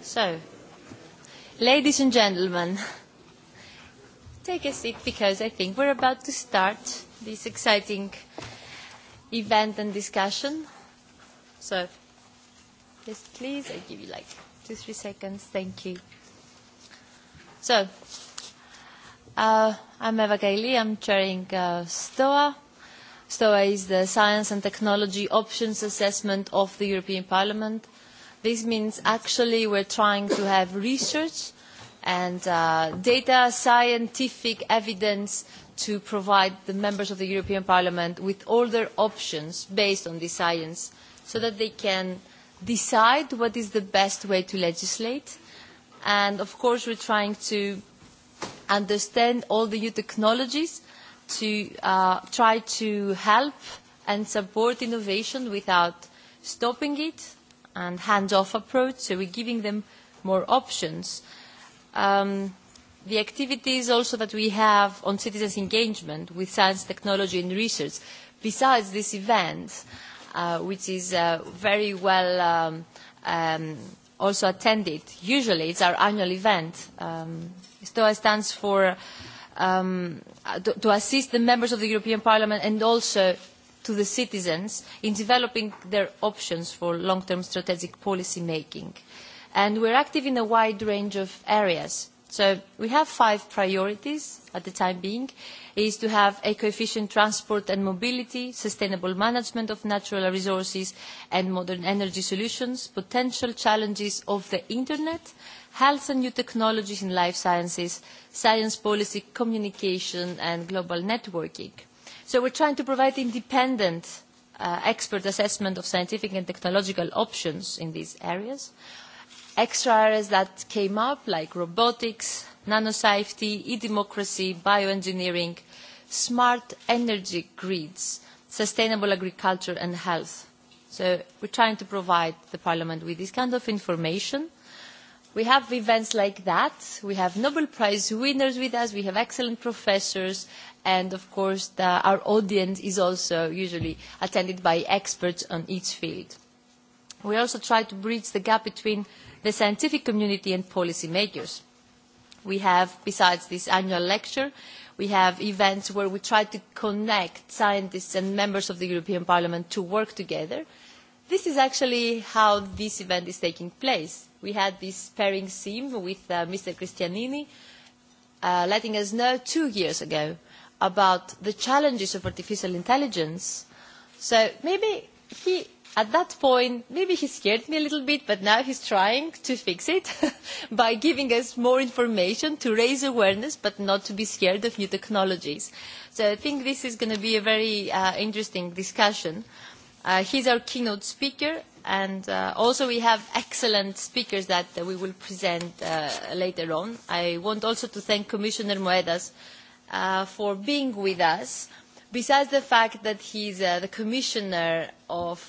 So, ladies and gentlemen, take a seat because I think we're about to start this exciting event and discussion. So, just please, I give you like two, three seconds. Thank you. So, uh, I'm Eva Gailey, I'm chairing uh, STOA STOA is the Science and Technology Options Assessment of the European Parliament. This means actually we're trying to have research and data, scientific evidence to provide the members of the European Parliament with all their options based on the science so that they can decide what is the best way to legislate. And, of course, we are trying to understand all the new technologies to try to help and support innovation without stopping it and hands-off approach, so we're giving them more options. The activities also that we have on citizens' engagement with science, technology and research, besides this event, which is very well also attended, usually it's our annual event. STOA stands for to assist the members of the European Parliament and also to the citizens in developing their options for long-term strategic policy making. And are active in a wide range of areas. So we have five priorities at the time being, is to have eco-efficient transport and mobility, sustainable management of natural resources and modern energy solutions, potential challenges of the Internet, health and new technologies in life sciences, science policy, communication and global networking. So we're trying to provide independent expert assessment of scientific and technological options in these areas. Extra areas that came up like robotics, nanosafety, e-democracy, bioengineering, smart energy grids, sustainable agriculture and health. So we're trying to provide the Parliament with this kind of information We have events like that. We have Nobel Prize winners with us. We have excellent professors. And, of course, our audience is also usually attended by experts on each field. We also try to bridge the gap between the scientific community and policymakers. We have, besides this annual lecture, we have events where we try to connect scientists and members of the European Parliament to work together. This is actually how this event is taking place we had this pairing sim with Mr. Christianini, letting us know two years ago about the challenges of artificial intelligence. So maybe he, at that point, maybe he scared me a little bit, but now he's trying to fix it by giving us more information to raise awareness, but not to be scared of new technologies. So I think this is going to be a very interesting discussion He's our keynote speaker, and also we have excellent speakers that we will present later on. I want also to thank Commissioner Moedas for being with us. Besides the fact that he's the commissioner of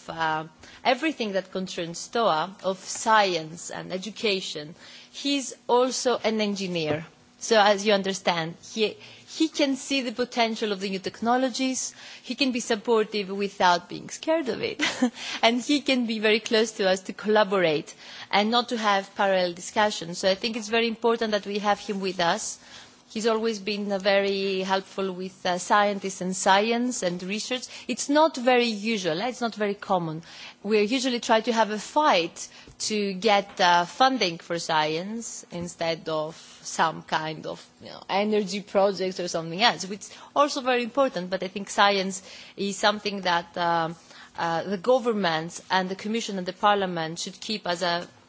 everything that concerns TOA, of science and education, he's also an engineer. So as you understand, he He can see the potential of the new technologies. He can be supportive without being scared of it. And he can be very close to us to collaborate and not to have parallel discussions. So I think it's very important that we have him with us He's always been very helpful with scientists and science and research. It's not very usual. It's not very common. We usually try to have a fight to get funding for science instead of some kind of energy projects or something else, which is also very important. But I think science is something that the governments and the Commission and the Parliament should keep as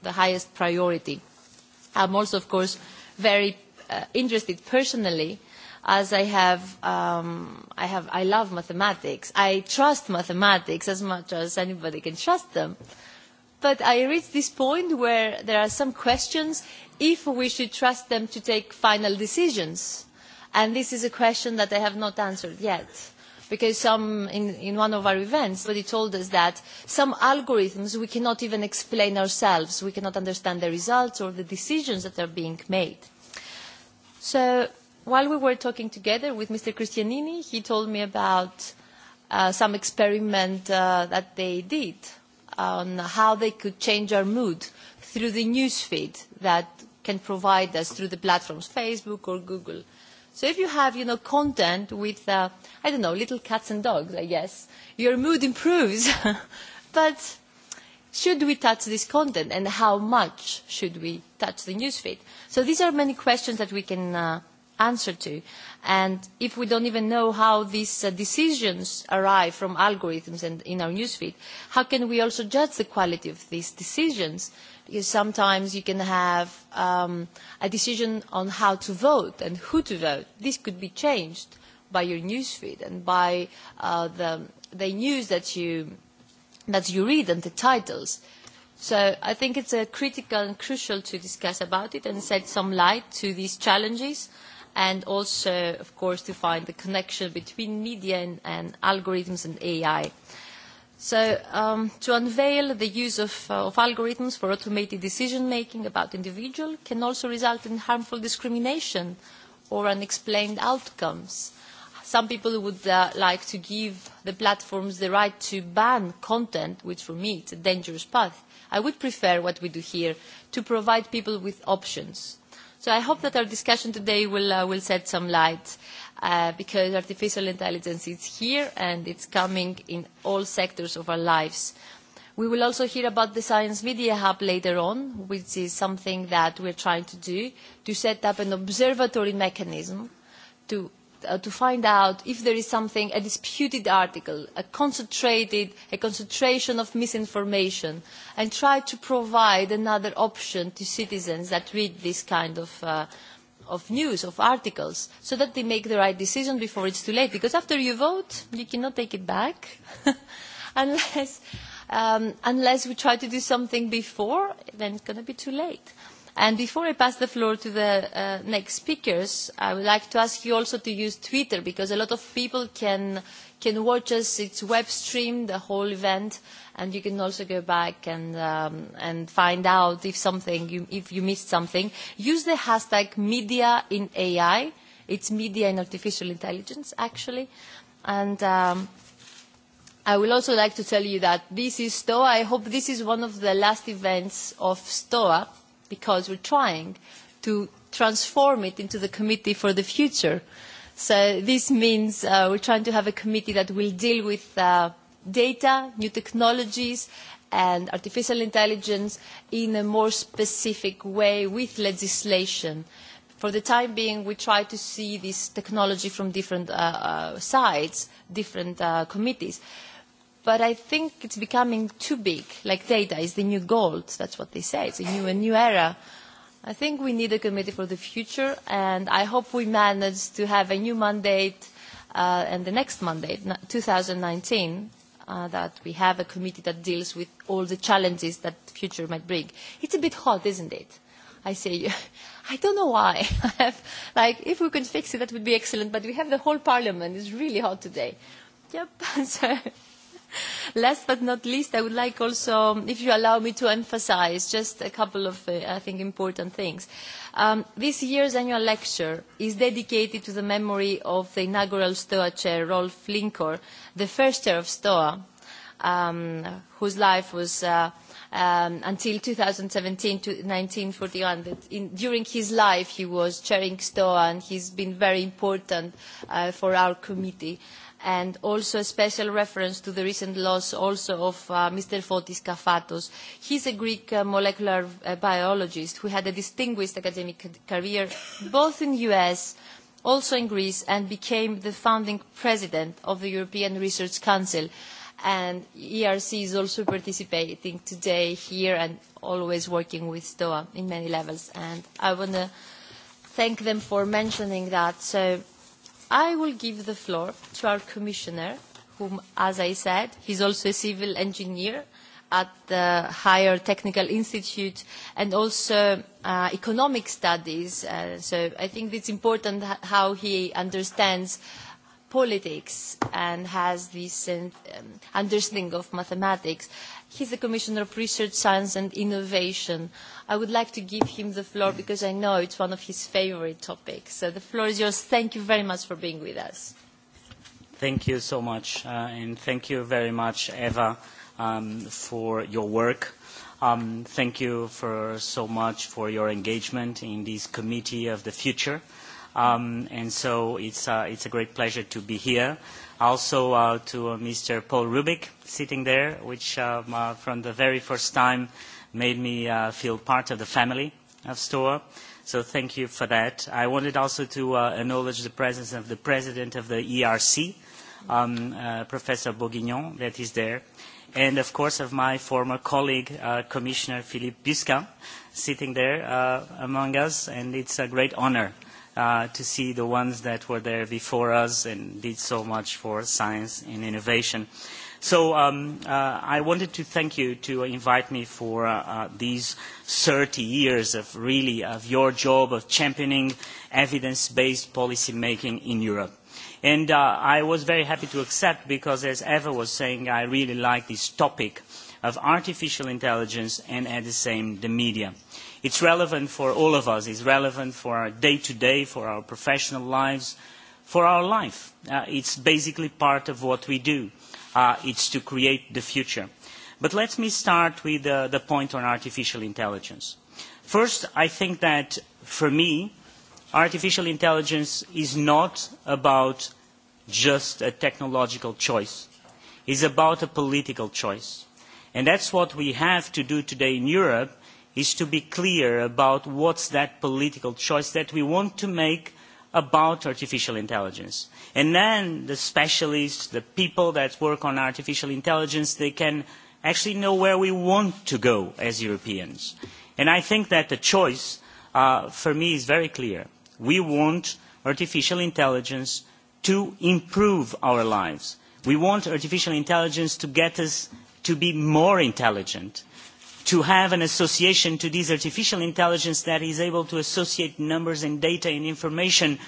the highest priority. I'm also, of course, very interested personally as I have, I have, I love mathematics. I trust mathematics as much as anybody can trust them. But I reached this point where there are some questions if we should trust them to take final decisions. And this is a question that I have not answered yet. Because some, in one of our events, somebody told us that some algorithms we cannot even explain ourselves. We cannot understand the results or the decisions that are being made. So while we were talking together with Mr. Christianini, he told me about some experiment that they did on how they could change our mood through the news feed that can provide us through the platforms Facebook or Google. So if you have, you know, content with, I don't know, little cats and dogs, I guess, your mood improves. But should we touch this content and how much should we touch the newsfeed? So these are many questions that we can answer to. And if we don't even know how these decisions arrive from algorithms and in our newsfeed, how can we also judge the quality of these decisions? Because sometimes you can have a decision on how to vote and who to vote. This could be changed by your newsfeed and by the news that you read and the titles. So I think it's critical and crucial to discuss about it and shed some light to these challenges and also, of course, to find the connection between media and algorithms and AI. So to unveil the use of algorithms for automated decision-making about individuals can also result in harmful discrimination or unexplained outcomes. Some people would like to give the platforms the right to ban content, which for me is a dangerous path I would prefer what we do here to provide people with options. So I hope that our discussion today will set some light because artificial intelligence is here and it's coming in all sectors of our lives. We will also hear about the Science Media Hub later on, which is something that we are trying to do, to set up an observatory mechanism to to find out if there is something, a disputed article, a concentrated, a concentration of misinformation, and try to provide another option to citizens that read this kind of news, of articles, so that they make the right decision before it's too late. Because after you vote, you cannot take it back, unless we try to do something before, then it's going to be too late. And before I pass the floor to the next speakers, I would like to ask you also to use Twitter because a lot of people can watch us. It's web streamed the whole event, and you can also go back and find out if something if you missed something. Use the hashtag media in AI. It's media in artificial intelligence actually, and. I would also like to tell you that this is STOA. I hope this is one of the last events of STOA because we're trying to transform it into the committee for the future. So this means we're trying to have a committee that will deal with data, new technologies and artificial intelligence in a more specific way with legislation. For the time being, we try to see this technology from different sides, different committees. But I think it's becoming too big. Like data is the new gold. That's what they say. It's a new, a new era. I think we need a committee for the future, and I hope we manage to have a new mandate and the next mandate, 2019, that we have a committee that deals with all the challenges that the future might bring. It's a bit hot, isn't it? I say, I don't know why. Like, if we could fix it, that would be excellent. But we have the whole Parliament. It's really hot today. Yep. Last but not least, I would like also, if you allow me, to emphasise just a couple of, I think, important things. This year's annual lecture is dedicated to the memory of the inaugural STOA chair, Rolf Linkor, the first chair of STOA, whose life was until 2017 to 1941. That during his life he was chairing STOA and he has been very important for our committee and also a special reference to the recent loss also of Mr. Fotis Kafatos. He's a Greek molecular biologist who had a distinguished academic career both in the U.S., also in Greece, and became the founding president of the European Research Council. And ERC is also participating today here and always working with STOA in many levels. And I want to thank them for mentioning that. So I will give the floor to our commissioner, whom, as I said, is also a civil engineer at the Higher Technical Institute and also economic studies. So I think it's important how he understands politics and has this understanding of mathematics. He's the Commissioner of Research, Science and Innovation. I would like to give him the floor because I know it's one of his favorite topics. So the floor is yours. Thank you very much for being with us. Thank you so much, and thank you very much, Eva, for your work. Thank you for so much for your engagement in this Committee of the Future and so it's it's a great pleasure to be here. Also to Mr. Paul Rubik sitting there, which from the very first time made me feel part of the family of STOA. So thank you for that. I wanted also to acknowledge the presence of the president of the ERC, Professor Bourguignon, that is there, and of course of my former colleague, Commissioner Philippe Busquin, sitting there among us, and it's a great honor to see the ones that were there before us and did so much for science and innovation. So I wanted to thank you to invite me for these 30 years of really of your job of championing evidence-based policy making in Europe. And I was very happy to accept because, as Eva was saying, I really like this topic of artificial intelligence and at the same the media. It's relevant for all of us. It's relevant for our day-to-day, for our professional lives, for our life. It's basically part of what we do. It's to create the future. But let me start with the point on artificial intelligence. First, I think that, for me, artificial intelligence is not about just a technological choice. It's about a political choice. And that's what we have to do today in Europe is to be clear about what's that political choice that we want to make about artificial intelligence. And then the specialists, the people that work on artificial intelligence, they can actually know where we want to go as Europeans. And I think that the choice for me is very clear. We want artificial intelligence to improve our lives. We want artificial intelligence to get us to be more intelligent to have an association to this artificial intelligence that is able to associate numbers and data and information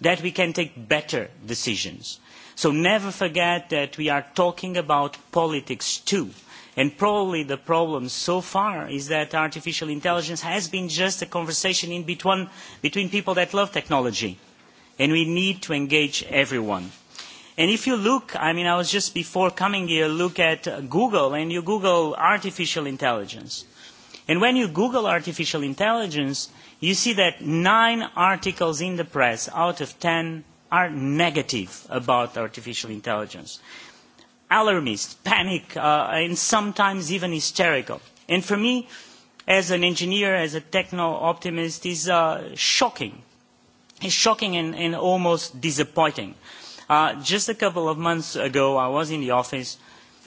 that we can take better decisions. So never forget that we are talking about politics too. And probably the problem so far is that artificial intelligence has been just a conversation in between people that love technology. And we need to engage everyone. And if you look, I mean, I was just before coming here, look at Google, and you Google artificial intelligence. And when you Google artificial intelligence, you see that nine articles in the press out of ten are negative about artificial intelligence. Alarmist, panic, and sometimes even hysterical. And for me, as an engineer, as a techno-optimist, is shocking. It's shocking and almost disappointing. Just a couple of months ago, I was in the office,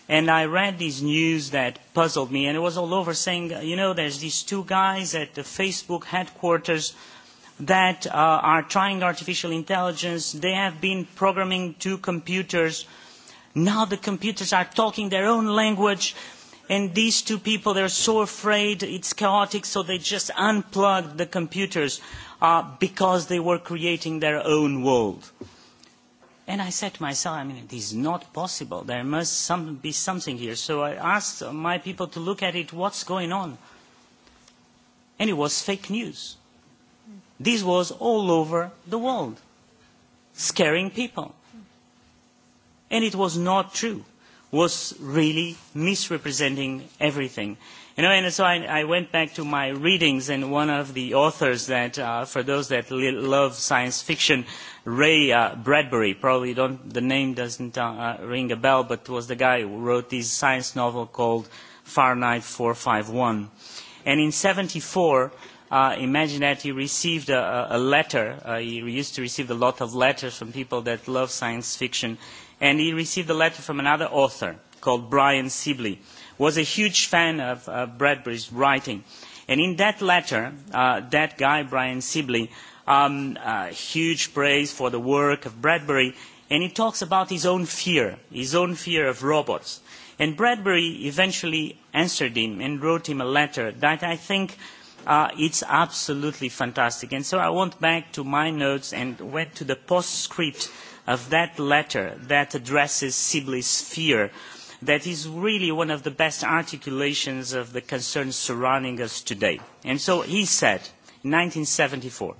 and I read this news that puzzled me, and it was all over saying, you know, there's these two guys at the Facebook headquarters that are trying artificial intelligence. They have been programming two computers. Now the computers are talking their own language, and these two people, they're so afraid, it's chaotic, so they just unplugged the computers because they were creating their own world. And I said to myself, I mean, it is not possible. There must be something here. So I asked my people to look at it, what's going on? And it was fake news. This was all over the world, scaring people. And it was not true was really misrepresenting everything. And so I went back to my readings, and one of the authors that, for those that love science fiction, Ray Bradbury, probably don't, the name doesn't ring a bell, but was the guy who wrote this science novel called *Far Night* 451. And in 74, imagine that he received a letter. He used to receive a lot of letters from people that love science fiction and he received a letter from another author called Brian Sibley, who was a huge fan of Bradbury's writing. And in that letter, that guy, Brian Sibley, huge praise for the work of Bradbury, and he talks about his own fear, his own fear of robots. And Bradbury eventually answered him and wrote him a letter that I think it's absolutely fantastic. And so I went back to my notes and went to the postscript of that letter that addresses Sibley's fear that is really one of the best articulations of the concerns surrounding us today. And so he said in 1974,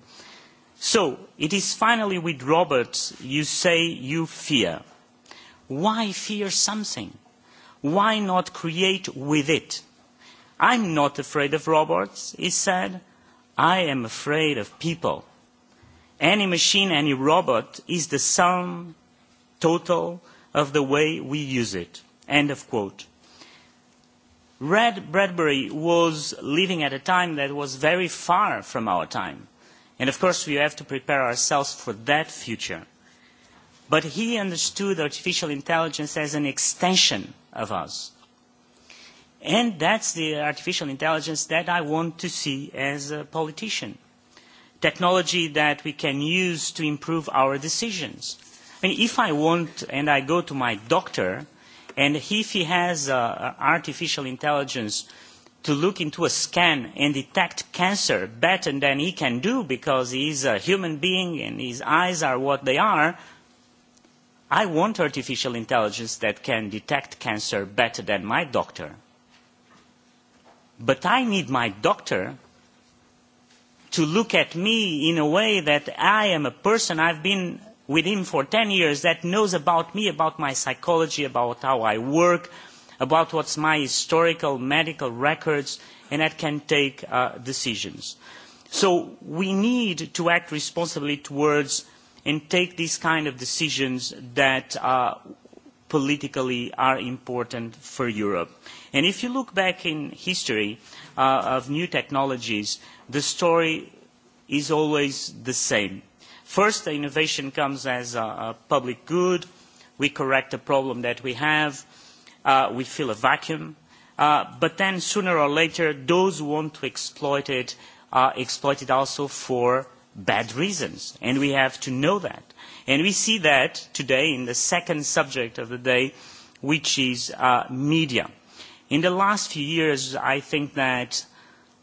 so it is finally with robots you say you fear. Why fear something? Why not create with it? I'm not afraid of robots, he said. I am afraid of people any machine, any robot is the sum total of the way we use it. End of quote. Red Bradbury was living at a time that was very far from our time. And of course we have to prepare ourselves for that future. But he understood artificial intelligence as an extension of us. And that's the artificial intelligence that I want to see as a politician technology that we can use to improve our decisions. If I want and I go to my doctor and if he has artificial intelligence to look into a scan and detect cancer better than he can do because he is a human being and his eyes are what they are, I want artificial intelligence that can detect cancer better than my doctor. But I need my doctor to look at me in a way that I am a person, I've been with him for 10 years, that knows about me, about my psychology, about how I work, about what's my historical medical records, and that can take decisions. So we need to act responsibly towards and take these kind of decisions that politically are important for Europe. And if you look back in history, of new technologies, the story is always the same. First, the innovation comes as a public good. We correct a problem that we have. We fill a vacuum. But then, sooner or later, those who want to exploit it exploit it also for bad reasons. And we have to know that. And we see that today in the second subject of the day, which is media In the last few years, I think that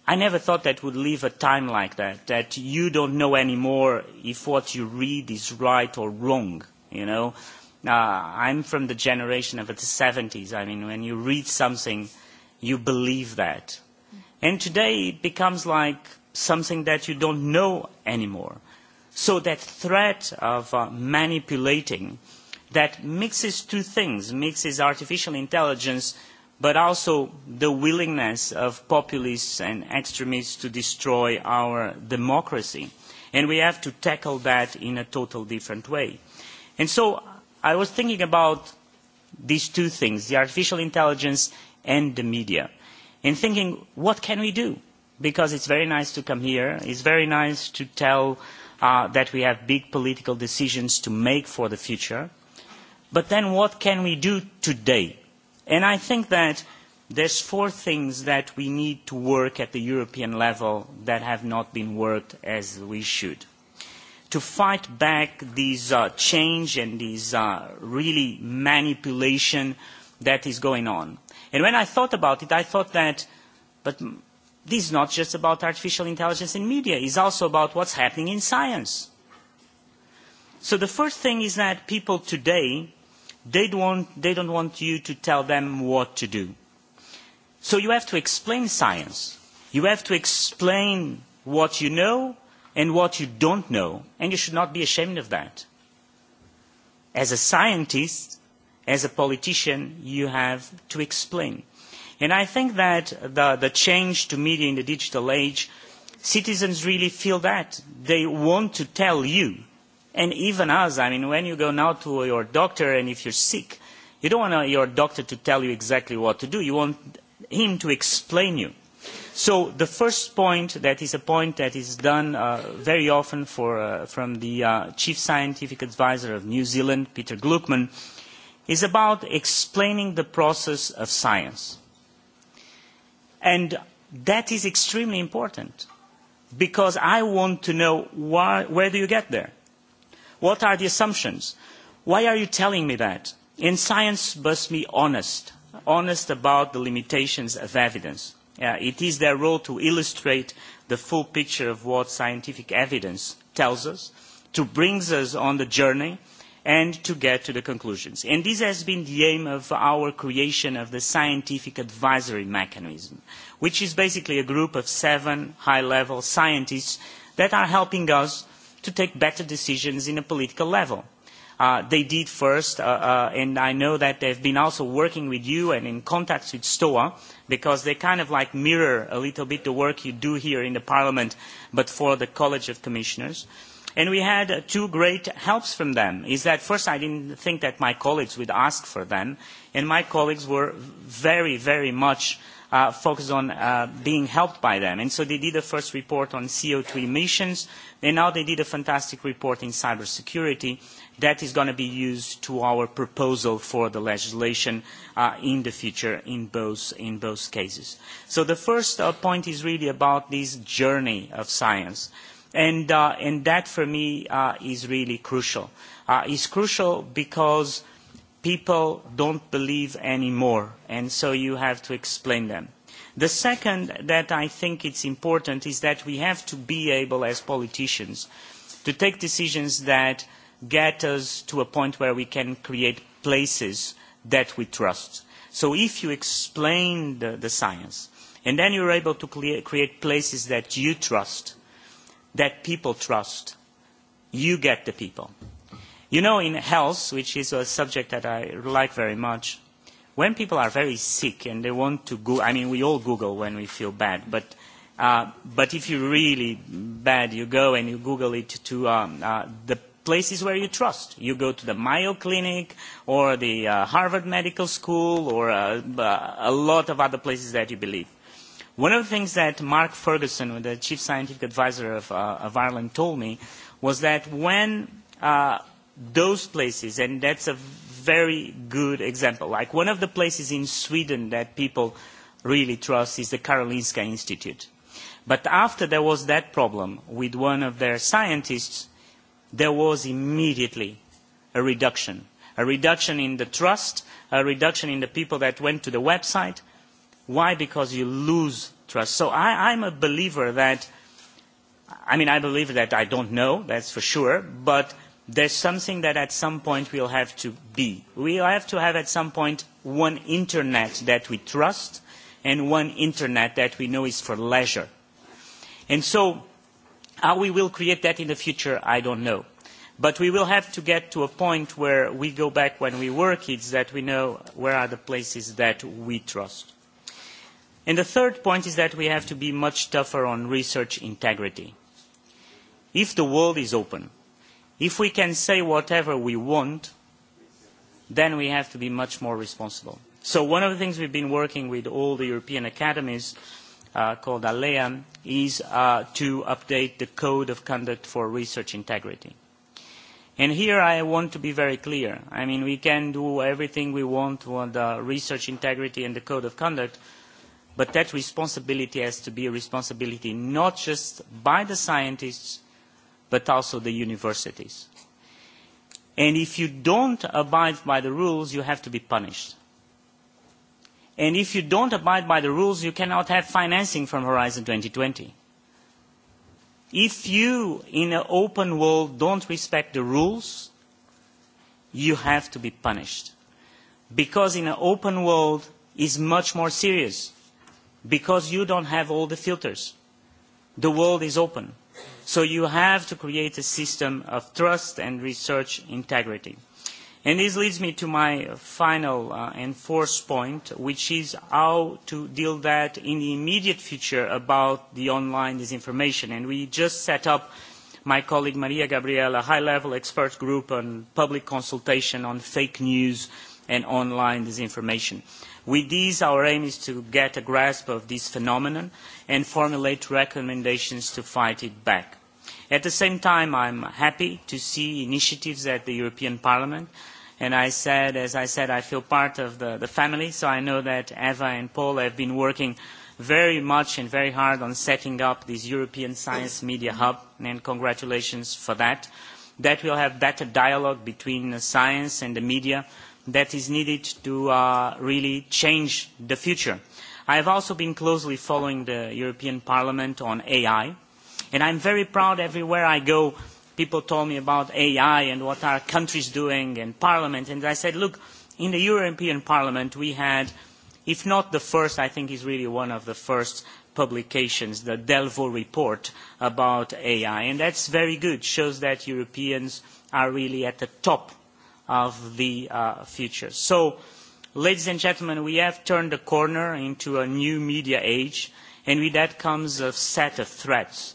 I never thought that would leave a time like that, that you don't know anymore if what you read is right or wrong. You know, I'm from the generation of the 70s. I mean, when you read something, you believe that. And today it becomes like something that you don't know anymore. So that threat of manipulating, that mixes two things, mixes artificial intelligence but also the willingness of populists and extremists to destroy our democracy. And we have to tackle that in a totally different way. And so I was thinking about these two things, the artificial intelligence and the media, and thinking, what can we do? Because it's very nice to come here, it's very nice to tell that we have big political decisions to make for the future, but then what can we do today? And I think that there's four things that we need to work at the European level that have not been worked as we should. To fight back this change and this really manipulation that is going on. And when I thought about it, I thought that, but this is not just about artificial intelligence in media. It's also about what's happening in science. So the first thing is that people today They don't want you to tell them what to do. So you have to explain science. You have to explain what you know and what you don't know, and you should not be ashamed of that. As a scientist, as a politician, you have to explain. And I think that the change to media in the digital age, citizens really feel that. They want to tell you and even us i mean when you go now to your doctor and if you're sick you don't want your doctor to tell you exactly what to do you want him to explain you so the first point that is a point that is done very often from the chief scientific advisor of new zealand peter gluckman is about explaining the process of science and that is extremely important because i want to know where do you get there What are the assumptions? Why are you telling me that? In science must be honest, honest about the limitations of evidence. It is their role to illustrate the full picture of what scientific evidence tells us, to bring us on the journey and to get to the conclusions. And this has been the aim of our creation of the Scientific Advisory Mechanism, which is basically a group of seven high-level scientists that are helping us to take better decisions in a political level. They did first, and I know that they've been also working with you and in contact with STOA, because they kind of like mirror a little bit the work you do here in the Parliament, but for the College of Commissioners. And we had two great helps from them. Is that first I didn't think that my colleagues would ask for them, and my colleagues were very, very much focused on being helped by them. And so they did the first report on CO2 emissions, and now they did a fantastic report in cybersecurity that is going to be used to our proposal for the legislation in the future in both cases. So the first point is really about this journey of science. And that, for me, is really crucial. It's crucial because people don't believe anymore, and so you have to explain them. The second that I think is important is that we have to be able as politicians to take decisions that get us to a point where we can create places that we trust. So if you explain the science and then you are able to create places that you trust, that people trust, you get the people. You know, in health, which is a subject that I like very much, when people are very sick and they want to go, I mean, we all Google when we feel bad, but but if you're really bad, you go and you Google it to the places where you trust. You go to the Mayo Clinic or the Harvard Medical School or a lot of other places that you believe. One of the things that Mark Ferguson, the chief scientific advisor of Ireland, told me was that when those places, and that's a very good example. Like one of the places in Sweden that people really trust is the Karolinska Institute. But after there was that problem with one of their scientists, there was immediately a reduction. A reduction in the trust, a reduction in the people that went to the website. Why? Because you lose trust. So I, I'm a believer that, I mean, I believe that I don't know, that's for sure, but there's something that at some point we'll have to be. We have to have at some point one internet that we trust and one internet that we know is for leisure. And so how we will create that in the future, I don't know. But we will have to get to a point where we go back when we were kids that we know where are the places that we trust. And the third point is that we have to be much tougher on research integrity. If the world is open, If we can say whatever we want, then we have to be much more responsible. So one of the things we've been working with all the European academies called ALEA is to update the Code of Conduct for Research Integrity. And here I want to be very clear. I mean, we can do everything we want on the research integrity and the Code of Conduct, but that responsibility has to be a responsibility not just by the scientists, but also the universities. And if you don't abide by the rules, you have to be punished. And if you don't abide by the rules, you cannot have financing from Horizon 2020. If you, in an open world, don't respect the rules, you have to be punished. Because in an open world is much more serious. Because you don't have all the filters. The world is open So you have to create a system of trust and research integrity. And this leads me to my final and fourth point, which is how to deal that in the immediate future about the online disinformation. And we just set up, my colleague Maria Gabriella, a high-level expert group on public consultation on fake news and online disinformation. With this, our aim is to get a grasp of this phenomenon and formulate recommendations to fight it back. At the same time, I am happy to see initiatives at the European Parliament, and I said, as I said, I feel part of the family, so I know that Eva and Paul have been working very much and very hard on setting up this European Science Media Hub, and congratulations for that. That will have better dialogue between science and the media that is needed to really change the future I have also been closely following the European Parliament on AI, and I'm very proud everywhere I go. People told me about AI and what our countries doing and Parliament, and I said, look, in the European Parliament we had, if not the first, I think is really one of the first publications, the Delvo report about AI, and that's very good. Shows that Europeans are really at the top of the future. So Ladies and gentlemen, we have turned the corner into a new media age, and with that comes a set of threats.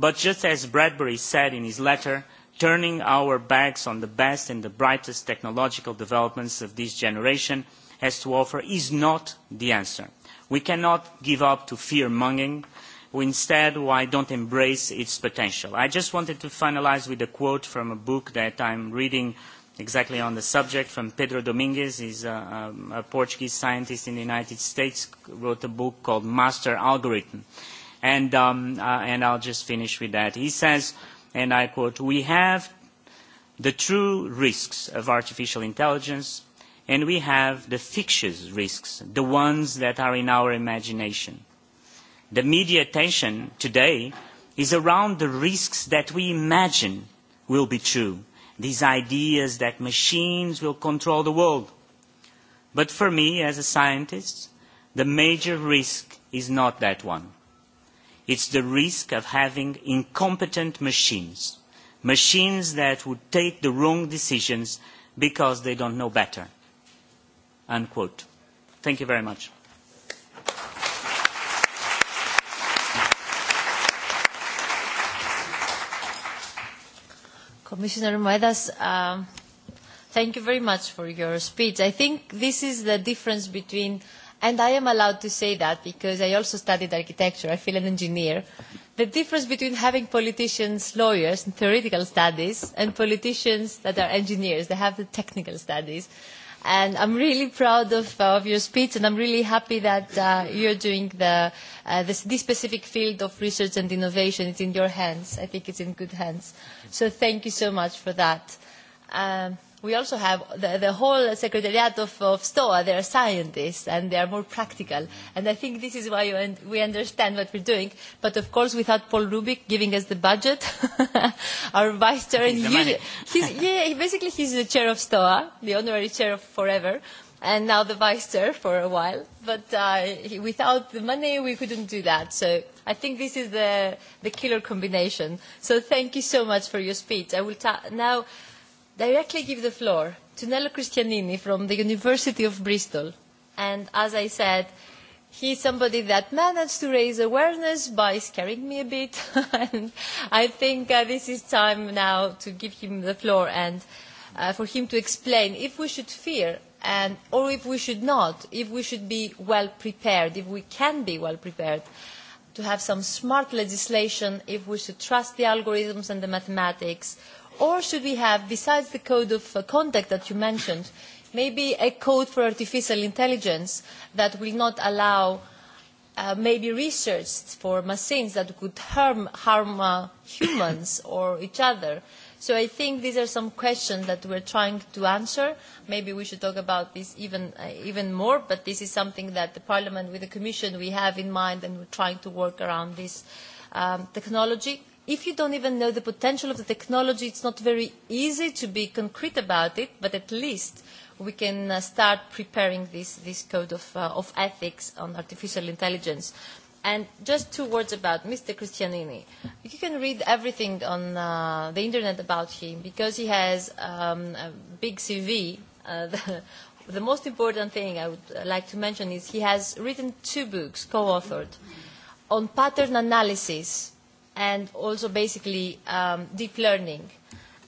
But just as Bradbury said in his letter, turning our backs on the best and the brightest technological developments of this generation has to offer is not the answer. We cannot give up to fear monging. Instead, why don't embrace its potential? I just wanted to finalise with a quote from a book that I'm reading exactly on the subject from Pedro Dominguez He's a Portuguese scientist in the United States, wrote a book called Master Algorithm. And I'll just finish with that. He says, and I quote, we have the true risks of artificial intelligence and we have the fictitious risks, the ones that are in our imagination. The media attention today is around the risks that we imagine will be true these ideas that machines will control the world. But for me, as a scientist, the major risk is not that one. It's the risk of having incompetent machines, machines that would take the wrong decisions because they don't know better. Thank you very much. Commissioner Moedas, thank you very much for your speech. I think this is the difference between, and I am allowed to say that because I also studied architecture, I feel an engineer, the difference between having politicians, lawyers, and theoretical studies, and politicians that are engineers, they have the technical studies. And I'm really proud of your speech, and I'm really happy that you're doing the this specific field of research and innovation. It's in your hands. I think it's in good hands. So thank you so much for that we also have the, whole secretariat of, of STOA. They are scientists and they are more practical. And I think this is why we understand what we're doing. But of course, without Paul Rubik giving us the budget, our vice chair he's Yeah, basically he's the chair of STOA, the honorary chair of forever. And now the vice chair for a while, but without the money we couldn't do that. So I think this is the the killer combination. So thank you so much for your speech. I will now directly give the floor to Nello Christianini from the University of Bristol. And as I said, he's somebody that managed to raise awareness by scaring me a bit. and I think this is time now to give him the floor and for him to explain if we should fear and or if we should not, if we should be well prepared, if we can be well prepared to have some smart legislation, if we should trust the algorithms and the mathematics, Or should we have, besides the code of conduct that you mentioned, maybe a code for artificial intelligence that will not allow maybe research for machines that could harm humans or each other. So I think these are some questions that we're trying to answer. Maybe we should talk about this even more, but this is something that the Parliament with the Commission we have in mind and we're trying to work around this technology if you don't even know the potential of the technology, it's not very easy to be concrete about it, but at least we can start preparing this, this code of, of ethics on artificial intelligence. And just two words about Mr. Christianini. You can read everything on the internet about him because he has a big CV. The most important thing I would like to mention is he has written two books, co-authored, on pattern analysis and also basically deep learning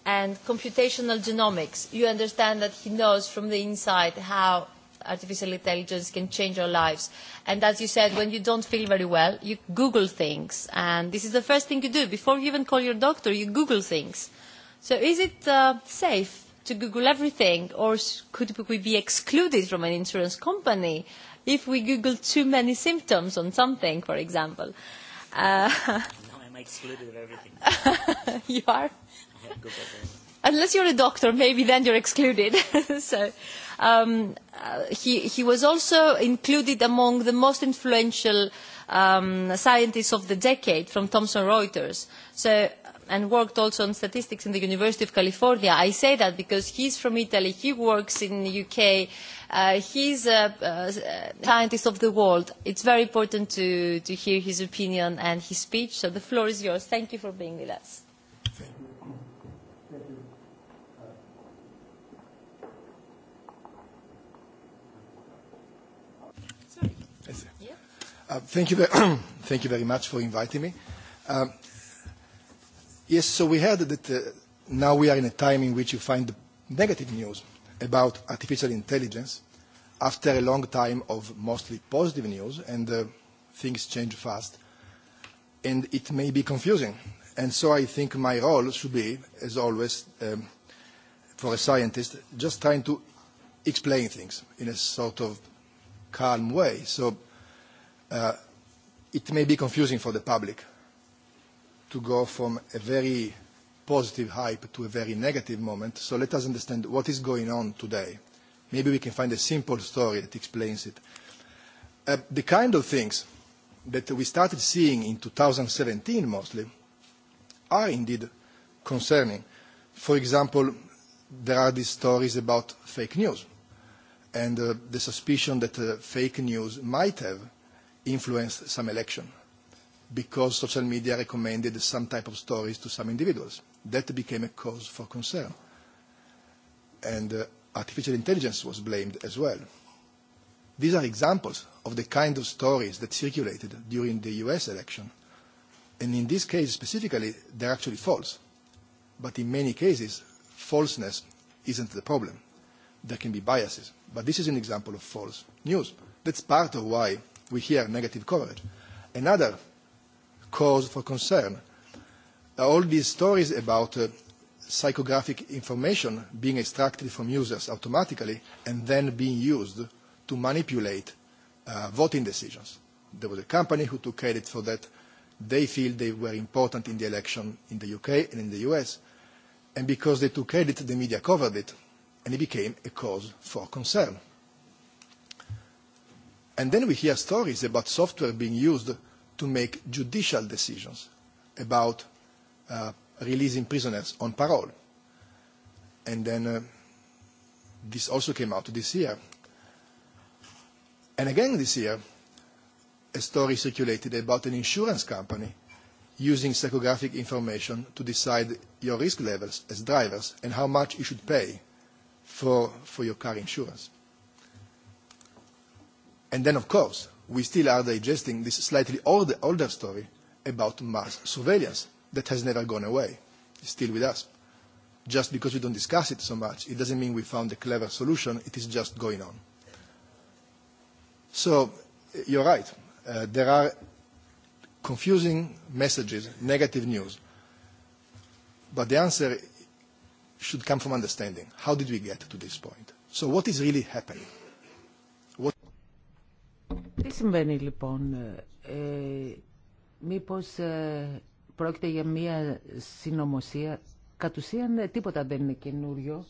and computational genomics. You understand that he knows from the inside how artificial intelligence can change our lives. And as you said, when you don't feel very well, you Google things. And this is the first thing you do. Before you even call your doctor, you Google things. So is it safe to Google everything? Or could we be excluded from an insurance company if we Google too many symptoms on something, for example? excluded everything. You are? Unless you're a doctor, maybe then you're excluded. So um he he was also included among the most influential scientists of the decade from Thomson Reuters. So and worked also on statistics in the University of California. I say that because he's from Italy, he works in the UK He's a scientist of the world. It's very important to hear his opinion and his speech. So the floor is yours. Thank you for being with us. Thank you very much for inviting me. Yes, so we heard that now we are in a time in which you find negative news about artificial intelligence after a long time of mostly positive news, and things change fast, and it may be confusing. And so I think my role should be, as always, for a scientist, just trying to explain things in a sort of calm way. So it may be confusing for the public to go from a very positive hype to a very negative moment. So let us understand what is going on today Maybe we can find a simple story that explains it. The kind of things that we started seeing in 2017 mostly are indeed concerning. For example, there are these stories about fake news and the suspicion that fake news might have influenced some election because social media recommended some type of stories to some individuals. That became a cause for concern. And artificial intelligence was blamed as well. These are examples of the kind of stories that circulated during the US election. And in this case specifically, they're actually false. But in many cases, falseness isn't the problem. There can be biases. But this is an example of false news. That's part of why we hear negative coverage. Another cause for concern are all these stories about psychographic information being extracted from users automatically and then being used to manipulate voting decisions. There was a company who took credit for that. They feel they were important in the election in the UK and in the US. And because they took credit, the media covered it, and it became a cause for concern. And then we hear stories about software being used to make judicial decisions about releasing prisoners on parole. And then this also came out this year. And again this year, a story circulated about an insurance company using psychographic information to decide your risk levels as drivers and how much you should pay for for your car insurance. And then, of course, we still are digesting this slightly older story about mass surveillance that has never gone away. It's still with us. Just because we don't discuss it so much, it doesn't mean we found a clever solution. It is just going on. So you're right. There are confusing messages, negative news. But the answer should come from understanding. How did we get to this point? So what is really happening? Τι συμβαίνει λοιπόν, ε, μήπως ε, Πρόκειται για μια συνωμοσία. Κατ' ουσίαν ναι, τίποτα δεν είναι καινούριο.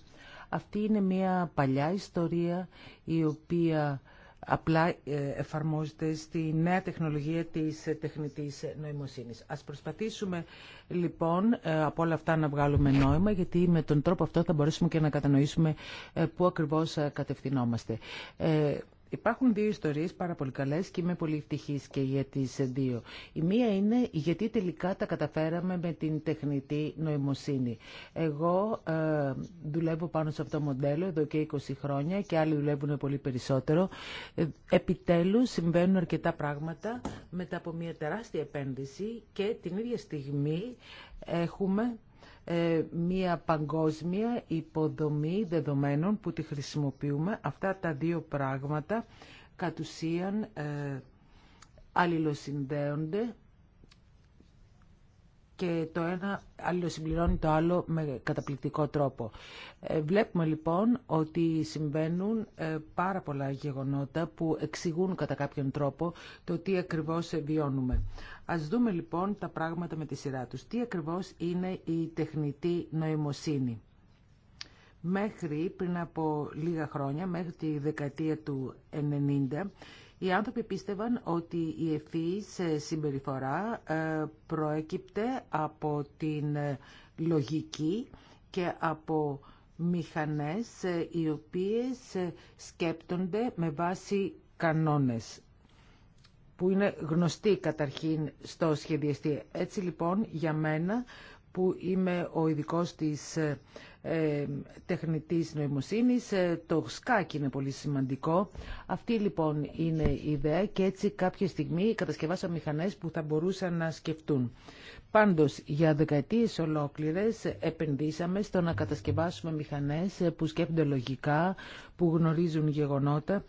Αυτή είναι μια παλιά ιστορία η οποία απλά ε, εφαρμόζεται στη νέα τεχνολογία της ε, τεχνητής νοημοσύνης. Ας προσπαθήσουμε λοιπόν ε, από όλα αυτά να βγάλουμε νόημα γιατί με τον τρόπο αυτό θα μπορέσουμε και να κατανοήσουμε πού ακριβώς κατευθυνόμαστε. Υπάρχουν δύο ιστορίες πάρα πολύ καλές και είμαι πολύ ευτυχής και για τις δύο. Η μία είναι γιατί τελικά τα καταφέραμε με την τεχνητή νοημοσύνη. Εγώ ε, δουλεύω πάνω σε αυτό το μοντέλο εδώ και 20 χρόνια και άλλοι δουλεύουν πολύ περισσότερο. Ε, επιτέλους συμβαίνουν αρκετά πράγματα μετά από μια τεράστια επένδυση και την ίδια στιγμή έχουμε ε, μία παγκόσμια υποδομή δεδομένων που τη χρησιμοποιούμε. Αυτά τα δύο πράγματα κατ' ουσίαν ε, αλληλοσυνδέονται και το ένα άλλο συμπληρώνει το άλλο με καταπληκτικό τρόπο. Ε, βλέπουμε λοιπόν ότι συμβαίνουν ε, πάρα πολλά γεγονότα που εξηγούν κατά κάποιον τρόπο το τι ακριβώς βιώνουμε. Ας δούμε λοιπόν τα πράγματα με τη σειρά τους. Τι ακριβώς είναι η τεχνητή νοημοσύνη. Μέχρι πριν από λίγα χρόνια, μέχρι τη δεκαετία του 90, οι άνθρωποι πίστευαν ότι η σε συμπεριφορά ε, προέκυπτε από την ε, λογική και από μηχανές ε, οι οποίες σκέπτονται με βάση κανόνες που είναι γνωστοί καταρχήν στο σχεδιαστή. Έτσι λοιπόν για μένα που είμαι ο ειδικό της ε, ε, τεχνητής νοημοσύνης. Ε, το σκάκι είναι πολύ σημαντικό. Αυτή λοιπόν είναι η ιδέα και έτσι κάποια στιγμή κατασκευάσαμε μηχανές που θα μπορούσαν να σκεφτούν. Πάντως, για δεκαετίες ολόκληρες επενδύσαμε στο να κατασκευάσουμε μηχανές που σκέφτονται λογικά, που γνωρίζουν γεγονότα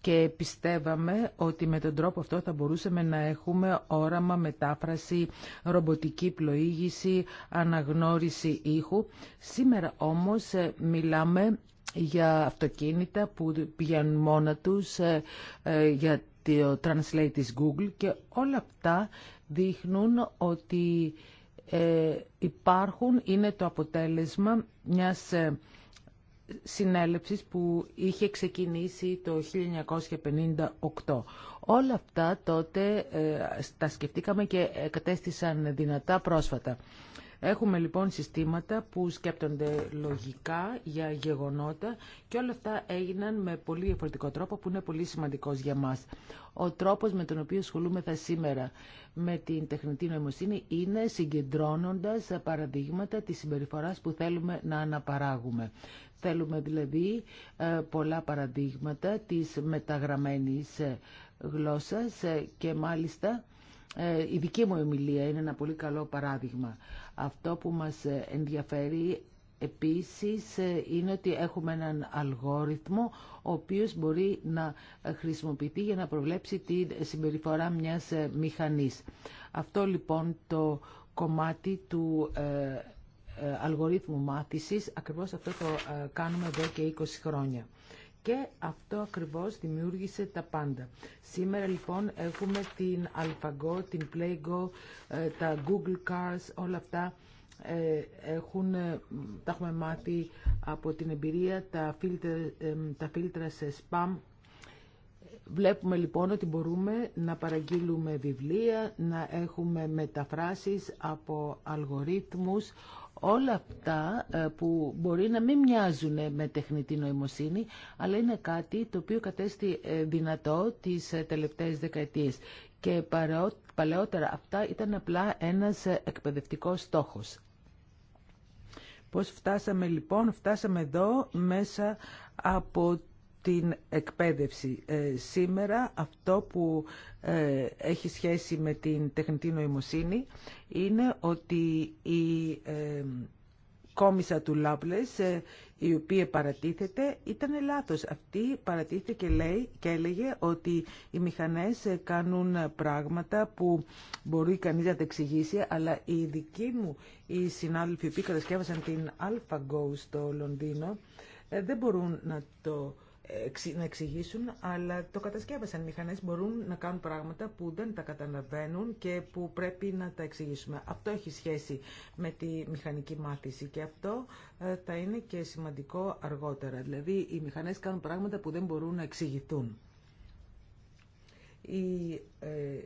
και πιστεύαμε ότι με τον τρόπο αυτό θα μπορούσαμε να έχουμε όραμα, μετάφραση, ρομποτική πλοήγηση, αναγνώριση ήχου. Σήμερα όμως ε, μιλάμε για αυτοκίνητα που πηγαίνουν μόνα τους, ε, ε, για το translate της Google και όλα αυτά δείχνουν ότι υπάρχουν, είναι το αποτέλεσμα μιας συνέλευσης που είχε ξεκινήσει το 1958. Όλα αυτά τότε ε, τα σκεφτήκαμε και κατέστησαν δυνατά πρόσφατα. Έχουμε λοιπόν συστήματα που σκέπτονται λογικά για γεγονότα και όλα αυτά έγιναν με πολύ διαφορετικό τρόπο που είναι πολύ σημαντικός για μας. Ο τρόπος με τον οποίο ασχολούμεθα σήμερα με την τεχνητή νοημοσύνη είναι συγκεντρώνοντας παραδείγματα της συμπεριφοράς που θέλουμε να αναπαράγουμε. Θέλουμε δηλαδή ε, πολλά παραδείγματα της μεταγραμμένης ε, γλώσσας ε, και μάλιστα η δική μου ομιλία είναι ένα πολύ καλό παράδειγμα. Αυτό που μας ενδιαφέρει Επίσης ε, είναι ότι έχουμε έναν αλγόριθμο ο οποίος μπορεί να χρησιμοποιηθεί για να προβλέψει τη συμπεριφορά μιας ε, μηχανής. Αυτό λοιπόν το κομμάτι του ε, αλγορίθμου μάθησης, ακριβώς αυτό το κάνουμε εδώ και 20 χρόνια. Και αυτό ακριβώς δημιούργησε τα πάντα. Σήμερα λοιπόν έχουμε την AlphaGo, την PlayGo, ε, τα Google Cars, όλα αυτά ε, έχουν, ε, τα έχουμε μάθει από την εμπειρία, τα φίλτρα, τα φίλτρα σε spam. Βλέπουμε λοιπόν ότι μπορούμε να παραγγείλουμε βιβλία, να έχουμε μεταφράσεις από αλγορίθμους όλα αυτά ε, που μπορεί να μην μοιάζουν με τεχνητή νοημοσύνη, αλλά είναι κάτι το οποίο κατέστη ε, δυνατό τις ε, τελευταίες δεκαετίες. Και παλαιότερα αυτά ήταν απλά ένας εκπαιδευτικός στόχος. Πώς φτάσαμε λοιπόν, φτάσαμε εδώ μέσα από την εκπαίδευση. Ε, σήμερα αυτό που ε, έχει σχέση με την τεχνητή νοημοσύνη είναι ότι η ε, κόμισα του ε, η οποία παρατίθεται, ήταν λάθος. Αυτή παρατίθεται και, λέει, έλεγε ότι οι μηχανές κάνουν πράγματα που μπορεί κανείς να τα εξηγήσει, αλλά η δική μου, οι συνάδελφοι που κατασκεύασαν την AlphaGo στο Λονδίνο, δεν μπορούν να το να εξηγήσουν, αλλά το κατασκεύασαν. Οι μηχανέ μπορούν να κάνουν πράγματα που δεν τα καταλαβαίνουν και που πρέπει να τα εξηγήσουμε. Αυτό έχει σχέση με τη μηχανική μάθηση και αυτό ε, θα είναι και σημαντικό αργότερα. Δηλαδή, οι μηχανέ κάνουν πράγματα που δεν μπορούν να εξηγηθούν. Οι ε,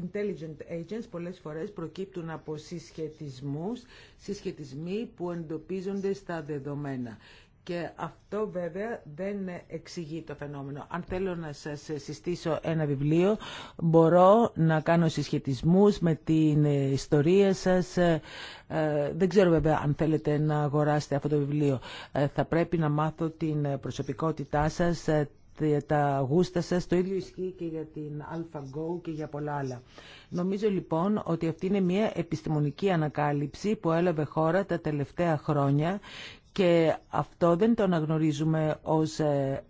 intelligent agents πολλές φορές προκύπτουν από συσχετισμούς, συσχετισμοί που εντοπίζονται στα δεδομένα. Και αυτό βέβαια δεν εξηγεί το φαινόμενο. Αν θέλω να σας συστήσω ένα βιβλίο, μπορώ να κάνω συσχετισμούς με την ιστορία σας. Ε, δεν ξέρω βέβαια αν θέλετε να αγοράσετε αυτό το βιβλίο. Ε, θα πρέπει να μάθω την προσωπικότητά σας, ε, τα γούστα σας. Το ίδιο ισχύει και για την AlphaGo και για πολλά άλλα. Νομίζω λοιπόν ότι αυτή είναι μια επιστημονική ανακάλυψη που έλαβε χώρα τα τελευταία χρόνια και αυτό δεν το αναγνωρίζουμε ως ε,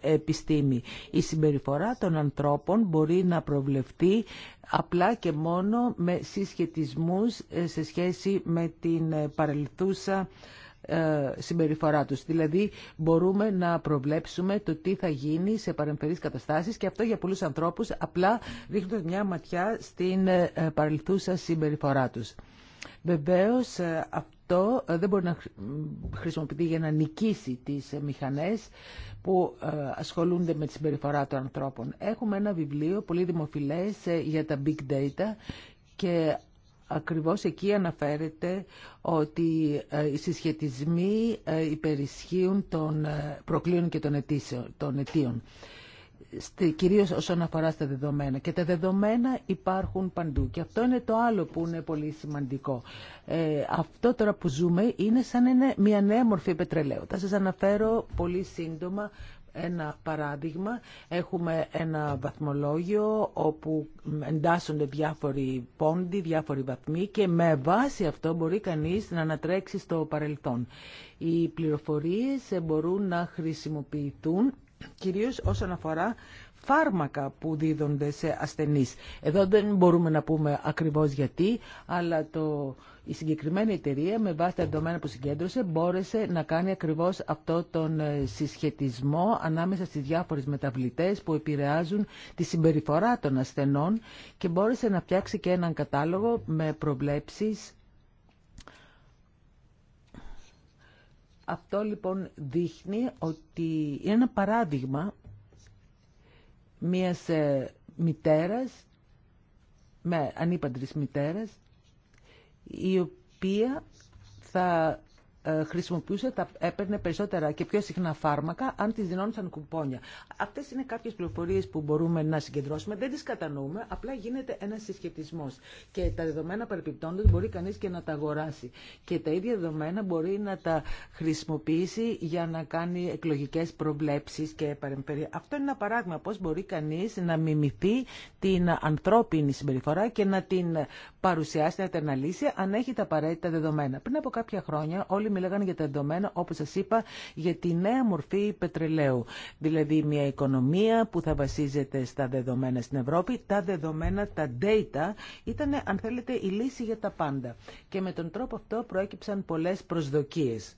επιστήμη. Η συμπεριφορά των ανθρώπων μπορεί να προβλεφτεί απλά και μόνο με συσχετισμούς ε, σε σχέση με την ε, παρελθούσα συμπεριφορά τους. Δηλαδή μπορούμε να προβλέψουμε το τι θα γίνει σε παρεμφερείς καταστάσεις και αυτό για πολλούς ανθρώπους απλά ρίχνοντας μια ματιά στην παρελθούσα συμπεριφορά τους. Βεβαίως αυτό ε, δεν μπορεί να χρησιμοποιηθεί για να νικήσει τις ε, μηχανές που ε, ασχολούνται με τη συμπεριφορά των ανθρώπων. Έχουμε ένα βιβλίο πολύ δημοφιλές για τα big data και ακριβώς εκεί αναφέρεται ότι οι συσχετισμοί υπερισχύουν των προκλήων και των αιτίων κυρίως όσον αφορά στα δεδομένα. Και τα δεδομένα υπάρχουν παντού. Και αυτό είναι το άλλο που είναι πολύ σημαντικό. Ε, αυτό τώρα που ζούμε είναι σαν είναι μια νέα μορφή πετρελαίου. Θα σας αναφέρω πολύ σύντομα ένα παράδειγμα. Έχουμε ένα βαθμολόγιο όπου εντάσσονται διάφοροι πόντι, διάφοροι βαθμοί και με βάση αυτό μπορεί κανείς να ανατρέξει στο παρελθόν. Οι πληροφορίες μπορούν να χρησιμοποιηθούν κυρίως όσον αφορά φάρμακα που δίδονται σε ασθενείς. Εδώ δεν μπορούμε να πούμε ακριβώς γιατί, αλλά το, η συγκεκριμένη εταιρεία με βάση τα δεδομένα που συγκέντρωσε μπόρεσε να κάνει ακριβώς αυτό τον ε, συσχετισμό ανάμεσα στις διάφορες μεταβλητές που επηρεάζουν τη συμπεριφορά των ασθενών και μπόρεσε να φτιάξει και έναν κατάλογο με προβλέψεις Αυτό λοιπόν δείχνει ότι είναι ένα παράδειγμα μιας ε, μητέρας, με ανήπαντρης μητέρας, η οποία θα ε, χρησιμοποιούσε, τα έπαιρνε περισσότερα και πιο συχνά φάρμακα αν τις δινόντουσαν κουπόνια. Αυτές είναι κάποιες πληροφορίες που μπορούμε να συγκεντρώσουμε, δεν τις κατανοούμε, απλά γίνεται ένα συσχετισμός. Και τα δεδομένα παρεπιπτόντως μπορεί κανείς και να τα αγοράσει. Και τα ίδια δεδομένα μπορεί να τα χρησιμοποιήσει για να κάνει εκλογικές προβλέψεις και παρεμφερία. Αυτό είναι ένα παράδειγμα πώς μπορεί κανείς να μιμηθεί την ανθρώπινη συμπεριφορά και να την παρουσιάσει, να την αναλύσει αν έχει τα απαραίτητα δεδομένα. Πριν από κάποια χρόνια όλοι μιλάγανε για τα δεδομένα, όπως σας είπα, για τη νέα μορφή πετρελαίου. Δηλαδή μια οικονομία που θα βασίζεται στα δεδομένα στην Ευρώπη. Τα δεδομένα, τα data, ήταν αν θέλετε η λύση για τα πάντα. Και με τον τρόπο αυτό προέκυψαν πολλές προσδοκίες.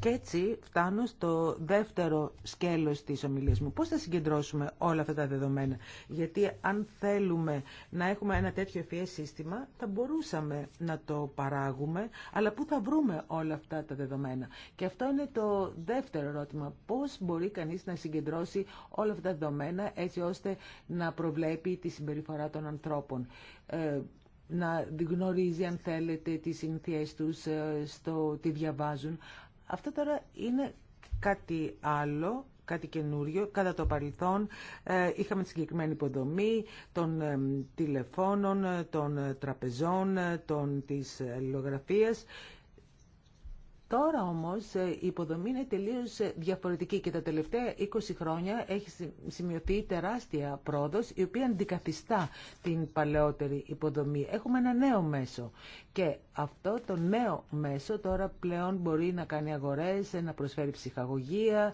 Και έτσι φτάνω στο δεύτερο σκέλος της ομιλίας μου. Πώς θα συγκεντρώσουμε όλα αυτά τα δεδομένα. Γιατί αν θέλουμε να έχουμε ένα τέτοιο ευφυές σύστημα, θα μπορούσαμε να το παράγουμε, αλλά πού θα βρούμε όλα αυτά τα δεδομένα. Και αυτό είναι το δεύτερο ερώτημα. Πώς μπορεί κανείς να συγκεντρώσει όλα αυτά τα δεδομένα, έτσι ώστε να προβλέπει τη συμπεριφορά των ανθρώπων ε, να γνωρίζει αν θέλετε τις συνθιές τους, ε, στο, τι διαβάζουν. Αυτό τώρα είναι κάτι άλλο, κάτι καινούριο. Κατά το παρελθόν ε, είχαμε τη συγκεκριμένη υποδομή των ε, τηλεφώνων, ε, των τραπεζών, των, της αλληλογραφίας Τώρα όμως ε, η υποδομή είναι τελείως ε, διαφορετική και τα τελευταία 20 χρόνια έχει σημειωθεί τεράστια πρόοδος η οποία αντικαθιστά την παλαιότερη υποδομή. Έχουμε ένα νέο μέσο και αυτό το νέο μέσο τώρα πλέον μπορεί να κάνει αγορές, ε, να προσφέρει ψυχαγωγία,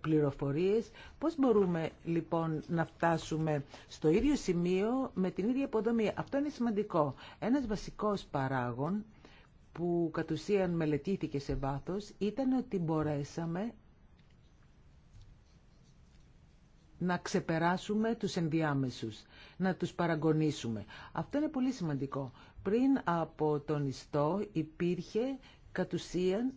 πληροφορίες. Πώς μπορούμε λοιπόν να φτάσουμε στο ίδιο σημείο με την ίδια υποδομή. Αυτό είναι σημαντικό. Ένας βασικός παράγων που κατ' ουσίαν μελετήθηκε σε βάθος ήταν ότι μπορέσαμε να ξεπεράσουμε τους ενδιάμεσους, να τους παραγωνίσουμε. Αυτό είναι πολύ σημαντικό. Πριν από τον ιστό υπήρχε κατ' ουσίαν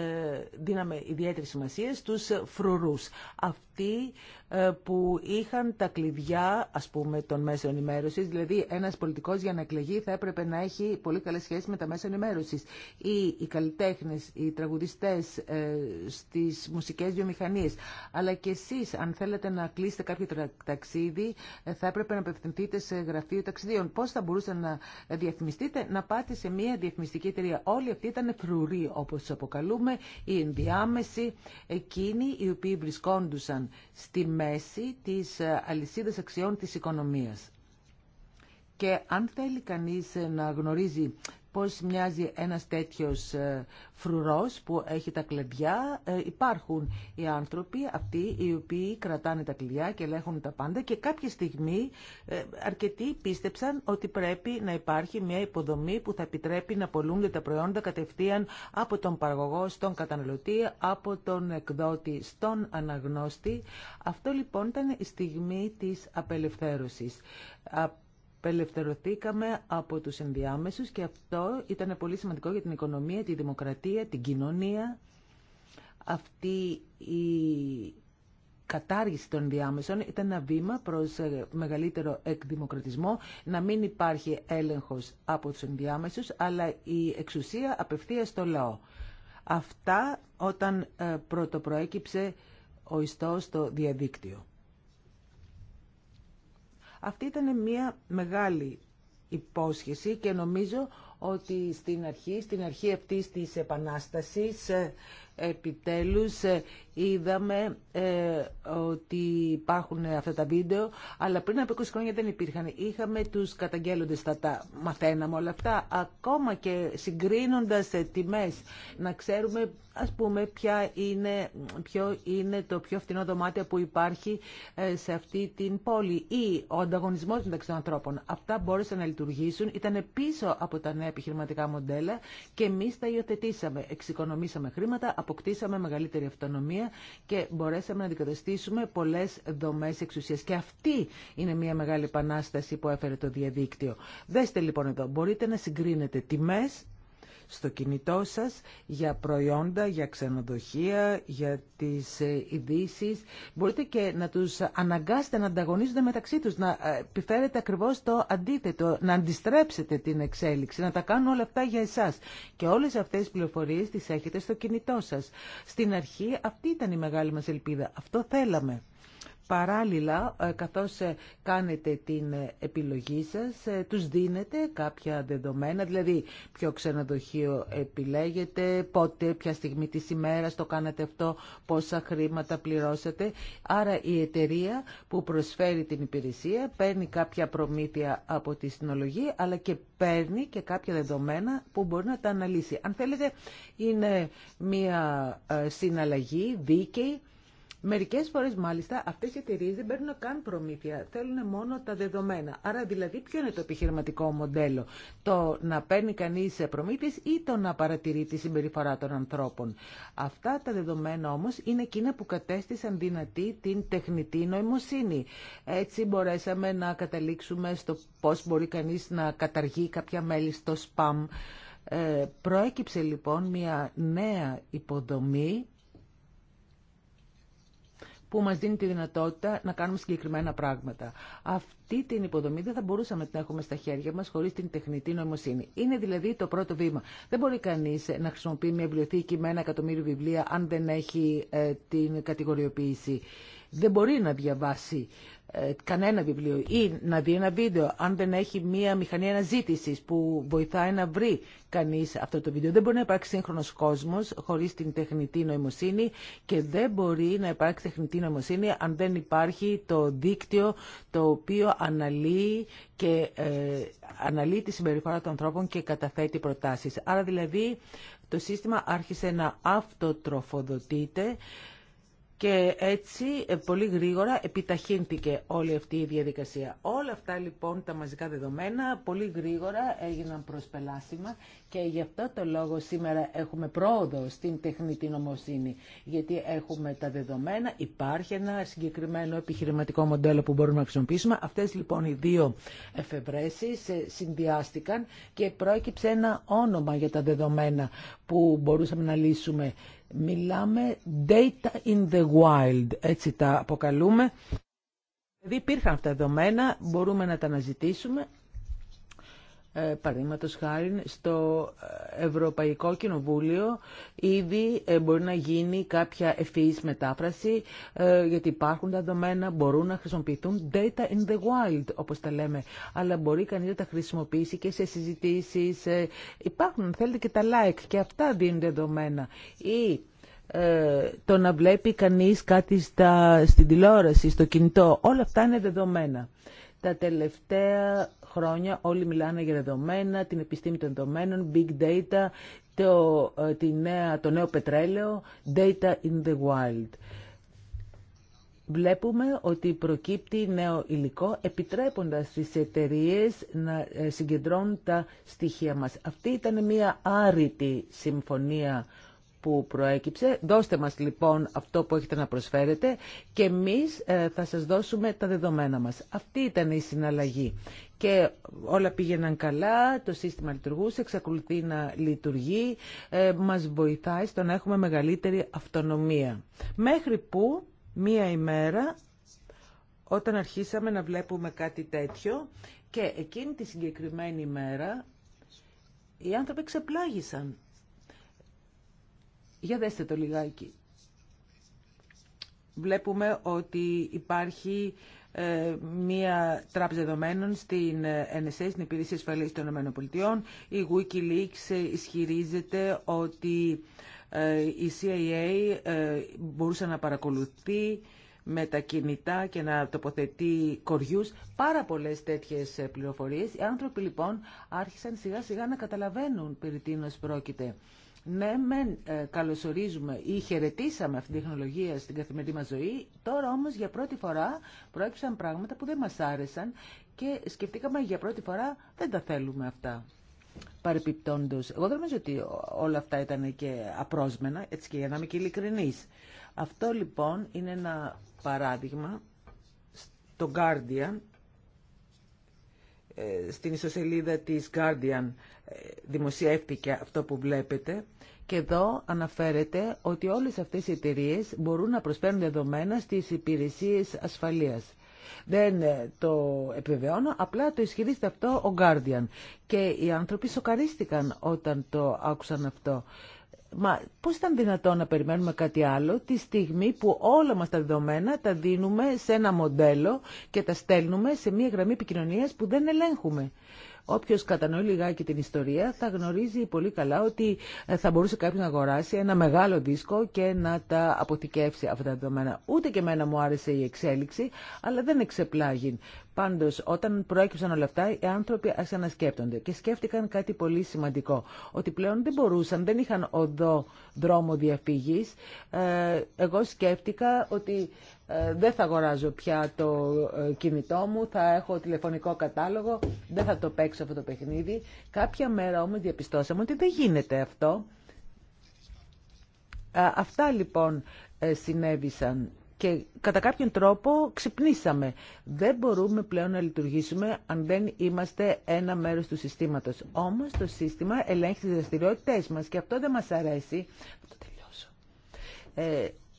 ε, δίναμε ιδιαίτερη σημασία στους φρουρούς. Αυτοί ε, που είχαν τα κλειδιά, ας πούμε, των μέσων ενημέρωσης, δηλαδή ένας πολιτικός για να εκλεγεί θα έπρεπε να έχει πολύ καλές σχέσεις με τα μέσα ενημέρωσης. Ή οι καλλιτέχνες, οι τραγουδιστές ε, στις μουσικές βιομηχανίες. Αλλά και εσείς, αν θέλετε να κλείσετε κάποιο ταξίδι, θα έπρεπε να απευθυνθείτε σε γραφείο ταξιδίων. Πώς θα μπορούσατε να διαφημιστείτε, να πάτε σε μια διαφημιστική εταιρεία. Όλοι αυτοί ήταν φρουροί, όπως τους αποκαλούμε οι ενδιάμεσοι, εκείνοι οι οποίοι βρισκόντουσαν στη μέση της ε, αλυσίδας αξιών της οικονομίας. Και αν θέλει κανείς να γνωρίζει πώς μοιάζει ένας τέτοιος ε, φρουρός που έχει τα κλειδιά. Ε, υπάρχουν οι άνθρωποι αυτοί οι οποίοι κρατάνε τα κλειδιά και ελέγχουν τα πάντα και κάποια στιγμή ε, αρκετοί πίστεψαν ότι πρέπει να υπάρχει μια υποδομή που θα επιτρέπει να πολλούνται τα προϊόντα κατευθείαν από τον παραγωγό στον καταναλωτή, από τον εκδότη στον αναγνώστη. Αυτό λοιπόν ήταν η στιγμή της απελευθέρωσης. Πελευθερωθήκαμε από τους ενδιάμεσους και αυτό ήταν πολύ σημαντικό για την οικονομία, τη δημοκρατία, την κοινωνία. Αυτή η κατάργηση των ενδιάμεσων ήταν ένα βήμα προς ε, μεγαλύτερο εκδημοκρατισμό, να μην υπάρχει έλεγχος από τους ενδιάμεσους, αλλά η εξουσία απευθεία στο λαό. Αυτά όταν ε, πρωτοπροέκυψε ο ιστός στο διαδίκτυο. Αυτή ήταν μια μεγάλη υπόσχεση και νομίζω ότι στην αρχή, στην αρχή αυτής της επανάστασης επιτέλους ε, είδαμε ε, ότι υπάρχουν αυτά τα βίντεο, αλλά πριν από 20 χρόνια δεν υπήρχαν. Είχαμε τους καταγγέλλοντες, θα τα μαθαίναμε όλα αυτά, ακόμα και συγκρίνοντας ε, τιμές, να ξέρουμε ας πούμε ποια είναι, ποιο είναι το πιο φθηνό δωμάτιο που υπάρχει ε, σε αυτή την πόλη ή ο ανταγωνισμός μεταξύ των ανθρώπων. Αυτά μπόρεσαν να λειτουργήσουν, ήταν πίσω από τα νέα επιχειρηματικά μοντέλα και εμείς τα υιοθετήσαμε, εξοικονομήσαμε χρήματα, αποκτήσαμε μεγαλύτερη αυτονομία και μπορέσαμε να αντικαταστήσουμε πολλές δομέ εξουσία. Και αυτή είναι μια μεγάλη επανάσταση που έφερε το διαδίκτυο. Δέστε λοιπόν εδώ, μπορείτε να συγκρίνετε τιμές στο κινητό σας για προϊόντα, για ξενοδοχεία, για τις ε, ειδήσει. Μπορείτε και να τους αναγκάσετε να ανταγωνίζονται μεταξύ τους, να ε, επιφέρετε ακριβώς το αντίθετο, να αντιστρέψετε την εξέλιξη, να τα κάνουν όλα αυτά για εσάς. Και όλες αυτές τις πληροφορίες τις έχετε στο κινητό σας. Στην αρχή αυτή ήταν η μεγάλη μας ελπίδα. Αυτό θέλαμε παράλληλα ε, καθώς ε, κάνετε την ε, επιλογή σας τους δίνετε κάποια δεδομένα δηλαδή ποιο ξενοδοχείο επιλέγετε πότε, ποια στιγμή της ημέρας το κάνατε αυτό, πόσα χρήματα πληρώσατε άρα η εταιρεία που προσφέρει την υπηρεσία παίρνει κάποια προμήθεια από τη συνολογή αλλά και παίρνει και κάποια δεδομένα που μπορεί να τα αναλύσει αν θέλετε είναι μια συναλλαγή δίκαιη Μερικές φορές μάλιστα αυτές οι εταιρείε δεν παίρνουν καν προμήθεια, θέλουν μόνο τα δεδομένα. Άρα δηλαδή ποιο είναι το επιχειρηματικό μοντέλο, το να παίρνει κανείς προμήθειες ή το να παρατηρεί τη συμπεριφορά των ανθρώπων. Αυτά τα δεδομένα όμως είναι εκείνα που κατέστησαν δυνατή την τεχνητή νοημοσύνη. Έτσι μπορέσαμε να καταλήξουμε στο πώς μπορεί κανείς να καταργεί κάποια μέλη στο spam. Ε, προέκυψε λοιπόν μια νέα υποδομή που μας δίνει τη δυνατότητα να κάνουμε συγκεκριμένα πράγματα. Αυτή την υποδομή δεν θα μπορούσαμε να την έχουμε στα χέρια μας χωρίς την τεχνητή νοημοσύνη. Είναι δηλαδή το πρώτο βήμα. Δεν μπορεί κανείς ε, να χρησιμοποιεί μια βιβλιοθήκη με ένα εκατομμύριο βιβλία αν δεν έχει ε, την κατηγοριοποίηση. Δεν μπορεί να διαβάσει ε, κανένα βιβλίο ή να δει ένα βίντεο αν δεν έχει μία μηχανή αναζήτησης που βοηθάει να βρει κανείς αυτό το βίντεο. Δεν μπορεί να υπάρξει σύγχρονος κόσμος χωρίς την τεχνητή νοημοσύνη και δεν μπορεί να υπάρξει τεχνητή νοημοσύνη αν δεν υπάρχει το δίκτυο το οποίο αναλύει και ε, αναλύει τη συμπεριφορά των ανθρώπων και καταθέτει προτάσεις. Άρα δηλαδή το σύστημα άρχισε να αυτοτροφοδοτείται και έτσι ε, πολύ γρήγορα επιταχύνθηκε όλη αυτή η διαδικασία. Όλα αυτά λοιπόν τα μαζικά δεδομένα πολύ γρήγορα έγιναν προσπελάσιμα και γι' αυτό το λόγο σήμερα έχουμε πρόοδο στην τεχνητή νομοσύνη. Γιατί έχουμε τα δεδομένα, υπάρχει ένα συγκεκριμένο επιχειρηματικό μοντέλο που μπορούμε να χρησιμοποιήσουμε. Αυτές λοιπόν οι δύο εφευρέσεις ε, συνδυάστηκαν και πρόκειψε ένα όνομα για τα δεδομένα που μπορούσαμε να λύσουμε Μιλάμε data in the wild, έτσι τα αποκαλούμε. Δηλαδή υπήρχαν αυτά τα δεδομένα, μπορούμε να τα αναζητήσουμε, ε, Παραδείγματο χάρη στο Ευρωπαϊκό Κοινοβούλιο ήδη ε, μπορεί να γίνει κάποια ευφυής μετάφραση ε, γιατί υπάρχουν τα δεδομένα, μπορούν να χρησιμοποιηθούν data in the wild όπως τα λέμε αλλά μπορεί κανεί να τα χρησιμοποιήσει και σε συζητήσεις υπάρχουν θέλετε και τα like και αυτά δίνουν δεδομένα ή το να βλέπει κανείς κάτι στα, στην τηλεόραση, στο κινητό όλα αυτά είναι δεδομένα τα τελευταία χρόνια όλοι μιλάνε για δεδομένα, την επιστήμη των δεδομένων, big data, το, ε, τη νέα, το νέο πετρέλαιο, data in the wild. Βλέπουμε ότι προκύπτει νέο υλικό επιτρέποντας τις εταιρείες να ε, συγκεντρώνουν τα στοιχεία μας. Αυτή ήταν μια άρρητη συμφωνία που προέκυψε. Δώστε μας λοιπόν αυτό που έχετε να προσφέρετε και εμείς ε, θα σας δώσουμε τα δεδομένα μας. Αυτή ήταν η συναλλαγή και όλα πήγαιναν καλά, το σύστημα λειτουργούσε, εξακολουθεί να λειτουργεί, ε, μας βοηθάει στο να έχουμε μεγαλύτερη αυτονομία. Μέχρι που μία ημέρα όταν αρχίσαμε να βλέπουμε κάτι τέτοιο και εκείνη τη συγκεκριμένη ημέρα οι άνθρωποι ξεπλάγησαν για δέστε το λιγάκι. Βλέπουμε ότι υπάρχει ε, μία τράπεζα δεδομένων στην NSA, ε, στην Υπηρεσία Ασφαλείας των ΗΠΑ. Η Wikileaks ισχυρίζεται ότι ε, η CIA μπορούσε να παρακολουθεί με τα κινητά και να τοποθετεί κοριούς, πάρα πολλές τέτοιες πληροφορίες. Οι άνθρωποι λοιπόν άρχισαν σιγά σιγά να καταλαβαίνουν περί τίνος πρόκειται ναι, μεν ε, καλωσορίζουμε ή χαιρετήσαμε αυτή την τεχνολογία στην καθημερινή μας ζωή, τώρα όμως για πρώτη φορά προέκυψαν πράγματα που δεν μας άρεσαν και σκεφτήκαμε για πρώτη φορά δεν τα θέλουμε αυτά. Παρεπιπτόντως, εγώ δεν νομίζω ότι όλα αυτά ήταν και απρόσμενα, έτσι και για να είμαι και ειλικρινής. Αυτό λοιπόν είναι ένα παράδειγμα, στο Guardian ε, στην ισοσελίδα της Guardian ε, δημοσιεύτηκε αυτό που βλέπετε και εδώ αναφέρεται ότι όλες αυτές οι εταιρείε μπορούν να προσφέρουν δεδομένα στις υπηρεσίες ασφαλείας. Δεν ε, το επιβεβαιώνω, απλά το ισχυρίζεται αυτό ο Guardian. Και οι άνθρωποι σοκαρίστηκαν όταν το άκουσαν αυτό. Μα πώς ήταν δυνατόν να περιμένουμε κάτι άλλο τη στιγμή που όλα μας τα δεδομένα τα δίνουμε σε ένα μοντέλο και τα στέλνουμε σε μια γραμμή επικοινωνίας που δεν ελέγχουμε. Όποιος κατανοεί λιγάκι την ιστορία θα γνωρίζει πολύ καλά ότι ε, θα μπορούσε κάποιο να αγοράσει ένα μεγάλο δίσκο και να τα αποθηκεύσει αυτά τα δεδομένα. Ούτε και εμένα μου άρεσε η εξέλιξη, αλλά δεν εξεπλάγει. Πάντω, όταν προέκυψαν όλα αυτά, οι άνθρωποι άρχισαν να σκέπτονται και σκέφτηκαν κάτι πολύ σημαντικό. Ότι πλέον δεν μπορούσαν, δεν είχαν οδό δρόμο διαφυγή. Ε, εγώ σκέφτηκα ότι ε, δεν θα αγοράζω πια το ε, κινητό μου, θα έχω τηλεφωνικό κατάλογο, δεν θα το παίξω αυτό το παιχνίδι. Κάποια μέρα όμως διαπιστώσαμε ότι δεν γίνεται αυτό. Αυτά λοιπόν ε, συνέβησαν και κατά κάποιον τρόπο ξυπνήσαμε. Δεν μπορούμε πλέον να λειτουργήσουμε αν δεν είμαστε ένα μέρος του συστήματος. Όμως το σύστημα ελέγχει τις δραστηριότητε μας και αυτό δεν μας αρέσει. το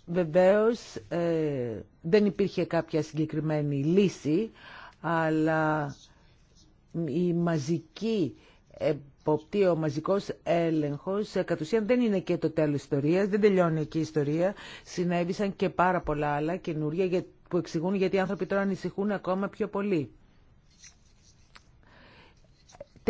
Βεβαίω, ε, δεν υπήρχε κάποια συγκεκριμένη λύση, αλλά η μαζική εποπτεία, ο μαζικός έλεγχος, ε, κατ' ουσίαν δεν είναι και το τέλος ιστορίας, δεν τελειώνει εκεί η ιστορία. Συνέβησαν και πάρα πολλά άλλα καινούργια που εξηγούν γιατί οι άνθρωποι τώρα ανησυχούν ακόμα πιο πολύ.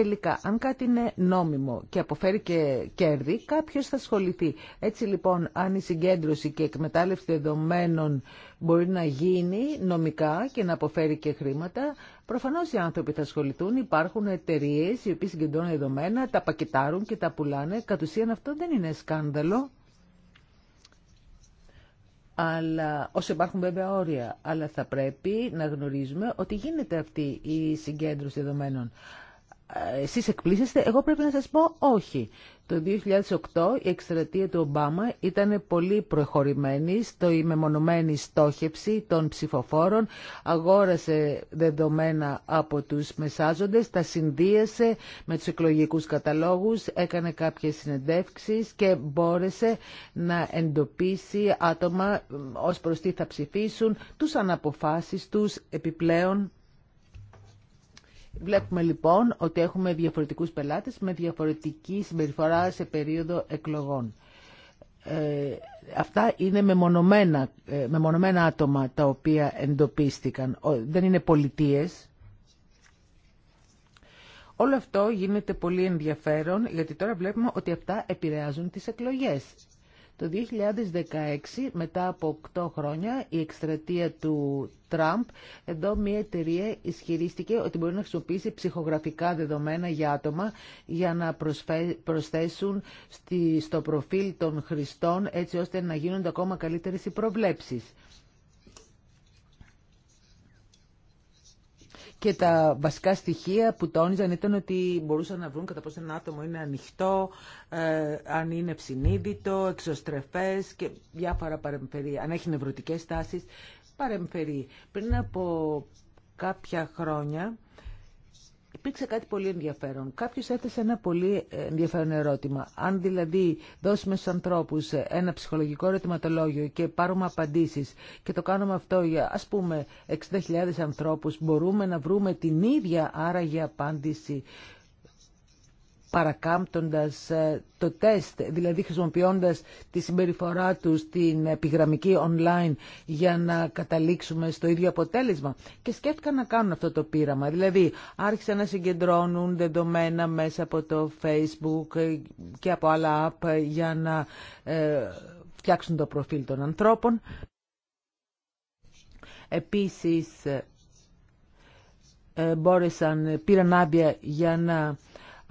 Τελικά, αν κάτι είναι νόμιμο και αποφέρει και κέρδη, κάποιος θα ασχοληθεί. Έτσι λοιπόν, αν η συγκέντρωση και εκμετάλλευση δεδομένων μπορεί να γίνει νομικά και να αποφέρει και χρήματα, προφανώς οι άνθρωποι θα ασχοληθούν. Υπάρχουν εταιρείε οι οποίες συγκεντρώνουν δεδομένα, τα πακετάρουν και τα πουλάνε. Κατ' ουσίαν αυτό δεν είναι σκάνδαλο αλλά όσο υπάρχουν βέβαια όρια, αλλά θα πρέπει να γνωρίζουμε ότι γίνεται αυτή η συγκέντρωση δεδομένων εσείς εκπλήσεστε, εγώ πρέπει να σας πω όχι. Το 2008 η εκστρατεία του Ομπάμα ήταν πολύ προχωρημένη στο η μεμονωμένη στόχευση των ψηφοφόρων, αγόρασε δεδομένα από τους μεσάζοντες, τα συνδύασε με τους εκλογικούς καταλόγους, έκανε κάποιες συνεντεύξεις και μπόρεσε να εντοπίσει άτομα ως προς τι θα ψηφίσουν, τους αναποφάσεις τους επιπλέον Βλέπουμε λοιπόν ότι έχουμε διαφορετικούς πελάτες με διαφορετική συμπεριφορά σε περίοδο εκλογών. Ε, αυτά είναι μεμονωμένα, ε, μονομένα άτομα τα οποία εντοπίστηκαν. Δεν είναι πολιτείες. Όλο αυτό γίνεται πολύ ενδιαφέρον γιατί τώρα βλέπουμε ότι αυτά επηρεάζουν τις εκλογές. Το 2016, μετά από 8 χρόνια, η εκστρατεία του Τραμπ, εδώ μια εταιρεία ισχυρίστηκε ότι μπορεί να χρησιμοποιήσει ψυχογραφικά δεδομένα για άτομα για να προσθέσουν στο προφίλ των χρηστών έτσι ώστε να γίνονται ακόμα καλύτερες οι προβλέψεις. και τα βασικά στοιχεία που τόνιζαν ήταν ότι μπορούσαν να βρουν κατά πόσο ένα άτομο είναι ανοιχτό, ε, αν είναι ψυνείδητο, εξωστρεφές και διάφορα παρεμφερή, αν έχει νευρωτικές τάσεις, παρεμφερή. Πριν από κάποια χρόνια υπήρξε κάτι πολύ ενδιαφέρον. Κάποιος έθεσε ένα πολύ ενδιαφέρον ερώτημα. Αν δηλαδή δώσουμε στους ανθρώπους ένα ψυχολογικό ερωτηματολόγιο και πάρουμε απαντήσεις και το κάνουμε αυτό για ας πούμε 60.000 ανθρώπους, μπορούμε να βρούμε την ίδια άραγε απάντηση παρακάμπτοντας ε, το τεστ, δηλαδή χρησιμοποιώντας τη συμπεριφορά τους στην επιγραμμική online για να καταλήξουμε στο ίδιο αποτέλεσμα. Και σκέφτηκαν να κάνουν αυτό το πείραμα. Δηλαδή άρχισαν να συγκεντρώνουν δεδομένα μέσα από το Facebook ε, και από άλλα app για να ε, φτιάξουν το προφίλ των ανθρώπων. Επίσης μπόρεσαν, πήραν άδεια για να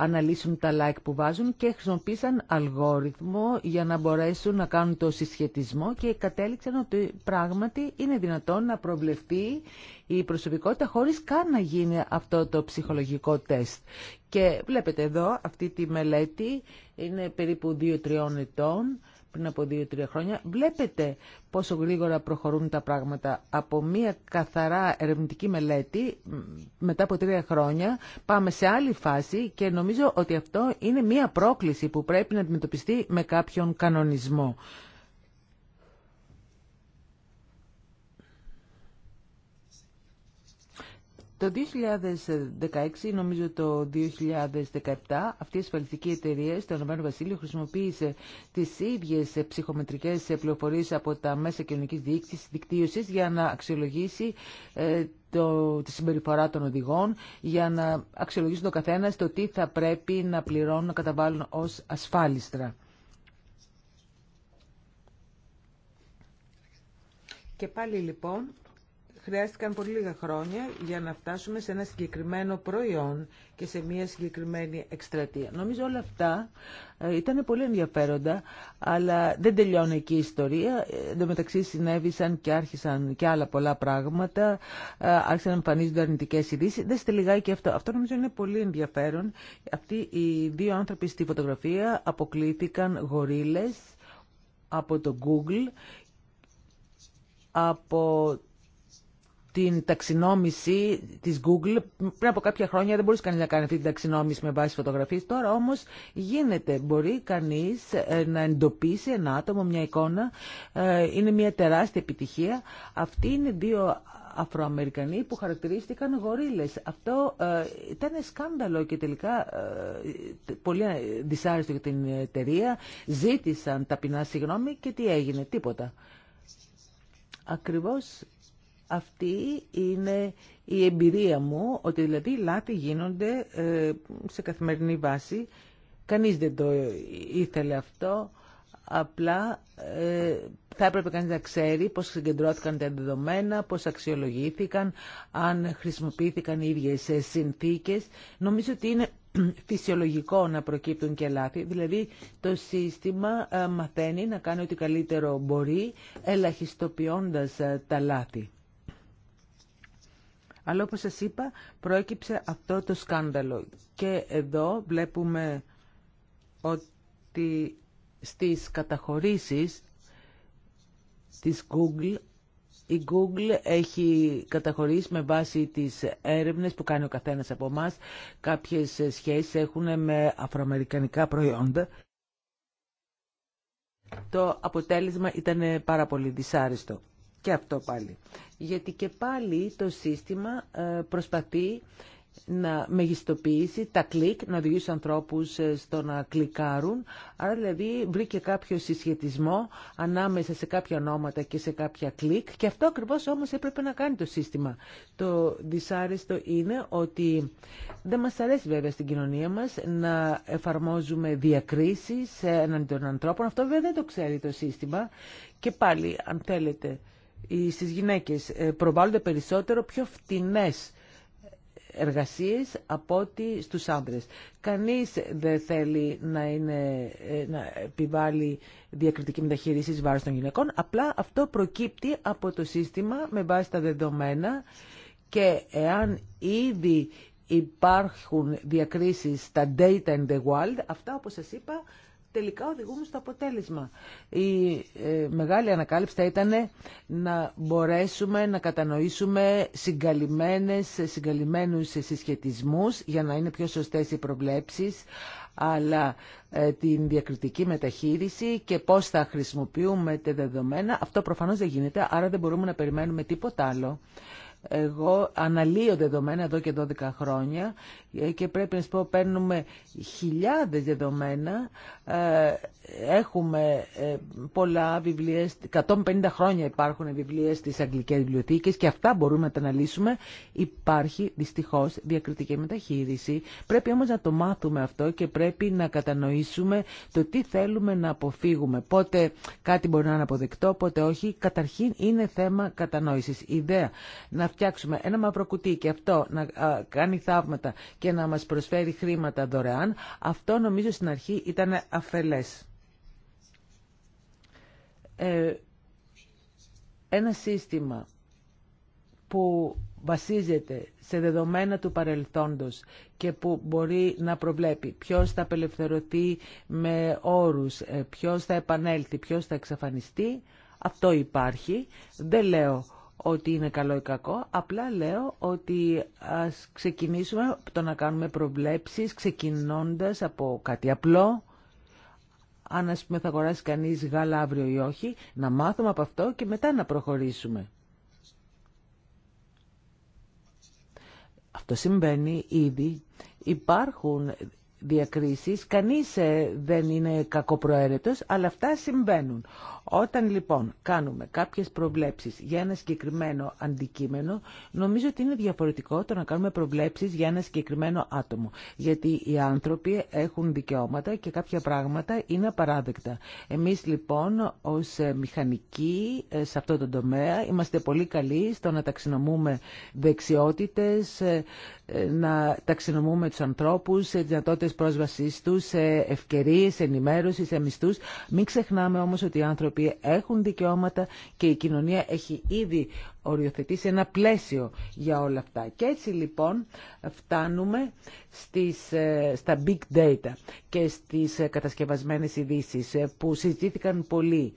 αναλύσουν τα like που βάζουν και χρησιμοποίησαν αλγόριθμο για να μπορέσουν να κάνουν το συσχετισμό και κατέληξαν ότι πράγματι είναι δυνατόν να προβλεφτεί η προσωπικότητα χωρίς καν να γίνει αυτό το ψυχολογικό τεστ. Και βλέπετε εδώ αυτή τη μελέτη είναι περίπου 2-3 ετών πριν από δύο-τρία χρόνια, βλέπετε πόσο γρήγορα προχωρούν τα πράγματα. Από μία καθαρά ερευνητική μελέτη, μετά από τρία χρόνια, πάμε σε άλλη φάση και νομίζω ότι αυτό είναι μία πρόκληση που πρέπει να αντιμετωπιστεί με κάποιον κανονισμό. Το 2016, νομίζω το 2017, αυτή η ασφαλιστική εταιρεία στο Ηνωμένο Βασίλειο χρησιμοποίησε τις ίδιες ψυχομετρικές πληροφορίες από τα μέσα κοινωνικής δικτύωσης για να αξιολογήσει ε, το, τη συμπεριφορά των οδηγών για να αξιολογήσει τον καθένα το τι θα πρέπει να πληρώνουν, να καταβάλουν ως ασφάλιστρα. Και πάλι λοιπόν χρειάστηκαν πολύ λίγα χρόνια για να φτάσουμε σε ένα συγκεκριμένο προϊόν και σε μια συγκεκριμένη εκστρατεία. Νομίζω όλα αυτά ε, ήταν πολύ ενδιαφέροντα, αλλά δεν τελειώνει εκεί η ιστορία. Ε, Εν τω μεταξύ συνέβησαν και άρχισαν και άλλα πολλά πράγματα, ε, άρχισαν να εμφανίζονται αρνητικέ ειδήσει. Δεν στελιγάει και αυτό. Αυτό νομίζω είναι πολύ ενδιαφέρον. Αυτοί οι δύο άνθρωποι στη φωτογραφία αποκλήθηκαν γορίλες από το Google από την ταξινόμηση της Google. Πριν από κάποια χρόνια δεν μπορούσε κανείς να κάνει αυτή την ταξινόμηση με βάση φωτογραφίες. Τώρα όμως γίνεται. Μπορεί κανείς ε, να εντοπίσει ένα άτομο, μια εικόνα. Ε, είναι μια τεράστια επιτυχία. Αυτοί είναι δύο Αφροαμερικανοί που χαρακτηρίστηκαν γορίλες. Αυτό ε, ήταν σκάνδαλο και τελικά ε, πολύ δυσάρεστο για την εταιρεία. Ζήτησαν ταπεινά συγγνώμη και τι έγινε, τίποτα. Ακριβώς αυτή είναι η εμπειρία μου, ότι δηλαδή λάθη γίνονται ε, σε καθημερινή βάση. Κανείς δεν το ήθελε αυτό, απλά ε, θα έπρεπε κανείς να ξέρει πώς συγκεντρώθηκαν τα δεδομένα, πώς αξιολογήθηκαν, αν χρησιμοποιήθηκαν οι ίδιες ε, συνθήκες. Νομίζω ότι είναι φυσιολογικό να προκύπτουν και λάθη. Δηλαδή το σύστημα μαθαίνει να κάνει ό,τι καλύτερο μπορεί, ελαχιστοποιώντας τα λάθη. Αλλά όπως σας είπα, προέκυψε αυτό το σκάνδαλο. Και εδώ βλέπουμε ότι στις καταχωρήσεις της Google η Google έχει καταχωρήσει με βάση τις έρευνες που κάνει ο καθένας από εμά. Κάποιες σχέσεις έχουν με αφροαμερικανικά προϊόντα. Το αποτέλεσμα ήταν πάρα πολύ δυσάρεστο και αυτό πάλι. Γιατί και πάλι το σύστημα ε, προσπαθεί να μεγιστοποιήσει τα κλικ, να οδηγήσει ανθρώπου ανθρώπους ε, στο να κλικάρουν. Άρα δηλαδή βρήκε κάποιο συσχετισμό ανάμεσα σε κάποια ονόματα και σε κάποια κλικ και αυτό ακριβώς όμως έπρεπε να κάνει το σύστημα. Το δυσάρεστο είναι ότι δεν μας αρέσει βέβαια στην κοινωνία μας να εφαρμόζουμε διακρίσεις έναν ε, των ανθρώπων. Αυτό βέβαια δεν το ξέρει το σύστημα και πάλι αν θέλετε στις γυναίκες. Ε, προβάλλονται περισσότερο πιο φτηνές εργασίες από ότι στους άντρες. Κανείς δεν θέλει να, είναι, ε, να επιβάλλει διακριτική μεταχείριση βάρος των γυναικών, απλά αυτό προκύπτει από το σύστημα με βάση τα δεδομένα και εάν ήδη υπάρχουν διακρίσεις στα data in the wild, αυτά όπως σας είπα τελικά οδηγούμε στο αποτέλεσμα. Η ε, μεγάλη ανακάλυψη θα ήταν να μπορέσουμε να κατανοήσουμε συγκαλυμμένες, συγκαλυμμένους συσχετισμούς για να είναι πιο σωστές οι προβλέψεις, αλλά ε, την διακριτική μεταχείριση και πώς θα χρησιμοποιούμε τα δεδομένα, αυτό προφανώς δεν γίνεται, άρα δεν μπορούμε να περιμένουμε τίποτα άλλο. Εγώ αναλύω δεδομένα εδώ και 12 χρόνια ε, και πρέπει να σας πω παίρνουμε χιλιάδες δεδομένα. Ε, έχουμε ε, πολλά βιβλία, 150 χρόνια υπάρχουν βιβλία στις αγγλικές βιβλιοθήκες και αυτά μπορούμε να τα αναλύσουμε. Υπάρχει δυστυχώς διακριτική μεταχείριση. Πρέπει όμως να το μάθουμε αυτό και πρέπει να κατανοήσουμε το τι θέλουμε να αποφύγουμε. Πότε κάτι μπορεί να είναι αποδεκτό, πότε όχι. Καταρχήν είναι θέμα κατανόησης. Η ιδέα να φτιάξουμε ένα μαύρο κουτί και αυτό να κάνει θαύματα και να μας προσφέρει χρήματα δωρεάν, αυτό νομίζω στην αρχή ήταν αφελές. Ε, ένα σύστημα που βασίζεται σε δεδομένα του παρελθόντος και που μπορεί να προβλέπει ποιος θα απελευθερωθεί με όρους, ε, ποιος θα επανέλθει, ποιος θα εξαφανιστεί, αυτό υπάρχει. Δεν λέω ότι είναι καλό ή κακό, απλά λέω ότι ας ξεκινήσουμε από το να κάνουμε προβλέψεις, ξεκινώντας από κάτι απλό, αν ας πούμε θα αγοράσει κανείς γάλα αύριο ή όχι, να μάθουμε από αυτό και μετά να προχωρήσουμε. Αυτό συμβαίνει ήδη. Υπάρχουν διακρίσεις, κανείς ε, δεν είναι κακοπροαίρετος, αλλά αυτά συμβαίνουν. Όταν λοιπόν κάνουμε κάποιες προβλέψεις για ένα συγκεκριμένο αντικείμενο, νομίζω ότι είναι διαφορετικό το να κάνουμε προβλέψεις για ένα συγκεκριμένο άτομο. Γιατί οι άνθρωποι έχουν δικαιώματα και κάποια πράγματα είναι απαράδεκτα. Εμείς λοιπόν ως ε, μηχανικοί ε, σε αυτό το τομέα είμαστε πολύ καλοί στο να ταξινομούμε δεξιότητες, να ταξινομούμε τους ανθρώπους, δυνατότητες πρόσβασή πρόσβασής τους, σε ευκαιρίες, ενημέρωση, σε μισθούς. Μην ξεχνάμε όμως ότι οι άνθρωποι έχουν δικαιώματα και η κοινωνία έχει ήδη οριοθετήσει ένα πλαίσιο για όλα αυτά. Και έτσι λοιπόν φτάνουμε στις, ε, στα big data και στις ε, κατασκευασμένες ειδήσει ε, που συζητήθηκαν πολύ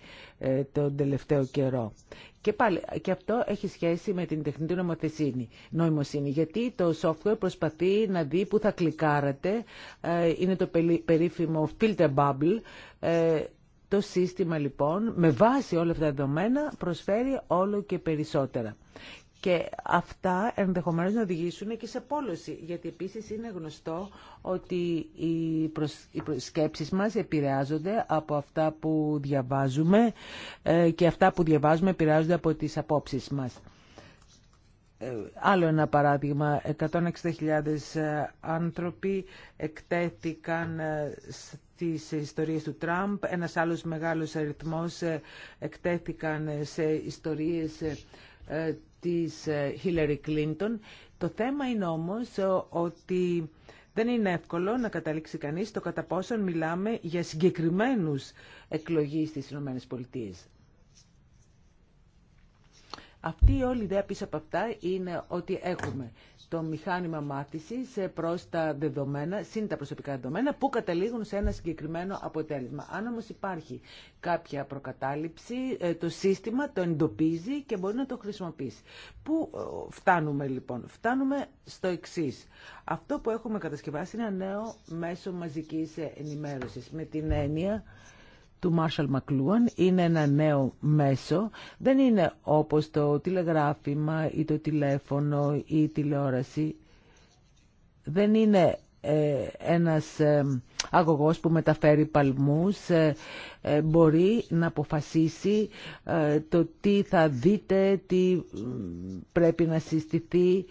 τον τελευταίο καιρό. Και πάλι, και αυτό έχει σχέση με την τεχνητή νομοθεσίνη, νοημοσύνη, γιατί το software προσπαθεί να δει που θα κλικάρατε, είναι το περίφημο filter bubble, το σύστημα λοιπόν με βάση όλα αυτά τα δεδομένα προσφέρει όλο και περισσότερα. Και αυτά ενδεχομένως να οδηγήσουν και σε πόλωση, γιατί επίσης είναι γνωστό ότι οι, οι σκέψεις μας επηρεάζονται από αυτά που διαβάζουμε ε, και αυτά που διαβάζουμε επηρεάζονται από τις απόψεις μας. Ε, άλλο ένα παράδειγμα, 160.000 ε, άνθρωποι εκτέθηκαν ε, στις ιστορίες του Τραμπ, ένας άλλος μεγάλος αριθμός εκτέθηκαν σε ιστορίες της Χίλαρη Κλίντον. Το θέμα είναι όμως ότι δεν είναι εύκολο να καταλήξει κανείς το κατά πόσον μιλάμε για συγκεκριμένους εκλογείς στις ΗΠΑ. Αυτή η όλη ιδέα πίσω από αυτά είναι ότι έχουμε το μηχάνημα μάθησης προ τα δεδομένα, συν τα προσωπικά δεδομένα, που καταλήγουν σε ένα συγκεκριμένο αποτέλεσμα. Αν όμω υπάρχει κάποια προκατάληψη, ε, το σύστημα το εντοπίζει και μπορεί να το χρησιμοποιήσει. Πού ε, φτάνουμε λοιπόν. Φτάνουμε στο εξή. Αυτό που έχουμε κατασκευάσει είναι ένα νέο μέσο μεσο ενημέρωση, με την έννοια του Μάρσαλ Μακλούαν είναι ένα νέο μέσο. Δεν είναι όπως το τηλεγράφημα ή το τηλέφωνο ή η τηλεόραση. Δεν είναι ε, ένας ε, αγωγός που μεταφέρει παλμούς ε, μπορεί να αποφασίσει το τι θα δείτε, τι πρέπει να συστηθεί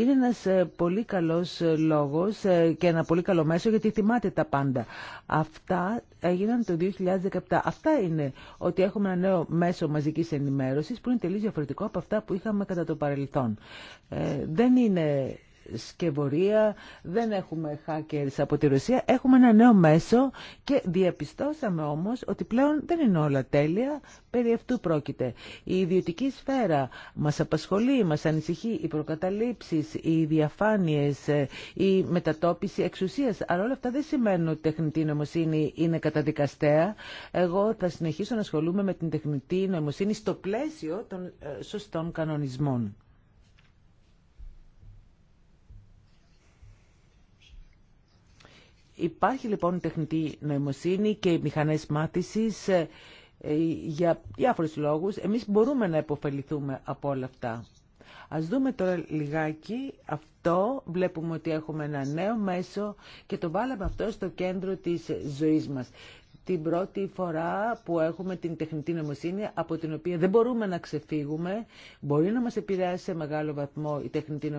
είναι ένας ε, πολύ καλός ε, λόγος ε, και ένα πολύ καλό μέσο γιατί θυμάται τα πάντα. Αυτά έγιναν το 2017. Αυτά είναι ότι έχουμε ένα νέο μέσο μαζικής ενημέρωσης που είναι τελείως διαφορετικό από αυτά που είχαμε κατά το παρελθόν. δεν είναι σκευωρία, δεν έχουμε hackers από τη Ρωσία, έχουμε ένα νέο μέσο και διαπιστώσαμε όμως ότι πλέον δεν είναι όλα τέλεια, περί αυτού πρόκειται. Η ιδιωτική σφαίρα μας απασχολεί, μας ανησυχεί, οι προκαταλήψεις, οι διαφάνειες, ε, η μετατόπιση εξουσίας, αλλά όλα αυτά δεν σημαίνουν ότι η τεχνητή νομοσύνη είναι καταδικαστέα. Εγώ θα συνεχίσω να ασχολούμαι με την τεχνητή νομοσύνη στο πλαίσιο των ε, σωστών κανονισμών. Υπάρχει λοιπόν η τεχνητή νοημοσύνη και οι μηχανές μάθησης ε, για διάφορους λόγους. Εμείς μπορούμε να υποφεληθούμε από όλα αυτά. Ας δούμε τώρα λιγάκι αυτό. Βλέπουμε ότι έχουμε ένα νέο μέσο και το βάλαμε αυτό στο κέντρο της ζωής μας την πρώτη φορά που έχουμε την τεχνητή νοημοσύνη από την οποία δεν μπορούμε να ξεφύγουμε. Μπορεί να μας επηρεάσει σε μεγάλο βαθμό η τεχνητή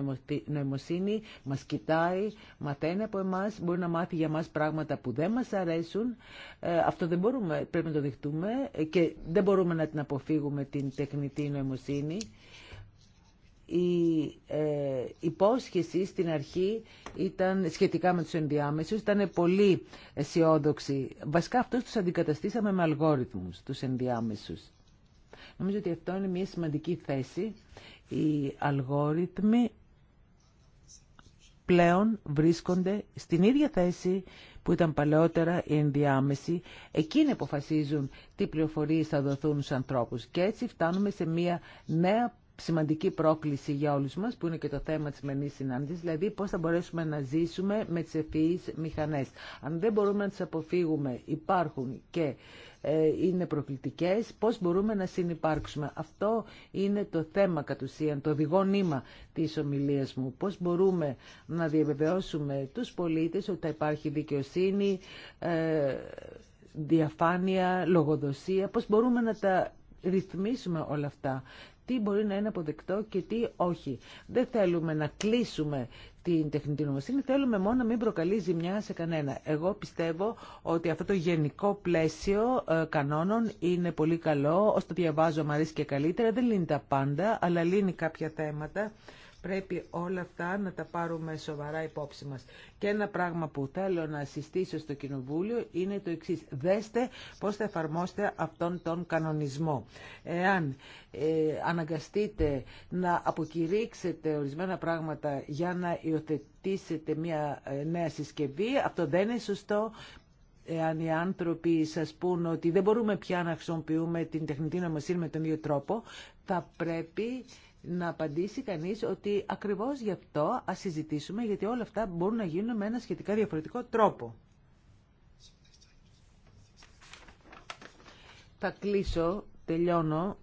νοημοσύνη, μας κοιτάει, μαθαίνει από εμάς, μπορεί να μάθει για μας πράγματα που δεν μας αρέσουν. Ε, αυτό δεν μπορούμε, πρέπει να το δεχτούμε ε, και δεν μπορούμε να την αποφύγουμε την τεχνητή νοημοσύνη η ε, υπόσχεση στην αρχή ήταν σχετικά με τους ενδιάμεσους, ήταν πολύ αισιόδοξη. Βασικά αυτούς τους αντικαταστήσαμε με αλγόριθμους, τους ενδιάμεσους. Νομίζω ότι αυτό είναι μια σημαντική θέση. Οι αλγόριθμοι πλέον βρίσκονται στην ίδια θέση που ήταν παλαιότερα οι ενδιάμεσοι. Εκείνοι αποφασίζουν τι πληροφορίες θα δοθούν στους ανθρώπους. Και έτσι φτάνουμε σε μια νέα σημαντική πρόκληση για όλους μας, που είναι και το θέμα της μενής συνάντησης, δηλαδή πώς θα μπορέσουμε να ζήσουμε με τις ευφυείς μηχανές. Αν δεν μπορούμε να τις αποφύγουμε, υπάρχουν και ε, είναι προκλητικές, πώς μπορούμε να συνεπάρξουμε. Αυτό είναι το θέμα κατ' ουσίαν, το οδηγό νήμα της ομιλίας μου. Πώς μπορούμε να διαβεβαιώσουμε τους πολίτες ότι θα υπάρχει δικαιοσύνη, ε, διαφάνεια, λογοδοσία, πώς μπορούμε να τα ρυθμίσουμε όλα αυτά τι μπορεί να είναι αποδεκτό και τι όχι. Δεν θέλουμε να κλείσουμε την τεχνητή νομοσύνη, θέλουμε μόνο να μην προκαλεί ζημιά σε κανένα. Εγώ πιστεύω ότι αυτό το γενικό πλαίσιο ε, κανόνων είναι πολύ καλό, όσο το διαβάζω μου και καλύτερα, δεν λύνει τα πάντα, αλλά λύνει κάποια θέματα Πρέπει όλα αυτά να τα πάρουμε σοβαρά υπόψη μας. Και ένα πράγμα που θέλω να συστήσω στο Κοινοβούλιο είναι το εξής. Δέστε πώς θα εφαρμόσετε αυτόν τον κανονισμό. Εάν ε, αναγκαστείτε να αποκηρύξετε ορισμένα πράγματα για να υιοθετήσετε μια ε, νέα συσκευή, αυτό δεν είναι σωστό εάν οι άνθρωποι σας πούν ότι δεν μπορούμε πια να χρησιμοποιούμε την τεχνητή νομοσύνη με τον ίδιο τρόπο, θα πρέπει να απαντήσει κανείς ότι ακριβώς γι' αυτό ας συζητήσουμε γιατί όλα αυτά μπορούν να γίνουν με ένα σχετικά διαφορετικό τρόπο. Θα κλείσω, τελειώνω.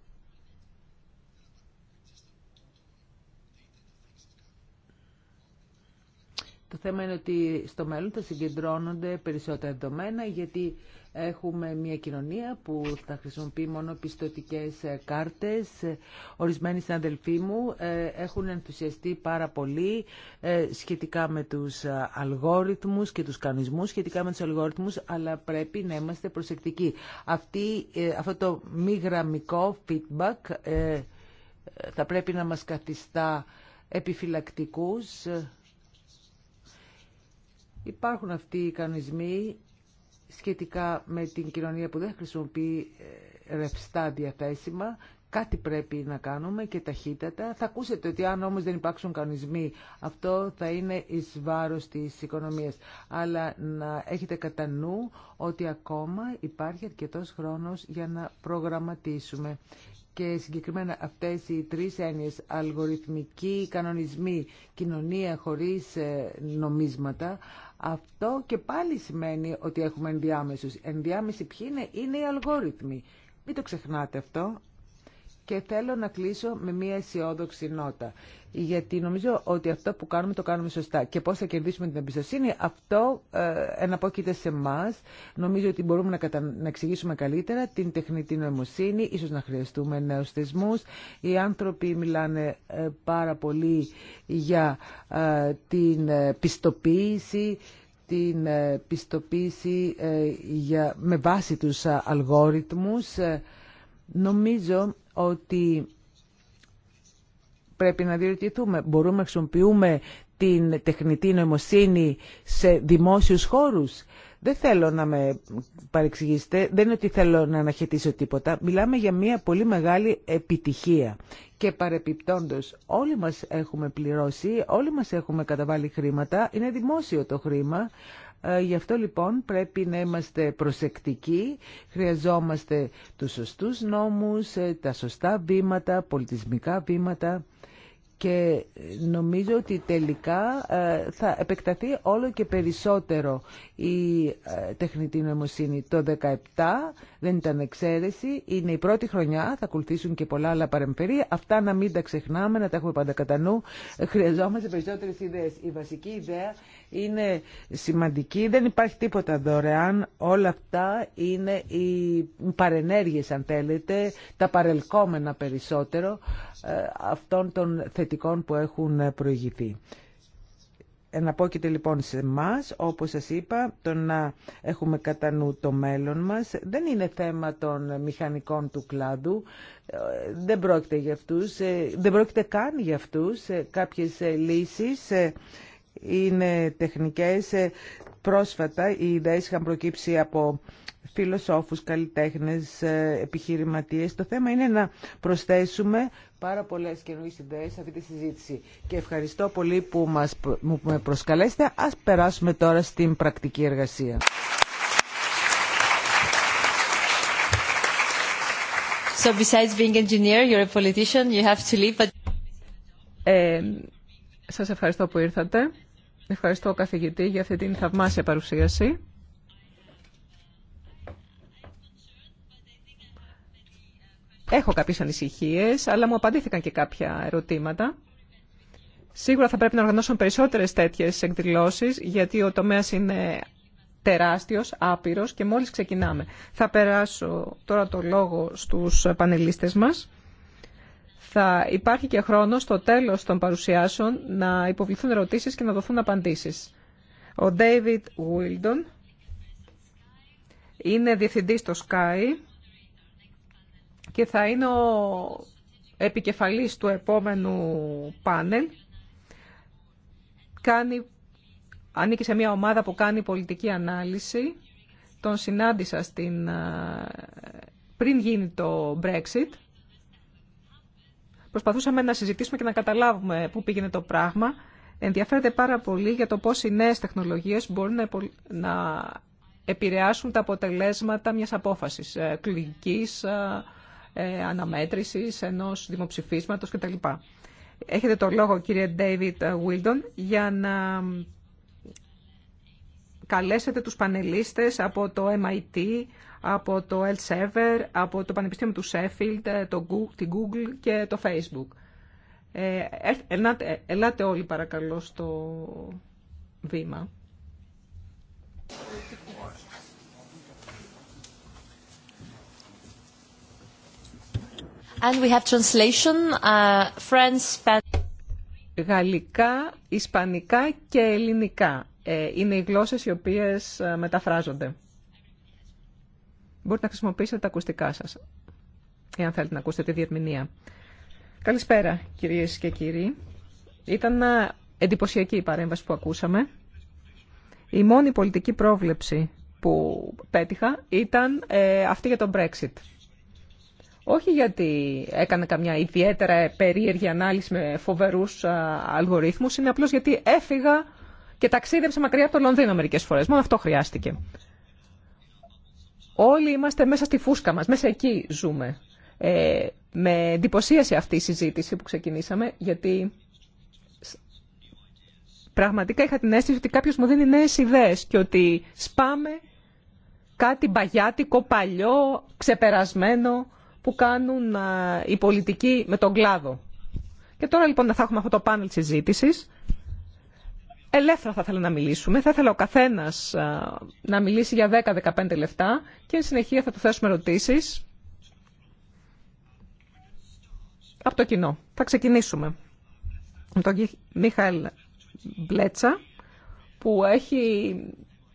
Το θέμα είναι ότι στο μέλλον θα συγκεντρώνονται περισσότερα δεδομένα γιατί Έχουμε μια κοινωνία που θα χρησιμοποιεί μόνο πιστοτικές ε, κάρτες. Ορισμένοι συναδελφοί μου ε, έχουν ενθουσιαστεί πάρα πολύ ε, σχετικά με τους αλγόριθμους και τους κανονισμούς, σχετικά με τους αλγόριθμους, αλλά πρέπει να είμαστε προσεκτικοί. Αυτή, αυτό το μη γραμμικό feedback θα πρέπει να μας καθιστά επιφυλακτικούς. Υπάρχουν αυτοί οι κανονισμοί σχετικά με την κοινωνία που δεν χρησιμοποιεί ε, ρευστά διαθέσιμα. Κάτι πρέπει να κάνουμε και ταχύτατα. Θα ακούσετε ότι αν όμως δεν υπάρξουν κανονισμοί, αυτό θα είναι εις βάρος της οικονομίας. Αλλά να έχετε κατά νου ότι ακόμα υπάρχει αρκετός χρόνος για να προγραμματίσουμε. Και συγκεκριμένα αυτές οι τρεις έννοιες, αλγοριθμική, κανονισμοί, κοινωνία χωρίς ε, νομίσματα, αυτό και πάλι σημαίνει ότι έχουμε ενδιάμεσους. Ενδιάμεση ποιοι είναι, είναι οι αλγόριθμοι. Μην το ξεχνάτε αυτό. Και θέλω να κλείσω με μια αισιόδοξη νότα. Γιατί νομίζω ότι αυτό που κάνουμε το κάνουμε σωστά. Και πώ θα κερδίσουμε την εμπιστοσύνη, αυτό ε, εναπόκειται σε εμά. Νομίζω ότι μπορούμε να, κατα... εξηγήσουμε καλύτερα την τεχνητή νοημοσύνη, ίσω να χρειαστούμε νέου θεσμού. Οι άνθρωποι μιλάνε ε, πάρα πολύ για ε, την ε, πιστοποίηση την πιστοποίηση με βάση τους αλγόριθμους. Νομίζω ότι πρέπει να διερωτηθούμε. Μπορούμε να χρησιμοποιούμε την τεχνητή νοημοσύνη σε δημόσιους χώρους. Δεν θέλω να με παρεξηγήσετε, δεν είναι ότι θέλω να αναχαιτήσω τίποτα. Μιλάμε για μια πολύ μεγάλη επιτυχία. Και παρεπιπτόντως όλοι μας έχουμε πληρώσει, όλοι μας έχουμε καταβάλει χρήματα, είναι δημόσιο το χρήμα, ε, γι' αυτό λοιπόν πρέπει να είμαστε προσεκτικοί, χρειαζόμαστε τους σωστούς νόμους, ε, τα σωστά βήματα, πολιτισμικά βήματα και ε, νομίζω ότι τελικά θα επεκταθεί όλο και περισσότερο η τεχνητή νοημοσύνη. Το 17 δεν ήταν εξαίρεση, είναι η πρώτη χρονιά, θα ακολουθήσουν και πολλά άλλα παρεμφερή. Αυτά να μην τα ξεχνάμε, να τα έχουμε πάντα κατά νου. Χρειαζόμαστε περισσότερες ιδέες. Η βασική ιδέα είναι σημαντική. Δεν υπάρχει τίποτα δωρεάν. Όλα αυτά είναι οι παρενέργειες, αν θέλετε, τα παρελκόμενα περισσότερο ε, αυτών των θετικών που έχουν προηγηθεί. Εναπόκειται λοιπόν σε εμά, όπως σας είπα, το να έχουμε κατά νου το μέλλον μας. Δεν είναι θέμα των μηχανικών του κλάδου, ε, δεν πρόκειται, για αυτούς, ε, δεν πρόκειται καν για αυτούς κάποιες λύσεις είναι τεχνικές. Ε, πρόσφατα οι ιδέες είχαν προκύψει από φιλοσόφους, καλλιτέχνες, ε, επιχειρηματίες. Το θέμα είναι να προσθέσουμε πάρα πολλές καινούργιες ιδέες σε αυτή τη συζήτηση. Και ευχαριστώ πολύ που μας, με προσκαλέσετε. Ας περάσουμε τώρα στην πρακτική εργασία. So besides being engineer, you're a politician, you have to ε, σας ευχαριστώ που ήρθατε. Ευχαριστώ, καθηγητή, για αυτή την θαυμάσια παρουσίαση. Έχω κάποιες ανησυχίες, αλλά μου απαντήθηκαν και κάποια ερωτήματα. Σίγουρα θα πρέπει να οργανώσουν περισσότερες τέτοιες εκδηλώσεις, γιατί ο τομέας είναι τεράστιος, άπειρος και μόλις ξεκινάμε. Θα περάσω τώρα το λόγο στους πανελίστες μας θα υπάρχει και χρόνο στο τέλος των παρουσιάσεων να υποβληθούν ερωτήσεις και να δοθούν απαντήσεις. Ο David Wildon είναι διευθυντής στο Sky και θα είναι ο επικεφαλής του επόμενου πάνελ. Κάνει, ανήκει σε μια ομάδα που κάνει πολιτική ανάλυση. Τον συνάντησα στην, πριν γίνει το Brexit προσπαθούσαμε να συζητήσουμε και να καταλάβουμε πού πήγαινε το πράγμα. Ενδιαφέρεται πάρα πολύ για το πώς οι νέες τεχνολογίες μπορούν να επηρεάσουν τα αποτελέσματα μιας απόφασης ε, κλινικής ε, ε, αναμέτρησης ενός δημοψηφίσματος κτλ. Έχετε το λόγο κύριε David Wildon για να καλέσετε τους πανελίστες από το MIT, από το Elsevier, από το Πανεπιστήμιο του Sheffield, το Google, την Google και το Facebook. Ε, ελάτε, ελάτε όλοι παρακαλώ στο βήμα. And we have translation, uh, French, Γαλλικά, Ισπανικά και Ελληνικά. Ε, είναι οι γλώσσες οι οποίες ε, μεταφράζονται. Μπορείτε να χρησιμοποιήσετε τα ακουστικά σας, εάν θέλετε να ακούσετε τη διερμηνία. Καλησπέρα κυρίες και κύριοι. Ήταν ε, εντυπωσιακή η παρέμβαση που ακούσαμε. Η μόνη πολιτική πρόβλεψη που πέτυχα ήταν αυτή για τον Brexit. Όχι γιατί έκανα καμιά ιδιαίτερα περίεργη ανάλυση με φοβερούς αλγορίθμους, είναι απλώς γιατί έφυγα και ταξίδεψε μακριά από το Λονδίνο μερικέ φορές. Μόνο αυτό χρειάστηκε. Όλοι είμαστε μέσα στη φούσκα μας, μέσα εκεί ζούμε. Ε, με εντυπωσίασε αυτή η συζήτηση που ξεκινήσαμε, γιατί πραγματικά είχα την αίσθηση ότι κάποιο μου δίνει νέε ιδέες και ότι σπάμε κάτι μπαγιάτικο, παλιό, ξεπερασμένο που κάνουν οι πολιτικοί με τον κλάδο. Και τώρα λοιπόν θα έχουμε αυτό το πάνελ συζήτησης ελεύθερα θα ήθελα να μιλήσουμε. Θα ήθελα ο καθένας να μιλήσει για 10-15 λεπτά και εν συνεχεία θα του θέσουμε ερωτήσει. από το κοινό. Θα ξεκινήσουμε με τον Μίχαελ Μπλέτσα που έχει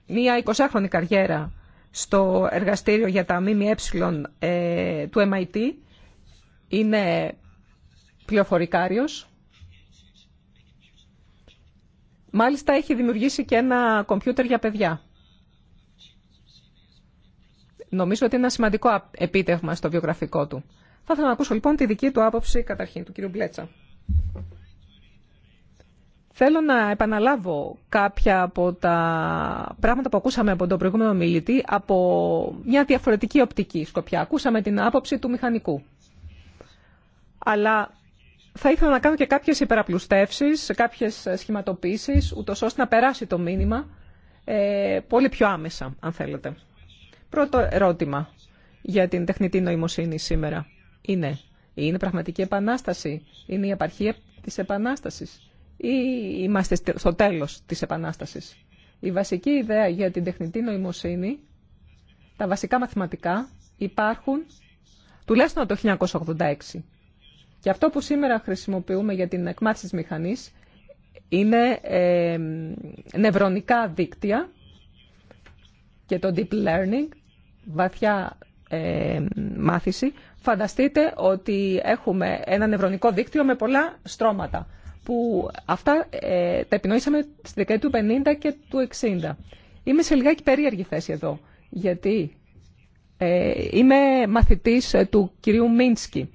μία 20χρονη καριέρα στο εργαστήριο για τα ΜΜΕ ε, του MIT. Είναι πληροφορικάριος Μάλιστα έχει δημιουργήσει και ένα κομπιούτερ για παιδιά. Νομίζω ότι είναι ένα σημαντικό επίτευγμα στο βιογραφικό του. Θα ήθελα να ακούσω λοιπόν τη δική του άποψη καταρχήν, του κύριου Μπλέτσα. Θέλω να επαναλάβω κάποια από τα πράγματα που ακούσαμε από τον προηγούμενο μιλητή από μια διαφορετική οπτική σκοπιά. Ακούσαμε την άποψη του μηχανικού. Αλλά θα ήθελα να κάνω και κάποιες υπεραπλουστεύσεις, κάποιες σχηματοποίησεις, ούτως ώστε να περάσει το μήνυμα ε, πολύ πιο άμεσα, αν θέλετε. Πρώτο ερώτημα για την τεχνητή νοημοσύνη σήμερα είναι, είναι πραγματική επανάσταση, είναι η επαρχία της επανάστασης ή είμαστε στο τέλος της επανάστασης. Η βασική ιδέα για την τεχνητή νοημοσύνη, τα βασικά μαθηματικά υπάρχουν τουλάχιστον από το 1986 και αυτό που σήμερα χρησιμοποιούμε για την εκμάθηση της μηχανής είναι ε, νευρονικά δίκτυα και το deep learning, βαθιά ε, μάθηση. Φανταστείτε ότι έχουμε ένα νευρονικό δίκτυο με πολλά στρώματα, που αυτά ε, τα επινοήσαμε στη δεκαετία του 50 και του 60. Είμαι σε λιγάκι περίεργη θέση εδώ, γιατί ε, είμαι μαθητής του κυρίου Μίνσκι,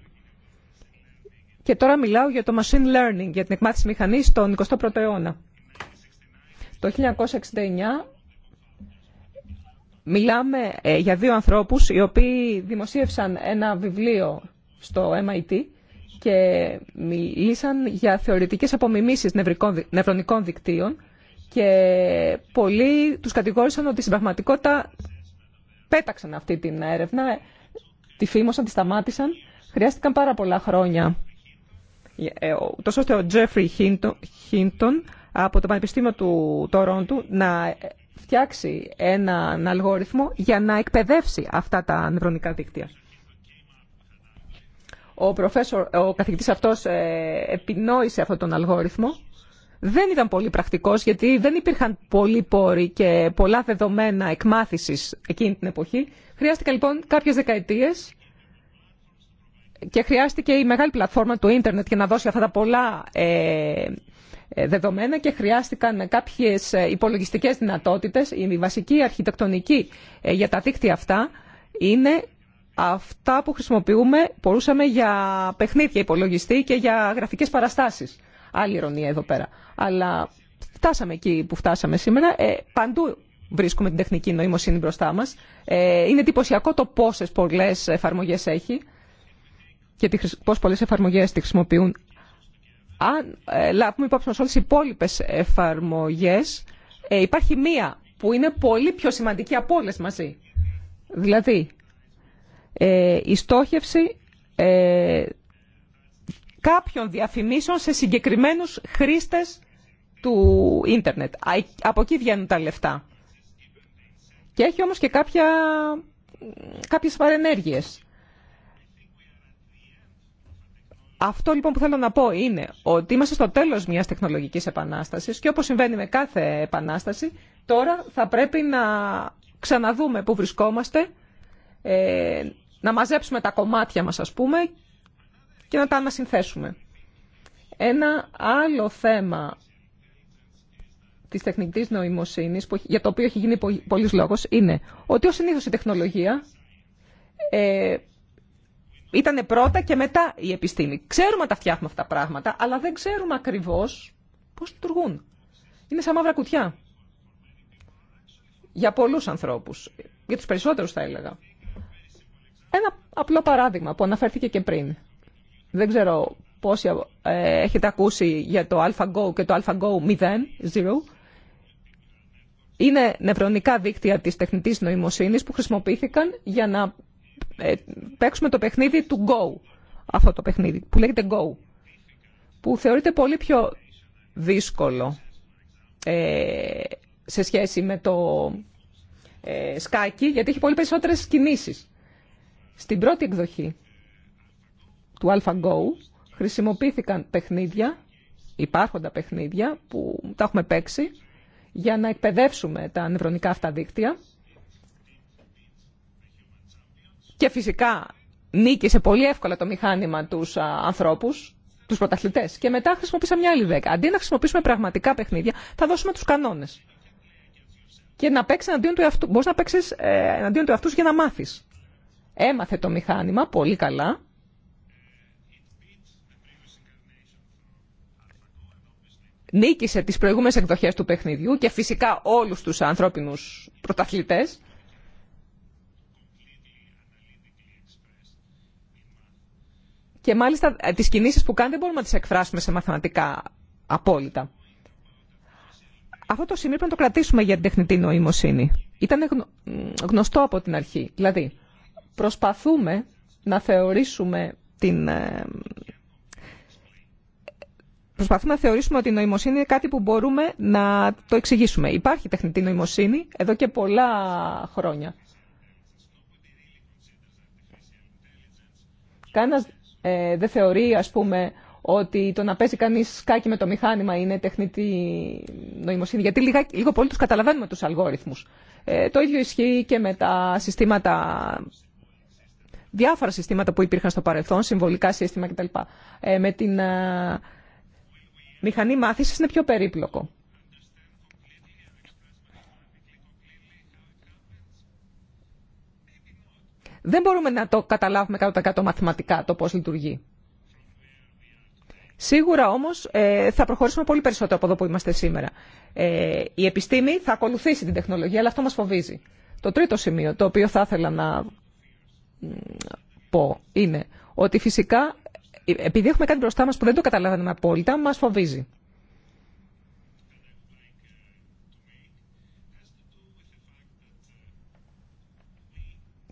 και τώρα μιλάω για το machine learning, για την εκμάθηση μηχανής στον 21ο αιώνα. Το 1969 μιλάμε ε, για δύο ανθρώπους οι οποίοι δημοσίευσαν ένα βιβλίο στο MIT και μιλήσαν για θεωρητικές απομιμήσεις νευρονικών δικτύων και πολλοί τους κατηγόρησαν ότι στην πραγματικότητα πέταξαν αυτή την έρευνα, τη φήμωσαν, τη σταμάτησαν. Χρειάστηκαν πάρα πολλά χρόνια ε, τόσο ώστε ο Τζέφρι Χίντον από το Πανεπιστήμιο του Τορόντου να φτιάξει έναν αλγόριθμο για να εκπαιδεύσει αυτά τα νευρονικά δίκτυα. Ο, προφέσορ, ο καθηγητής αυτός ε, επινόησε αυτόν τον αλγόριθμο. Δεν ήταν πολύ πρακτικός γιατί δεν υπήρχαν πολλοί πόροι και πολλά δεδομένα εκμάθησης εκείνη την εποχή. Χρειάστηκαν λοιπόν κάποιες δεκαετίες και χρειάστηκε η μεγάλη πλατφόρμα του ίντερνετ για να δώσει αυτά τα πολλά ε, ε, δεδομένα και χρειάστηκαν κάποιες ε, υπολογιστικές δυνατότητες. Η βασική αρχιτεκτονική για τα δίκτυα αυτά είναι αυτά που χρησιμοποιούμε, μπορούσαμε για παιχνίδια υπολογιστή και για γραφικές παραστάσεις. Άλλη ηρωνία εδώ πέρα. Αλλά φτάσαμε εκεί που φτάσαμε σήμερα. παντού βρίσκουμε την τεχνική νοημοσύνη μπροστά μας. είναι εντυπωσιακό το πόσες πολλές εφαρμογές έχει και πώ πολλές εφαρμογέ τη χρησιμοποιούν. Αν ε, λάβουμε υπόψη μας όλες οι υπόλοιπες εφαρμογές, ε, υπάρχει μία που είναι πολύ πιο σημαντική από όλες μαζί. Δηλαδή, ε, η στόχευση κάποιων διαφημίσεων σε συγκεκριμένους χρήστες του ίντερνετ. Από εκεί βγαίνουν τα λεφτά. Και έχει όμως και κάποια, κάποιες παρενέργειες. Αυτό λοιπόν που θέλω να πω είναι ότι είμαστε στο τέλος μιας τεχνολογικής επανάστασης και όπως συμβαίνει με κάθε επανάσταση, τώρα θα πρέπει να ξαναδούμε πού βρισκόμαστε, ε, να μαζέψουμε τα κομμάτια μας ας πούμε και να τα ανασυνθέσουμε. Ένα άλλο θέμα της τεχνητής νοημοσύνης, για το οποίο έχει γίνει πολλής λόγος, είναι ότι ως συνήθως η τεχνολογία ε, Ήτανε πρώτα και μετά η επιστήμη. Ξέρουμε τα φτιάχνουμε αυτά τα πράγματα, αλλά δεν ξέρουμε ακριβώς πώς λειτουργούν. Είναι σαν μαύρα κουτιά. Για πολλούς ανθρώπους. Για τους περισσότερους θα έλεγα. Ένα απλό παράδειγμα που αναφέρθηκε και πριν. Δεν ξέρω πόσοι ε, έχετε ακούσει για το AlphaGo και το AlphaGo 0, 0. Είναι νευρονικά δίκτυα της τεχνητής νοημοσύνης που χρησιμοποιήθηκαν για να ε, παίξουμε το παιχνίδι του Go, αυτό το παιχνίδι που λέγεται Go, που θεωρείται πολύ πιο δύσκολο ε, σε σχέση με το σκάκι, ε, γιατί έχει πολύ περισσότερες κινήσεις. Στην πρώτη εκδοχή του AlphaGo χρησιμοποιήθηκαν παιχνίδια, υπάρχοντα παιχνίδια που τα έχουμε παίξει, για να εκπαιδεύσουμε τα νευρονικά αυτά δίκτυα και φυσικά νίκησε πολύ εύκολα το μηχάνημα τους ανθρώπου, ανθρώπους, τους Και μετά χρησιμοποίησα μια άλλη δέκα. Αντί να χρησιμοποιήσουμε πραγματικά παιχνίδια, θα δώσουμε τους κανόνες. Και να παίξεις εναντίον του Μπορείς να παίξει ε, εναντίον του εαυτού για να μάθεις. Έμαθε το μηχάνημα πολύ καλά. Νίκησε τις προηγούμενες εκδοχές του παιχνιδιού και φυσικά όλους τους ανθρώπινους πρωταθλητές. και μάλιστα ε, τις κινήσεις που κάνει δεν μπορούμε να τις εκφράσουμε σε μαθηματικά απόλυτα. Αυτό το σημείο πρέπει να το κρατήσουμε για την τεχνητή νοημοσύνη. Ήταν γνωστό από την αρχή. Δηλαδή, προσπαθούμε να θεωρήσουμε την... Ε, προσπαθούμε να θεωρήσουμε ότι η νοημοσύνη είναι κάτι που μπορούμε να το εξηγήσουμε. Υπάρχει τεχνητή νοημοσύνη εδώ και πολλά χρόνια. Κάνας ε, δεν θεωρεί, ας πούμε, ότι το να παίζει κανεί σκάκι με το μηχάνημα είναι τεχνητή νοημοσύνη. Γιατί λίγα, λίγο πολύ του καταλαβαίνουμε του αλγόριθμου. Ε, το ίδιο ισχύει και με τα συστήματα, διάφορα συστήματα που υπήρχαν στο παρελθόν, συμβολικά σύστημα κτλ. Ε, με την ε, μηχανή μάθηση είναι πιο περίπλοκο. δεν μπορούμε να το καταλάβουμε κάτω μαθηματικά το πώς λειτουργεί. Σίγουρα όμως ε, θα προχωρήσουμε πολύ περισσότερο από εδώ που είμαστε σήμερα. Ε, η επιστήμη θα ακολουθήσει την τεχνολογία, αλλά αυτό μας φοβίζει. Το τρίτο σημείο το οποίο θα ήθελα να πω είναι ότι φυσικά ε, επειδή έχουμε κάτι μπροστά μας που δεν το καταλαβαίνουμε απόλυτα, μας φοβίζει.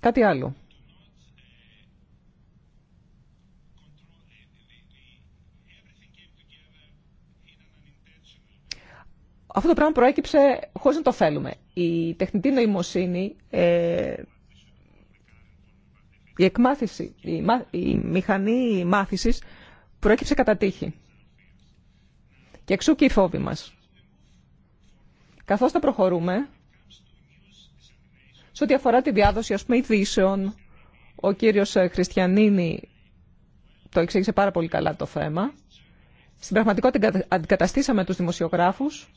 Κάτι άλλο. Αυτό το πράγμα προέκυψε χωρίς να το θέλουμε. Η τεχνητή νοημοσύνη, ε, η εκμάθηση, η, μηχανή μάθησης προέκυψε κατά τύχη. Και εξού και οι φόβοι μας. Καθώς θα προχωρούμε, σε ό,τι αφορά τη διάδοση ας πούμε ειδήσεων, ο κύριος ε, Χριστιανίνη το εξήγησε πάρα πολύ καλά το θέμα. Στην πραγματικότητα αντικαταστήσαμε τους δημοσιογράφους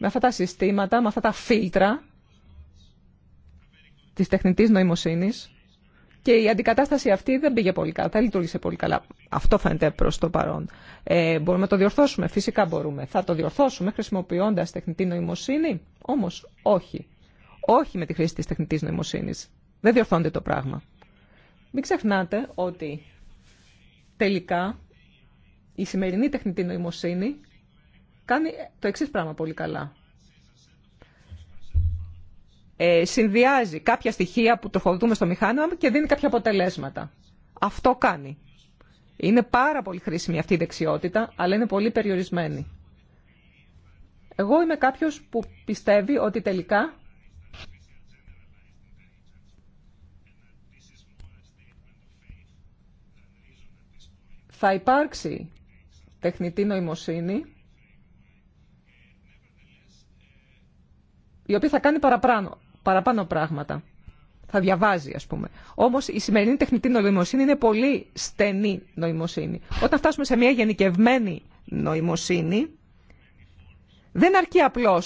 με αυτά τα συστήματα, με αυτά τα φίλτρα της τεχνητής νοημοσύνης και η αντικατάσταση αυτή δεν πήγε πολύ καλά, δεν λειτουργήσε πολύ καλά. Αυτό φαίνεται προς το παρόν. Ε, μπορούμε να το διορθώσουμε, φυσικά μπορούμε. Θα το διορθώσουμε χρησιμοποιώντας τεχνητή νοημοσύνη, όμως όχι. Όχι με τη χρήση της τεχνητής νοημοσύνης. Δεν διορθώνεται το πράγμα. Μην ξεχνάτε ότι τελικά η σημερινή τεχνητή νοημοσύνη κάνει το εξή πράγμα πολύ καλά. Ε, συνδυάζει κάποια στοιχεία που τροφοδοτούμε στο μηχάνημα και δίνει κάποια αποτελέσματα. Αυτό κάνει. Είναι πάρα πολύ χρήσιμη αυτή η δεξιότητα, αλλά είναι πολύ περιορισμένη. Εγώ είμαι κάποιος που πιστεύει ότι τελικά θα υπάρξει τεχνητή νοημοσύνη η οποία θα κάνει παραπάνω, πράγματα. Θα διαβάζει, α πούμε. Όμω η σημερινή τεχνητή νοημοσύνη είναι πολύ στενή νοημοσύνη. Όταν φτάσουμε σε μια γενικευμένη νοημοσύνη, δεν αρκεί απλώ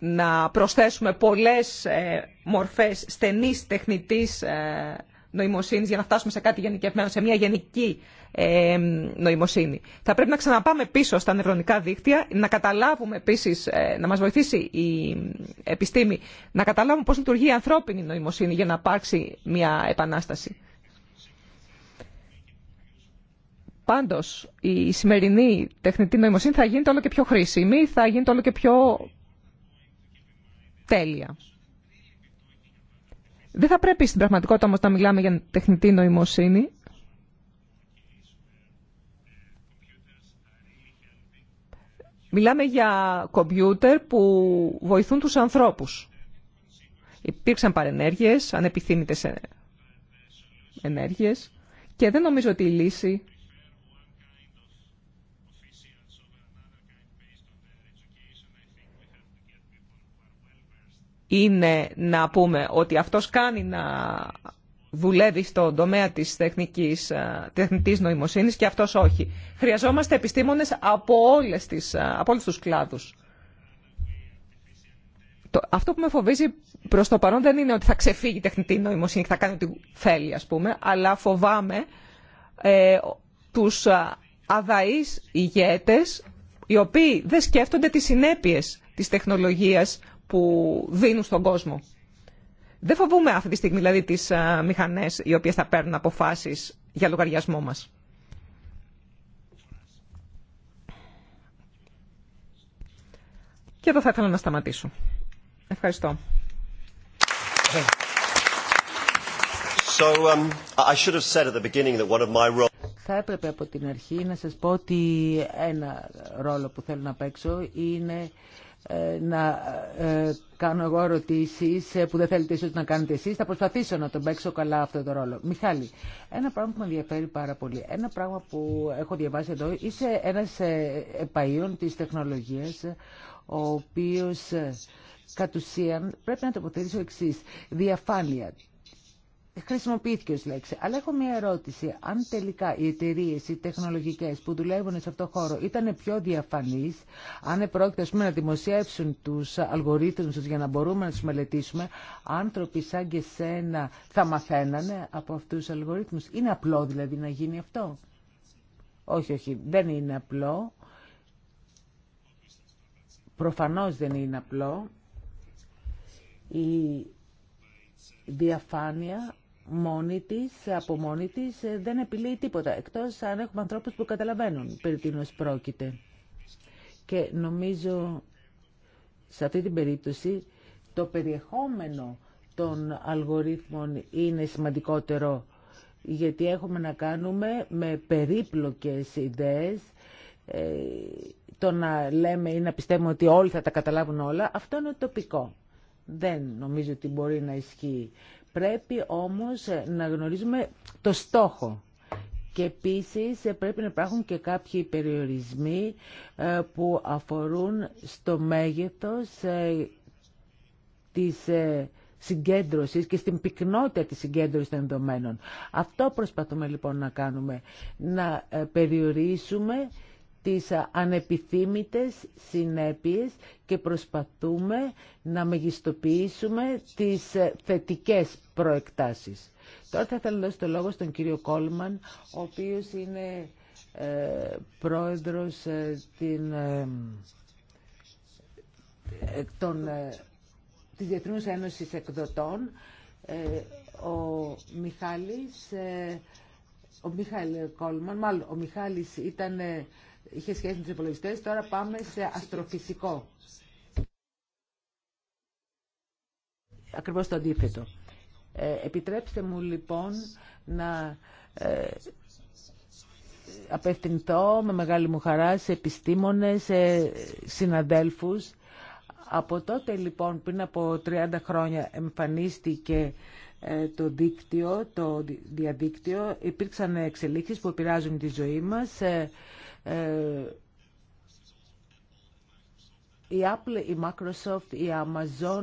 να προσθέσουμε πολλές ε, μορφές στενής τεχνητής ε, νοημοσύνη για να φτάσουμε σε κάτι γενικευμένο, σε μια γενική ε, νοημοσύνη. Θα πρέπει να ξαναπάμε πίσω στα νευρονικά δίκτυα, να καταλάβουμε επίση ε, να μας βοηθήσει η επιστήμη, να καταλάβουμε πώς λειτουργεί η ανθρώπινη νοημοσύνη για να υπάρξει μια επανάσταση. Πάντως, η σημερινή τεχνητή νοημοσύνη θα γίνεται όλο και πιο χρήσιμη, θα γίνεται όλο και πιο τέλεια. Δεν θα πρέπει στην πραγματικότητα όμως να μιλάμε για τεχνητή νοημοσύνη. Μιλάμε για κομπιούτερ που βοηθούν τους ανθρώπους. Υπήρξαν παρενέργειες, ανεπιθύμητες ε, ενέργειες και δεν νομίζω ότι η λύση είναι να πούμε ότι αυτός κάνει να δουλεύει στον τομέα της τεχνικής, ε, τεχνητής νοημοσύνης και αυτός όχι. Χρειαζόμαστε επιστήμονες από, όλες τις, ε, από όλους τους κλάδους. Το, αυτό που με φοβίζει προς το παρόν δεν είναι ότι θα ξεφύγει η τεχνητή νοημοσύνη και θα κάνει ό,τι θέλει ας πούμε, αλλά φοβάμαι ε, τους ε, αδαείς ηγέτες οι οποίοι δεν σκέφτονται τις συνέπειες της τεχνολογίας που δίνουν στον κόσμο. Δεν φοβούμε αυτή τη στιγμή δηλαδή τις μηχανές οι οποίες θα παίρνουν αποφάσεις για λογαριασμό μας. Και εδώ θα ήθελα να σταματήσω. Ευχαριστώ. Θα έπρεπε από την αρχή να σας πω ότι ένα ρόλο που θέλω να παίξω είναι ε, να ε, κάνω εγώ ερωτήσει ε, που δεν θέλετε ίσω να κάνετε εσείς. Θα προσπαθήσω να τον παίξω καλά αυτό το ρόλο. Μιχάλη, ένα πράγμα που με ενδιαφέρει πάρα πολύ. Ένα πράγμα που έχω διαβάσει εδώ. Είσαι ένα επαείων της τεχνολογίας, ο οποίο κατ' ουσίαν πρέπει να τοποθετήσω εξή. Διαφάνεια χρησιμοποιήθηκε ως λέξη. Αλλά έχω μια ερώτηση. Αν τελικά οι εταιρείε οι τεχνολογικές που δουλεύουν σε αυτό το χώρο ήταν πιο διαφανείς, αν πρόκειται να δημοσιεύσουν τους αλγορίθμους τους για να μπορούμε να τους μελετήσουμε, άνθρωποι σαν και σένα θα μαθαίνανε από αυτούς τους αλγορίθμους. Είναι απλό δηλαδή να γίνει αυτό. Όχι, όχι, δεν είναι απλό. Προφανώς δεν είναι απλό. Η διαφάνεια μόνη τη από μόνη τη, ε, δεν επιλύει τίποτα, εκτός αν έχουμε ανθρώπους που καταλαβαίνουν περί τίνο πρόκειται. Και νομίζω σε αυτή την περίπτωση το περιεχόμενο των αλγορίθμων είναι σημαντικότερο γιατί έχουμε να κάνουμε με περίπλοκες ιδέες ε, το να λέμε ή να πιστεύουμε ότι όλοι θα τα καταλάβουν όλα αυτό είναι τοπικό δεν νομίζω ότι μπορεί να ισχύει Πρέπει όμως να γνωρίζουμε το στόχο. Και επίσης πρέπει να υπάρχουν και κάποιοι περιορισμοί ε, που αφορούν στο μέγεθος ε, της ε, συγκέντρωσης και στην πυκνότητα της συγκέντρωσης των ενδομένων. Αυτό προσπαθούμε λοιπόν να κάνουμε, να περιορίσουμε τις ανεπιθύμητες συνέπειες και προσπαθούμε να μεγιστοποιήσουμε τις θετικές προεκτάσεις. Τώρα θα ήθελα να δώσω το λόγο στον κύριο Κόλμαν, ο οποίος είναι ε, πρόεδρος ε, την, ε, ε, ε της Διεθνούς Ένωσης Εκδοτών. Ε, ο Μιχάλης, ο Μιχάλης Κόλμαν, μάλλον ο Μιχάλης ήταν είχε σχέση με τους υπολογιστέ, τώρα πάμε σε αστροφυσικό. Ακριβώς το αντίθετο. Ε, επιτρέψτε μου λοιπόν να ε, απευθυνθώ με μεγάλη μου χαρά σε επιστήμονες, σε συναδέλφους. Από τότε λοιπόν πριν από 30 χρόνια εμφανίστηκε ε, το δίκτυο, το διαδίκτυο. Υπήρξαν εξελίξεις που επηρεάζουν τη ζωή μας. Ε, η Apple, η Microsoft, η Amazon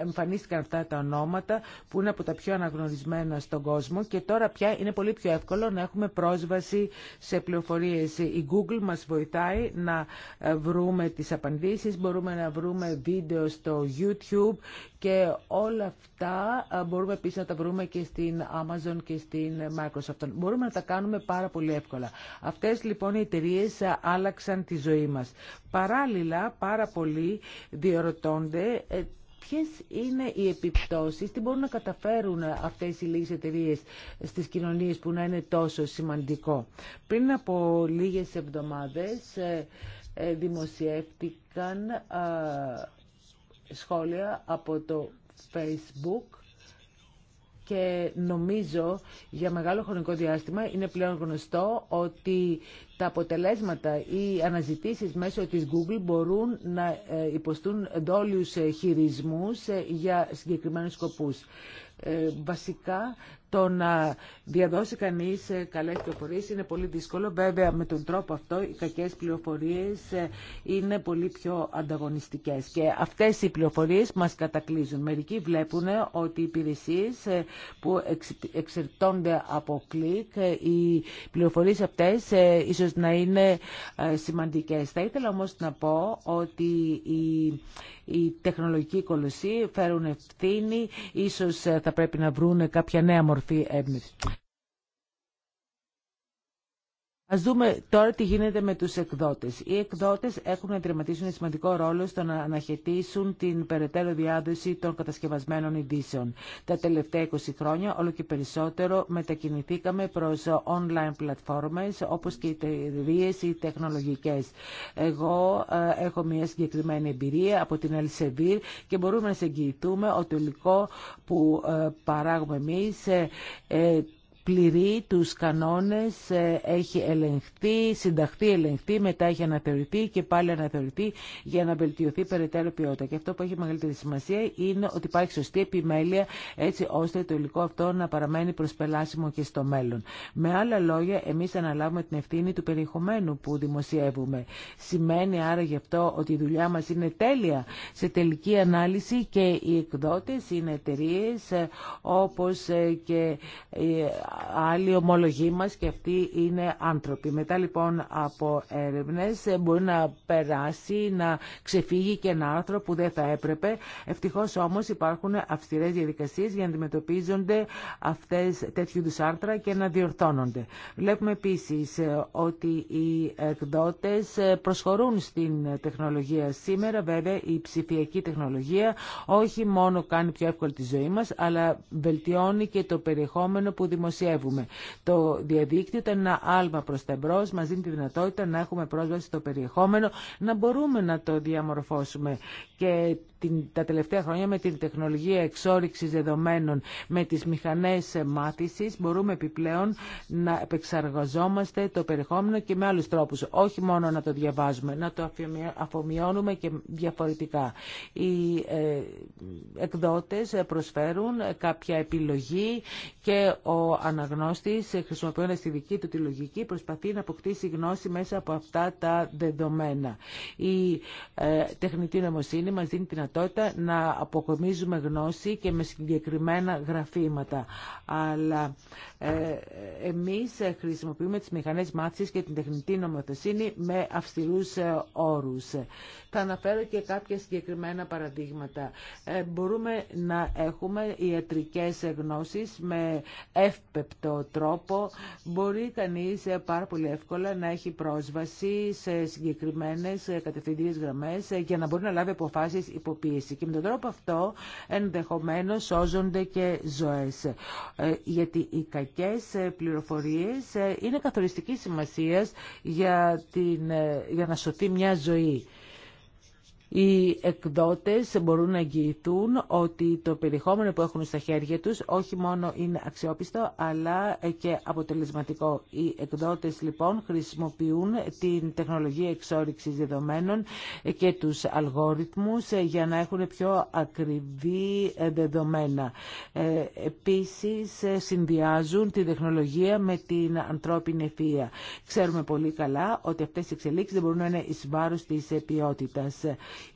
εμφανίστηκαν αυτά τα ονόματα που είναι από τα πιο αναγνωρισμένα στον κόσμο και τώρα πια είναι πολύ πιο εύκολο να έχουμε πρόσβαση σε πληροφορίες. Η Google μας βοηθάει να ε, βρούμε τις απαντήσεις, μπορούμε να βρούμε βίντεο στο YouTube και όλα αυτά ε, μπορούμε επίσης να τα βρούμε και στην Amazon και στην Microsoft. Μπορούμε να τα κάνουμε πάρα πολύ εύκολα. Αυτές λοιπόν οι εταιρείε ε, άλλαξαν τη ζωή μας. Παράλληλα, πάρα πολλοί διορωτώνται ε, ποιε είναι οι επιπτώσεις, τι μπορούν να καταφέρουν αυτές οι λίγες εταιρείε στις κοινωνίες που να είναι τόσο σημαντικό. Πριν από λίγες εβδομάδες δημοσιεύτηκαν σχόλια από το Facebook και νομίζω για μεγάλο χρονικό διάστημα είναι πλέον γνωστό ότι τα αποτελέσματα ή αναζητήσεις μέσω της Google μπορούν να ε, υποστούν δόλιους ε, χειρισμούς ε, για συγκεκριμένους σκοπούς. Ε, βασικά το να διαδώσει κανείς ε, καλές πληροφορίες είναι πολύ δύσκολο. Βέβαια με τον τρόπο αυτό οι κακές πληροφορίες ε, είναι πολύ πιο ανταγωνιστικές και αυτές οι πληροφορίες μας κατακλείζουν. Μερικοί βλέπουν ότι οι υπηρεσίες που εξερτώνται από κλικ, οι πληροφορίες αυτές ίσως να είναι σημαντικές. Θα ήθελα όμως να πω ότι οι η τεχνολογικοί κολοσσοί φέρουν ευθύνη, ίσως ε, θα πρέπει να βρουν κάποια νέα μορφή έμπνευση. Ας δούμε τώρα τι γίνεται με τους εκδότες. Οι εκδότες έχουν να τερματίσουν σημαντικό ρόλο στο να αναχαιτήσουν την περαιτέρω διάδοση των κατασκευασμένων ειδήσεων. Τα τελευταία 20 χρόνια όλο και περισσότερο μετακινηθήκαμε προς online πλατφόρμες όπως και οι εταιρείε οι τεχνολογικές. Εγώ ε, έχω μια συγκεκριμένη εμπειρία από την Elsevier και μπορούμε να σε εγγυηθούμε ότι το υλικό που ε, παράγουμε εμείς ε, πληρεί τους κανόνες, ε, έχει ελεγχθεί, συνταχθεί, ελεγχθεί, μετά έχει αναθεωρηθεί και πάλι αναθεωρηθεί για να βελτιωθεί περαιτέρω ποιότητα. Και αυτό που έχει μεγαλύτερη σημασία είναι ότι υπάρχει σωστή επιμέλεια έτσι ώστε το υλικό αυτό να παραμένει προσπελάσιμο και στο μέλλον. Με άλλα λόγια, εμείς αναλάβουμε την ευθύνη του περιεχομένου που δημοσιεύουμε. Σημαίνει άρα γι' αυτό ότι η δουλειά μας είναι τέλεια σε τελική ανάλυση και οι εκδότες είναι εταιρείε ε, όπως ε, και άλλοι ομολογοί μας και αυτοί είναι άνθρωποι. Μετά λοιπόν από έρευνες ε, μπορεί να περάσει, να ξεφύγει και ένα άρθρο που δεν θα έπρεπε. Ευτυχώς όμως υπάρχουν αυστηρές διαδικασίες για να αντιμετωπίζονται αυτές τέτοιου του άρθρα και να διορθώνονται. Βλέπουμε επίσης ε, ότι οι εκδότες ε, προσχωρούν στην τεχνολογία σήμερα. Βέβαια η ψηφιακή τεχνολογία όχι μόνο κάνει πιο εύκολη τη ζωή μας, αλλά βελτιώνει και το περιεχόμενο που δημοσιεύει. Το διαδίκτυο ήταν ένα άλμα προς τα εμπρός, μας δίνει τη δυνατότητα να έχουμε πρόσβαση στο περιεχόμενο, να μπορούμε να το διαμορφώσουμε. Και τα τελευταία χρόνια με την τεχνολογία εξόριξης δεδομένων, με τις μηχανές μάθησης, μπορούμε επιπλέον να επεξαργαζόμαστε το περιεχόμενο και με άλλους τρόπους. Όχι μόνο να το διαβάζουμε, να το αφομοιώνουμε και διαφορετικά. Οι ε, εκδότες προσφέρουν κάποια επιλογή και ο αναγνώστης, χρησιμοποιώντας τη δική του τη λογική, προσπαθεί να αποκτήσει γνώση μέσα από αυτά τα δεδομένα. Η ε, τεχνητή νομοσύνη μας δίνει τη δυνατότητα να αποκομίζουμε γνώση και με συγκεκριμένα γραφήματα. Αλλά ε, εμείς χρησιμοποιούμε τις μηχανές μάθησης και την τεχνητή νομοθεσίνη με αυστηρούς ε, όρους. Θα αναφέρω και κάποια συγκεκριμένα παραδείγματα. Ε, μπορούμε να έχουμε ιατρικές γνώσεις με εύπεπτα λεπτό τρόπο μπορεί κανείς πάρα πολύ εύκολα να έχει πρόσβαση σε συγκεκριμένες κατευθυντήριες γραμμές για να μπορεί να λάβει αποφάσεις υποποίηση. Και με τον τρόπο αυτό ενδεχομένως σώζονται και ζωές. Ε, γιατί οι κακές πληροφορίες ε, είναι καθοριστική σημασίας για, την, ε, για να σωθεί μια ζωή οι εκδότες μπορούν να εγγυηθούν ότι το περιεχόμενο που έχουν στα χέρια τους όχι μόνο είναι αξιόπιστο αλλά και αποτελεσματικό. Οι εκδότες λοιπόν χρησιμοποιούν την τεχνολογία εξόριξης δεδομένων και τους αλγόριθμους για να έχουν πιο ακριβή δεδομένα. Ε, επίσης συνδυάζουν τη τεχνολογία με την ανθρώπινη ευθεία. Ξέρουμε πολύ καλά ότι αυτές οι εξελίξεις δεν μπορούν να είναι εις βάρος της ποιότητας.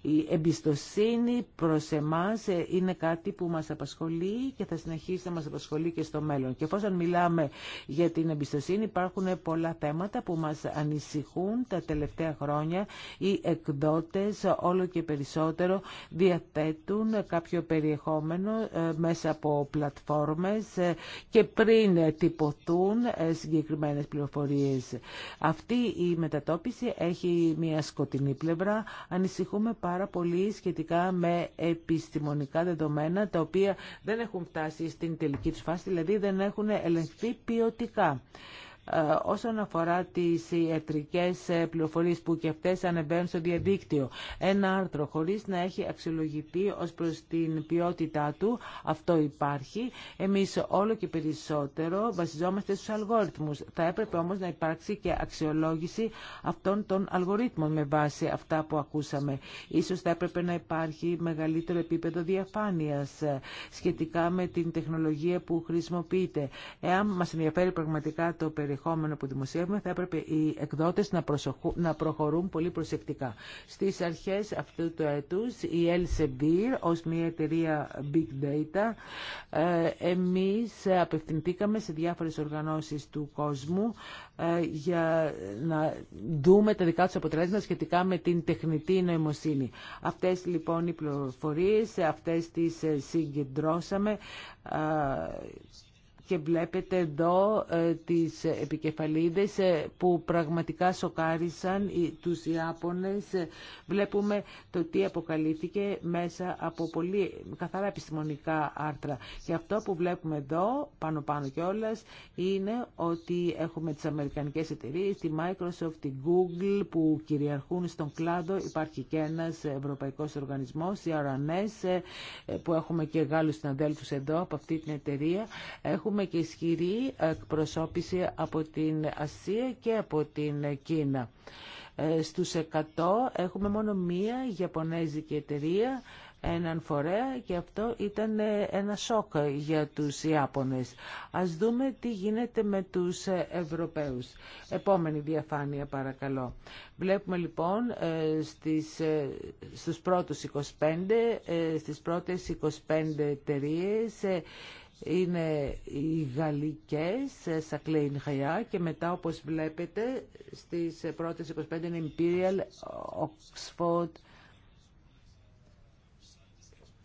Η εμπιστοσύνη προς εμάς ε, είναι κάτι που μας απασχολεί και θα συνεχίσει να μας απασχολεί και στο μέλλον. Και εφόσον μιλάμε για την εμπιστοσύνη υπάρχουν πολλά θέματα που μας ανησυχούν τα τελευταία χρόνια. Οι εκδότες όλο και περισσότερο διαθέτουν κάποιο περιεχόμενο ε, μέσα από πλατφόρμες ε, και πριν τυπωθούν συγκεκριμένες πληροφορίες. Αυτή η μετατόπιση έχει μια σκοτεινή πλευρά. Ανησυχούμε πάρα πολύ σχετικά με επιστημονικά δεδομένα τα οποία δεν έχουν φτάσει στην τελική τους φάση, δηλαδή δεν έχουν ελεγχθεί ποιοτικά. Ε, όσον αφορά τις ιατρικές ε, πληροφορίες που και αυτές ανεβαίνουν στο διαδίκτυο. Ένα άρθρο χωρίς να έχει αξιολογηθεί ως προς την ποιότητά του, αυτό υπάρχει. Εμείς όλο και περισσότερο βασιζόμαστε στους αλγόριθμους. Θα έπρεπε όμως να υπάρξει και αξιολόγηση αυτών των αλγορίθμων με βάση αυτά που ακούσαμε. Ίσως θα έπρεπε να υπάρχει μεγαλύτερο επίπεδο διαφάνειας ε, σχετικά με την τεχνολογία που χρησιμοποιείται. Εάν μας ενδιαφέρει πραγματικά το περιεχόμενο, περιεχόμενο που δημοσιεύουμε θα έπρεπε οι εκδότες να, να προχωρούν πολύ προσεκτικά. Στις αρχές αυτού του έτους η Elsevier ως μια εταιρεία Big Data ε, εμείς απευθυντήκαμε σε διάφορες οργανώσεις του κόσμου ε, για να δούμε τα δικά του αποτελέσματα σχετικά με την τεχνητή νοημοσύνη. Αυτές λοιπόν οι πληροφορίες, αυτές τις συγκεντρώσαμε ε, και βλέπετε εδώ ε, τις επικεφαλίδες ε, που πραγματικά σοκάρισαν τους Ιάπωνες. Ε, βλέπουμε το τι αποκαλύφθηκε μέσα από πολύ καθαρά επιστημονικά άρθρα. Και αυτό που βλέπουμε εδώ, πάνω πάνω κιόλας, είναι ότι έχουμε τις Αμερικανικές εταιρείες, τη Microsoft, τη Google που κυριαρχούν στον κλάδο. Υπάρχει και ένας ευρωπαϊκός οργανισμός, η RNS, που έχουμε και Γάλλους συναδέλφους εδώ από αυτή την εταιρεία. Έχουμε έχουμε και ισχυρή εκπροσώπηση από την Ασία και από την Κίνα. Ε, στους 100 έχουμε μόνο μία Ιαπωνέζικη εταιρεία, έναν φορέα και αυτό ήταν ε, ένα σοκ για τους Ιάπωνες. Ας δούμε τι γίνεται με τους ε, Ευρωπαίους. Επόμενη διαφάνεια παρακαλώ. Βλέπουμε λοιπόν στις, στους πρώτους 25, στις πρώτες 25 εταιρείε είναι οι γαλλικές Σακλέιν Χαϊά και μετά όπως βλέπετε στις πρώτες 25 είναι Imperial, Oxford.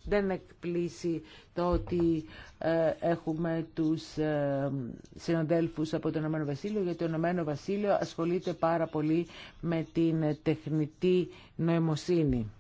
Δεν εκπλήσει το ότι ε, έχουμε τους ε, συναδέλφους από το Ηνωμένο Βασίλειο γιατί το Ηνωμένο Βασίλειο ασχολείται πάρα πολύ με την τεχνητή νοημοσύνη.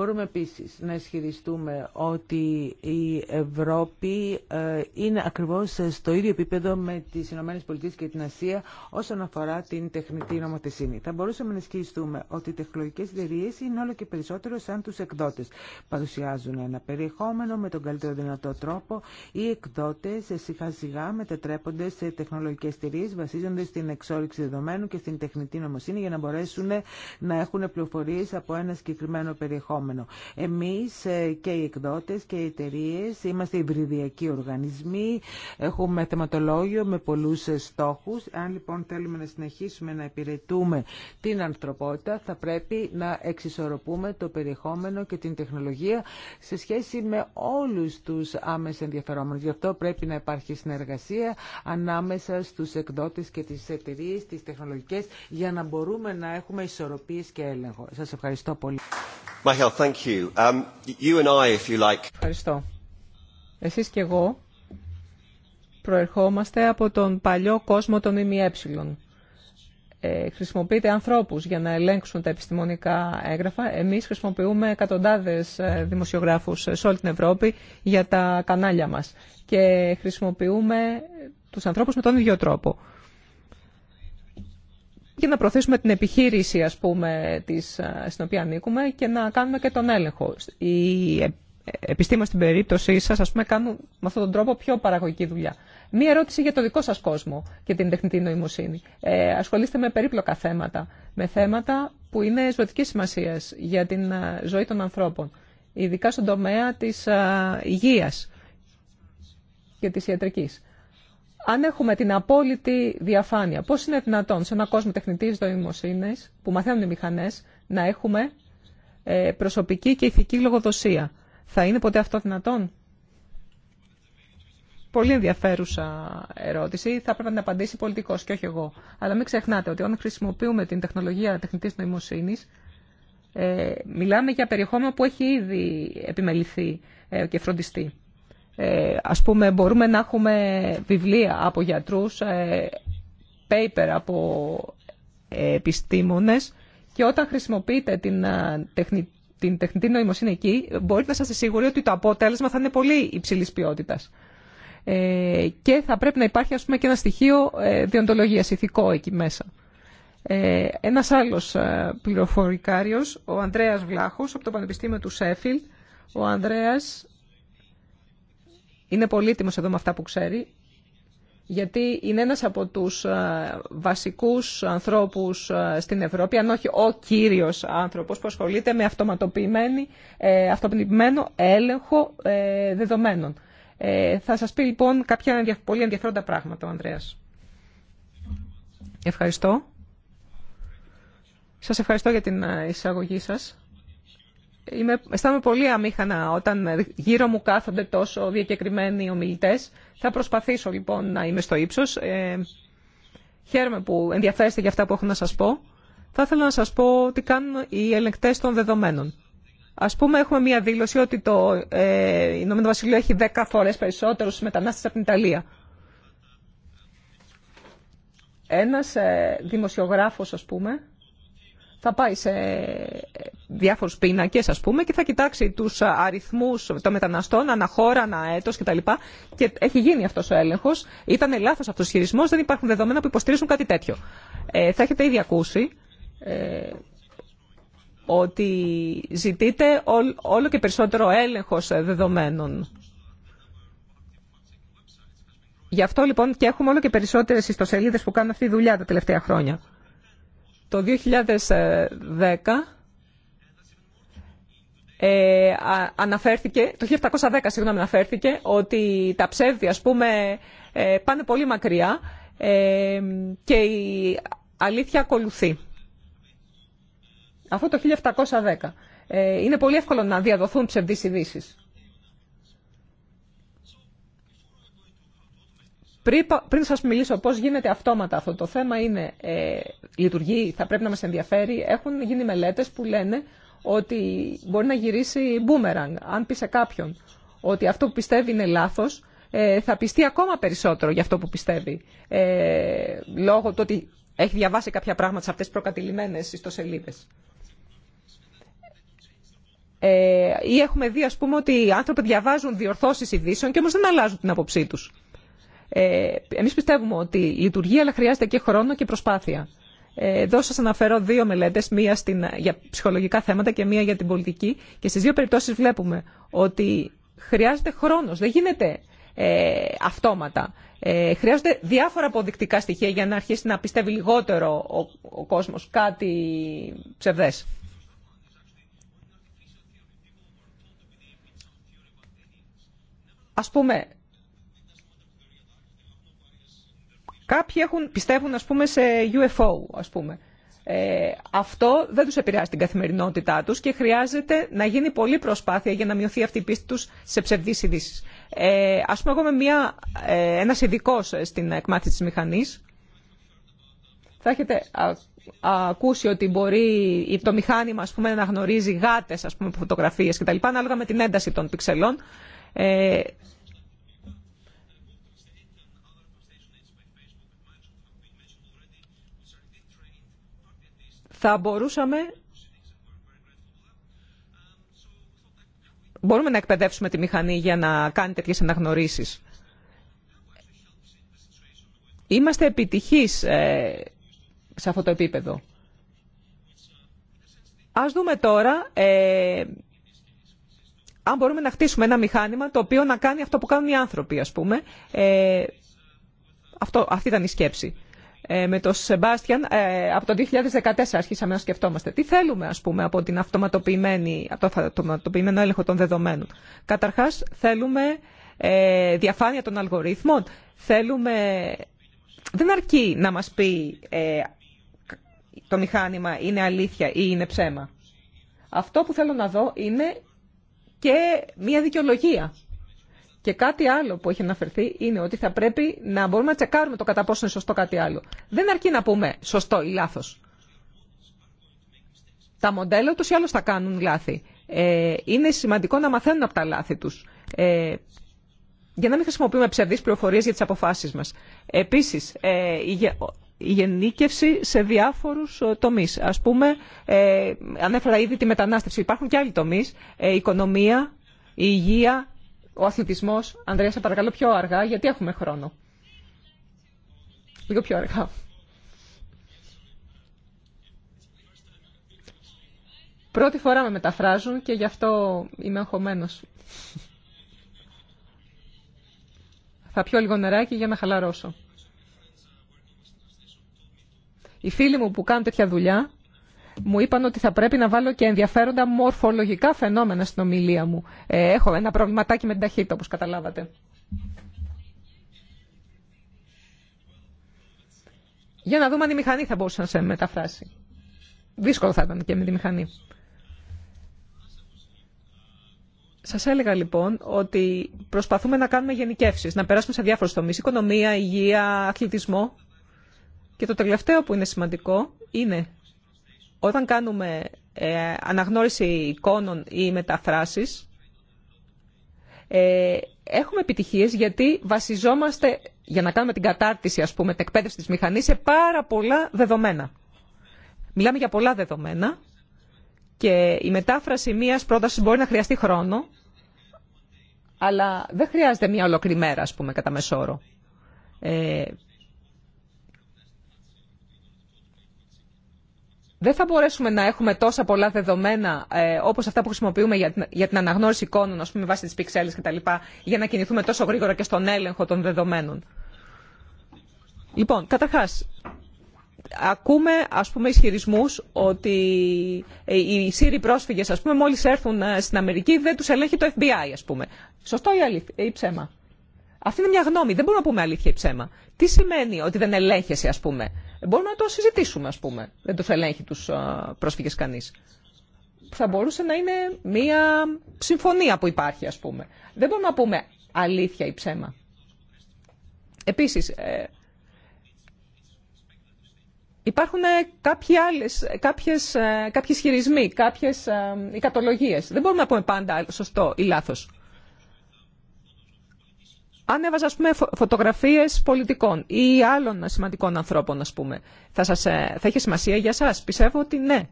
Μπορούμε επίσης να ισχυριστούμε ότι η Ευρώπη ε, είναι ακριβώς στο ίδιο επίπεδο με τις ΗΠΑ και την Ασία όσον αφορά την τεχνητή νομοθεσία. Θα μπορούσαμε να ισχυριστούμε ότι οι τεχνολογικές εταιρείε είναι όλο και περισσότερο σαν τους εκδότες. Παρουσιάζουν ένα περιεχόμενο με τον καλύτερο δυνατό τρόπο. Οι εκδότες σιγά σιγά μετατρέπονται σε τεχνολογικές εταιρείε, βασίζονται στην εξόριξη δεδομένου και στην τεχνητή νομοσύνη για να μπορέσουν να έχουν πληροφορίε από ένα συγκεκριμένο περιεχόμενο φαινόμενο. Εμείς ε, και οι εκδότες και οι εταιρείε είμαστε υβριδιακοί οργανισμοί, έχουμε θεματολόγιο με πολλούς ε, στόχους. Αν λοιπόν θέλουμε να συνεχίσουμε να υπηρετούμε την ανθρωπότητα θα πρέπει να εξισορροπούμε το περιεχόμενο και την τεχνολογία σε σχέση με όλους τους άμεσα ενδιαφερόμενους. Γι' αυτό πρέπει να υπάρχει συνεργασία ανάμεσα στους εκδότες και τις εταιρείε, τις τεχνολογικές για να μπορούμε να έχουμε ισορροπίες και έλεγχο. Σας ευχαριστώ πολύ. Ευχαριστώ. Εσείς και εγώ προερχόμαστε από τον παλιό κόσμο των ΜΜΕ. Ε, χρησιμοποιείται ανθρώπους για να ελέγξουν τα επιστημονικά έγγραφα. Εμείς χρησιμοποιούμε εκατοντάδες ε, δημοσιογράφους ε, σε όλη την Ευρώπη για τα κανάλια μας και χρησιμοποιούμε ε, τους ανθρώπους με τον ίδιο τρόπο και να προωθήσουμε την επιχείρηση ας πούμε, της, στην οποία ανήκουμε και να κάνουμε και τον έλεγχο. Οι ε, επιστήμονες στην περίπτωσή σας ας πούμε, κάνουν με αυτόν τον τρόπο πιο παραγωγική δουλειά. Μία ερώτηση για το δικό σας κόσμο και την τεχνητή νοημοσύνη. Ε, ασχολείστε με περίπλοκα θέματα, με θέματα που είναι ζωτικής σημασίας για την ζωή των ανθρώπων, ειδικά στον τομέα της υγείας και της ιατρικής αν έχουμε την απόλυτη διαφάνεια, πώς είναι δυνατόν σε ένα κόσμο τεχνητής δοημοσύνης που μαθαίνουν οι μηχανές να έχουμε ε, προσωπική και ηθική λογοδοσία. Θα είναι ποτέ αυτό δυνατόν? Πολύ ενδιαφέρουσα ερώτηση. Θα πρέπει να απαντήσει πολιτικό και όχι εγώ. Αλλά μην ξεχνάτε ότι όταν χρησιμοποιούμε την τεχνολογία τεχνητή νοημοσύνη, ε, μιλάμε για περιεχόμενο που έχει ήδη επιμεληθεί ε, και φροντιστεί. Ε, ας πούμε, μπορούμε να έχουμε βιβλία από γιατρούς, ε, paper από ε, επιστήμονες και όταν χρησιμοποιείτε την τεχνητή την τεχνητή νοημοσύνη εκεί, μπορείτε να είστε σίγουροι ότι το αποτέλεσμα θα είναι πολύ υψηλή ποιότητα. και θα πρέπει να υπάρχει ας πούμε, και ένα στοιχείο ε, διοντολογία, ηθικό εκεί μέσα. Ε, ένα άλλο ε, ο Ανδρέας Βλάχο από το Πανεπιστήμιο του Σέφιλ. Ο Ανδρέας, είναι πολύτιμος εδώ με αυτά που ξέρει, γιατί είναι ένας από τους ε, βασικούς ανθρώπους ε, στην Ευρώπη, αν όχι ο κύριος άνθρωπος που ασχολείται με αυτοματοποιημένο ε, αυτοματοποιημένο έλεγχο δεδομένων. Θα σας πει λοιπόν κάποια πολύ ενδιαφέροντα πράγματα ο Ανδρέας. Ευχαριστώ. Σας ευχαριστώ για την εισαγωγή σας είμαι, αισθάνομαι πολύ αμήχανα όταν γύρω μου κάθονται τόσο διακεκριμένοι ομιλητές. Θα προσπαθήσω λοιπόν να είμαι στο ύψος. Ε, χαίρομαι που ενδιαφέρεστε για αυτά που έχω να σας πω. Θα ήθελα να σας πω τι κάνουν οι ελεγκτές των δεδομένων. Ας πούμε έχουμε μία δήλωση ότι το ε, Ηνωμένο Βασιλείο έχει 10 φορές περισσότερους μετανάστες από την Ιταλία. Ένας ε, δημοσιογράφος ας πούμε θα πάει σε διάφορους πίνακες ας πούμε και θα κοιτάξει τους αριθμούς των μεταναστών ανά χώρα, ανά κτλ. Και έχει γίνει αυτός ο έλεγχος. Ήταν λάθος αυτός ο χειρισμός, δεν υπάρχουν δεδομένα που υποστηρίζουν κάτι τέτοιο. Ε, θα έχετε ήδη ακούσει ε, ότι ζητείται όλο και περισσότερο έλεγχος δεδομένων. Γι' αυτό λοιπόν και έχουμε όλο και περισσότερες ιστοσελίδες που κάνουν αυτή τη δουλειά τα τελευταία χρόνια. Το 2010 ε, αναφέρθηκε, το 1710 συγγνώμη αναφέρθηκε ότι τα ψεύδια ας πούμε ε, πάνε πολύ μακριά ε, και η αλήθεια ακολουθεί. Αυτό το 1710. Ε, είναι πολύ εύκολο να διαδοθούν ψευδείς ειδήσει. Πριν, πριν σας μιλήσω πώς γίνεται αυτόματα αυτό το θέμα, είναι, ε, λειτουργεί, θα πρέπει να μας ενδιαφέρει, έχουν γίνει μελέτες που λένε ότι μπορεί να γυρίσει μπούμερανγκ. Αν πει σε κάποιον ότι αυτό που πιστεύει είναι λάθος, ε, θα πιστεί ακόμα περισσότερο για αυτό που πιστεύει. Ε, λόγω του ότι έχει διαβάσει κάποια πράγματα σε αυτές τις προκατηλημένες ιστοσελίδες. Ε, ή έχουμε δει, ας πούμε, ότι οι άνθρωποι διαβάζουν διορθώσεις ειδήσεων και όμως δεν αλλάζουν την άποψή τους. Ε, εμείς πιστεύουμε ότι λειτουργεί, αλλά χρειάζεται και χρόνο και προσπάθεια. Ε, εδώ σας αναφέρω δύο μελέτες, μία στην, για ψυχολογικά θέματα και μία για την πολιτική. Και στις δύο περιπτώσεις βλέπουμε ότι χρειάζεται χρόνος, δεν γίνεται ε, αυτόματα. Ε, χρειάζονται διάφορα αποδεικτικά στοιχεία για να αρχίσει να πιστεύει λιγότερο ο, ο κόσμος κάτι ψευδές. Ας πούμε, Κάποιοι έχουν, πιστεύουν ας πούμε σε UFO ας πούμε. Ε, αυτό δεν τους επηρεάζει την καθημερινότητά τους και χρειάζεται να γίνει πολλή προσπάθεια για να μειωθεί αυτή η πίστη τους σε ψευδείς ειδήσει. Ε, ας πούμε εγώ είμαι μια, ε, ένας ειδικό ε, στην εκμάθηση της μηχανής. Θα έχετε α, ακούσει ότι μπορεί το μηχάνημα ας πούμε, να γνωρίζει γάτες ας πούμε, φωτογραφίες κτλ. ανάλογα με την ένταση των πιξελών. Ε, θα μπορούσαμε μπορούμε να εκπαιδεύσουμε τη μηχανή για να κάνει τέτοιες αναγνωρίσεις. Είμαστε επιτυχείς ε, σε αυτό το επίπεδο. Ας δούμε τώρα ε, αν μπορούμε να χτίσουμε ένα μηχάνημα το οποίο να κάνει αυτό που κάνουν οι άνθρωποι, ας πούμε. Ε, αυτό, αυτή ήταν η σκέψη. Ε, με τον Σεμπάστιαν από το 2014 αρχίσαμε να σκεφτόμαστε. Τι θέλουμε ας πούμε από, την αυτοματοποιημένη, από το αυτοματοποιημένο έλεγχο των δεδομένων. Καταρχάς θέλουμε ε, διαφάνεια των αλγορίθμων. Θέλουμε... Δεν αρκεί να μας πει ε, το μηχάνημα είναι αλήθεια ή είναι ψέμα. Αυτό που θέλω να δω είναι και μια δικαιολογία και κάτι άλλο που έχει αναφερθεί είναι ότι θα πρέπει να μπορούμε να τσεκάρουμε το κατά πόσο είναι σωστό κάτι άλλο. Δεν αρκεί να πούμε σωστό ή λάθο. Τα μοντέλα του ή άλλω θα κάνουν λάθη. Ε, είναι σημαντικό να μαθαίνουν από τα λάθη του. Ε, για να μην χρησιμοποιούμε ψευδεί πληροφορίε για τι αποφάσει μα. Επίση, ε, η γενίκευση σε διάφορου ε, τομεί. Α πούμε, ε, ανέφερα ήδη τη μετανάστευση. Υπάρχουν και άλλοι τομεί. Ε, η οικονομία, η υγεία, ο αθλητισμός. Ανδρέα, σε παρακαλώ πιο αργά, γιατί έχουμε χρόνο. Λίγο πιο αργά. Πρώτη φορά με μεταφράζουν και γι' αυτό είμαι αγχωμένος. Θα πιω λίγο νεράκι για να χαλαρώσω. Οι φίλοι μου που κάνουν τέτοια δουλειά μου είπαν ότι θα πρέπει να βάλω και ενδιαφέροντα μορφολογικά φαινόμενα στην ομιλία μου. Ε, έχω ένα προβληματάκι με την ταχύτητα, όπως καταλάβατε. Για να δούμε αν η μηχανή θα μπορούσε να σε μεταφράσει. Δύσκολο θα ήταν και με τη μηχανή. Σας έλεγα λοιπόν ότι προσπαθούμε να κάνουμε γενικεύσεις, να περάσουμε σε διάφορους τομείς, οικονομία, υγεία, αθλητισμό. Και το τελευταίο που είναι σημαντικό είναι όταν κάνουμε ε, αναγνώριση εικόνων ή μεταφράσεις, ε, έχουμε επιτυχίες γιατί βασιζόμαστε, για να κάνουμε την κατάρτιση, ας πούμε, την εκπαίδευση της μηχανής, σε πάρα πολλά δεδομένα. Μιλάμε για πολλά δεδομένα και η μετάφραση μίας πρότασης μπορεί να χρειαστεί χρόνο, αλλά δεν χρειάζεται μια ολοκλημέρα, ας πούμε, κατά μεσόρο. Ε, δεν θα μπορέσουμε να έχουμε τόσα πολλά δεδομένα ε, όπως αυτά που χρησιμοποιούμε για, για την αναγνώριση εικόνων, ας πούμε, βάσει τις πιξέλες κτλ, για να κινηθούμε τόσο γρήγορα και στον έλεγχο των δεδομένων. Λοιπόν, καταρχά, ακούμε, ας πούμε, ισχυρισμού, ότι ε, οι Σύριοι πρόσφυγες, ας πούμε, μόλις έρθουν ε, στην Αμερική δεν τους ελέγχει το FBI, ας πούμε. Σωστό ή, αλήθεια, ή ψέμα. Αυτή είναι μια γνώμη. Δεν μπορούμε να πούμε αλήθεια ή ψέμα. Τι σημαίνει ότι δεν ελέγχεσαι, α πούμε. Μπορούμε να το συζητήσουμε, α πούμε. Δεν του ελέγχει του πρόσφυγε κανεί. Θα μπορούσε να είναι μια συμφωνία που υπάρχει, α πούμε. Δεν μπορούμε να πούμε αλήθεια ή ψέμα. Επίσης, ε, υπάρχουν ε, κάποιοι άλλες, κάποιες, ε, κάποιοι κάποιες ε, Δεν μπορούμε να πούμε πάντα σωστό ή λάθος. Αν έβαζα, ας πούμε, φωτογραφίες πολιτικών ή άλλων σημαντικών ανθρώπων, ας πούμε, θα, σας, ε, θα είχε σημασία για σας. Πιστεύω ότι ναι.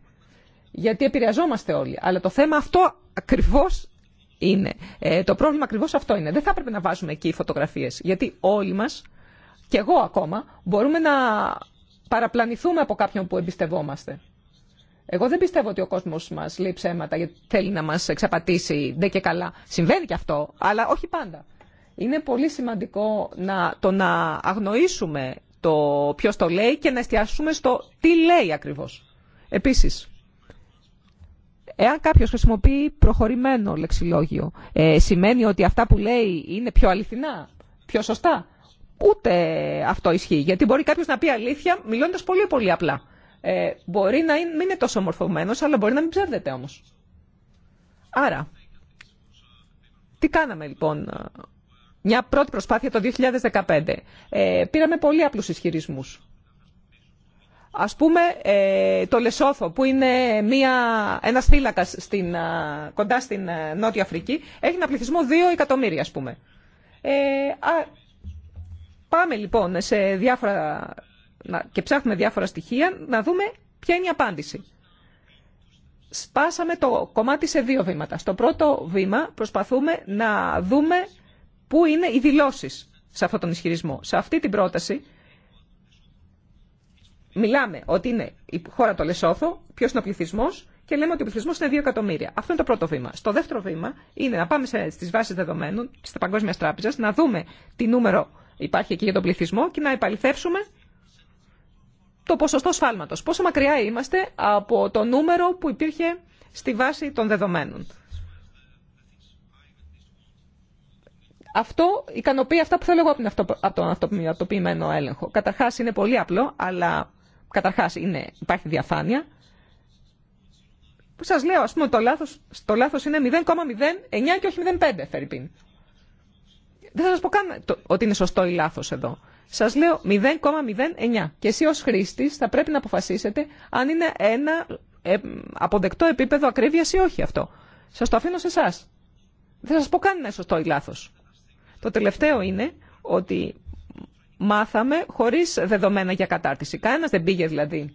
Γιατί επηρεαζόμαστε όλοι. Αλλά το θέμα αυτό ακριβώς είναι. Ε, το πρόβλημα ακριβώς αυτό είναι. Δεν θα έπρεπε να βάζουμε εκεί φωτογραφίες. Γιατί όλοι μας, και εγώ ακόμα, μπορούμε να παραπλανηθούμε από κάποιον που εμπιστευόμαστε. Εγώ δεν πιστεύω ότι ο κόσμο μα λέει ψέματα γιατί θέλει να μα εξαπατήσει ντε και καλά. Συμβαίνει και αυτό, αλλά όχι πάντα. Είναι πολύ σημαντικό να, το να αγνοήσουμε το ποιος το λέει και να εστιάσουμε στο τι λέει ακριβώς. Επίσης, εάν κάποιος χρησιμοποιεί προχωρημένο λεξιλόγιο, ε, σημαίνει ότι αυτά που λέει είναι πιο αληθινά, πιο σωστά. Ούτε αυτό ισχύει, γιατί μπορεί κάποιο να πει αλήθεια μιλώντας πολύ πολύ απλά. Ε, μπορεί να μην είναι τόσο ομορφωμένο, αλλά μπορεί να μην ψεύδεται όμως. Άρα, τι κάναμε λοιπόν μια πρώτη προσπάθεια το 2015. Ε, πήραμε πολύ απλούς ισχυρισμού. Ας πούμε ε, το Λεσόθο που είναι μια, ένας στην, κοντά στην Νότια Αφρική έχει ένα πληθυσμό 2 εκατομμύρια ας πούμε. Ε, α, πάμε λοιπόν σε διάφορα, και ψάχνουμε διάφορα στοιχεία να δούμε ποια είναι η απάντηση. Σπάσαμε το κομμάτι σε δύο βήματα. Στο πρώτο βήμα προσπαθούμε να δούμε Πού είναι οι δηλωσει σε αυτόν τον ισχυρισμό. Σε αυτή την πρόταση μιλάμε ότι είναι η χώρα το Λεσόθο, ποιο είναι ο πληθυσμό και λέμε ότι ο πληθυσμό είναι 2 εκατομμύρια. Αυτό είναι το πρώτο βήμα. Στο δεύτερο βήμα είναι να πάμε στι βάσει δεδομένων τη Παγκόσμια Τράπεζα, να δούμε τι νούμερο υπάρχει εκεί για τον πληθυσμό και να επαληθεύσουμε το ποσοστό σφάλματο. Πόσο μακριά είμαστε από το νούμερο που υπήρχε στη βάση των δεδομένων. Αυτό ικανοποιεί αυτά που θέλω εγώ από τον αυτοποιημένο έλεγχο. Καταρχά είναι πολύ απλό, αλλά καταρχά υπάρχει διαφάνεια. Σα σας λέω, α πούμε, το λάθο το λάθος είναι 0,09 και όχι 0,5, Φερρυπίν. Δεν θα σα πω καν ότι είναι σωστό ή λάθο εδώ. Σα λέω 0,09. Και εσύ ω χρήστη θα πρέπει να αποφασίσετε αν είναι ένα ε, αποδεκτό επίπεδο ακρίβεια ή όχι αυτό. Σα το αφήνω σε εσά. Δεν θα σας πω καν είναι σωστό ή λάθο. Το τελευταίο είναι ότι μάθαμε χωρίς δεδομένα για κατάρτιση. Κανένας δεν πήγε δηλαδή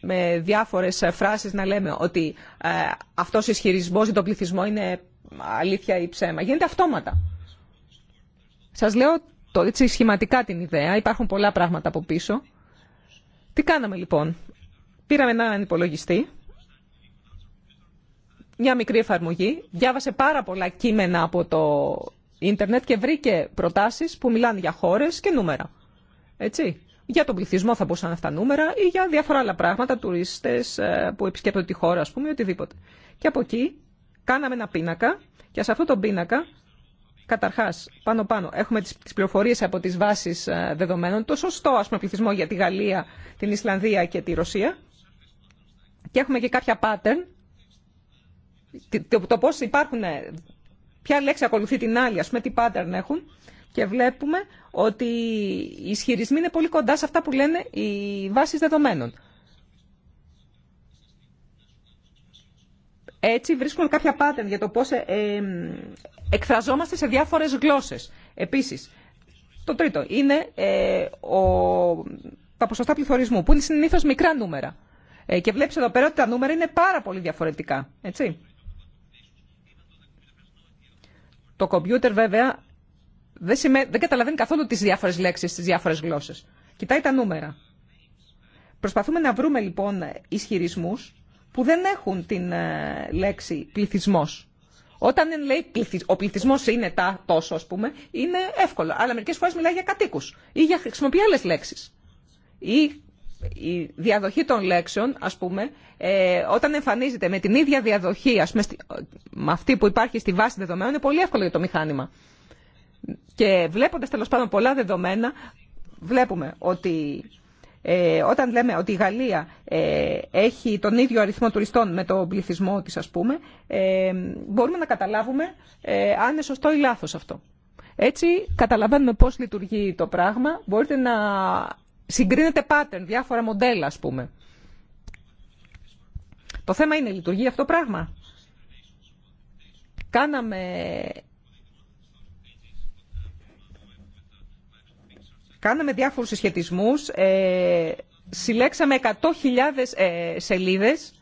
με διάφορες φράσεις να λέμε ότι ε, αυτός ο ισχυρισμός ή τον πληθυσμό είναι αλήθεια ή ψέμα. Γίνεται αυτόματα. Σας λέω το, έτσι σχηματικά την ιδέα. Υπάρχουν πολλά πράγματα από πίσω. Τι κάναμε λοιπόν. Πήραμε έναν υπολογιστή μια μικρή εφαρμογή, διάβασε πάρα πολλά κείμενα από το ίντερνετ και βρήκε προτάσεις που μιλάνε για χώρες και νούμερα. Έτσι. Για τον πληθυσμό θα μπορούσαν αυτά νούμερα ή για διάφορα άλλα πράγματα, τουρίστες ε, που επισκέπτονται τη χώρα, ας πούμε, οτιδήποτε. Και από εκεί κάναμε ένα πίνακα και σε αυτό το πίνακα, καταρχάς, πάνω-πάνω, έχουμε τις, πληροφορίε πληροφορίες από τις βάσεις ε, δεδομένων, το σωστό, ας πούμε, πληθυσμό για τη Γαλλία, την Ισλανδία και τη Ρωσία. Και έχουμε και κάποια pattern το, το πώς υπάρχουν, ε, ποια λέξη ακολουθεί την άλλη, ας πούμε τι pattern έχουν και βλέπουμε ότι οι ισχυρισμοί είναι πολύ κοντά σε αυτά που λένε οι βάσεις δεδομένων. Έτσι βρίσκουμε κάποια pattern για το πώς ε, εκφραζόμαστε σε διάφορες γλώσσες. Επίσης, το τρίτο είναι ε, ο, τα ποσοστά πληθωρισμού, που είναι συνήθως μικρά νούμερα. Ε, και βλέπεις εδώ πέρα ότι τα νούμερα είναι πάρα πολύ διαφορετικά. Έτσι. Το κομπιούτερ βέβαια δεν, δεν καταλαβαίνει καθόλου τις διάφορες λέξεις, τις διάφορες γλώσσες. Κοιτάει τα νούμερα. Προσπαθούμε να βρούμε λοιπόν ισχυρισμούς που δεν έχουν την ε, λέξη πληθυσμός. Όταν λέει ο πληθυσμό είναι τα τόσο, α πούμε, είναι εύκολο. Αλλά μερικέ φορέ μιλάει για κατοίκου ή για χρησιμοποιεί άλλε λέξει. Ή η διαδοχή των λέξεων, ας πούμε, ε, όταν εμφανίζεται με την ίδια διαδοχή, ας πούμε, με αυτή που υπάρχει στη βάση δεδομένων, είναι πολύ εύκολο για το μηχάνημα. Και βλέποντας τέλος πάντων πολλά δεδομένα, βλέπουμε ότι ε, όταν λέμε ότι η Γαλλία ε, έχει τον ίδιο αριθμό τουριστών με τον πληθυσμό της, ας πούμε, ε, μπορούμε να καταλάβουμε ε, αν είναι σωστό ή λάθος αυτό. Έτσι καταλαβαίνουμε πώς λειτουργεί το πράγμα. Μπορείτε να συγκρίνεται pattern, διάφορα μοντέλα ας πούμε. Το θέμα είναι, λειτουργεί αυτό το πράγμα. Κάναμε... Κάναμε διάφορους συσχετισμούς, ε, συλλέξαμε 100.000 ε, σελίδες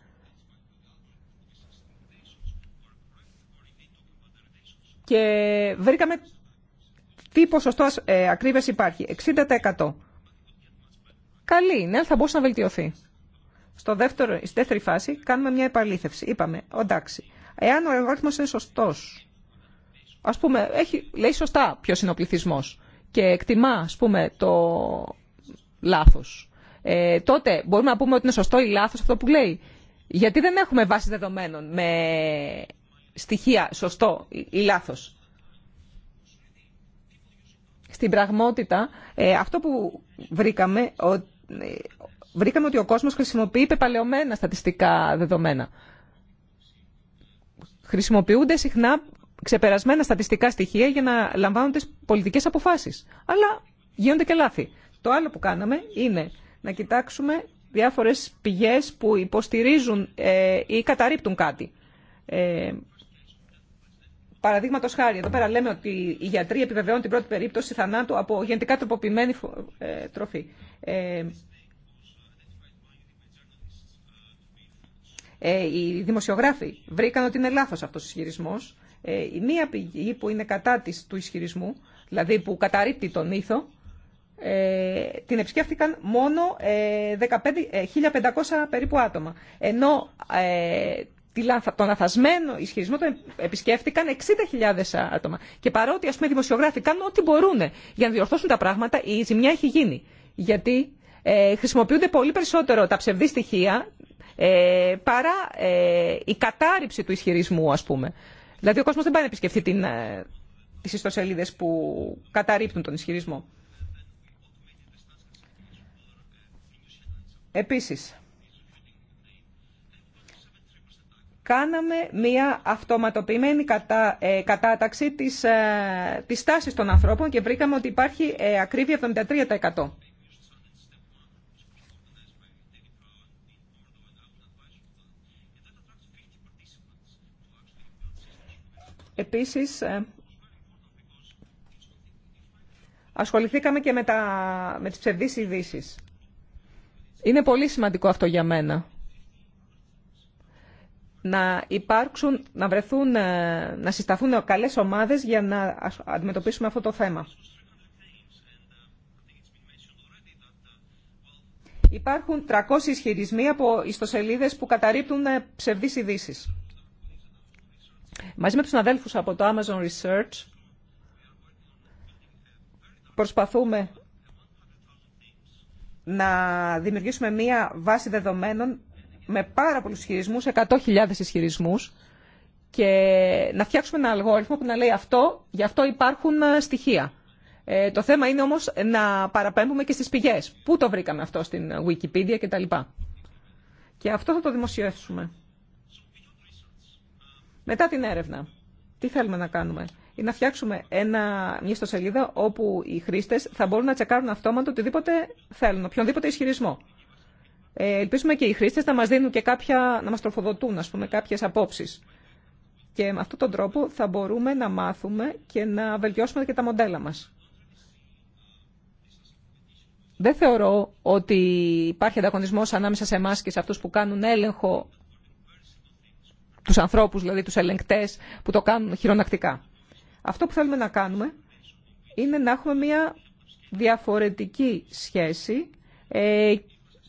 και βρήκαμε τι ποσοστό ε, ακρίβειας υπάρχει, 60% καλή είναι, αλλά θα μπορούσε να βελτιωθεί. Στο δεύτερο, στη δεύτερη φάση κάνουμε μια επαλήθευση. Είπαμε, εντάξει, εάν ο αριθμό είναι σωστό, α πούμε, έχει, λέει σωστά ποιο είναι ο πληθυσμό και εκτιμά, α πούμε, το λάθο, ε, τότε μπορούμε να πούμε ότι είναι σωστό ή λάθο αυτό που λέει. Γιατί δεν έχουμε βάση δεδομένων με στοιχεία σωστό ή λάθο. Στην πραγμότητα, ε, αυτό που βρήκαμε βρήκαμε ότι ο κόσμος χρησιμοποιεί πεπαλαιωμένα στατιστικά δεδομένα. Χρησιμοποιούνται συχνά ξεπερασμένα στατιστικά στοιχεία για να λαμβάνονται πολιτικές αποφάσεις. Αλλά γίνονται και λάθη. Το άλλο που κάναμε είναι να κοιτάξουμε διάφορες πηγές που υποστηρίζουν ε, ή καταρρύπτουν κάτι. Ε, Παραδείγματο χάρη, εδώ πέρα λέμε ότι οι γιατροί επιβεβαιώνουν την πρώτη περίπτωση θανάτου από γενετικά τροποποιημένη ε, τροφή. Ε, ε, οι δημοσιογράφοι βρήκαν ότι είναι λάθος αυτός ο ισχυρισμός. Ε, η μία πηγή που είναι κατά της του ισχυρισμού, δηλαδή που καταρρύπτει τον ήθο, την επισκέφτηκαν μόνο 15, 1.500 περίπου άτομα. Ενώ τον αθασμένο ισχυρισμό τον επισκέφτηκαν 60.000 άτομα. Και παρότι ας πούμε, οι δημοσιογράφοι κάνουν ό,τι μπορούν για να διορθώσουν τα πράγματα, η ζημιά έχει γίνει γιατί ε, χρησιμοποιούνται πολύ περισσότερο τα ψευδή στοιχεία ε, παρά ε, η κατάρριψη του ισχυρισμού, ας πούμε. Δηλαδή ο κόσμος δεν πάει να επισκεφθεί την, ε, τις ιστοσελίδες που καταρρύπτουν τον ισχυρισμό. Επίσης, κάναμε μία αυτοματοποιημένη κατά, κατάταξη της, ε, της τάσης των ανθρώπων και βρήκαμε ότι υπάρχει ακρίβεια 73%. Επίσης, ε, ασχοληθήκαμε και με, τα, με τις ψευδείς ειδήσει. Είναι πολύ σημαντικό αυτό για μένα. Να υπάρξουν, να βρεθούν, ε, να συσταθούν καλές ομάδες για να αντιμετωπίσουμε αυτό το θέμα. Υπάρχουν 300 ισχυρισμοί από ιστοσελίδες που καταρρύπτουν ε, ψευδείς ειδήσει. Μαζί με τους αδέλφους από το Amazon Research προσπαθούμε να δημιουργήσουμε μία βάση δεδομένων με πάρα πολλούς ισχυρισμούς, 100.000 ισχυρισμούς και να φτιάξουμε ένα αλγόριθμο που να λέει αυτό, γι' αυτό υπάρχουν ε, στοιχεία. Ε, το θέμα είναι όμως να παραπέμπουμε και στις πηγές. Πού το βρήκαμε αυτό στην Wikipedia κτλ. Και, και αυτό θα το δημοσιεύσουμε. Μετά την έρευνα, τι θέλουμε να κάνουμε. Ή να φτιάξουμε ένα, μια ιστοσελίδα όπου οι χρήστες θα μπορούν να τσεκάρουν αυτόματα οτιδήποτε θέλουν, οποιονδήποτε ισχυρισμό. Ε, ελπίζουμε και οι χρήστες να μας δίνουν και κάποια, να μας τροφοδοτούν, ας πούμε, κάποιες απόψεις. Και με αυτόν τον τρόπο θα μπορούμε να μάθουμε και να βελτιώσουμε και τα μοντέλα μας. Δεν θεωρώ ότι υπάρχει ανταγωνισμός ανάμεσα σε εμά και σε αυτούς που κάνουν έλεγχο τους ανθρώπους, δηλαδή τους ελεγκτές που το κάνουν χειρονακτικά. Αυτό που θέλουμε να κάνουμε είναι να έχουμε μια διαφορετική σχέση ε,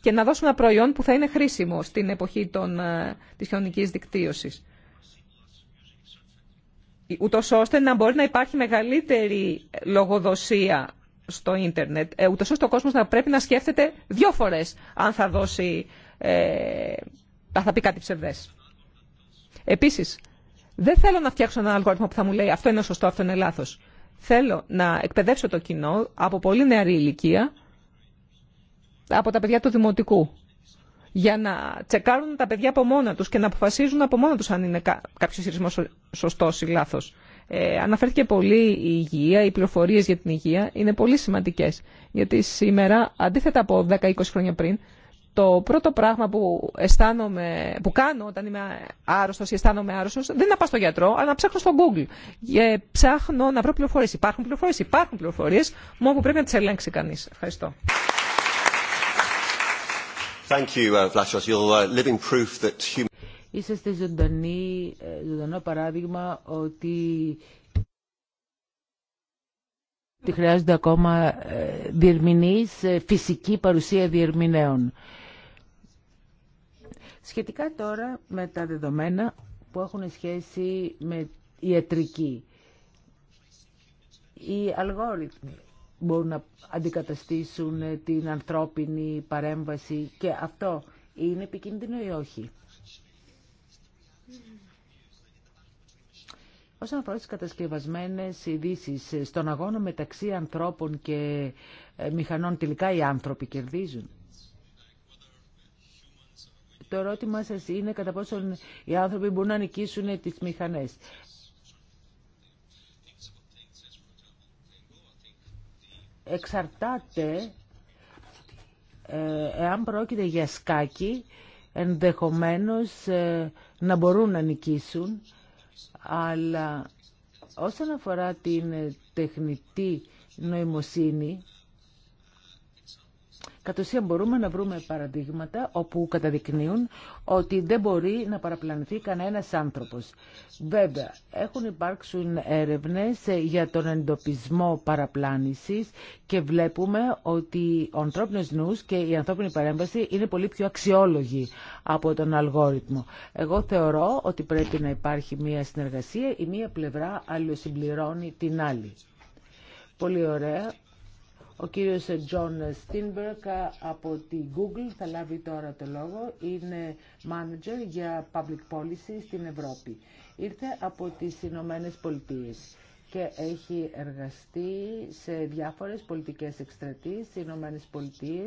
και να δώσουμε ένα προϊόν που θα είναι χρήσιμο στην εποχή των, ε, της χιονικής δικτύωσης. Ε, ούτω ώστε να μπορεί να υπάρχει μεγαλύτερη λογοδοσία στο ίντερνετ, ούτω ώστε ο κόσμος να πρέπει να σκέφτεται δύο φορές αν θα θα πει κάτι ψευδές. Επίσης, δεν θέλω να φτιάξω έναν αλγόριθμο που θα μου λέει αυτό είναι σωστό, αυτό είναι λάθος. Θέλω να εκπαιδεύσω το κοινό από πολύ νεαρή ηλικία, από τα παιδιά του δημοτικού, για να τσεκάρουν τα παιδιά από μόνα τους και να αποφασίζουν από μόνα τους αν είναι κάποιος ισμόστό ή σωστό ή λάθο. Ε, αναφέρθηκε πολύ η υγεία, οι πληροφορίε για την υγεία είναι πολύ σημαντικές. Γιατί σήμερα, αντίθετα από 10-20 χρόνια πριν, το πρώτο πράγμα που, αισθάνομαι, που κάνω όταν είμαι άρρωστο ή αισθάνομαι άρρωστο δεν είναι να πάω στο γιατρό, αλλά να ψάχνω στο Google. Και ε, ψάχνω να βρω πληροφορίε. Υπάρχουν πληροφορίε, υπάρχουν πληροφορίε, μόνο που πρέπει να τι ελέγξει κανεί. Ευχαριστώ. Thank you, uh, uh, Είσαστε ζωντανή, ε, ζωντανό παράδειγμα ότι ότι χρειάζονται ακόμα ε, διερμηνείς, φυσική παρουσία διερμηνέων. Σχετικά τώρα με τα δεδομένα που έχουν σχέση με ιατρική. Οι αλγόριθμοι μπορούν να αντικαταστήσουν την ανθρώπινη παρέμβαση και αυτό είναι επικίνδυνο ή όχι. Όσον αφορά τις κατασκευασμένες ειδήσει στον αγώνα μεταξύ ανθρώπων και μηχανών, τελικά οι άνθρωποι κερδίζουν. Το ερώτημά σας είναι κατά πόσον οι άνθρωποι μπορούν να νικήσουν τις μηχανές. Εξαρτάται ε, εάν πρόκειται για σκάκι, ενδεχομένως ε, να μπορούν να νικήσουν, αλλά όσον αφορά την τεχνητή νοημοσύνη, Κατ' ουσία μπορούμε να βρούμε παραδείγματα όπου καταδεικνύουν ότι δεν μπορεί να παραπλανηθεί κανένας άνθρωπος. Βέβαια, έχουν υπάρξουν έρευνες για τον εντοπισμό παραπλάνησης και βλέπουμε ότι ο ανθρώπινος νους και η ανθρώπινη παρέμβαση είναι πολύ πιο αξιόλογοι από τον αλγόριθμο. Εγώ θεωρώ ότι πρέπει να υπάρχει μία συνεργασία, η μία πλευρά αλληλοσυμπληρώνει την άλλη. Πολύ ωραία. Ο κύριος Τζον Στίνμπερκ από τη Google θα λάβει τώρα το λόγο. Είναι manager για public policy στην Ευρώπη. Ήρθε από τις Ηνωμένε Πολιτείε και έχει εργαστεί σε διάφορες πολιτικές εκστρατείες στις Ηνωμένε Πολιτείε.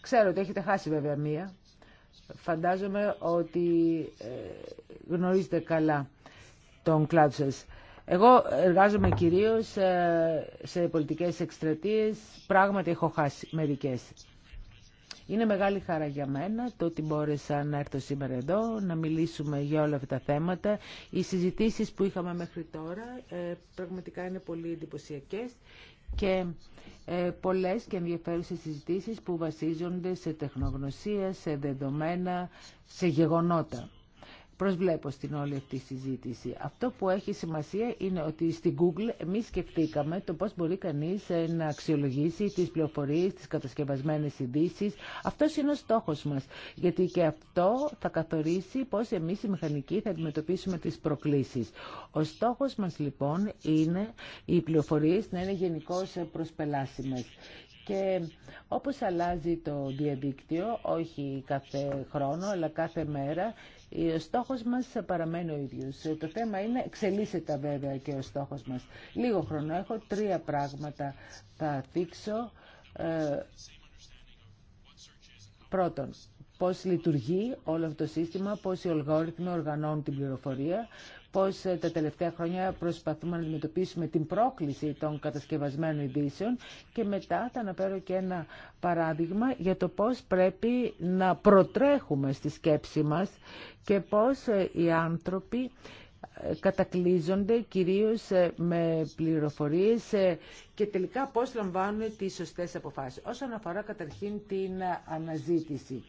Ξέρω ότι έχετε χάσει βέβαια μία. Φαντάζομαι ότι ε, γνωρίζετε καλά τον κλάδο σα. Εγώ εργάζομαι κυρίως ε, σε πολιτικές εκστρατείες, πράγματι έχω χάσει μερικές. Είναι μεγάλη χαρά για μένα το ότι μπόρεσα να έρθω σήμερα εδώ, να μιλήσουμε για όλα αυτά τα θέματα. Οι συζητήσεις που είχαμε μέχρι τώρα ε, πραγματικά είναι πολύ εντυπωσιακέ και ε, πολλές και ενδιαφέρουσες συζητήσεις που βασίζονται σε τεχνογνωσία, σε δεδομένα, σε γεγονότα προσβλέπω στην όλη αυτή τη συζήτηση. Αυτό που έχει σημασία είναι ότι στην Google εμείς σκεφτήκαμε το πώς μπορεί κανείς ε, να αξιολογήσει τις πληροφορίες, τις κατασκευασμένες ειδήσει. Αυτό είναι ο στόχος μας, γιατί και αυτό θα καθορίσει πώς εμείς οι μηχανικοί θα αντιμετωπίσουμε τις προκλήσεις. Ο στόχος μας λοιπόν είναι οι πληροφορίες να είναι γενικώ προσπελάσιμες. Και όπως αλλάζει το διαδίκτυο, όχι κάθε χρόνο, αλλά κάθε μέρα, ο στόχος μας παραμένει ο ίδιος. Το θέμα είναι, εξελίσσεται βέβαια και ο στόχος μας. Λίγο χρόνο έχω, τρία πράγματα θα δείξω. Ε, πρώτον, πώς λειτουργεί όλο αυτό το σύστημα, πώς οι αλγόριθμοι οργανώνουν την πληροφορία, πως ε, τα τελευταία χρόνια προσπαθούμε να αντιμετωπίσουμε την πρόκληση των κατασκευασμένων ειδήσεων και μετά θα αναφέρω και ένα παράδειγμα για το πώς πρέπει να προτρέχουμε στη σκέψη μας και πώς ε, οι άνθρωποι ε, κατακλείζονται κυρίως με πληροφορίες και τελικά πώς λαμβάνουν τις σωστές αποφάσεις. Όσον αφορά καταρχήν την αναζήτηση.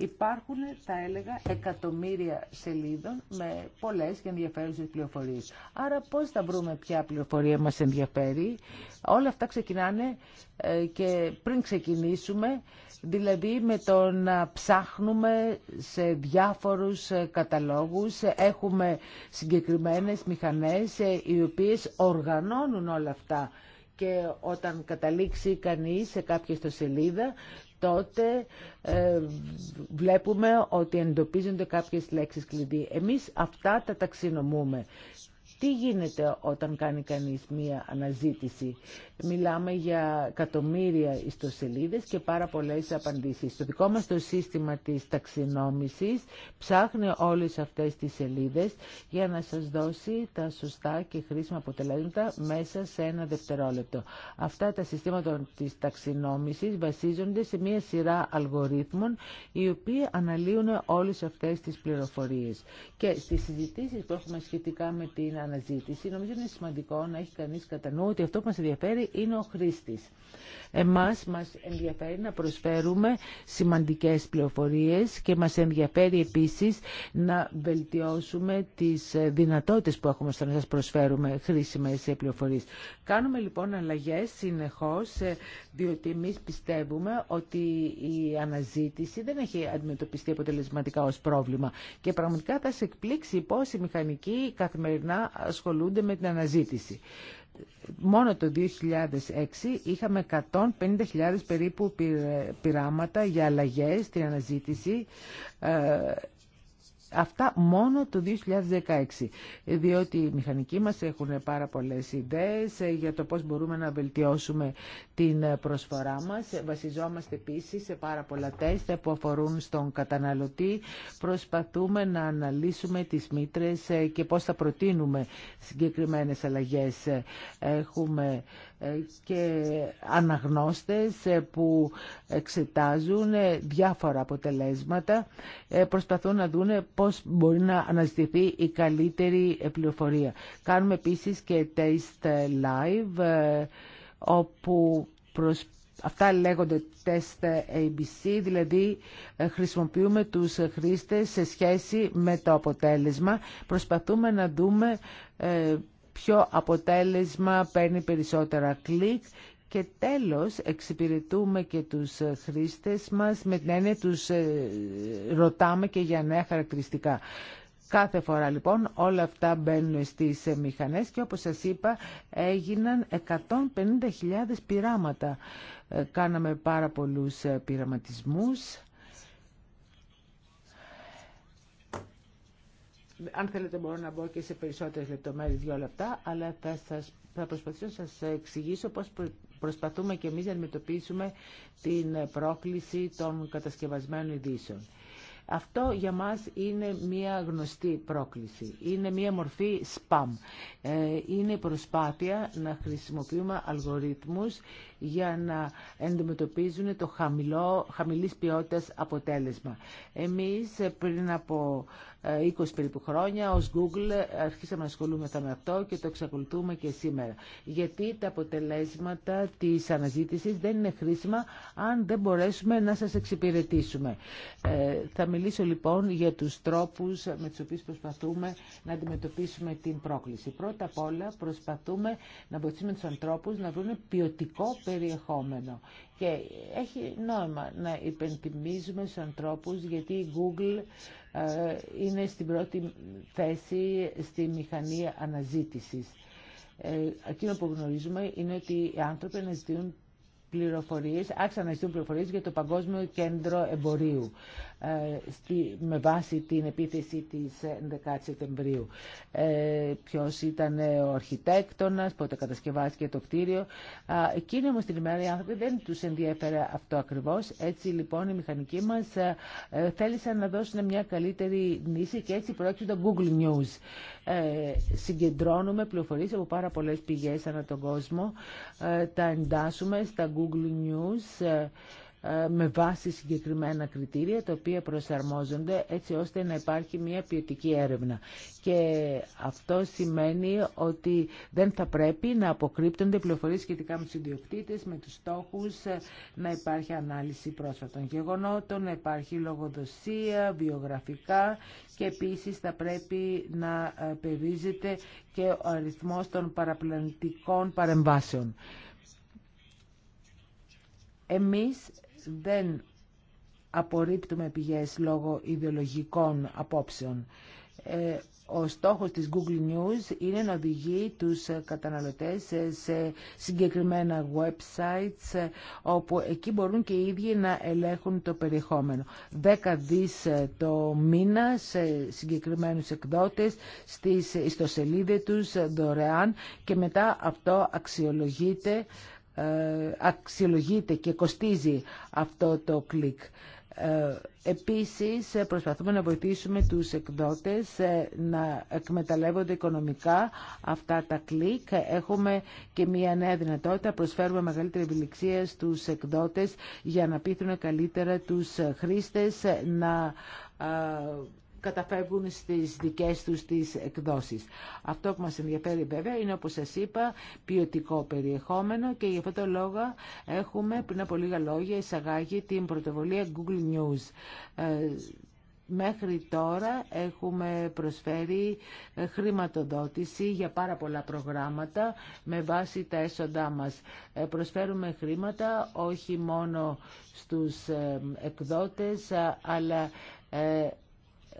Υπάρχουν, θα έλεγα, εκατομμύρια σελίδων με πολλές και ενδιαφέρουσες πληροφορίες. Άρα πώς θα βρούμε ποια πληροφορία μας ενδιαφέρει. Όλα αυτά ξεκινάνε ε, και πριν ξεκινήσουμε, δηλαδή με το να ψάχνουμε σε διάφορους ε, καταλόγους. Έχουμε συγκεκριμένες μηχανές ε, οι οποίες οργανώνουν όλα αυτά και όταν καταλήξει κανείς σε κάποια ιστοσελίδα τότε ε, βλέπουμε ότι εντοπίζονται κάποιες λέξεις κλειδί. Εμείς αυτά τα ταξινομούμε τι γίνεται όταν κάνει κανείς μία αναζήτηση. Μιλάμε για εκατομμύρια ιστοσελίδες και πάρα πολλές απαντήσεις. Το δικό μας το σύστημα της ταξινόμησης ψάχνει όλες αυτές τις σελίδες για να σας δώσει τα σωστά και χρήσιμα αποτελέσματα μέσα σε ένα δευτερόλεπτο. Αυτά τα συστήματα της ταξινόμησης βασίζονται σε μία σειρά αλγορίθμων οι οποίοι αναλύουν όλες αυτές τις πληροφορίες. Και στις συζητήσεις που έχουμε σχετικά με την αναζήτηση, νομίζω είναι σημαντικό να έχει κανείς κατά νου ότι αυτό που μας ενδιαφέρει είναι ο χρήστης. Εμάς μας ενδιαφέρει να προσφέρουμε σημαντικές πληροφορίες και μας ενδιαφέρει επίσης να βελτιώσουμε τις δυνατότητες που έχουμε στο να σας προσφέρουμε χρήσιμες πληροφορίες. Κάνουμε λοιπόν αλλαγές συνεχώς, ε, διότι εμεί πιστεύουμε ότι η αναζήτηση δεν έχει αντιμετωπιστεί αποτελεσματικά ως πρόβλημα. Και πραγματικά θα σε εκπλήξει πώς οι μηχανικοί καθημερινά ασχολούνται με την αναζήτηση. Μόνο το 2006 είχαμε 150.000 περίπου πειράματα για αλλαγές στην αναζήτηση ε, Αυτά μόνο το 2016, διότι οι μηχανικοί μας έχουν πάρα πολλές ιδέες ε, για το πώς μπορούμε να βελτιώσουμε την ε, προσφορά μας. Βασιζόμαστε επίσης σε πάρα πολλά τεστ που αφορούν στον καταναλωτή. Προσπαθούμε να αναλύσουμε τις μήτρες ε, και πώς θα προτείνουμε συγκεκριμένες αλλαγές. Έχουμε ε, και αναγνώστες ε, που εξετάζουν ε, διάφορα αποτελέσματα, προσπαθούν να δούνε πώς μπορεί να αναζητηθεί η καλύτερη πληροφορία. Κάνουμε επίσης και Taste Live, όπου Αυτά λέγονται test ABC, δηλαδή χρησιμοποιούμε τους χρήστες σε σχέση με το αποτέλεσμα. Προσπαθούμε να δούμε ποιο αποτέλεσμα παίρνει περισσότερα κλικ και τέλος εξυπηρετούμε και τους χρήστες μας με την έννοια τους ε, ρωτάμε και για νέα χαρακτηριστικά. Κάθε φορά λοιπόν όλα αυτά μπαίνουν στις ε, μηχανές και όπως σας είπα έγιναν 150.000 πειράματα. Ε, κάναμε πάρα πολλούς πειραματισμούς Αν θέλετε μπορώ να μπω και σε περισσότερες λεπτομέρειες δύο λεπτά, αλλά θα, σας, θα προσπαθήσω να σας εξηγήσω πώς προσπαθούμε και εμείς να αντιμετωπίσουμε την πρόκληση των κατασκευασμένων ειδήσεων. Αυτό για μας είναι μια γνωστή πρόκληση. Είναι μια μορφή spam. Ε, είναι προσπάθεια να χρησιμοποιούμε αλγορίθμους για να αντιμετωπίζουν το χαμηλό, χαμηλής ποιότητας αποτέλεσμα. Εμείς πριν από 20 ε, περίπου χρόνια ως Google αρχίσαμε να ασχολούμαστε με αυτό και το εξακολουθούμε και σήμερα. Γιατί τα αποτελέσματα της αναζήτησης δεν είναι χρήσιμα αν δεν μπορέσουμε να σας εξυπηρετήσουμε. Ε, θα μιλήσω λοιπόν για τους τρόπους με τους οποίους προσπαθούμε να αντιμετωπίσουμε την πρόκληση. Πρώτα απ' όλα προσπαθούμε να βοηθήσουμε τους ανθρώπους να βρουν ποιοτικό περιεχόμενο. Και έχει νόημα να υπενθυμίζουμε στους ανθρώπους γιατί η Google ε, είναι στην πρώτη θέση στη μηχανή αναζήτησης. Ε, εκείνο που γνωρίζουμε είναι ότι οι άνθρωποι αναζητούν πληροφορίες, άρχισαν να ζητούν πληροφορίες για το Παγκόσμιο Κέντρο Εμπορίου ε, στη, με βάση την επίθεση της 11 ε, Σεπτεμβρίου. Ε, ποιος ήταν ε, ο αρχιτέκτονας, πότε κατασκευάστηκε το κτίριο. εκείνη όμως την ημέρα οι άνθρωποι δεν τους ενδιαφέρε αυτό ακριβώς. Έτσι λοιπόν οι μηχανικοί μας θέλησαν να δώσουν μια καλύτερη νήση και έτσι πρόκειται το Google News. Ε, συγκεντρώνουμε πληροφορίες από πάρα πολλές πηγές ανά τον κόσμο, ε, τα εντάσσουμε στα Google News ε, ε, με βάση συγκεκριμένα κριτήρια τα οποία προσαρμόζονται έτσι ώστε να υπάρχει μια ποιοτική έρευνα. Και αυτό σημαίνει ότι δεν θα πρέπει να αποκρύπτονται πληροφορίες σχετικά με τους ιδιοκτήτες, με τους στόχους, ε, να υπάρχει ανάλυση πρόσφατων γεγονότων, να υπάρχει λογοδοσία, βιογραφικά και επίσης θα πρέπει να περιορίζεται και ο αριθμός των παραπλανητικών παρεμβάσεων. Εμείς δεν απορρίπτουμε πηγές λόγω ιδεολογικών απόψεων. Ε, ο στόχος της Google News είναι να οδηγεί τους καταναλωτές σε συγκεκριμένα websites ε, όπου εκεί μπορούν και οι ίδιοι να ελέγχουν το περιεχόμενο. Δέκα δις ε, το μήνα σε συγκεκριμένους εκδότες στις ιστοσελίδες τους δωρεάν και μετά αυτό αξιολογείται ε, αξιολογείται και κοστίζει αυτό το κλικ. Ε, επίσης ε, προσπαθούμε να βοηθήσουμε τους εκδότες να εκμεταλλεύονται οικονομικά αυτά τα κλικ. Έχουμε και μια νέα δυνατότητα, προσφέρουμε μεγαλύτερη ευηλιξία στους εκδότες για να πείθουν καλύτερα τους χρήστες να καταφεύγουν στις δικές τους τις εκδόσεις. Αυτό που μας ενδιαφέρει βέβαια είναι όπως σας είπα ποιοτικό περιεχόμενο και γι' αυτό το λόγο έχουμε πριν από λίγα λόγια εισαγάγει την πρωτοβολία Google News. Ε, μέχρι τώρα έχουμε προσφέρει ε, χρηματοδότηση για πάρα πολλά προγράμματα με βάση τα έσοδά μας. Ε, προσφέρουμε χρήματα όχι μόνο στους εκδότες αλλά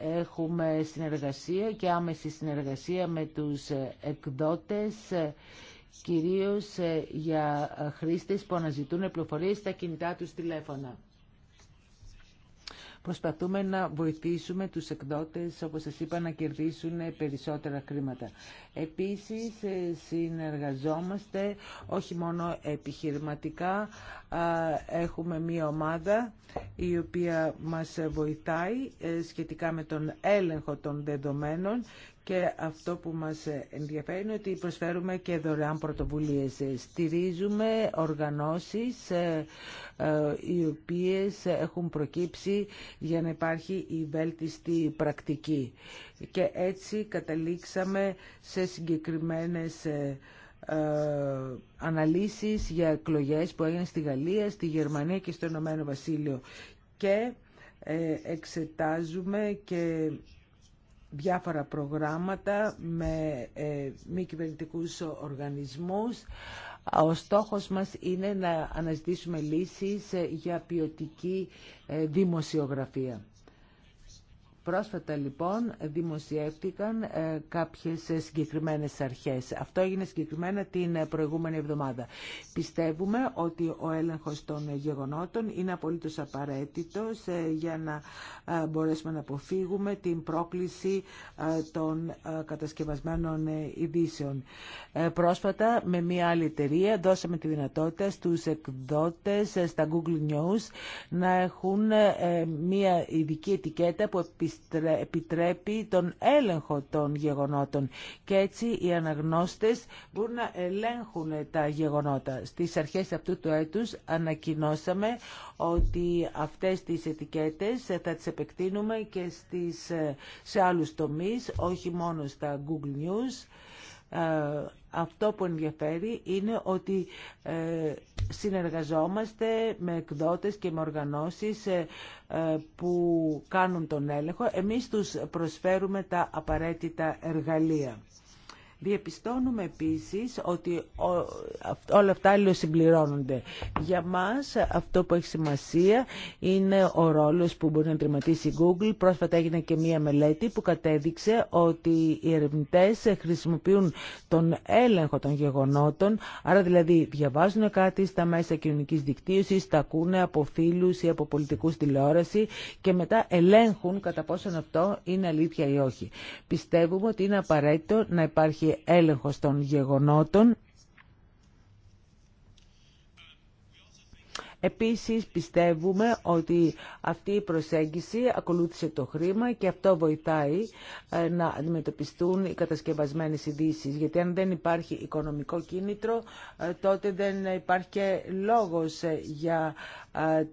Έχουμε συνεργασία και άμεση συνεργασία με τους εκδότες, κυρίως για χρήστες που αναζητούν πληροφορίες στα κινητά τους τηλέφωνα. Προσπαθούμε να βοηθήσουμε τους εκδότες, όπως σας είπα, να κερδίσουν περισσότερα χρήματα. Επίσης, ε, συνεργαζόμαστε όχι μόνο επιχειρηματικά. Έχουμε μία ομάδα η οποία μας βοηθάει ε, σχετικά με τον έλεγχο των δεδομένων και αυτό που μας ενδιαφέρει είναι ότι προσφέρουμε και δωρεάν πρωτοβουλίες. Στηρίζουμε οργανώσεις ε, ε, οι οποίες έχουν προκύψει για να υπάρχει η βέλτιστη πρακτική. Και έτσι καταλήξαμε σε συγκεκριμένες ε, αναλύσεις για εκλογές που έγιναν στη Γαλλία, στη Γερμανία και στο Ηνωμένο Βασίλειο. Και εξετάζουμε και διάφορα προγράμματα με ε, μη κυβερνητικού οργανισμούς. Ο στόχος μας είναι να αναζητήσουμε λύσεις ε, για ποιοτική ε, δημοσιογραφία. Πρόσφατα λοιπόν δημοσιεύτηκαν ε, κάποιες ε, συγκεκριμένες αρχές. Αυτό έγινε συγκεκριμένα την ε, προηγούμενη εβδομάδα. Πιστεύουμε ότι ο έλεγχος των γεγονότων είναι απολύτως απαραίτητος για να μπορέσουμε να αποφύγουμε την πρόκληση των κατασκευασμένων ειδήσεων. Πρόσφατα με μια άλλη εταιρεία δώσαμε τη δυνατότητα στους εκδότες στα Google News να έχουν μια ειδική ετικέτα που επιστρέφει επιτρέπει τον έλεγχο των γεγονότων και έτσι οι αναγνώστες μπορούν να ελέγχουν τα γεγονότα. Στις αρχές αυτού του έτους ανακοινώσαμε ότι αυτές τις ετικέτες θα τις επεκτείνουμε και στις, σε άλλους τομείς, όχι μόνο στα Google News, ε, αυτό που ενδιαφέρει είναι ότι ε, συνεργαζόμαστε με εκδότες και με οργανώσεις ε, που κάνουν τον έλεγχο. Εμείς τους προσφέρουμε τα απαραίτητα εργαλεία. Διεπιστώνουμε επίσης ότι όλα αυτά αλληλοσυμπληρώνονται. Για μας αυτό που έχει σημασία είναι ο ρόλος που μπορεί να τριματίσει η Google. Πρόσφατα έγινε και μία μελέτη που κατέδειξε ότι οι ερευνητές χρησιμοποιούν τον έλεγχο των γεγονότων, άρα δηλαδή διαβάζουν κάτι στα μέσα κοινωνική δικτύωσης, τα ακούνε από φίλου ή από πολιτικού τηλεόραση και μετά ελέγχουν κατά πόσο αυτό είναι αλήθεια ή όχι. Πιστεύουμε ότι είναι απαραίτητο να υπάρχει υπάρχει έλεγχος των γεγονότων. Επίσης πιστεύουμε ότι αυτή η προσέγγιση ακολούθησε το χρήμα και αυτό βοηθάει ε, να αντιμετωπιστούν οι κατασκευασμένες ειδήσει. Γιατί αν δεν υπάρχει οικονομικό κίνητρο ε, τότε δεν υπάρχει και λόγος ε, για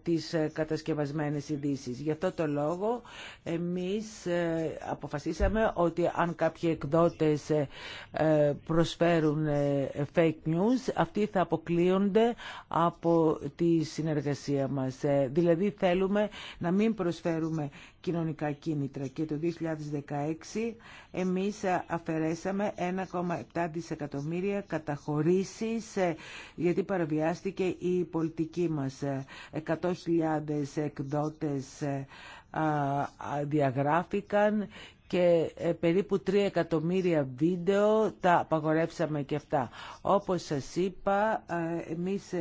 τις ε, κατασκευασμένες ειδήσει. Γι' αυτό το λόγο εμείς ε, αποφασίσαμε ότι αν κάποιοι εκδότες ε, προσφέρουν fake news, αυτοί θα αποκλείονται από τη συνεργασία μας. Δηλαδή θέλουμε να μην προσφέρουμε κοινωνικά κίνητρα και το 2016 εμείς αφαιρέσαμε 1,7 δισεκατομμύρια καταχωρήσεις ε, γιατί παραβιάστηκε η πολιτική μας. 100.000 ε, εκδότες ε, διαγράφηκαν και περίπου 3 εκατομμύρια βίντεο τα απαγορεύσαμε και αυτά. Όπως σας είπα, εμείς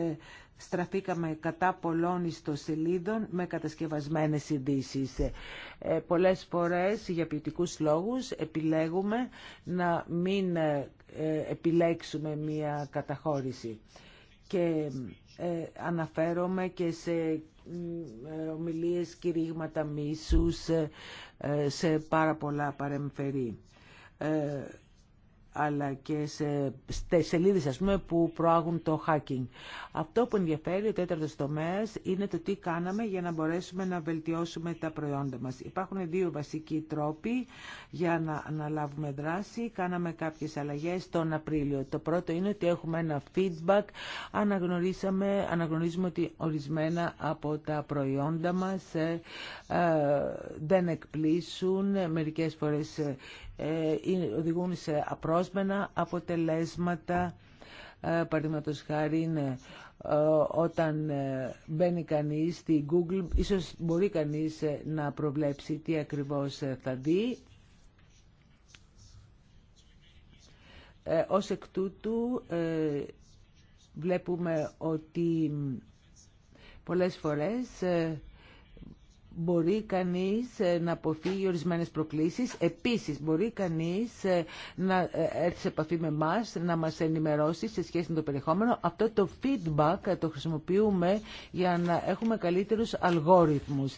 στραφήκαμε κατά πολλών ιστοσελίδων με κατασκευασμένες ειδήσει. Ε, πολλές φορές για ποιοτικού λόγους επιλέγουμε να μην ε, επιλέξουμε μία καταχώρηση. Και ε, αναφέρομαι και σε ομιλίες κηρύγματα μίσους, ε, ε, σε πάρα πολλά παρεμφερή αλλά και σε σελίδες ας πούμε, που προάγουν το hacking. Αυτό που ενδιαφέρει ο τέταρτος τομέας είναι το τι κάναμε για να μπορέσουμε να βελτιώσουμε τα προϊόντα μας. Υπάρχουν δύο βασικοί τρόποι για να αναλάβουμε δράση. Κάναμε κάποιες αλλαγές τον Απρίλιο. Το πρώτο είναι ότι έχουμε ένα feedback. Αναγνωρίσαμε, αναγνωρίζουμε ότι ορισμένα από τα προϊόντα μας ε, ε, δεν εκπλήσουν. Μερικές φορές ε, ε, οδηγούν σε απρόσμενα αποτελέσματα. Ε, Παραδείγματο χάρη είναι ε, όταν μπαίνει κανείς στη Google, ίσως μπορεί κανείς να προβλέψει τι ακριβώς θα δει. Ε, ως εκ τούτου βλέπουμε ότι πολλές φορές μπορεί κανείς ε, να αποφύγει ορισμένες προκλήσεις. Επίσης, μπορεί κανείς ε, να ε, έρθει σε επαφή με εμά, να μας ενημερώσει σε σχέση με το περιεχόμενο. Αυτό το feedback το χρησιμοποιούμε για να έχουμε καλύτερους αλγόριθμους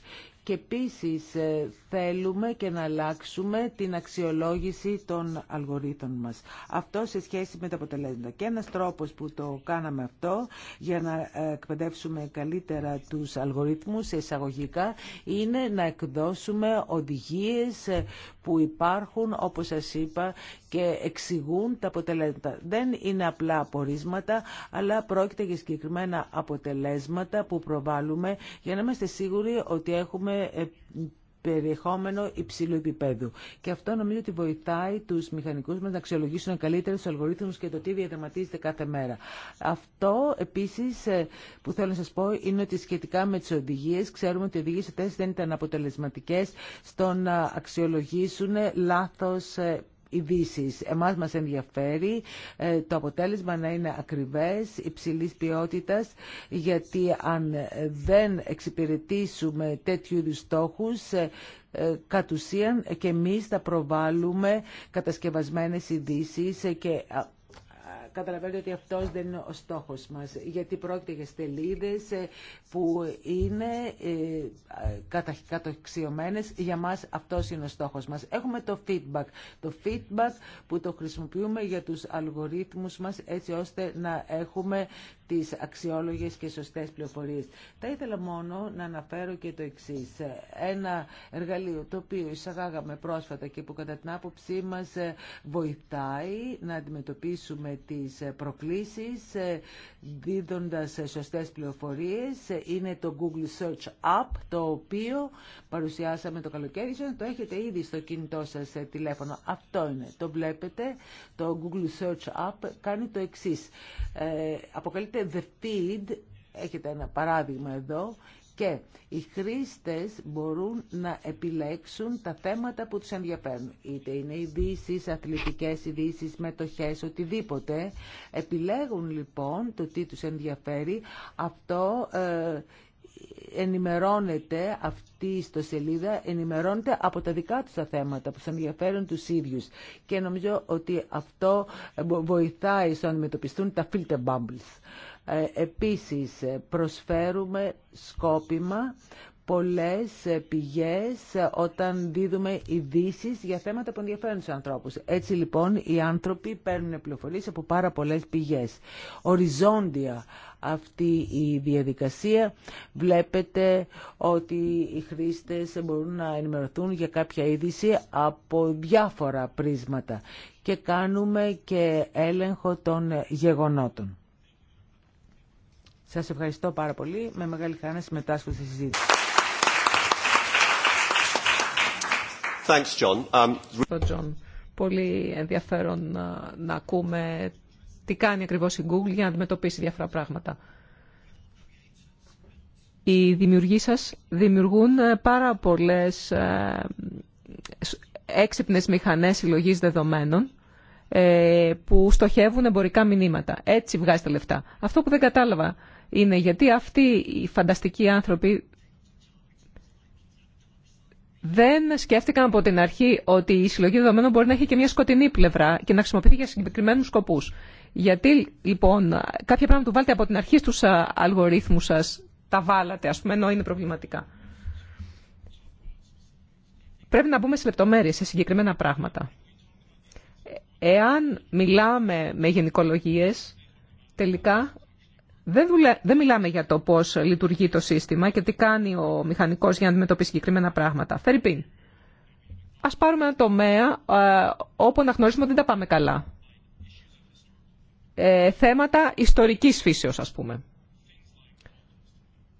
και επίσης ε, θέλουμε και να αλλάξουμε την αξιολόγηση των αλγορίθων μας. Αυτό σε σχέση με τα αποτελέσματα. Και ένας τρόπος που το κάναμε αυτό για να ε, εκπαιδεύσουμε καλύτερα τους αλγορίθμους εισαγωγικά είναι να εκδώσουμε οδηγίες ε, που υπάρχουν, όπως σας είπα, και εξηγούν τα αποτελέσματα. Δεν είναι απλά απορίσματα, αλλά πρόκειται για συγκεκριμένα αποτελέσματα που προβάλλουμε για να είμαστε σίγουροι ότι έχουμε ε, περιεχόμενο υψηλού επίπεδου. Και αυτό νομίζω ότι βοηθάει τους μηχανικούς μας να αξιολογήσουν καλύτερα τους αλγορίθμους και το τι διαδραματίζεται κάθε μέρα. Αυτό επίσης ε, που θέλω να σα πω είναι ότι σχετικά με τι οδηγίε, ξέρουμε ότι οι οδηγίε αυτέ δεν ήταν αποτελεσματικέ στο να αξιολογήσουν λάθο ε, ειδήσει. Εμάς μας ενδιαφέρει ε, το αποτέλεσμα να είναι ακριβές, υψηλή ποιότητα, γιατί αν δεν εξυπηρετήσουμε τέτοιου είδους στόχους, ε, ε, κατ' ουσίαν και εμεί θα προβάλλουμε κατασκευασμένε ειδήσει και καταλαβαίνετε ότι αυτός δεν είναι ο στόχος μας, γιατί πρόκειται για στελίδες ε, που είναι ε, καταξιωμένες. Για μας αυτός είναι ο στόχος μας. Έχουμε το feedback. Το feedback που το χρησιμοποιούμε για τους αλγορίθμους μας έτσι ώστε να έχουμε τις αξιόλογες και σωστές πληροφορίες. Θα ήθελα μόνο να αναφέρω και το εξή. Ένα εργαλείο το οποίο εισαγάγαμε πρόσφατα και που κατά την άποψή μας ε, βοηθάει να αντιμετωπίσουμε τις τις ε, προκλήσεις ε, δίδοντας ε, σωστές πληροφορίες. Είναι το Google Search App το οποίο παρουσιάσαμε το καλοκαίρι σας. Το έχετε ήδη στο κινητό σας τηλέφωνο. Αυτό είναι. Το βλέπετε. Το Google Search App κάνει το εξής. Ε, αποκαλείται The Feed. Έχετε ένα παράδειγμα εδώ και οι χρήστες μπορούν να επιλέξουν τα θέματα που τους ενδιαφέρουν. Είτε είναι ειδήσει, αθλητικές ειδήσει, μετοχές, οτιδήποτε. Επιλέγουν λοιπόν το τι τους ενδιαφέρει. Αυτό ε, ενημερώνεται αυτή η ιστοσελίδα, ενημερώνεται από τα δικά τους τα θέματα που τους ενδιαφέρουν τους ίδιους. Και νομίζω ότι αυτό ε, βοηθάει στο να αντιμετωπιστούν τα filter bubbles. Ε, επίσης προσφέρουμε σκόπιμα πολλές πηγές όταν δίδουμε ειδήσει για θέματα που ενδιαφέρουν τους ανθρώπους. Έτσι λοιπόν οι άνθρωποι παίρνουν πληροφορίες από πάρα πολλές πηγές. Οριζόντια αυτή η διαδικασία βλέπετε ότι οι χρήστες μπορούν να ενημερωθούν για κάποια είδηση από διάφορα πρίσματα και κάνουμε και έλεγχο των γεγονότων. Σας ευχαριστώ πάρα πολύ. Με μεγάλη χαρά να συμμετάσχω στη συζήτηση. Thanks, John. Um... John. Πολύ ενδιαφέρον να, ακούμε τι κάνει ακριβώς η Google για να αντιμετωπίσει διάφορα πράγματα. Οι δημιουργοί σας δημιουργούν ε, πάρα πολλές ε, έξυπνες μηχανές συλλογή δεδομένων ε, που στοχεύουν εμπορικά μηνύματα. Έτσι βγάζετε λεφτά. Αυτό που δεν κατάλαβα είναι γιατί αυτοί οι φανταστικοί άνθρωποι δεν σκέφτηκαν από την αρχή ότι η συλλογή δεδομένων μπορεί να έχει και μια σκοτεινή πλευρά και να χρησιμοποιηθεί για συγκεκριμένου σκοπού. Γιατί λοιπόν κάποια πράγματα που βάλετε από την αρχή στους αλγορίθμου σα τα βάλατε, α πούμε, ενώ είναι προβληματικά. Πρέπει να μπούμε σε λεπτομέρειε, σε συγκεκριμένα πράγματα. Ε, εάν μιλάμε με γενικολογίε, τελικά δεν, δεν μιλάμε για το πώς λειτουργεί το σύστημα και τι κάνει ο μηχανικός για να αντιμετωπίσει συγκεκριμένα πράγματα. Φερρυπίν, ας πάρουμε ένα τομέα όπου αναγνωρίζουμε ότι δεν τα πάμε καλά. Ε, θέματα ιστορικής φύσεως, ας πούμε.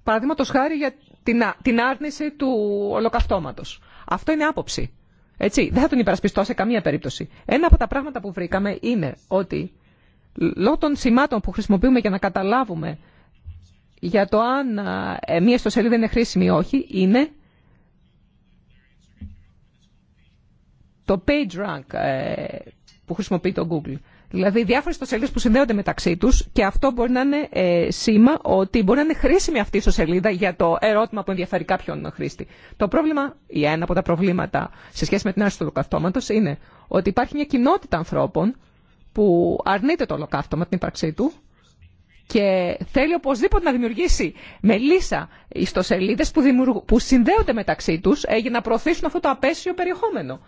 Παραδείγματο χάρη για την, την άρνηση του ολοκαυτώματος. Αυτό είναι άποψη. Έτσι, δεν θα τον υπερασπιστώ σε καμία περίπτωση. Ένα από τα πράγματα που βρήκαμε είναι ότι Λόγω των σημάτων που χρησιμοποιούμε για να καταλάβουμε για το αν ε, μία ιστοσελίδα είναι χρήσιμη ή όχι, είναι το PageRank ε, που χρησιμοποιεί το Google. Δηλαδή διάφορε ιστοσελίδε που συνδέονται μεταξύ του και αυτό μπορεί να είναι ε, σήμα ότι μπορεί να είναι χρήσιμη αυτή η ιστοσελίδα για το ερώτημα που ενδιαφέρει κάποιον χρήστη. Το πρόβλημα, ή ένα από τα προβλήματα σε σχέση με την άρση του είναι ότι υπάρχει μια κοινότητα ανθρώπων που αρνείται το ολοκαύτωμα την ύπαρξή του και θέλει οπωσδήποτε να δημιουργήσει με λύσα ιστοσελίδε που, δημιουργ... που συνδέονται μεταξύ του ε, για να προωθήσουν αυτό το απέσιο περιεχόμενο.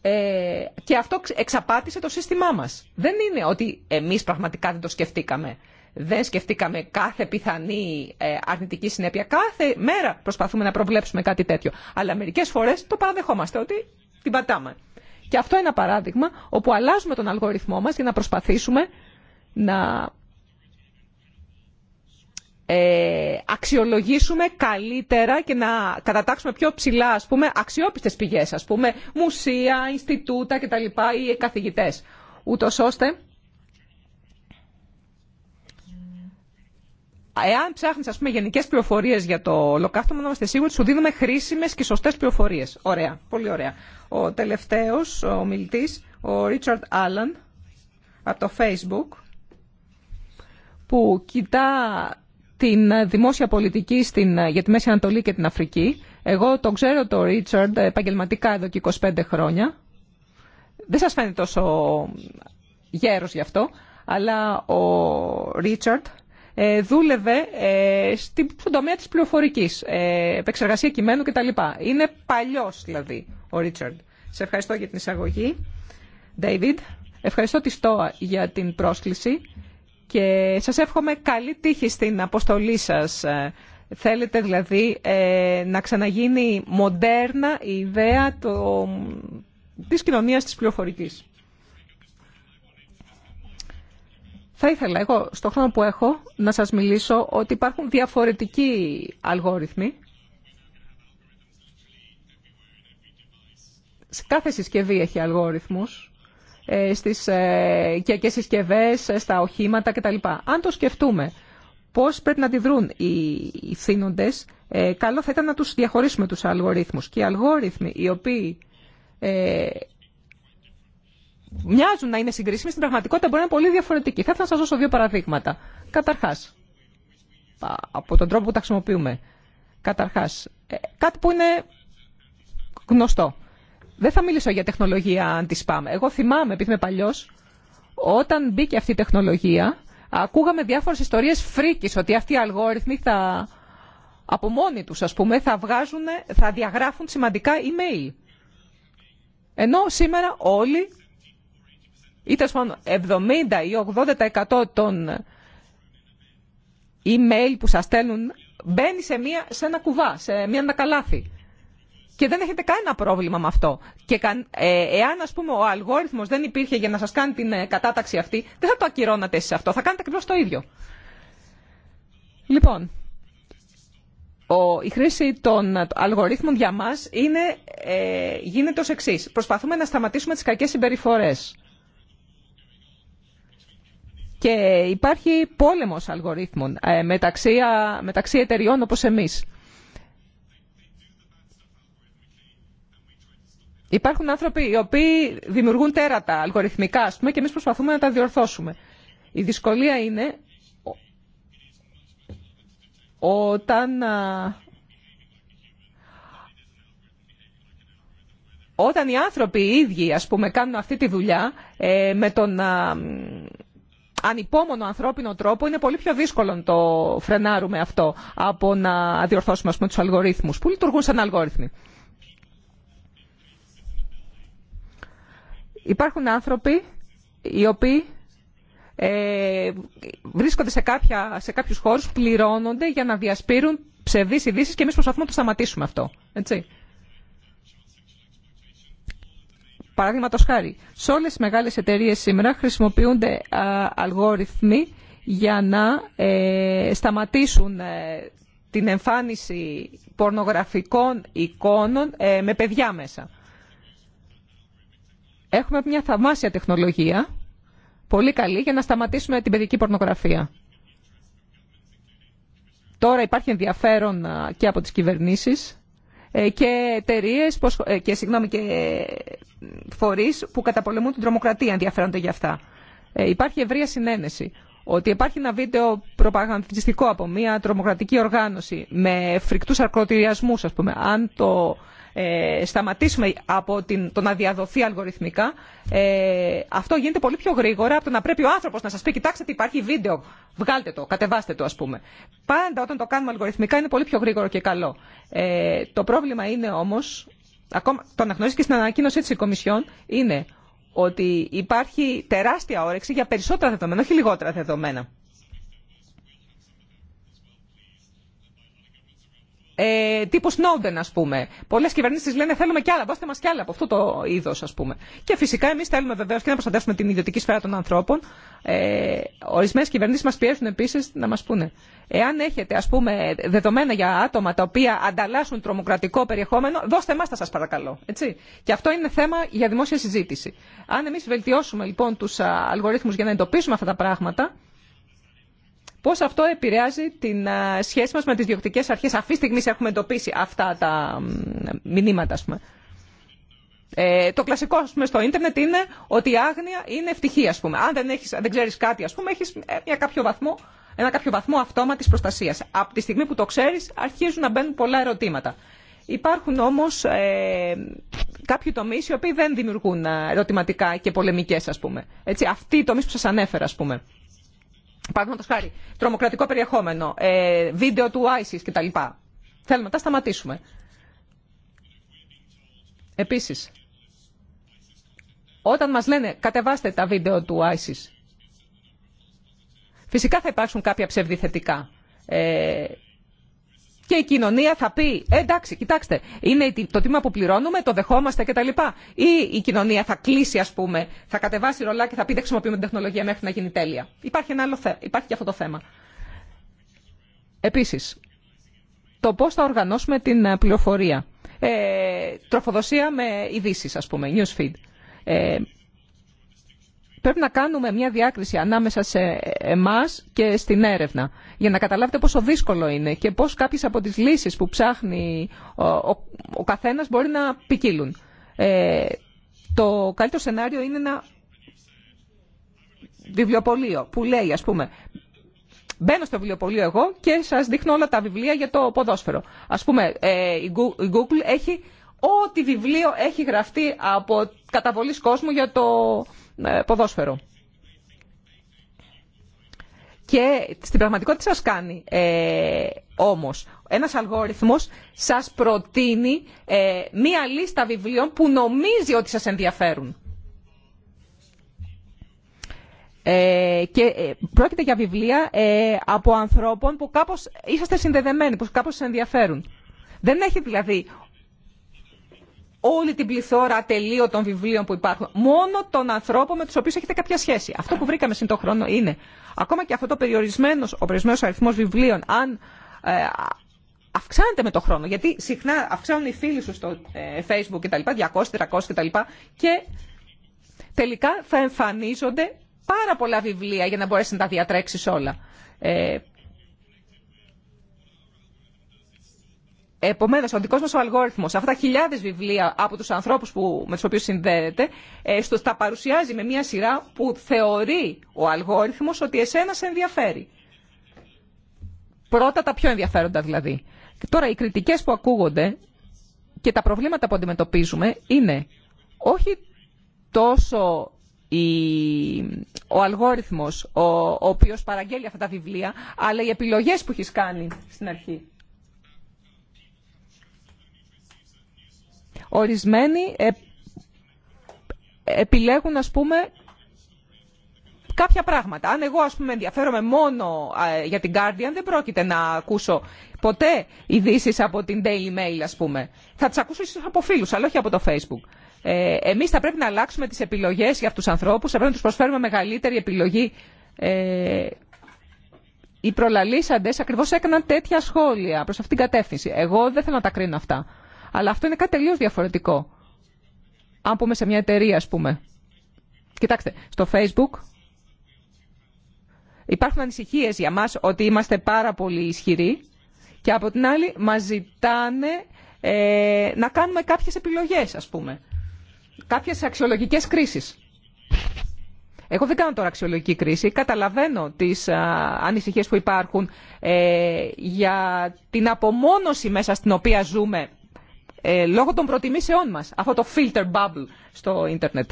Ε, και αυτό εξαπάτησε το σύστημά μα. Δεν είναι ότι εμεί πραγματικά δεν το σκεφτήκαμε. Δεν σκεφτήκαμε κάθε πιθανή ε, αρνητική συνέπεια. Κάθε μέρα προσπαθούμε να προβλέψουμε κάτι τέτοιο. Αλλά μερικέ φορέ το παραδεχόμαστε ότι την πατάμε. Και αυτό είναι ένα παράδειγμα όπου αλλάζουμε τον αλγοριθμό μας για να προσπαθήσουμε να ε, αξιολογήσουμε καλύτερα και να κατατάξουμε πιο ψηλά ας πούμε, αξιόπιστες πηγές, ας πούμε, μουσεία, Ινστιτούτα κτλ. ή καθηγητές, ούτως ώστε Εάν ψάχνει, α πούμε, γενικέ πληροφορίε για το ολοκαύτωμα, να είμαστε σίγουροι ότι σου δίνουμε χρήσιμε και σωστέ πληροφορίε. Ωραία. Πολύ ωραία. Ο τελευταίο ομιλητή, ο Ρίτσαρντ Άλαν, από το Facebook, που κοιτά την δημόσια πολιτική στην, για τη Μέση Ανατολή και την Αφρική. Εγώ τον ξέρω τον Ρίτσαρντ επαγγελματικά εδώ και 25 χρόνια. Δεν σας φαίνεται τόσο γέρος γι' αυτό, αλλά ο Ρίτσαρντ ε, δούλευε ε, στον τομέα της πληροφορικής, ε, επεξεργασία κειμένου κτλ. Είναι παλιός δηλαδή ο Ρίτσαρντ. Σε ευχαριστώ για την εισαγωγή. David, ευχαριστώ τη ΣΤΟΑ για την πρόσκληση και σας εύχομαι καλή τύχη στην αποστολή σας. Θέλετε δηλαδή να ξαναγίνει μοντέρνα η ιδέα το... της κοινωνίας της πληροφορικής. Θα ήθελα εγώ στον χρόνο που έχω να σας μιλήσω ότι υπάρχουν διαφορετικοί αλγόριθμοι. Σε κάθε συσκευή έχει αλγόριθμους ε, στις ε, και συσκευές, ε, στα οχήματα κτλ. Αν το σκεφτούμε πώς πρέπει να αντιδρούν οι θύνοντες, καλό θα ήταν να τους διαχωρίσουμε τους αλγορίθμους. Και οι αλγόριθμοι οι οποίοι μοιάζουν να είναι συγκρίσιμοι, στην πραγματικότητα μπορεί να είναι πολύ διαφορετικοί. Θα ήθελα να σας δώσω δύο παραδείγματα. Καταρχάς, από τον τρόπο που τα χρησιμοποιούμε. Καταρχάς, ε, κάτι που είναι γνωστό. Δεν θα μιλήσω για τεχνολογία αντισπάμ. Εγώ θυμάμαι, επειδή είμαι παλιός, όταν μπήκε αυτή η τεχνολογία, ακούγαμε διάφορε ιστορίε φρίκης, ότι αυτοί οι αλγόριθμοι θα, από μόνοι τους, ας πούμε, θα, βγάζουν, θα διαγράφουν σημαντικά email. Ενώ σήμερα όλοι ή τέλο 70 ή 80% των email που σας στέλνουν μπαίνει σε, μια, σε ένα κουβά, σε μια ανακαλάθη. Και δεν έχετε κανένα πρόβλημα με αυτό. Και ε, εάν, ας πούμε, ο αλγόριθμος δεν υπήρχε για να σας κάνει την ε, κατάταξη αυτή, δεν θα το ακυρώνατε εσείς αυτό. Θα κάνετε ακριβώς το ίδιο. Λοιπόν, η χρήση των αλγορίθμων για μας είναι, ε, γίνεται ως εξής. Προσπαθούμε να σταματήσουμε τις κακές συμπεριφορές. Και υπάρχει πόλεμος αλγορίθμων ε, μεταξύ, μεταξύ εταιριών όπως εμείς. Υπάρχουν άνθρωποι οι οποίοι δημιουργούν τέρατα αλγοριθμικά, ας πούμε, και εμείς προσπαθούμε να τα διορθώσουμε. Η δυσκολία είναι όταν, όταν οι άνθρωποι οι ίδιοι, ας πούμε, κάνουν αυτή τη δουλειά ε, με τον ανυπόμονο ανθρώπινο τρόπο είναι πολύ πιο δύσκολο να το φρενάρουμε αυτό από να διορθώσουμε ας πούμε, τους αλγορίθμους που λειτουργούν σαν αλγόριθμοι. Υπάρχουν άνθρωποι οι οποίοι ε, βρίσκονται σε, κάποια, σε κάποιους χώρους, πληρώνονται για να διασπείρουν ψευδείς ειδήσει και εμείς προσπαθούμε να το σταματήσουμε αυτό. Έτσι. Παραδείγματο χάρη, σε όλε τι μεγάλε εταιρείε σήμερα χρησιμοποιούνται αλγόριθμοι για να ε, σταματήσουν ε, την εμφάνιση πορνογραφικών εικόνων ε, με παιδιά μέσα. Έχουμε μια θαυμάσια τεχνολογία, πολύ καλή, για να σταματήσουμε την παιδική πορνογραφία. Τώρα υπάρχει ενδιαφέρον και από τις κυβερνήσεις ε, και εταιρείε ε, και, συγγνώμη, και φορείς που καταπολεμούν την τρομοκρατία ενδιαφέρονται για αυτά. Ε, υπάρχει ευρεία συνένεση ότι υπάρχει ένα βίντεο προπαγανδιστικό από μια τρομοκρατική οργάνωση με φρικτούς αρκωτηριασμού, ας πούμε. Αν το ε, σταματήσουμε από την, το να διαδοθεί αλγοριθμικά, ε, αυτό γίνεται πολύ πιο γρήγορα από το να πρέπει ο άνθρωπο να σα πει: Κοιτάξτε, τι υπάρχει βίντεο, βγάλτε το, κατεβάστε το, α πούμε. Πάντα όταν το κάνουμε αλγοριθμικά είναι πολύ πιο γρήγορο και καλό. Ε, το πρόβλημα είναι όμω, ακόμα το αναγνωρίζει και στην ανακοίνωσή τη Κομισιόν, είναι ότι υπάρχει τεράστια όρεξη για περισσότερα δεδομένα, όχι λιγότερα δεδομένα. ε, τύπου Snowden, α πούμε. Πολλέ κυβερνήσει λένε θέλουμε κι άλλα, δώστε μα κι άλλα από αυτό το είδο, α πούμε. Και φυσικά εμεί θέλουμε βεβαίω και να προστατεύσουμε την ιδιωτική σφαίρα των ανθρώπων. Ε, Ορισμένε κυβερνήσει μα πιέζουν επίση να μα πούνε. Εάν έχετε, α πούμε, δεδομένα για άτομα τα οποία ανταλλάσσουν τρομοκρατικό περιεχόμενο, δώστε μα τα σα παρακαλώ. Έτσι. Και αυτό είναι θέμα για δημόσια συζήτηση. Αν εμεί βελτιώσουμε λοιπόν του αλγορίθμου για να εντοπίσουμε αυτά τα πράγματα, Πώς αυτό επηρεάζει την σχέση μας με τις διοκτικές αρχές. Αυτή τη στιγμή έχουμε εντοπίσει αυτά τα μηνύματα, ας πούμε. Ε, το κλασικό ας πούμε, στο ίντερνετ είναι ότι η άγνοια είναι ευτυχία. Ας πούμε. Αν δεν, έχεις, δεν ξέρεις κάτι, ας πούμε, έχεις ε, μια κάποιο βαθμό, ένα κάποιο βαθμό αυτόματης προστασίας. Από τη στιγμή που το ξέρεις αρχίζουν να μπαίνουν πολλά ερωτήματα. Υπάρχουν όμως ε, κάποιοι τομείς οι οποίοι δεν δημιουργούν ε, ερωτηματικά και πολεμικές ας πούμε. Έτσι, αυτοί οι τομείς που σας ανέφερα ας πούμε παραδείγματο χάρη, τρομοκρατικό περιεχόμενο, ε, βίντεο του ISIS κτλ. Θέλουμε να τα σταματήσουμε. Επίσης, όταν μας λένε κατεβάστε τα βίντεο του ISIS, φυσικά θα υπάρξουν κάποια ψευδιθετικά. Ε, και η κοινωνία θα πει «Ε, εντάξει, κοιτάξτε, είναι το τιμα που πληρώνουμε, το δεχόμαστε κτλ. Ή η κοινωνία θα κλείσει, α πούμε, θα κατεβάσει ρολά και θα πει δεν χρησιμοποιούμε την τεχνολογία μέχρι να γίνει τέλεια. Υπάρχει, άλλο Υπάρχει και αυτό το θέμα. Επίση, το πώ θα οργανώσουμε την ε, πληροφορία. Ε, τροφοδοσία με ειδήσει, α πούμε, newsfeed. Ε, Πρέπει να κάνουμε μια διάκριση ανάμεσα σε εμά και στην έρευνα για να καταλάβετε πόσο δύσκολο είναι και πώ κάποιε από τι λύσει που ψάχνει ο, ο, καθένας μπορεί να ποικίλουν. Ε, το καλύτερο σενάριο είναι ένα βιβλιοπωλείο που λέει α πούμε μπαίνω στο βιβλιοπωλείο εγώ και σα δείχνω όλα τα βιβλία για το ποδόσφαιρο. Α πούμε ε, η Google έχει ό,τι βιβλίο έχει γραφτεί από καταβολή κόσμου για το ε, ποδόσφαιρο. Και στην πραγματικότητα σας κάνει ε, όμως. Ένας αλγόριθμος σας προτείνει ε, μία λίστα βιβλίων που νομίζει ότι σας ενδιαφέρουν. Ε, και ε, πρόκειται για βιβλία από ανθρώπων που κάπως είσαστε συνδεδεμένοι, που κάπως σας ενδιαφέρουν. Δεν έχει δηλαδή όλη την πληθώρα ατελείωτων βιβλίων που υπάρχουν. Μόνο των ανθρώπων με του οποίου έχετε κάποια σχέση. Αυτό που βρήκαμε το χρόνο είναι ακόμα και αυτό το περιορισμένο, ο περιορισμένο αριθμό βιβλίων, αν ε, αυξάνεται με το χρόνο. Γιατί συχνά αυξάνουν οι φίλοι σου στο ε, Facebook κτλ. 200-300 κτλ. Και τελικά θα εμφανίζονται πάρα πολλά βιβλία για να μπορέσει να τα διατρέξει όλα. Ε, Επομένω, ο δικό μα ο αλγόριθμο, αυτά τα χιλιάδε βιβλία από του ανθρώπου με του οποίου συνδέεται, ε, στο, τα παρουσιάζει με μια σειρά που θεωρεί ο αλγόριθμο ότι εσένα σε ενδιαφέρει. Πρώτα τα πιο ενδιαφέροντα δηλαδή. Τώρα οι κριτικέ που ακούγονται και τα προβλήματα που αντιμετωπίζουμε είναι όχι τόσο η, ο αλγόριθμος ο, ο οποίος παραγγέλει αυτά τα βιβλία, αλλά οι επιλογές που έχεις κάνει στην αρχή. Ορισμένοι επιλέγουν, ας πούμε, κάποια πράγματα. Αν εγώ, ας πούμε, ενδιαφέρομαι μόνο για την Guardian, δεν πρόκειται να ακούσω ποτέ ειδήσει από την Daily Mail, ας πούμε. Θα τις ακούσω ίσως από φίλους, αλλά όχι από το Facebook. Ε, εμείς θα πρέπει να αλλάξουμε τις επιλογές για αυτούς τους ανθρώπους, θα πρέπει να τους προσφέρουμε μεγαλύτερη επιλογή ε, οι προλαλήσαντες ακριβώς έκαναν τέτοια σχόλια προς αυτήν την κατεύθυνση. Εγώ δεν θέλω να τα κρίνω αυτά. Αλλά αυτό είναι κάτι τελείω διαφορετικό. Αν πούμε σε μια εταιρεία, α πούμε. Κοιτάξτε, στο Facebook υπάρχουν ανησυχίε για μα ότι είμαστε πάρα πολύ ισχυροί και από την άλλη μα ζητάνε ε, να κάνουμε κάποιε επιλογέ, α πούμε. Κάποιε αξιολογικέ κρίσει. Εγώ δεν κάνω τώρα αξιολογική κρίση. Καταλαβαίνω τις ανησυχίε που υπάρχουν ε, για την απομόνωση μέσα στην οποία ζούμε ε, λόγω των προτιμήσεών μας, αυτό το filter bubble στο ίντερνετ.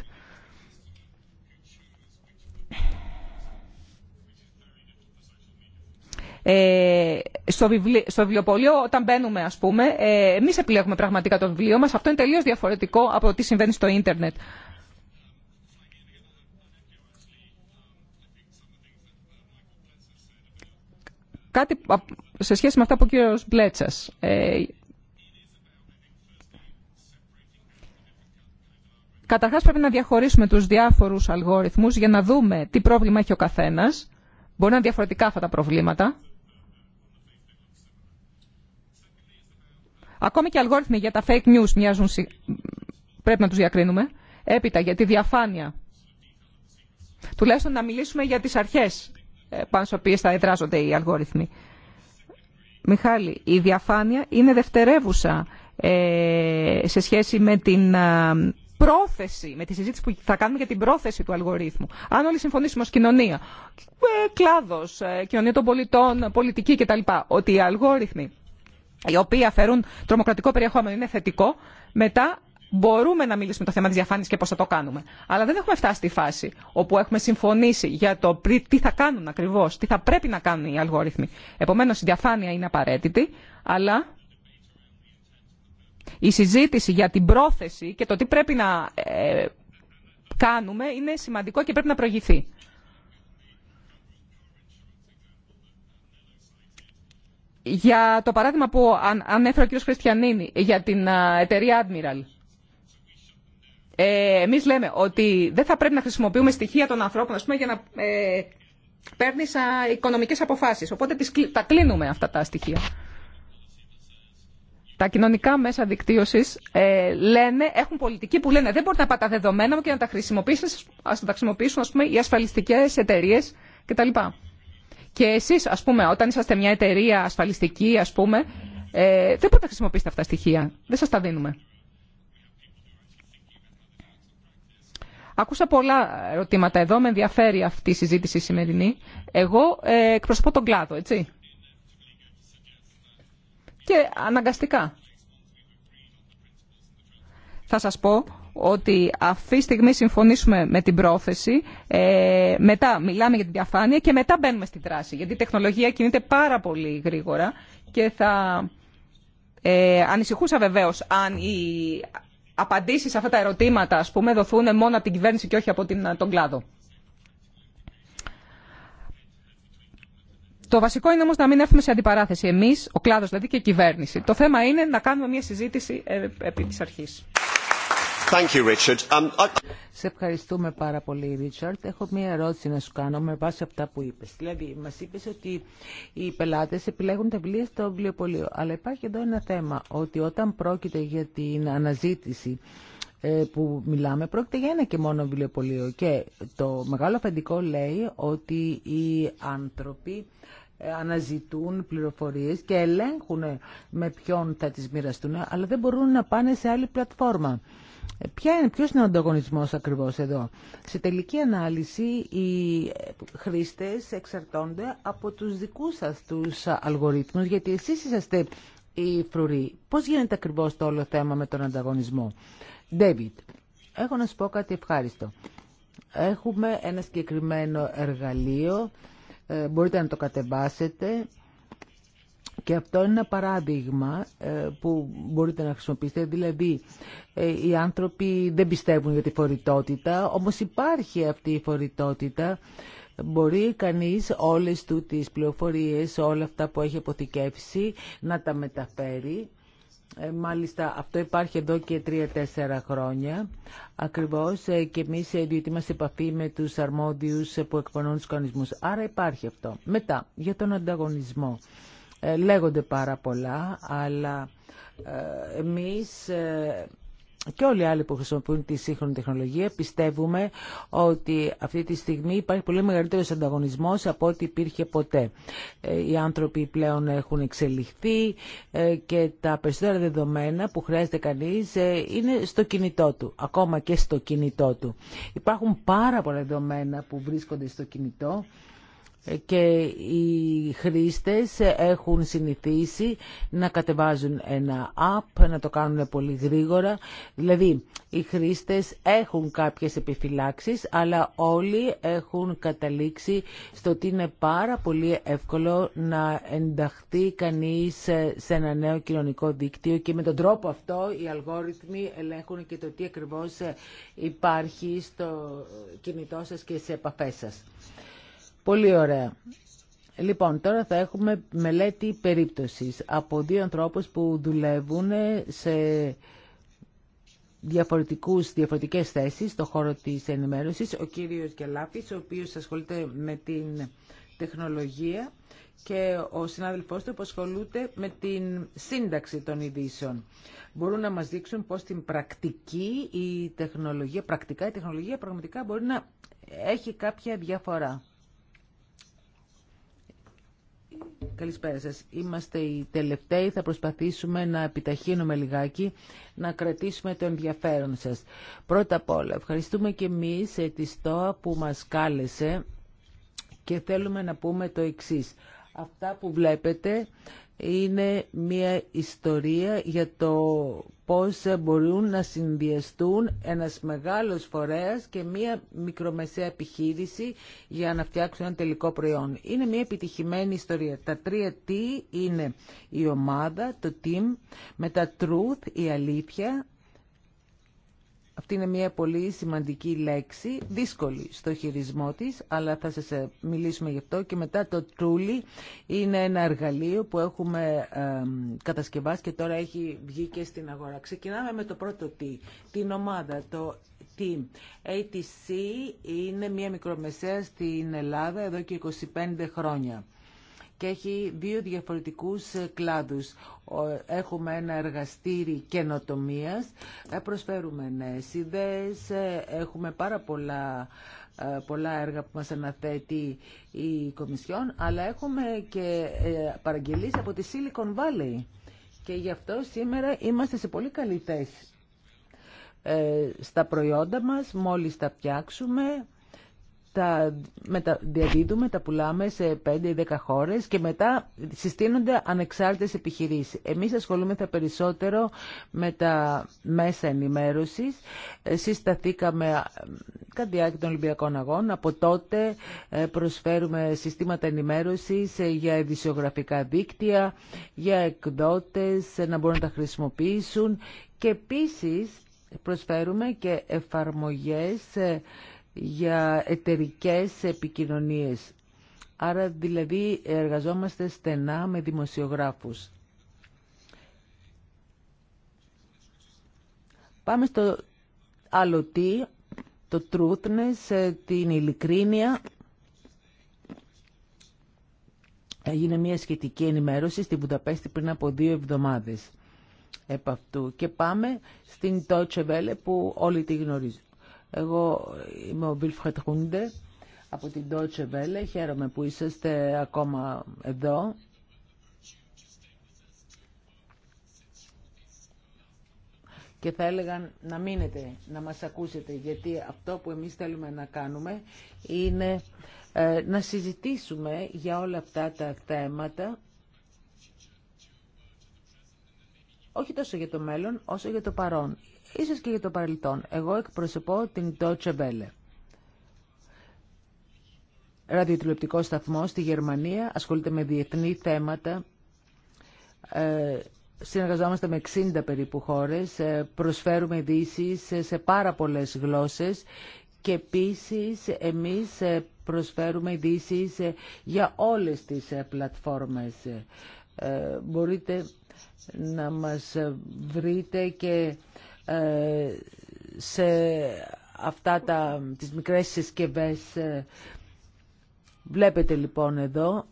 Ε, στο, βιβλιο, στο βιβλιοπωλείο όταν μπαίνουμε ας πούμε, ε, εμείς επιλέγουμε πραγματικά το βιβλίο μας. Αυτό είναι τελείως διαφορετικό από το τι συμβαίνει στο ίντερνετ. Κάτι σε σχέση με αυτά που ο κύριος Μπλέτσας ε, Καταρχά πρέπει να διαχωρίσουμε τους διάφορους αλγόριθμους για να δούμε τι πρόβλημα έχει ο καθένας. Μπορεί να είναι διαφορετικά αυτά τα προβλήματα. Ακόμη και αλγόριθμοι για τα fake news μοιάζουν, πρέπει να τους διακρίνουμε. Έπειτα για τη διαφάνεια. Τουλάχιστον να μιλήσουμε για τις αρχές ε, πάνω στι οποίες θα εδράζονται οι αλγόριθμοι. Μιχάλη, η διαφάνεια είναι δευτερεύουσα ε, σε σχέση με την πρόθεση, με τη συζήτηση που θα κάνουμε για την πρόθεση του αλγορίθμου. Αν όλοι συμφωνήσουμε ως κοινωνία, ε, κλάδος, ε, κοινωνία των πολιτών, πολιτική κτλ. Ότι οι αλγόριθμοι οι οποίοι αφαιρούν τρομοκρατικό περιεχόμενο είναι θετικό, μετά μπορούμε να μιλήσουμε το θέμα τη διαφάνεια και πώ θα το κάνουμε. Αλλά δεν έχουμε φτάσει στη φάση όπου έχουμε συμφωνήσει για το τι θα κάνουν ακριβώ, τι θα πρέπει να κάνουν οι αλγόριθμοι. Επομένω, η διαφάνεια είναι απαραίτητη, αλλά η συζήτηση για την πρόθεση και το τι πρέπει να ε, κάνουμε είναι σημαντικό και πρέπει να προηγηθεί. Για το παράδειγμα που ανέφερε ο κ. Χριστιανίνη για την εταιρεία Admiral. Ε, εμείς λέμε ότι δεν θα πρέπει να χρησιμοποιούμε στοιχεία των ανθρώπων ας πούμε, για να ε, παίρνεις οικονομικές αποφάσεις. Οπότε τα κλείνουμε αυτά τα στοιχεία. Τα κοινωνικά μέσα δικτύωση ε, λένε, έχουν πολιτική που λένε δεν μπορεί να πάτε τα δεδομένα μου και να τα χρησιμοποιήσετε, α τα χρησιμοποιήσουν ας πούμε, οι ασφαλιστικέ εταιρείε κτλ. Και εσεί, α πούμε, όταν είσαστε μια εταιρεία ασφαλιστική, α πούμε, ε, δεν μπορείτε να χρησιμοποιήσετε αυτά τα στοιχεία. Δεν σα τα δίνουμε. Ακούσα πολλά ερωτήματα εδώ, με ενδιαφέρει αυτή η συζήτηση σημερινή. Εγώ ε, εκπροσωπώ τον κλάδο, έτσι και αναγκαστικά. Θα σας πω ότι αυτή τη στιγμή συμφωνήσουμε με την πρόθεση, ε, μετά μιλάμε για την διαφάνεια και μετά μπαίνουμε στη δράση. Γιατί η τεχνολογία κινείται πάρα πολύ γρήγορα και θα ε, ανησυχούσα βεβαίως αν οι απαντήσεις σε αυτά τα ερωτήματα ας πούμε, δοθούν μόνο από την κυβέρνηση και όχι από την, τον κλάδο. Το βασικό είναι όμω να μην έρθουμε σε αντιπαράθεση εμεί, ο κλάδο δηλαδή και η κυβέρνηση. Το θέμα είναι να κάνουμε μια συζήτηση ε, επί τη αρχή. Um, σε ευχαριστούμε πάρα πολύ, Ρίτσαρτ. Έχω μία ερώτηση να σου κάνω με βάση αυτά που είπε. Δηλαδή, μα είπε ότι οι πελάτε επιλέγουν τα βιβλία στο βιβλιοπωλείο. Αλλά υπάρχει εδώ ένα θέμα, ότι όταν πρόκειται για την αναζήτηση ε, που μιλάμε πρόκειται για ένα και μόνο βιβλιοπωλείο και το μεγάλο αφεντικό λέει ότι οι άνθρωποι ε, αναζητούν πληροφορίες και ελέγχουν με ποιον θα τις μοιραστούν, αλλά δεν μπορούν να πάνε σε άλλη πλατφόρμα. Ε, ποια είναι, ποιος είναι ο ανταγωνισμός ακριβώς εδώ. Σε τελική ανάλυση οι χρήστες εξαρτώνται από τους δικούς σας τους αλγορίθμους, γιατί εσείς είσαστε οι φρουροί. Πώς γίνεται ακριβώς το όλο θέμα με τον ανταγωνισμό. David, έχω να σου πω κάτι ευχάριστο. Έχουμε ένα συγκεκριμένο εργαλείο ε, μπορείτε να το κατεβάσετε και αυτό είναι ένα παράδειγμα ε, που μπορείτε να χρησιμοποιήσετε. Δηλαδή, ε, οι άνθρωποι δεν πιστεύουν για τη φορητότητα, όμως υπάρχει αυτή η φορητότητα. Μπορεί κανείς όλες του τις πληροφορίες, όλα αυτά που έχει αποθηκεύσει, να τα μεταφέρει ε, μάλιστα αυτό υπάρχει εδώ και τρία-τέσσερα χρόνια ακριβώς ε, και εμείς ε, διότι είμαστε επαφή με τους αρμόδιους που εκπονούν τους κανονισμούς. Άρα υπάρχει αυτό. Μετά, για τον ανταγωνισμό. λέγονται πάρα πολλά, αλλά εμείς και όλοι οι άλλοι που χρησιμοποιούν τη σύγχρονη τεχνολογία πιστεύουμε ότι αυτή τη στιγμή υπάρχει πολύ μεγαλύτερο ανταγωνισμό από ό,τι υπήρχε ποτέ. Ε, οι άνθρωποι πλέον έχουν εξελιχθεί ε, και τα περισσότερα δεδομένα που χρειάζεται κανεί ε, είναι στο κινητό του, ακόμα και στο κινητό του. Υπάρχουν πάρα πολλά δεδομένα που βρίσκονται στο κινητό και οι χρήστες έχουν συνηθίσει να κατεβάζουν ένα app, να το κάνουν πολύ γρήγορα. Δηλαδή, οι χρήστες έχουν κάποιες επιφυλάξεις, αλλά όλοι έχουν καταλήξει στο ότι είναι πάρα πολύ εύκολο να ενταχθεί κανείς σε ένα νέο κοινωνικό δίκτυο και με τον τρόπο αυτό οι αλγόριθμοι ελέγχουν και το τι ακριβώς υπάρχει στο κινητό σας και σε επαφές σας. Πολύ ωραία. Λοιπόν, τώρα θα έχουμε μελέτη περίπτωσης από δύο ανθρώπους που δουλεύουν σε διαφορετικούς, διαφορετικές θέσεις το χώρο της ενημέρωσης. Ο κύριος Γελάπης, ο οποίος ασχολείται με την τεχνολογία και ο συνάδελφός του ασχολούνται με την σύνταξη των ειδήσεων. Μπορούν να μας δείξουν πώς την πρακτική η τεχνολογία, πρακτικά η τεχνολογία πραγματικά μπορεί να έχει κάποια διαφορά. Καλησπέρα σας. Είμαστε οι τελευταίοι. Θα προσπαθήσουμε να επιταχύνουμε λιγάκι, να κρατήσουμε το ενδιαφέρον σας. Πρώτα απ' όλα, ευχαριστούμε και εμείς ε, τη ΣΤΟΑ που μας κάλεσε και θέλουμε να πούμε το εξής. Αυτά που βλέπετε είναι μια ιστορία για το πώς μπορούν να συνδυαστούν ένας μεγάλος φορέας και μία μικρομεσαία επιχείρηση για να φτιάξουν ένα τελικό προϊόν. Είναι μία επιτυχημένη ιστορία. Τα τρία T είναι η ομάδα, το team, με τα truth, η αλήθεια αυτή είναι μια πολύ σημαντική λέξη, δύσκολη στο χειρισμό της, αλλά θα σας ε, μιλήσουμε γι' αυτό. Και μετά το Τρούλι είναι ένα εργαλείο που έχουμε κατασκευάσει και τώρα έχει βγει και στην αγορά. Ξεκινάμε με το πρώτο τι; την ομάδα, το Team. ATC είναι μια μικρομεσαία στην Ελλάδα εδώ και 25 χρόνια και έχει δύο διαφορετικούς ε, κλάδους. Έχουμε ένα εργαστήρι καινοτομίας, ε, προσφέρουμε νέες ιδέες, ε, έχουμε πάρα πολλά πολλά έργα που μας αναθέτει η Κομισιόν, αλλά έχουμε και παραγγελίες από τη Silicon Valley. Και γι' αυτό σήμερα είμαστε σε πολύ καλή θέση. Στα προϊόντα μας, μόλις τα φτιάξουμε, τα, διαδίδουμε, τα πουλάμε σε 5 ή 10 χώρες και μετά συστήνονται ανεξάρτητες επιχειρήσεις. Εμείς ασχολούμεθα περισσότερο με τα μέσα ενημέρωσης. Ε, συσταθήκαμε ε, κατά διάρκεια των Ολυμπιακών Αγών. Από τότε ε, προσφέρουμε συστήματα ενημέρωσης για ειδησιογραφικά δίκτυα, για εκδότες να μπορούν να τα χρησιμοποιήσουν και επίσης προσφέρουμε και εφαρμογές για εταιρικές επικοινωνίες. Άρα δηλαδή εργαζόμαστε στενά με δημοσιογράφους. Πάμε στο άλλο τι, το truthness, ε, την ειλικρίνεια. Έγινε μια σχετική ενημέρωση στη Βουδαπέστη πριν από δύο εβδομάδες επ' αυτού. Και πάμε στην Deutsche που όλοι τη γνωρίζουν. Εγώ είμαι ο Βίλφχετ Χούντε από την Deutsche Welle. Χαίρομαι που είσαστε ακόμα εδώ. και θα έλεγαν να μείνετε, να μας ακούσετε, γιατί αυτό που εμείς θέλουμε να κάνουμε είναι ε, να συζητήσουμε για όλα αυτά τα θέματα, όχι τόσο για το μέλλον, όσο για το παρόν ίσως και για το παρελθόν. Εγώ εκπροσωπώ την Deutsche Welle. Ραδιοτηλεοπτικό σταθμό στη Γερμανία, ασχολείται με διεθνή θέματα. Ε, συνεργαζόμαστε με 60 περίπου χώρες, ε, προσφέρουμε ειδήσει σε πάρα πολλές γλώσσες και επίσης εμείς ε, προσφέρουμε ειδήσει ε, για όλες τις πλατφόρμες. Μπορείτε να μας βρείτε και ε, σε αυτά τα, τις μικρές συσκευές. Ε, βλέπετε λοιπόν εδώ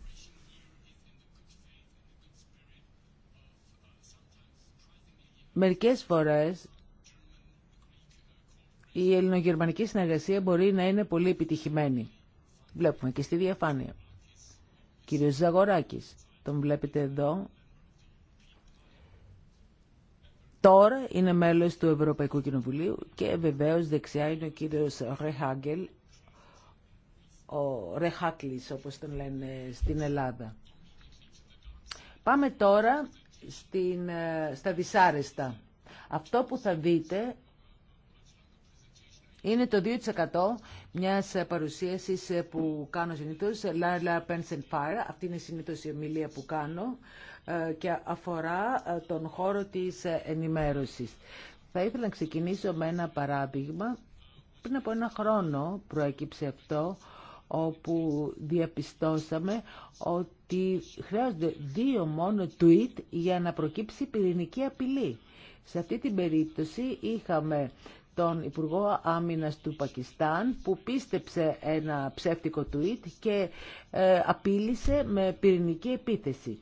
Μερικές φορές η ελληνογερμανική συνεργασία μπορεί να είναι πολύ επιτυχημένη. Βλέπουμε και στη διαφάνεια. Κύριος Ζαγοράκης, τον βλέπετε εδώ, Τώρα είναι μέλος του Ευρωπαϊκού Κοινοβουλίου και βεβαίως δεξιά είναι ο κύριος Ρεχάγκελ, ο Ρεχάκλης όπως τον λένε στην Ελλάδα. Πάμε τώρα στην, ε, στα δυσάρεστα. Αυτό που θα δείτε είναι το 2% μιας παρουσίασης που κάνω συνήθως, Λάλα Πένσεν Φάρα, and Fire. Αυτή είναι συνήθως η ομιλία που κάνω. Ε, και αφορά ε, τον χώρο της ε, ενημέρωσης. Θα ήθελα να ξεκινήσω με ένα παράδειγμα. Πριν από ένα χρόνο προέκυψε αυτό, όπου διαπιστώσαμε ότι χρειάζονται δύο μόνο tweet για να προκύψει πυρηνική απειλή. Σε αυτή την περίπτωση είχαμε τον Υπουργό Άμυνας του Πακιστάν που πίστεψε ένα ψεύτικο tweet και απείλησε με πυρηνική επίθεση.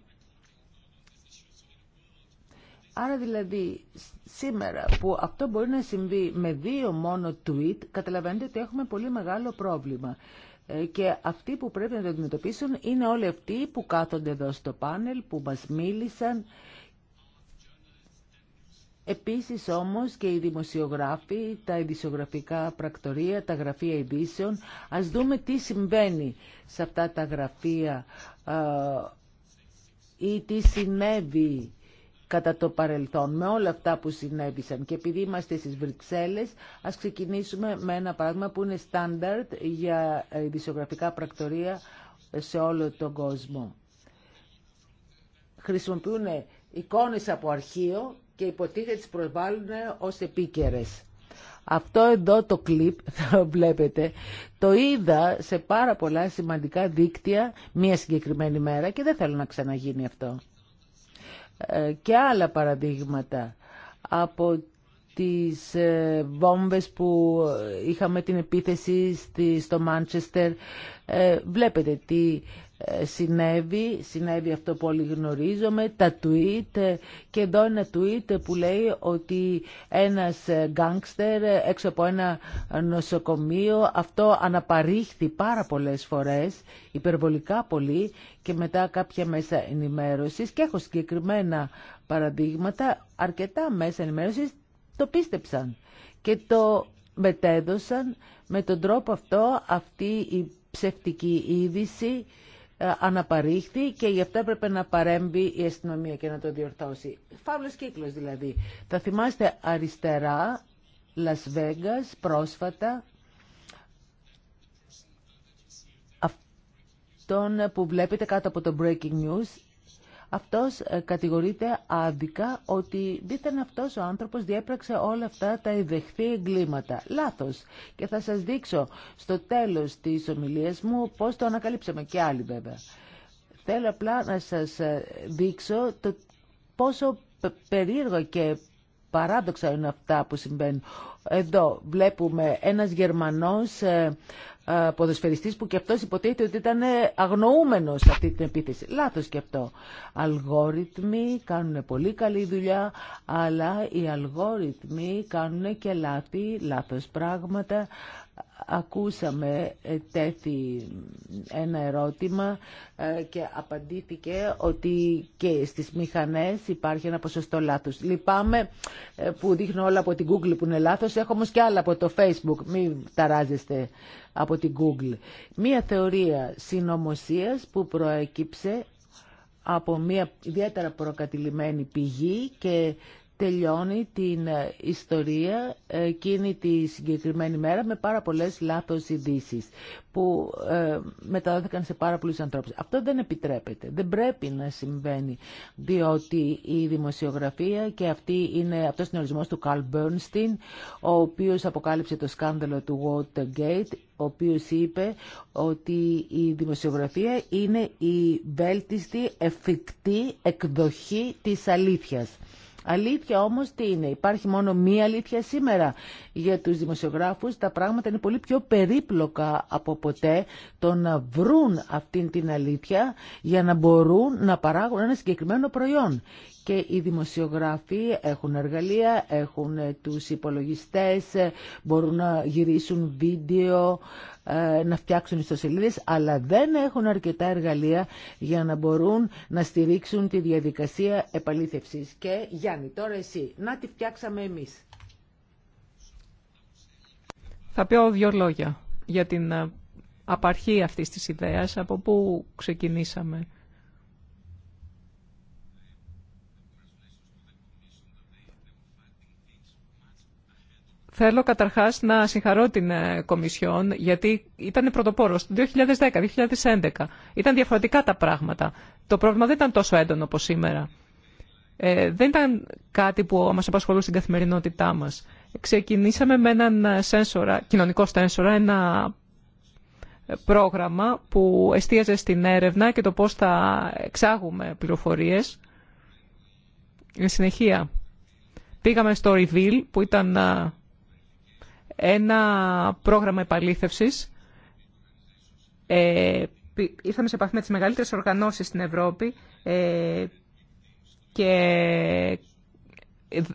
Άρα δηλαδή σήμερα που αυτό μπορεί να συμβεί με δύο μόνο tweet, καταλαβαίνετε ότι έχουμε πολύ μεγάλο πρόβλημα. Ε, και αυτοί που πρέπει να το αντιμετωπίσουν είναι όλοι αυτοί που κάθονται εδώ στο πάνελ, που μας μίλησαν. Επίσης όμως και οι δημοσιογράφοι, τα ειδησιογραφικά πρακτορία, τα γραφεία ειδήσεων. Ας δούμε τι συμβαίνει σε αυτά τα γραφεία ε, ή τι συνέβη κατά το παρελθόν με όλα αυτά που συνέβησαν. Και επειδή είμαστε στις Βρυξέλλες, ας ξεκινήσουμε με ένα πράγμα που είναι στάνταρτ για ειδησιογραφικά πρακτορία σε όλο τον κόσμο. Χρησιμοποιούν εικόνες από αρχείο και υποτίθεται τις προσβάλλουν ως επίκαιρες. Αυτό εδώ το κλιπ, θα βλέπετε, το είδα σε πάρα πολλά σημαντικά δίκτυα μία συγκεκριμένη μέρα και δεν θέλω να ξαναγίνει αυτό. Ε, και άλλα παραδείγματα από τις ε, βόμβες που είχαμε την επίθεση στο Μάντσεστερ. Βλέπετε τι συνέβη, συνέβη αυτό που όλοι γνωρίζουμε, τα tweet και εδώ ένα tweet που λέει ότι ένας γκάνγκστερ έξω από ένα νοσοκομείο αυτό αναπαρήχθη πάρα πολλές φορές, υπερβολικά πολύ και μετά κάποια μέσα ενημέρωσης και έχω συγκεκριμένα παραδείγματα, αρκετά μέσα ενημέρωσης το πίστεψαν και το μετέδωσαν με τον τρόπο αυτό αυτή η ψευτική είδηση ε, αναπαρήχθη και γι' αυτό έπρεπε να παρέμβει η αστυνομία και να το διορθώσει. Φαύλος κύκλος δηλαδή. Θα θυμάστε αριστερά, Las Vegas, πρόσφατα, αυτόν που βλέπετε κάτω από το Breaking News αυτός ε, κατηγορείται άδικα ότι δίθεν αυτός ο άνθρωπος διέπραξε όλα αυτά τα ειδεχθή εγκλήματα. Λάθος. Και θα σας δείξω στο τέλος της ομιλίας μου πώς το ανακαλύψαμε και άλλοι βέβαια. Θέλω απλά να σας ε, δείξω το πόσο περίεργο και παράδοξα είναι αυτά που συμβαίνουν. Εδώ βλέπουμε ένας Γερμανός ε, ποδοσφαιριστής που και αυτός υποτίθεται ότι ήταν ε, αγνοούμενος σε αυτή την επίθεση. Λάθος και αυτό. Αλγόριθμοι κάνουν πολύ καλή δουλειά, αλλά οι αλγόριθμοι κάνουν και λάθη, λάθος πράγματα. Ακούσαμε, ε, τέθη ένα ερώτημα ε, και απαντήθηκε ότι και στις μηχανές υπάρχει ένα ποσοστό λάθος. Λυπάμαι ε, που δείχνω όλα από την Google που είναι λάθος, έχω όμως και άλλα από το Facebook, μην ταράζεστε από την Google. Μία θεωρία συνωμοσίας που προέκυψε από μια θεωρια συνωμοσια που προκατηλημένη πηγή και τελειώνει την ε, ιστορία ε, εκείνη τη συγκεκριμένη μέρα με πάρα πολλές λάθος ειδήσει που ε, μεταδόθηκαν σε πάρα πολλούς ανθρώπους. Αυτό δεν επιτρέπεται, δεν πρέπει να συμβαίνει, διότι η δημοσιογραφία και αυτή είναι, αυτός είναι ο ορισμός του Καρλ Μπέρνστιν, ο οποίος αποκάλυψε το σκάνδαλο του Watergate, ο οποίος είπε ότι η δημοσιογραφία είναι η βέλτιστη, εφικτή εκδοχή της αλήθειας. Αλήθεια όμως τι είναι, υπάρχει μόνο μία αλήθεια σήμερα. Για τους δημοσιογράφους τα πράγματα είναι πολύ πιο περίπλοκα από ποτέ το να βρουν αυτήν την αλήθεια για να μπορούν να παράγουν ένα συγκεκριμένο προϊόν και οι δημοσιογράφοι έχουν εργαλεία, έχουν ε, τους υπολογιστές, ε, μπορούν να γυρίσουν βίντεο, ε, να φτιάξουν ιστοσελίδες, αλλά δεν έχουν αρκετά εργαλεία για να μπορούν να στηρίξουν τη διαδικασία επαλήθευσης. Και Γιάννη, τώρα εσύ, να τη φτιάξαμε εμείς. Θα πω δύο λόγια για την απαρχή αυτής της ιδέας, από πού ξεκινήσαμε. Θέλω καταρχάς να συγχαρώ την ε, Κομισιόν γιατί ήταν πρωτοπόρος το 2010-2011. Ήταν διαφορετικά τα πράγματα. Το πρόβλημα δεν ήταν τόσο έντονο όπως σήμερα. Ε, δεν ήταν κάτι που μας απασχολούσε στην καθημερινότητά μας. Ξεκινήσαμε με έναν ε, σένσορα, κοινωνικό σένσορα, ένα ε, πρόγραμμα που εστίαζε στην έρευνα και το πώς θα εξάγουμε πληροφορίες. Συνεχεία. Πήγαμε στο Reveal που ήταν ένα πρόγραμμα επαλήθευσης. Ε, ήρθαμε σε επαφή με τις μεγαλύτερες οργανώσεις στην Ευρώπη ε, και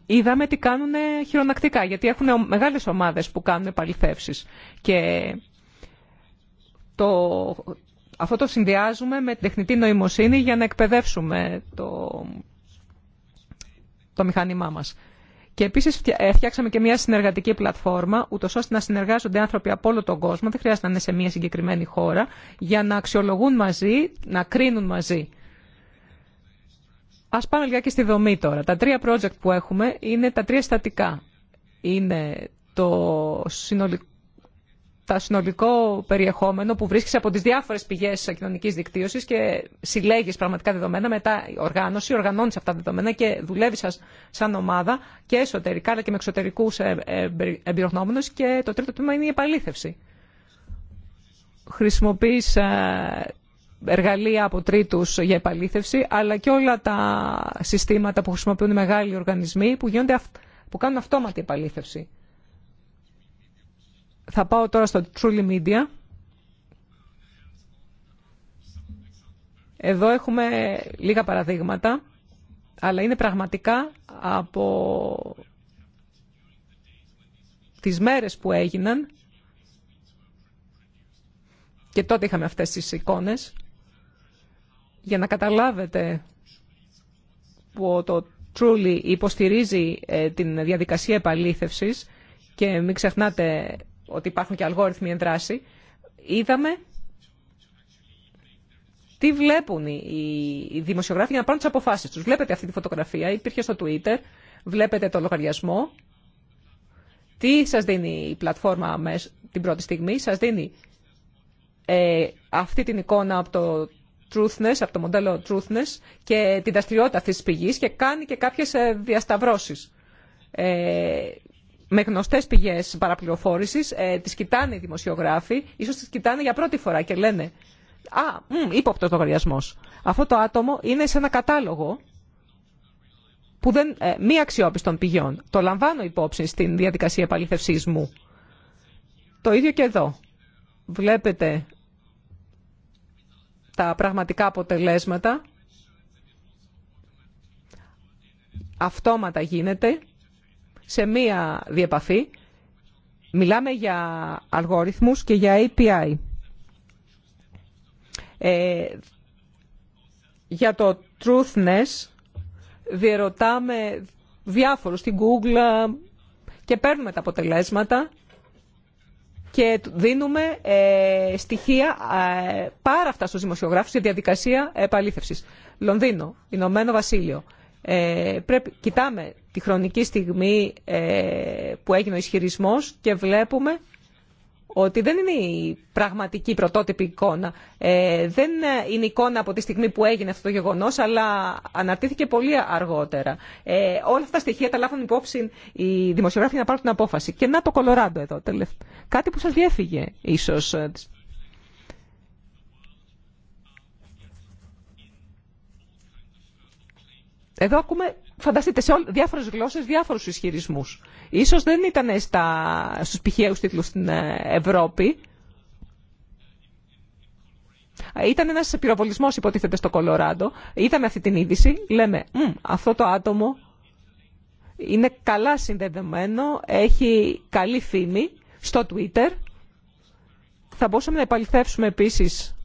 είδαμε τι κάνουν χειρονακτικά, γιατί έχουν μεγάλες ομάδες που κάνουν επαληθεύσεις. Και το, αυτό το συνδυάζουμε με την τεχνητή νοημοσύνη για να εκπαιδεύσουμε το, το μηχάνημά μας. Και επίση ε, φτιάξαμε και μια συνεργατική πλατφόρμα, ούτω ώστε να συνεργάζονται άνθρωποι από όλο τον κόσμο, δεν χρειάζεται να είναι σε μια συγκεκριμένη χώρα, για να αξιολογούν μαζί, να κρίνουν μαζί. Α πάμε και στη δομή τώρα. Τα τρία project που έχουμε είναι τα τρία στατικά. Είναι το συνολικό τα συνολικό περιεχόμενο που βρίσκει από τι διάφορε πηγέ κοινωνική δικτύωση και συλλέγει πραγματικά δεδομένα, μετά οργάνωση, οργανώνει αυτά τα δεδομένα και δουλεύεις σαν ομάδα και εσωτερικά αλλά και με εξωτερικού ε, ε, εμπειρογνώμονες και το τρίτο τμήμα είναι η επαλήθευση. Χρησιμοποιεί ε, εργαλεία από τρίτου για επαλήθευση αλλά και όλα τα συστήματα που χρησιμοποιούν οι μεγάλοι οργανισμοί που, γίνονται, που κάνουν αυτόματη επαλήθευση. Θα πάω τώρα στο Truly Media. Εδώ έχουμε λίγα παραδείγματα, αλλά είναι πραγματικά από τις μέρες που έγιναν και τότε είχαμε αυτές τις εικόνες για να καταλάβετε που το Truly υποστηρίζει ε, την διαδικασία επαλήθευσης και μην ξεχνάτε ότι υπάρχουν και αλγόριθμοι εν δράση, είδαμε τι βλέπουν οι δημοσιογράφοι για να πάρουν τι αποφάσει του. Βλέπετε αυτή τη φωτογραφία, υπήρχε στο Twitter, βλέπετε το λογαριασμό. Τι σα δίνει η πλατφόρμα την πρώτη στιγμή, σα δίνει ε, αυτή την εικόνα από το truthness, από το μοντέλο truthness και την δραστηριότητα αυτή τη πηγή και κάνει και κάποιε διασταυρώσει. Ε, ε με γνωστέ πηγέ παραπληροφόρηση, ε, τι κοιτάνε οι δημοσιογράφοι, ίσω τι κοιτάνε για πρώτη φορά και λένε Α, ύποπτο λογαριασμό. Αυτό το άτομο είναι σε ένα κατάλογο που δεν, ε, μη αξιόπιστων πηγών. Το λαμβάνω υπόψη στην διαδικασία επαληθευσή μου. Το ίδιο και εδώ. Βλέπετε τα πραγματικά αποτελέσματα. Αυτόματα γίνεται σε μία διεπαφή. Μιλάμε για αλγόριθμους και για API. Ε, για το Truthness διερωτάμε διάφορους στην Google ε, και παίρνουμε τα αποτελέσματα και δίνουμε ε, στοιχεία ε, πάρα αυτά στους δημοσιογράφους για διαδικασία επαλήθευσης. Λονδίνο, Ηνωμένο Βασίλειο. Ε, πρέπει, κοιτάμε τη χρονική στιγμή ε, που έγινε ο ισχυρισμός και βλέπουμε ότι δεν είναι η πραγματική πρωτότυπη εικόνα. Ε, δεν είναι εικόνα από τη στιγμή που έγινε αυτό το γεγονός, αλλά αναρτήθηκε πολύ αργότερα. Ε, όλα αυτά τα στοιχεία τα λάβουν υπόψη οι δημοσιογράφοι να πάρουν την απόφαση. Και να το Κολοράντο εδώ τελευταία Κάτι που σας διέφυγε ίσως ε, Εδώ ακούμε, φανταστείτε, σε διάφορες γλώσσες διάφορους ισχυρισμούς. Ίσως δεν ήταν στα, στους πηχαίους στην ε, Ευρώπη. Ε, ήταν ένας πυροβολισμός υποτίθεται στο Κολοράντο. Είδαμε αυτή την είδηση, λέμε, αυτό το άτομο είναι καλά συνδεδεμένο, έχει καλή φήμη στο Twitter. Θα μπορούσαμε να επαληθεύσουμε επίσης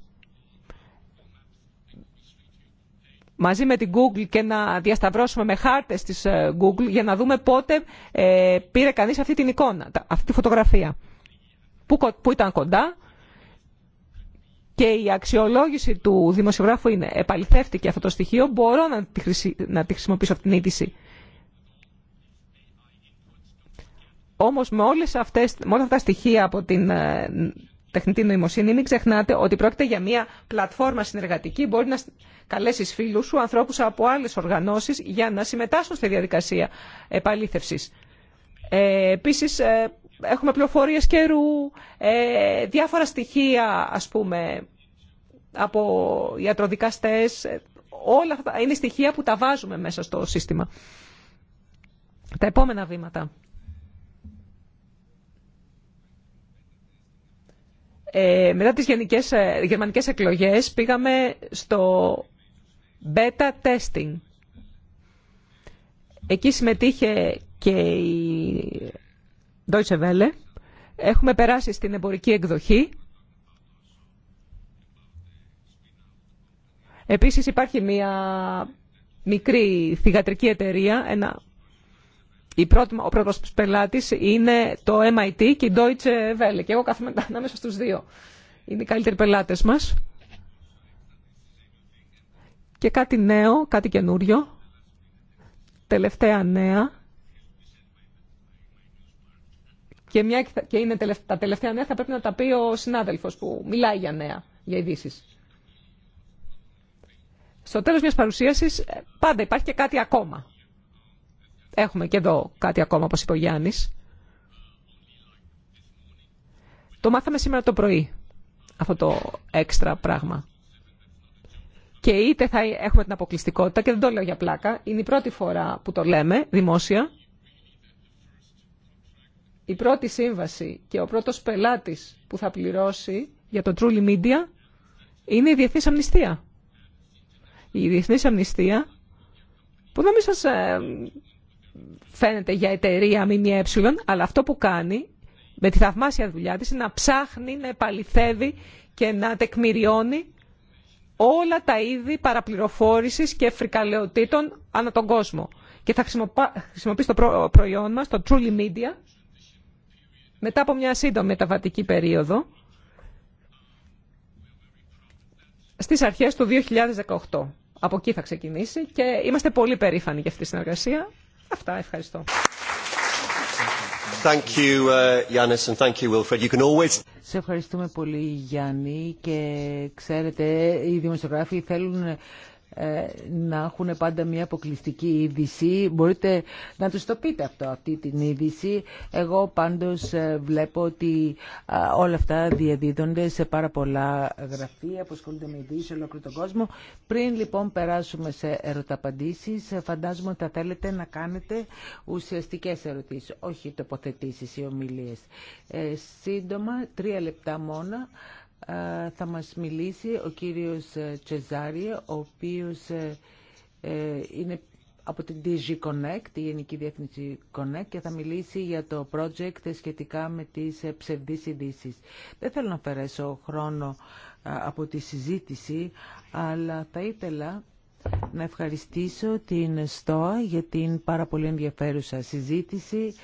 μαζί με την Google και να διασταυρώσουμε με χάρτες της ε, Google για να δούμε πότε ε, πήρε κανείς αυτή την εικόνα, αυτή τη φωτογραφία. Πού ήταν κοντά και η αξιολόγηση του δημοσιογράφου είναι επαληθεύτηκε αυτό το στοιχείο, μπορώ να τη, να χρησιμοποιήσω αυτή την είδηση. Όμως με, όλες αυτές, με όλα αυτά τα στοιχεία από την ε, τεχνητή νοημοσύνη, μην ξεχνάτε ότι πρόκειται για μια πλατφόρμα συνεργατική. Μπορεί να καλέσει φίλου σου, ανθρώπου από άλλε οργανώσει για να συμμετάσχουν στη διαδικασία επαλήθευση. Ε, Επίση, ε, έχουμε πληροφορίε καιρού, ε, διάφορα στοιχεία, ας πούμε, από ιατροδικαστές. Όλα αυτά είναι στοιχεία που τα βάζουμε μέσα στο σύστημα. Τα επόμενα βήματα. Ε, μετά τις γενικές, ε, γερμανικές εκλογές πήγαμε στο beta testing. Εκεί συμμετείχε και η Deutsche Welle. Έχουμε περάσει στην εμπορική εκδοχή. Επίσης υπάρχει μια μικρή θυγατρική εταιρεία, ένα η πρώτη, ο πρώτο πελάτη είναι το MIT και η Deutsche Welle και εγώ κάθομαι ανάμεσα στου δύο. Είναι οι καλύτεροι πελάτες μας. Και κάτι νέο, κάτι καινούριο. Τελευταία νέα. Και, μια, και είναι τα τελευταία νέα θα πρέπει να τα πει ο συνάδελφος που μιλάει για νέα, για ειδήσει. Στο τέλος μιας παρουσίασης ε, πάντα υπάρχει και κάτι ακόμα. Έχουμε και εδώ κάτι ακόμα, όπως είπε ο Γιάννης. Το μάθαμε σήμερα το πρωί, αυτό το έξτρα πράγμα. Και είτε θα έχουμε την αποκλειστικότητα, και δεν το λέω για πλάκα, είναι η πρώτη φορά που το λέμε δημόσια. Η πρώτη σύμβαση και ο πρώτος πελάτης που θα πληρώσει για το Truly Media είναι η Διεθνής Αμνηστία. Η Διεθνής Αμνηστία που δεν μην σας ε, φαίνεται για εταιρεία ΜΜΕ, αλλά αυτό που κάνει με τη θαυμάσια δουλειά της είναι να ψάχνει, να επαληθεύει και να τεκμηριώνει όλα τα είδη παραπληροφόρησης και φρικαλαιοτήτων ανά τον κόσμο. Και θα χρησιμοποιήσει το προϊόν μας, το Truly Media, μετά από μια σύντομη μεταβατική περίοδο, στις αρχές του 2018. Από εκεί θα ξεκινήσει και είμαστε πολύ περήφανοι για αυτή τη συνεργασία. Αυτά, ευχαριστώ. Thank you, Giannis, uh, and thank you, Wilfred. You can always... Σε ευχαριστούμε πολύ, Γιάννη. Και ξέρετε, οι δημοσιογράφοι θέλουν ε, να έχουν πάντα μια αποκλειστική είδηση. Μπορείτε να τους το πείτε αυτό, αυτή την είδηση. Εγώ πάντως ε, βλέπω ότι όλα αυτά διαδίδονται σε πάρα πολλά γραφεία που ασχολούνται με ειδήσει σε ολόκληρο τον κόσμο. Πριν λοιπόν περάσουμε σε ερωταπαντήσεις, ε, φαντάζομαι ότι θα θέλετε να κάνετε ουσιαστικές ερωτήσεις, όχι τοποθετήσεις ή ομιλίες. σύντομα, τρία λεπτά μόνο. Ε, θα μας μιλήσει ο κύριος ε, Τσεζάρη, ο οποίος ε, είναι από την DG Connect, η Γενική Διεύθυνση Connect και θα μιλήσει για το project σχετικά με τις ψευδείς ειδήσει. Δεν θέλω να αφαιρέσω χρόνο από τη συζήτηση, αλλά θα ήθελα να ευχαριστήσω την ΣΤΟΑ για την πάρα πολύ ενδιαφέρουσα συζήτηση.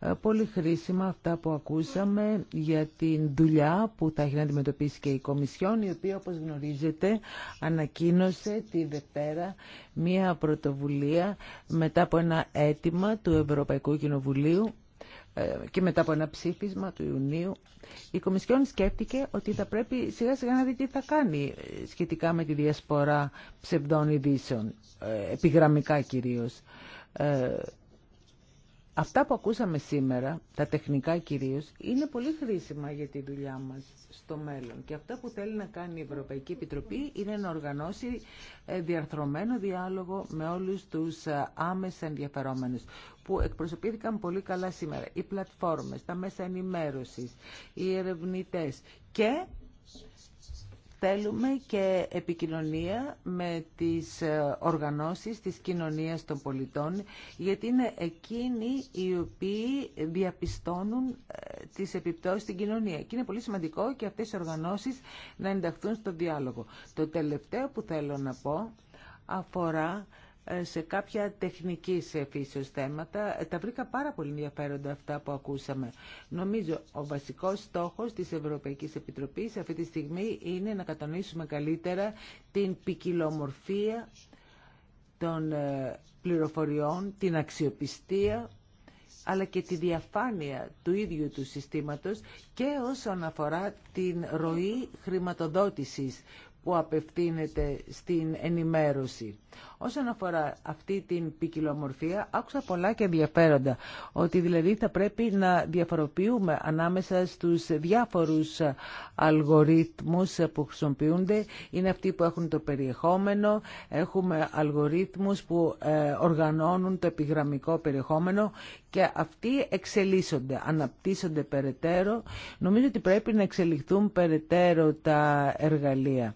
Ε, πολύ χρήσιμα αυτά που ακούσαμε για την δουλειά που θα έχει να αντιμετωπίσει και η Κομισιόν, η οποία όπως γνωρίζετε ανακοίνωσε τη Δευτέρα μία πρωτοβουλία μετά από ένα αίτημα του Ευρωπαϊκού Κοινοβουλίου ε, και μετά από ένα ψήφισμα του Ιουνίου, η Κομισιόν σκέφτηκε ότι θα πρέπει σιγά σιγά να δει τι θα κάνει ε, σχετικά με τη διασπορά ψευδών ειδήσεων, ε, επιγραμμικά κυρίως. Αυτά που ακούσαμε σήμερα, τα τεχνικά κυρίως, είναι πολύ χρήσιμα για τη δουλειά μας στο μέλλον. Και αυτά που θέλει να κάνει η Ευρωπαϊκή Επιτροπή είναι να οργανώσει ε, διαρθρωμένο διάλογο με όλους τους ε, άμεσα ενδιαφερόμενους που εκπροσωπήθηκαν πολύ καλά σήμερα. Οι πλατφόρμες, τα μέσα ενημέρωσης, οι ερευνητές και θέλουμε και επικοινωνία με τις ε, οργανώσεις της κοινωνίας των πολιτών, γιατί είναι εκείνοι οι οποίοι διαπιστώνουν ε, τις επιπτώσεις στην κοινωνία. Και είναι πολύ σημαντικό και αυτές οι οργανώσεις να ενταχθούν στο διάλογο. Το τελευταίο που θέλω να πω αφορά σε κάποια τεχνική φύσεω θέματα. Ε, τα βρήκα πάρα πολύ ενδιαφέροντα αυτά που ακούσαμε. Νομίζω ο βασικό στόχο τη Ευρωπαϊκή Επιτροπή αυτή τη στιγμή είναι να κατανοήσουμε καλύτερα την ποικιλομορφία των ε, πληροφοριών, την αξιοπιστία αλλά και τη διαφάνεια του ίδιου του συστήματος και όσον αφορά την ροή χρηματοδότησης που απευθύνεται στην ενημέρωση. Όσον αφορά αυτή την ποικιλομορφία, άκουσα πολλά και ενδιαφέροντα. Ότι δηλαδή θα πρέπει να διαφοροποιούμε ανάμεσα στους διάφορους αλγορίθμους που χρησιμοποιούνται. Είναι αυτοί που έχουν το περιεχόμενο, έχουμε αλγορίθμους που ε, οργανώνουν το επιγραμμικό περιεχόμενο και αυτοί εξελίσσονται, αναπτύσσονται περαιτέρω. Νομίζω ότι πρέπει να εξελιχθούν περαιτέρω τα εργαλεία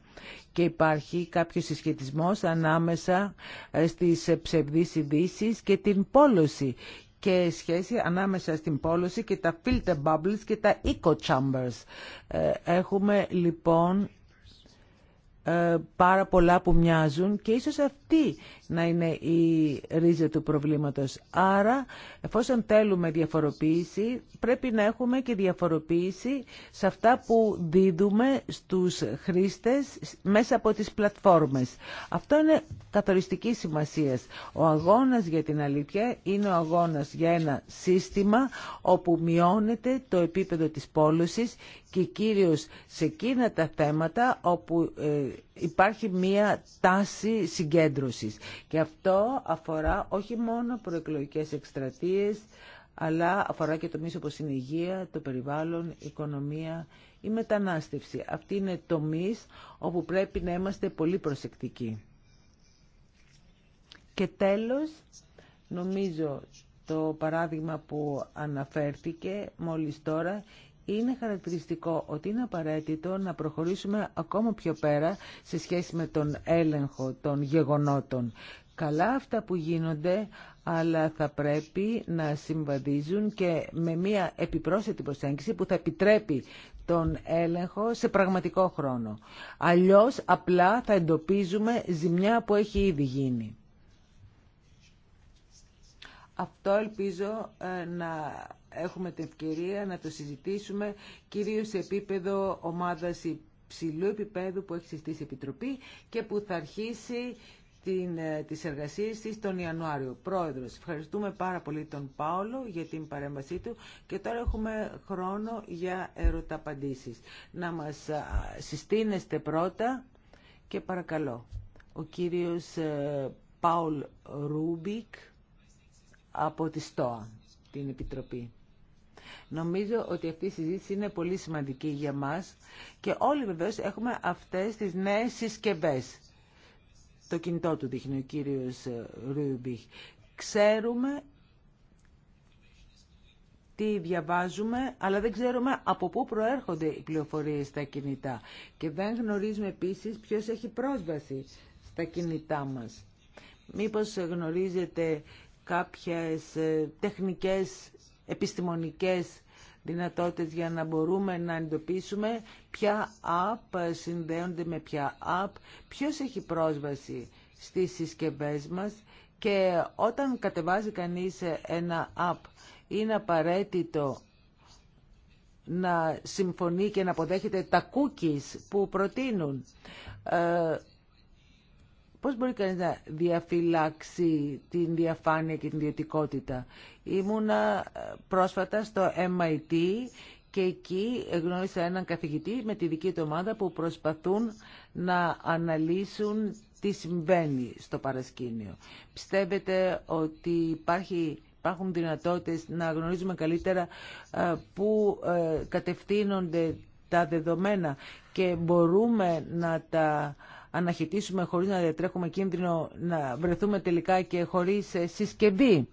και υπάρχει κάποιος συσχετισμός ανάμεσα ε, στις ε, ψευδείς ειδήσει και την πόλωση και σχέση ανάμεσα στην πόλωση και τα filter bubbles και τα eco chambers. Ε, έχουμε λοιπόν πάρα πολλά που μοιάζουν και ίσως αυτή να είναι η ρίζα του προβλήματος. Άρα, εφόσον θέλουμε διαφοροποίηση, πρέπει να έχουμε και διαφοροποίηση σε αυτά που δίδουμε στους χρήστες μέσα από τις πλατφόρμες. Αυτό είναι καθοριστική σημασία. Ο αγώνας για την αλήθεια είναι ο αγώνας για ένα σύστημα όπου μειώνεται το επίπεδο της πόλωσης και κυρίως σε εκείνα τα θέματα όπου ε, υπάρχει μία τάση συγκέντρωσης και αυτό αφορά όχι μόνο προεκλογικές εκστρατείες αλλά αφορά και τομείς όπως είναι η υγεία, το περιβάλλον, η οικονομία, η μετανάστευση. αυτή είναι τομείς όπου πρέπει να είμαστε πολύ προσεκτικοί. Και τέλος, νομίζω το παράδειγμα που αναφέρθηκε μόλις τώρα είναι χαρακτηριστικό ότι είναι απαραίτητο να προχωρήσουμε ακόμα πιο πέρα σε σχέση με τον έλεγχο των γεγονότων. Καλά αυτά που γίνονται, αλλά θα πρέπει να συμβαδίζουν και με μια επιπρόσθετη προσέγγιση που θα επιτρέπει τον έλεγχο σε πραγματικό χρόνο. Αλλιώς απλά θα εντοπίζουμε ζημιά που έχει ήδη γίνει. Αυτό ελπίζω ε, να έχουμε την ευκαιρία να το συζητήσουμε κυρίως σε επίπεδο ομάδας υψηλού επίπεδου που έχει συστήσει η Επιτροπή και που θα αρχίσει την, ε, τις εργασίες της τον Ιανουάριο. Πρόεδρος, ευχαριστούμε πάρα πολύ τον Πάολο για την παρέμβασή του και τώρα έχουμε χρόνο για ερωταπαντήσεις. Να μας ε, συστήνεστε πρώτα και παρακαλώ. Ο κύριος ε, Πάολ Ρούμπικ από τη ΣΤΟΑ, την Επιτροπή. Νομίζω ότι αυτή η συζήτηση είναι πολύ σημαντική για μας και όλοι βεβαίως έχουμε αυτές τις νέες συσκευές. Το κινητό του δείχνει ο κύριος ε, Ρούμπιχ. Ξέρουμε τι διαβάζουμε, αλλά δεν ξέρουμε από πού προέρχονται οι πληροφορίες στα κινητά. Και δεν γνωρίζουμε επίσης ποιος έχει πρόσβαση στα κινητά μας. Μήπως γνωρίζετε κάποιες ε, τεχνικές επιστημονικές δυνατότητες για να μπορούμε να εντοπίσουμε ποια app συνδέονται με ποια app, ποιος έχει πρόσβαση στις συσκευές μας και όταν κατεβάζει κανείς ένα app είναι απαραίτητο να συμφωνεί και να αποδέχεται τα cookies που προτείνουν. Ε, Πώς μπορεί κανείς να διαφυλάξει την διαφάνεια και την ιδιωτικότητα. Ήμουνα ε, πρόσφατα στο MIT και εκεί γνώρισα έναν καθηγητή με τη δική του ομάδα που προσπαθούν να αναλύσουν τι συμβαίνει στο παρασκήνιο. Πιστεύετε ότι υπάρχει υπάρχουν δυνατότητες να γνωρίζουμε καλύτερα ε, πού ε, κατευθύνονται τα δεδομένα και μπορούμε να τα αναχαιτήσουμε χωρίς να διατρέχουμε κίνδυνο να βρεθούμε τελικά και χωρίς ε, συσκευή.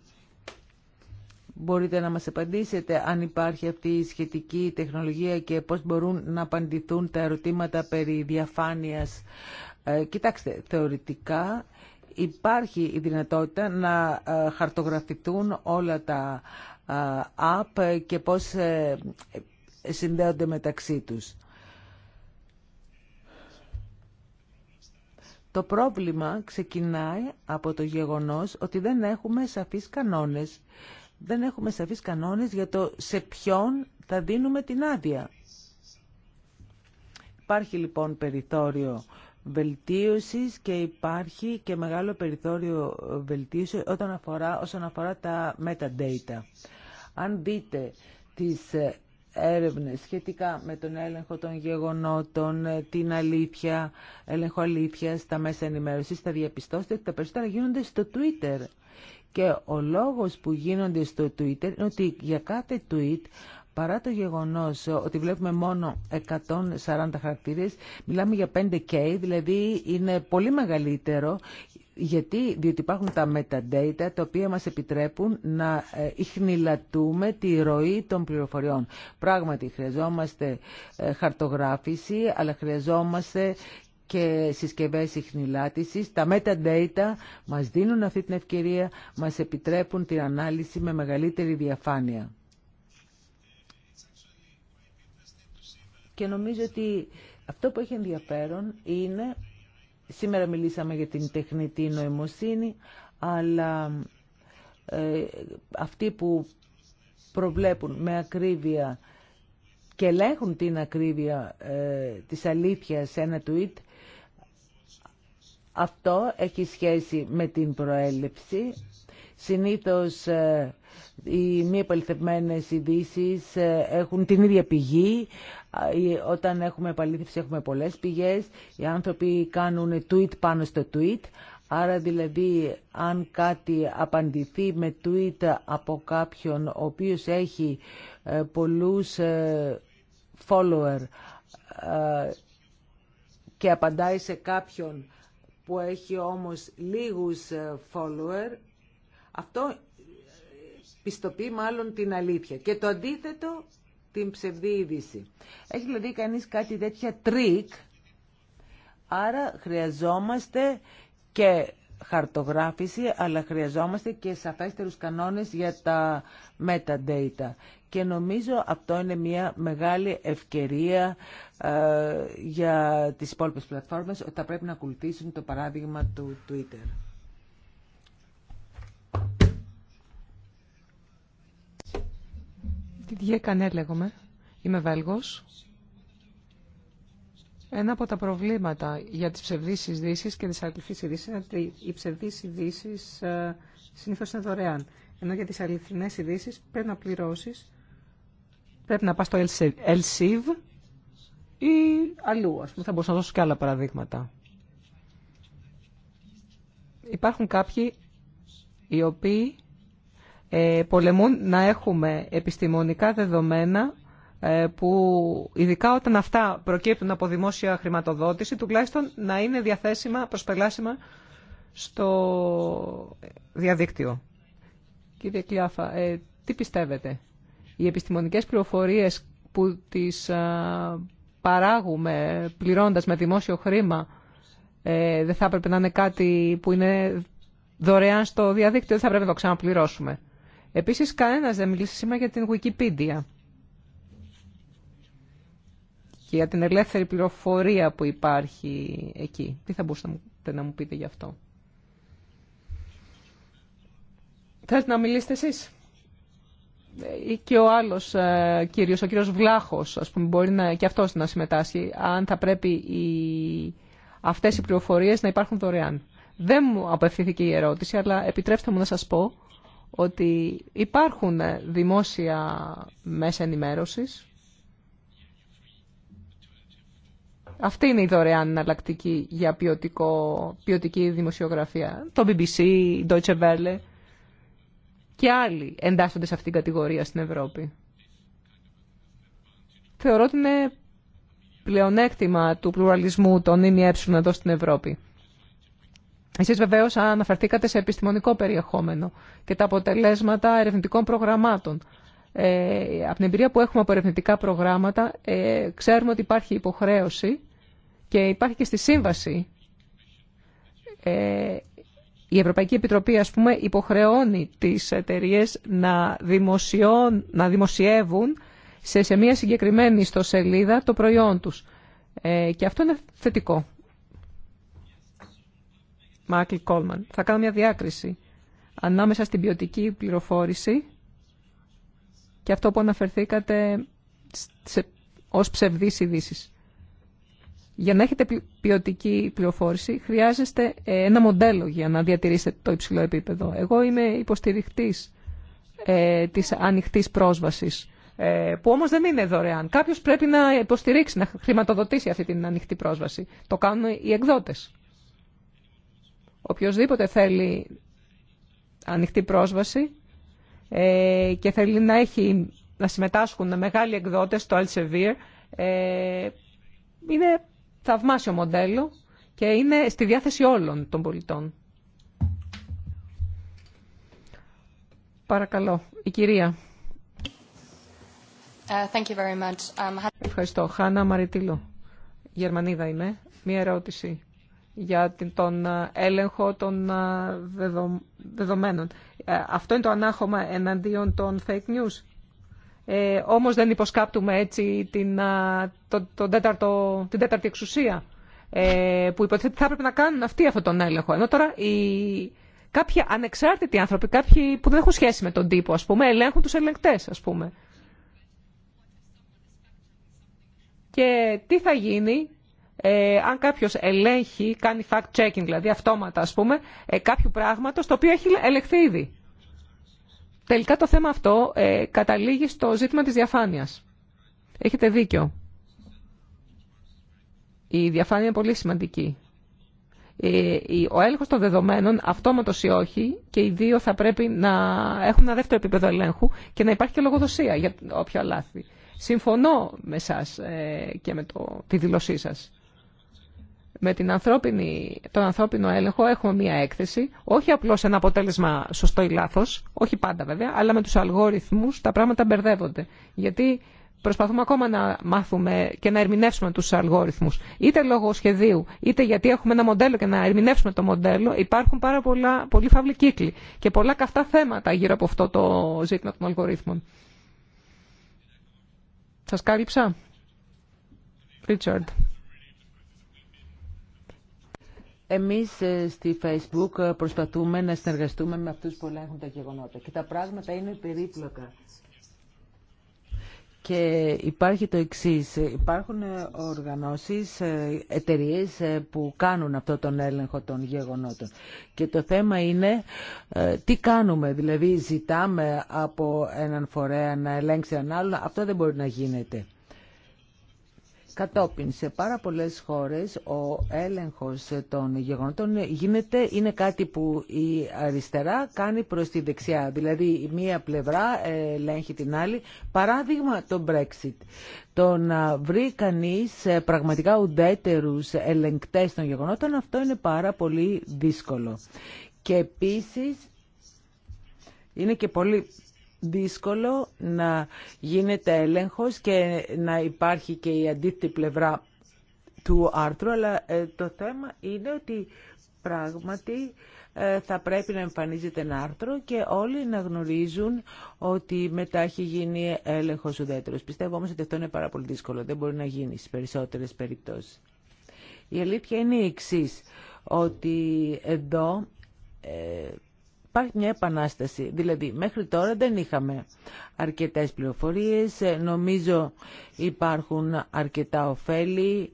Μπορείτε να μας απαντήσετε αν υπάρχει αυτή η σχετική τεχνολογία και πώς μπορούν να απαντηθούν τα ερωτήματα περί διαφάνειας. Ε, κοιτάξτε, θεωρητικά υπάρχει η δυνατότητα να ε, χαρτογραφηθούν όλα τα app και πώς συνδέονται μεταξύ τους. Το πρόβλημα ξεκινάει από το γεγονός ότι δεν έχουμε σαφείς κανόνες. Δεν έχουμε σαφείς κανόνες για το σε ποιον θα δίνουμε την άδεια. Υπάρχει λοιπόν περιθώριο βελτίωσης και υπάρχει και μεγάλο περιθώριο βελτίωση όταν αφορά, όσον αφορά τα metadata. Αν δείτε τις ε, έρευνες σχετικά με τον έλεγχο των γεγονότων, την αλήθεια, έλεγχο αλήθεια στα μέσα ενημέρωσης, θα διαπιστώσετε ότι τα περισσότερα γίνονται στο Twitter. Και ο λόγος που γίνονται στο Twitter είναι ότι για κάθε tweet παρά το γεγονός ότι βλέπουμε μόνο 140 χαρακτήρες, μιλάμε για 5K, δηλαδή είναι πολύ μεγαλύτερο γιατί, διότι υπάρχουν τα metadata τα οποία μας επιτρέπουν να ε, ιχνηλατούμε τη ροή των πληροφοριών. Πράγματι, χρειαζόμαστε ε, χαρτογράφηση, αλλά χρειαζόμαστε και συσκευές ιχνηλάτησης. Τα metadata μας δίνουν αυτή την ευκαιρία, μας επιτρέπουν την ανάλυση με μεγαλύτερη διαφάνεια. Και νομίζω ότι αυτό που έχει ενδιαφέρον είναι Σήμερα μιλήσαμε για την τεχνητή νοημοσύνη, αλλά ε, αυτοί που προβλέπουν με ακρίβεια και ελέγχουν την ακρίβεια ε, της αλήθειας σε ένα tweet, αυτό έχει σχέση με την προέλευση. Συνήθως ε, οι μη επαληθευμένες ειδήσει ε, έχουν την ίδια πηγή, όταν έχουμε επαλήθευση έχουμε πολλές πηγές. Οι άνθρωποι κάνουν tweet πάνω στο tweet. Άρα δηλαδή αν κάτι απαντηθεί με tweet από κάποιον ο οποίος έχει ε, πολλούς ε, follower ε, και απαντάει σε κάποιον που έχει όμως λίγους follower, αυτό πιστοποιεί μάλλον την αλήθεια. Και το αντίθετο την ψευδή είδηση. Έχει δηλαδή κανείς κάτι τέτοια τρίκ, άρα χρειαζόμαστε και χαρτογράφηση, αλλά χρειαζόμαστε και σαφέστερους κανόνες για τα metadata. Και νομίζω αυτό είναι μια μεγάλη ευκαιρία ε, για τις υπόλοιπες πλατφόρμες ότι θα πρέπει να ακολουθήσουν το παράδειγμα του Twitter. Διδιέ Κανέ λέγομαι. Είμαι Βέλγος. Ένα από τα προβλήματα για τις ψευδείς ειδήσει και τις αληθείς ειδήσει είναι ότι οι ψευδείς ειδήσει ε, συνήθως είναι δωρεάν. Ενώ για τις αληθινές ειδήσει πρέπει να πληρώσεις, πρέπει να πας στο Elsiv ή αλλού. Ας πούμε, θα μπορούσα να δώσω και άλλα παραδείγματα. Υπάρχουν κάποιοι οι οποίοι ε, πολεμούν να έχουμε επιστημονικά δεδομένα ε, που ειδικά όταν αυτά προκύπτουν από δημόσια χρηματοδότηση τουλάχιστον να είναι διαθέσιμα, προσπελάσιμα στο διαδίκτυο. Κύριε Κλιάφα, ε, τι πιστεύετε. Οι επιστημονικές πληροφορίες που τις παράγουμε πληρώντας με δημόσιο χρήμα δεν θα έπρεπε να είναι κάτι που είναι δωρεάν στο διαδίκτυο, δεν θα πρέπει να το ξαναπληρώσουμε. Επίσης, κανένας δεν μιλήσει σήμερα για την Wikipedia και για την ελεύθερη πληροφορία που υπάρχει εκεί. Τι θα μπορούσατε να μου πείτε γι' αυτό. Θέλετε να μιλήσετε εσείς. Ε, ή και ο άλλος ε, κύριος, ο κύριος Βλάχος, ας πούμε, μπορεί να, και αυτός να συμμετάσχει, αν θα πρέπει οι, αυτές οι πληροφορίες να υπάρχουν δωρεάν. Δεν μου απευθύνθηκε η ερώτηση, αλλά επιτρέψτε μου να σας πω ότι υπάρχουν δημόσια μέσα ενημέρωσης. Αυτή είναι η δωρεάν εναλλακτική για ποιοτικό, ποιοτική δημοσιογραφία. Το BBC, Deutsche Welle και άλλοι εντάσσονται σε αυτήν την κατηγορία στην Ευρώπη. Θεωρώ ότι είναι πλεονέκτημα του πλουραλισμού των ΙΜΕ εδώ στην Ευρώπη. Εσείς βεβαίως αναφερθήκατε σε επιστημονικό περιεχόμενο και τα αποτελέσματα ερευνητικών προγραμμάτων. Ε, από την εμπειρία που έχουμε από ερευνητικά προγράμματα, ε, ξέρουμε ότι υπάρχει υποχρέωση και υπάρχει και στη σύμβαση. Ε, η Ευρωπαϊκή Επιτροπή, ας πούμε, υποχρεώνει τις εταιρείε να, να δημοσιεύουν σε, μια συγκεκριμένη ιστοσελίδα το προϊόν τους. Ε, και αυτό είναι θετικό. Κόλμαν. Θα κάνω μια διάκριση ανάμεσα στην ποιοτική πληροφόρηση και αυτό που αναφερθήκατε σε, ως ψευδείς ειδήσει. Για να έχετε ποιοτική πληροφόρηση χρειάζεστε ε, ένα μοντέλο για να διατηρήσετε το υψηλό επίπεδο. Εγώ είμαι υποστηριχτής ε, της ανοιχτής πρόσβασης ε, που όμως δεν είναι δωρεάν. Κάποιος πρέπει να υποστηρίξει, να χρηματοδοτήσει αυτή την ανοιχτή πρόσβαση. Το κάνουν οι εκδότες. Οποιοςδήποτε θέλει ανοιχτή πρόσβαση ε, και θέλει να, έχει, να συμμετάσχουν μεγάλοι εκδότες στο Elsevier, ε, είναι θαυμάσιο μοντέλο και είναι στη διάθεση όλων των πολιτών. Παρακαλώ, η κυρία. Ε, thank you very much. Um, Ευχαριστώ. Χάνα Μαριτήλο. Γερμανίδα είμαι. Μία ερώτηση για τον ε, έλεγχο των ε, δεδομένων. Ε, αυτό είναι το ανάχωμα εναντίον των fake news. Ε, όμως δεν υποσκάπτουμε έτσι την, το, το την τέταρτη εξουσία ε, που ότι θα έπρεπε να κάνουν αυτοί αυτόν τον έλεγχο. Ενώ τώρα οι, κάποιοι ανεξάρτητοι άνθρωποι, κάποιοι που δεν έχουν σχέση με τον τύπο, ας πούμε, ελέγχουν τους ελεγκτές, ας πούμε. Και τι θα γίνει ε, αν κάποιο ελεγχει ελέγχει, κάνει fact-checking, δηλαδή αυτόματα ας πούμε, ε, κάποιου πράγματος το οποίο έχει ελεγχθεί ήδη. Τελικά το θέμα αυτό ε, καταλήγει στο ζήτημα της διαφάνειας. Έχετε δίκιο. Η διαφάνεια είναι πολύ σημαντική. Ε, ο έλεγχο των δεδομένων, αυτόματο ή όχι, και οι δύο θα πρέπει να έχουν ένα δεύτερο επίπεδο ελέγχου και να υπάρχει και λογοδοσία για όποια λάθη. Συμφωνώ με εσά και με το, τη δήλωσή σα με την ανθρώπινη, τον ανθρώπινο έλεγχο έχουμε μία έκθεση, όχι απλώς ένα αποτέλεσμα σωστό ή λάθος, όχι πάντα βέβαια, αλλά με τους αλγόριθμους τα πράγματα μπερδεύονται. Γιατί προσπαθούμε ακόμα να μάθουμε και να ερμηνεύσουμε τους αλγόριθμους. Είτε λόγω σχεδίου, είτε γιατί έχουμε ένα μοντέλο και να ερμηνεύσουμε το μοντέλο, υπάρχουν πάρα πολλά, πολύ φαύλοι κύκλοι και πολλά καυτά θέματα γύρω από αυτό το ζήτημα των αλγορίθμων. Σας κάλυψα. Εμείς ε, στη Facebook ε, προσπαθούμε να συνεργαστούμε με αυτούς που ελέγχουν τα γεγονότα και τα πράγματα είναι περίπλοκα. Και υπάρχει το εξή. Υπάρχουν ε, οργανώσεις, εταιρείε που κάνουν αυτό τον έλεγχο των γεγονότων. Και το θέμα είναι τι κάνουμε. Δηλαδή ζητάμε από έναν φορέα να ελέγξει έναν άλλο. Αυτό δεν μπορεί να γίνεται. Κατόπιν, σε πάρα πολλές χώρες ο έλεγχος των γεγονότων γίνεται, είναι κάτι που η αριστερά κάνει προς τη δεξιά. Δηλαδή η μία πλευρά ελέγχει την άλλη. Παράδειγμα το Brexit. Το να βρει κανείς ε, πραγματικά ουδέτερους ελεγκτές των γεγονότων, αυτό είναι πάρα πολύ δύσκολο. Και επίσης είναι και πολύ δύσκολο να γίνεται έλεγχος και να υπάρχει και η αντίθετη πλευρά του άρθρου, αλλά ε, το θέμα είναι ότι πράγματι ε, θα πρέπει να εμφανίζεται ένα άρθρο και όλοι να γνωρίζουν ότι μετά έχει γίνει έλεγχος ουδέτερος. Πιστεύω όμως ότι αυτό είναι πάρα πολύ δύσκολο, δεν μπορεί να γίνει στις περισσότερες περιπτώσεις. Η αλήθεια είναι η εξής, ότι εδώ ε, υπάρχει μια επανάσταση. Δηλαδή, μέχρι τώρα δεν είχαμε αρκετές πληροφορίες, ε, νομίζω υπάρχουν αρκετά ωφέλη,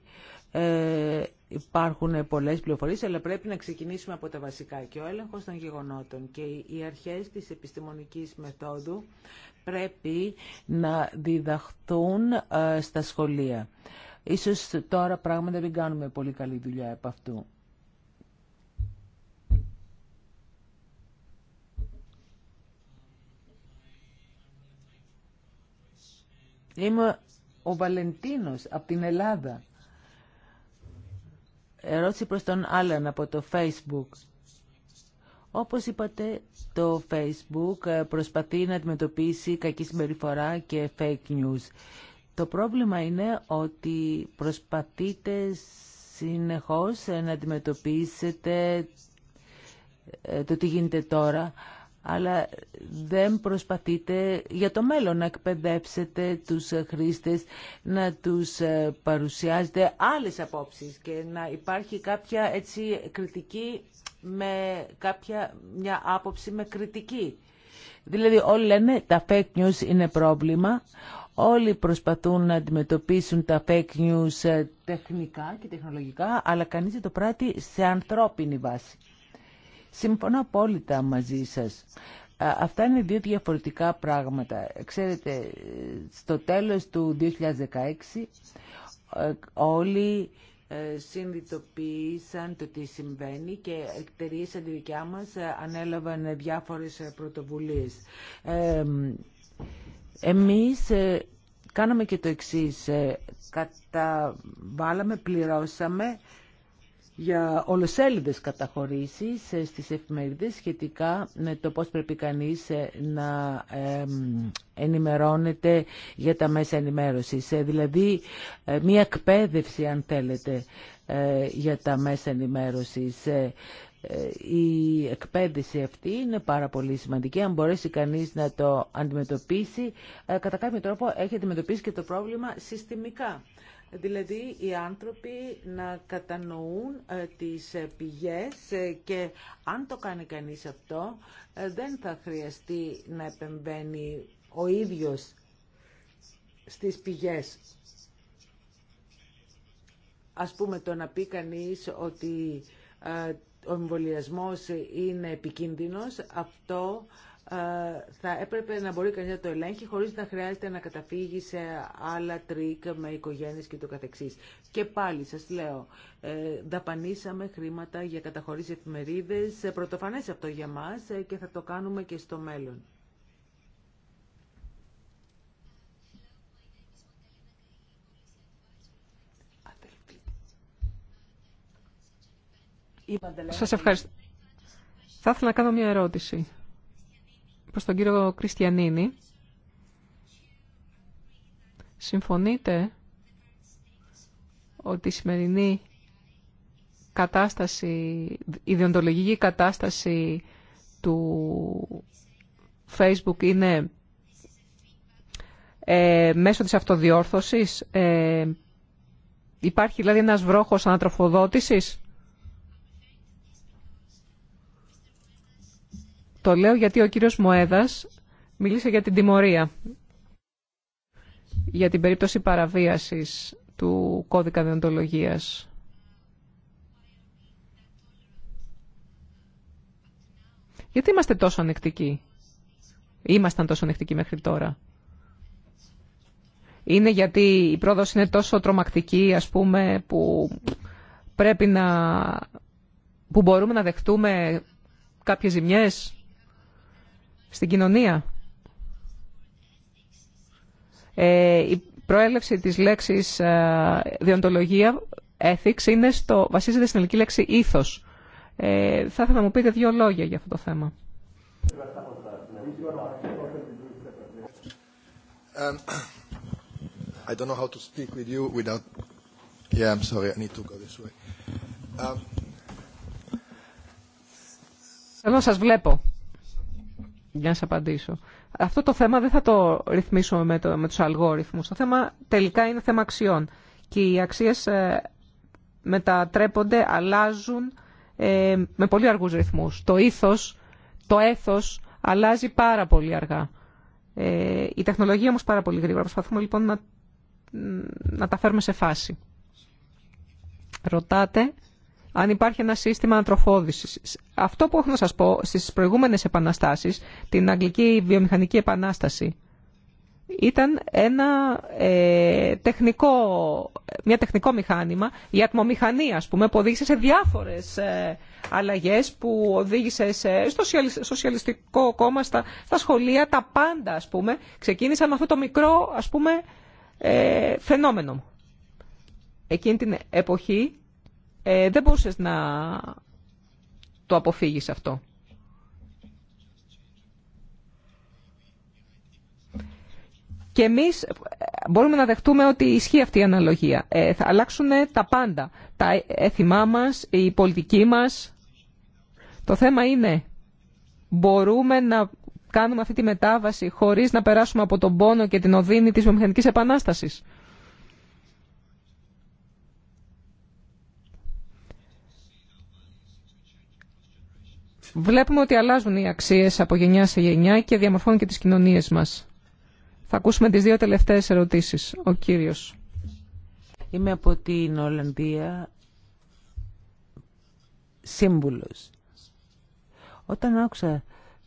ε, υπάρχουν πολλές πληροφορίες, αλλά πρέπει να ξεκινήσουμε από τα βασικά. Και ο έλεγχος των γεγονότων και οι αρχές της επιστημονικής μεθόδου πρέπει να διδαχθούν ε, στα σχολεία. Ίσως τώρα πράγματα δεν κάνουμε πολύ καλή δουλειά από αυτού. Είμαι ο Βαλεντίνος από την Ελλάδα. Ερώτηση προς τον Άλαν από το Facebook. Όπως είπατε, το Facebook ε, προσπαθεί να αντιμετωπίσει κακή συμπεριφορά και fake news. Το πρόβλημα είναι ότι προσπαθείτε συνεχώς να αντιμετωπίσετε ε, το τι γίνεται τώρα αλλά δεν προσπαθείτε για το μέλλον να εκπαιδεύσετε τους χρήστες, να τους ε, παρουσιάζετε άλλες απόψεις και να υπάρχει κάποια έτσι κριτική με κάποια μια άποψη με κριτική. Δηλαδή όλοι λένε τα fake news είναι πρόβλημα, όλοι προσπαθούν να αντιμετωπίσουν τα fake news ε, τεχνικά και τεχνολογικά, αλλά κανείς δεν το πράττει σε ανθρώπινη βάση. Συμφωνώ απόλυτα μαζί σας. Αυτά είναι δύο διαφορετικά πράγματα. Ξέρετε, στο τέλος του 2016 ε, όλοι ε, συνειδητοποίησαν το τι συμβαίνει και εταιρείε σαν τη δικιά μας ε, ανέλαβαν διάφορες πρωτοβουλίες. Εμείς κάναμε και το εξής. Καταβάλαμε, πληρώσαμε για ολοσέλιδες καταχωρήσεις ε, στις εφημερίδες σχετικά με το πώς πρέπει κανείς ε, να ενημερώνεται για τα μέσα ενημέρωσης. Ε, δηλαδή, μία εκπαίδευση, αν θέλετε, για τα μέσα ενημέρωσης. Η εκπαίδευση αυτή είναι πάρα πολύ σημαντική. Αν μπορέσει κανείς να το αντιμετωπίσει, κατά κάποιο τρόπο έχει αντιμετωπίσει και το πρόβλημα συστημικά δηλαδή οι άνθρωποι να κατανοούν ε, τις ε, πηγές ε, και αν το κάνει κανείς αυτό δεν θα χρειαστεί να επεμβαίνει ο ίδιος στις πηγές. Ας πούμε το να πει κανείς ότι ο εμβολιασμός είναι επικίνδυνος, αυτό θα έπρεπε να μπορεί κανείς να το ελέγχει χωρίς να χρειάζεται να καταφύγει σε άλλα τρίκ με οικογένειες και το καθεξής. Και πάλι σας λέω, ε, δαπανίσαμε χρήματα για καταχωρήσεις εφημερίδες, ε, πρωτοφανές αυτό για μας ε, και θα το κάνουμε και στο μέλλον. Σας ευχαριστώ. Θα ήθελα να κάνω μια ερώτηση προς τον κύριο Κριστιανίνη. Συμφωνείτε ότι η σημερινή κατάσταση, η διοντολογική κατάσταση του Facebook είναι ε, μέσω της αυτοδιόρθωσης. Ε, υπάρχει δηλαδή ένας βρόχος ανατροφοδότησης. Το λέω γιατί ο κύριος Μοέδας μίλησε για την τιμωρία, για την περίπτωση παραβίασης του κώδικα διοντολογίας. Γιατί είμαστε τόσο ανεκτικοί. Ήμασταν τόσο ανεκτικοί μέχρι τώρα. Είναι γιατί η πρόοδος είναι τόσο τρομακτική, ας πούμε, που πρέπει να... που μπορούμε να δεχτούμε κάποιες ζημιές στην κοινωνία. Ε, η προέλευση της λέξης ε, διοντολογία, ethics, είναι στο, βασίζεται στην ελληνική λέξη ήθος. Ε, θα ήθελα να μου πείτε δύο λόγια για αυτό το θέμα. Um, I σας βλέπω για να σας απαντήσω. Αυτό το θέμα δεν θα το ρυθμίσουμε με, το, με τους αλγόριθμους. Το θέμα τελικά είναι θέμα αξιών. Και οι αξίες ε, μετατρέπονται, αλλάζουν ε, με πολύ αργούς ρυθμούς. Το ήθος, το έθος αλλάζει πάρα πολύ αργά. Ε, η τεχνολογία όμως πάρα πολύ γρήγορα. Προσπαθούμε λοιπόν να, να τα φέρουμε σε φάση. Ρωτάτε αν υπάρχει ένα σύστημα ανατροφόδησης. Αυτό που έχω να σας πω στις προηγούμενες επαναστάσεις, την Αγγλική Βιομηχανική Επανάσταση, ήταν ένα ε, τεχνικό, μια τεχνικό μηχάνημα, η ατμομηχανία, ας πούμε, που οδήγησε σε διάφορες ε, αλλαγές, που οδήγησε σε, στο σοσιαλιστικό κόμμα, στα, στα, σχολεία, τα πάντα, ας πούμε, ξεκίνησαν με αυτό το μικρό, ας πούμε, ε, φαινόμενο. Εκείνη την εποχή ε, δεν μπορούσε να το αποφύγεις αυτό. Και εμείς ε, μπορούμε να δεχτούμε ότι ισχύει αυτή η αναλογία. Ε, θα αλλάξουν τα πάντα. Τα έθιμά μας, η πολιτική μας. Το θέμα είναι, μπορούμε να κάνουμε αυτή τη μετάβαση χωρίς να περάσουμε από τον πόνο και την οδύνη της βιομηχανικής επανάστασης. Βλέπουμε ότι αλλάζουν οι αξίες από γενιά σε γενιά και διαμορφώνουν και τις κοινωνίε μας. Θα ακούσουμε τις δύο τελευταίες ερωτήσεις. Ο κύριος. Είμαι από την Ολλανδία σύμβουλος. Όταν άκουσα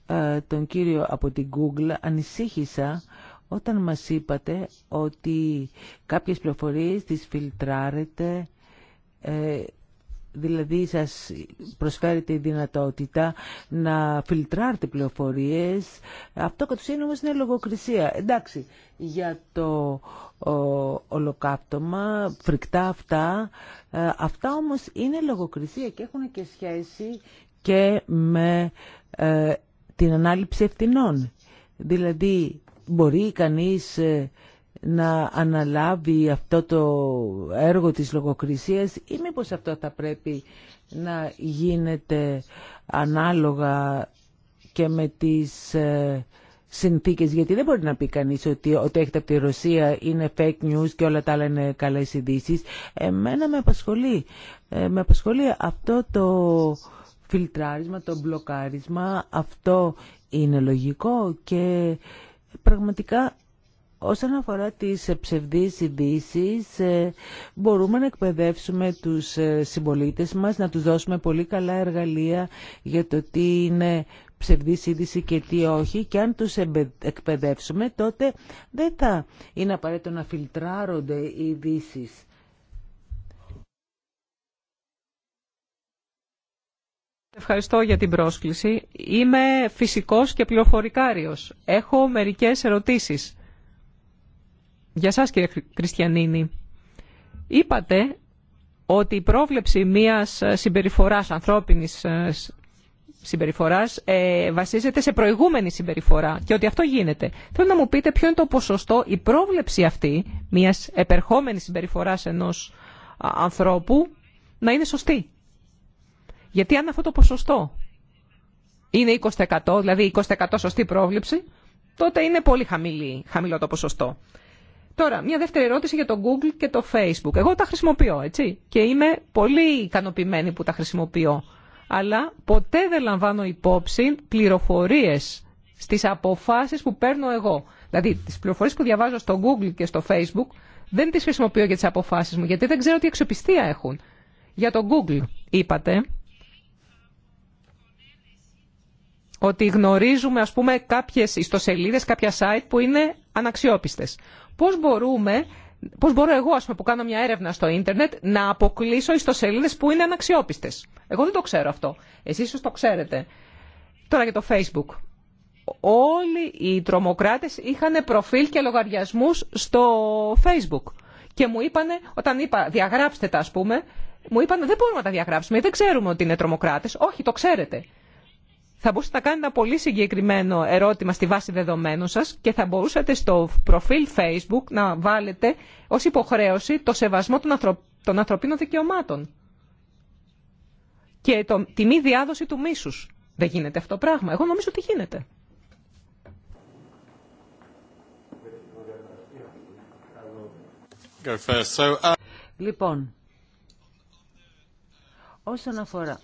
ε, τον κύριο από την Google ανησύχησα όταν μας είπατε ότι κάποιες πληροφορίες τις φιλτράρετε ε, Δηλαδή σας προσφέρετε η δυνατότητα να φιλτράρετε πληροφορίες. Αυτό κατ' ουσίαν όμως είναι λογοκρισία. Εντάξει, για το ο, ολοκάπτωμα, φρικτά αυτά, ε, αυτά όμως είναι λογοκρισία και έχουν και σχέση και με ε, την ανάληψη ευθυνών. Δηλαδή μπορεί κανείς... Ε, να αναλάβει αυτό το έργο της λογοκρισίας ή μήπως αυτό θα πρέπει να γίνεται ανάλογα και με τις ε, συνθήκες γιατί δεν μπορεί να πει κανείς ότι ό,τι έχετε από τη Ρωσία είναι fake news και όλα τα άλλα είναι καλές ειδήσει. Εμένα με απασχολεί. Ε, με απασχολεί αυτό το φιλτράρισμα, το μπλοκάρισμα. Αυτό είναι λογικό και πραγματικά Όσον αφορά τις ψευδείς ειδήσει, ε, μπορούμε να εκπαιδεύσουμε τους ε, συμπολίτες μας, να τους δώσουμε πολύ καλά εργαλεία για το τι είναι ψευδή είδηση και τι όχι και αν τους εκπαιδεύσουμε τότε δεν θα είναι απαραίτητο να φιλτράρονται οι ειδήσει. Ευχαριστώ για την πρόσκληση. Είμαι φυσικός και πληροφορικάριος. Έχω μερικές ερωτήσεις για σας κύριε Κριστιανίνη. Είπατε ότι η πρόβλεψη μιας ε, συμπεριφοράς, ανθρώπινης ε, συμπεριφοράς, ε, βασίζεται σε προηγούμενη συμπεριφορά και ότι αυτό γίνεται. Θέλω να μου πείτε ποιο είναι το ποσοστό, η πρόβλεψη αυτή μιας επερχόμενης συμπεριφοράς ενός ανθρώπου να είναι σωστή. Γιατί αν αυτό το ποσοστό είναι 20%, δηλαδή 20% σωστή πρόβλεψη, τότε είναι πολύ χαμηλό το ποσοστό. Τώρα, μια δεύτερη ερώτηση για το Google και το Facebook. Εγώ τα χρησιμοποιώ, έτσι, και είμαι πολύ ικανοποιημένη που τα χρησιμοποιώ. Αλλά ποτέ δεν λαμβάνω υπόψη πληροφορίες στις αποφάσεις που παίρνω εγώ. Δηλαδή, τις πληροφορίες που διαβάζω στο Google και στο Facebook δεν τις χρησιμοποιώ για τις αποφάσεις μου, γιατί δεν ξέρω τι αξιοπιστία έχουν. Για το Google είπατε ότι γνωρίζουμε ας πούμε κάποιες ιστοσελίδες, κάποια site που είναι αναξιόπιστες. Πώς μπορούμε, πώς μπορώ εγώ ας πούμε που κάνω μια έρευνα στο ίντερνετ να αποκλείσω ιστοσελίδες που είναι αναξιόπιστες. Εγώ δεν το ξέρω αυτό. Εσείς ίσως το ξέρετε. Τώρα για το Facebook. Όλοι οι τρομοκράτες είχαν προφίλ και λογαριασμούς στο Facebook. Και μου είπανε, όταν είπα διαγράψτε τα ας πούμε, μου είπαν δεν μπορούμε να τα διαγράψουμε, δεν ξέρουμε ότι είναι τρομοκράτες. Όχι, το ξέρετε θα μπορούσατε να κάνετε ένα πολύ συγκεκριμένο ερώτημα στη βάση δεδομένων σας και θα μπορούσατε στο προφίλ Facebook να βάλετε ως υποχρέωση το σεβασμό των, ανθρωπίνων δικαιωμάτων και το... τη μη διάδοση του μίσους. Δεν γίνεται αυτό το πράγμα. Εγώ νομίζω ότι γίνεται. Uh, λοιπόν, όσον αφορά...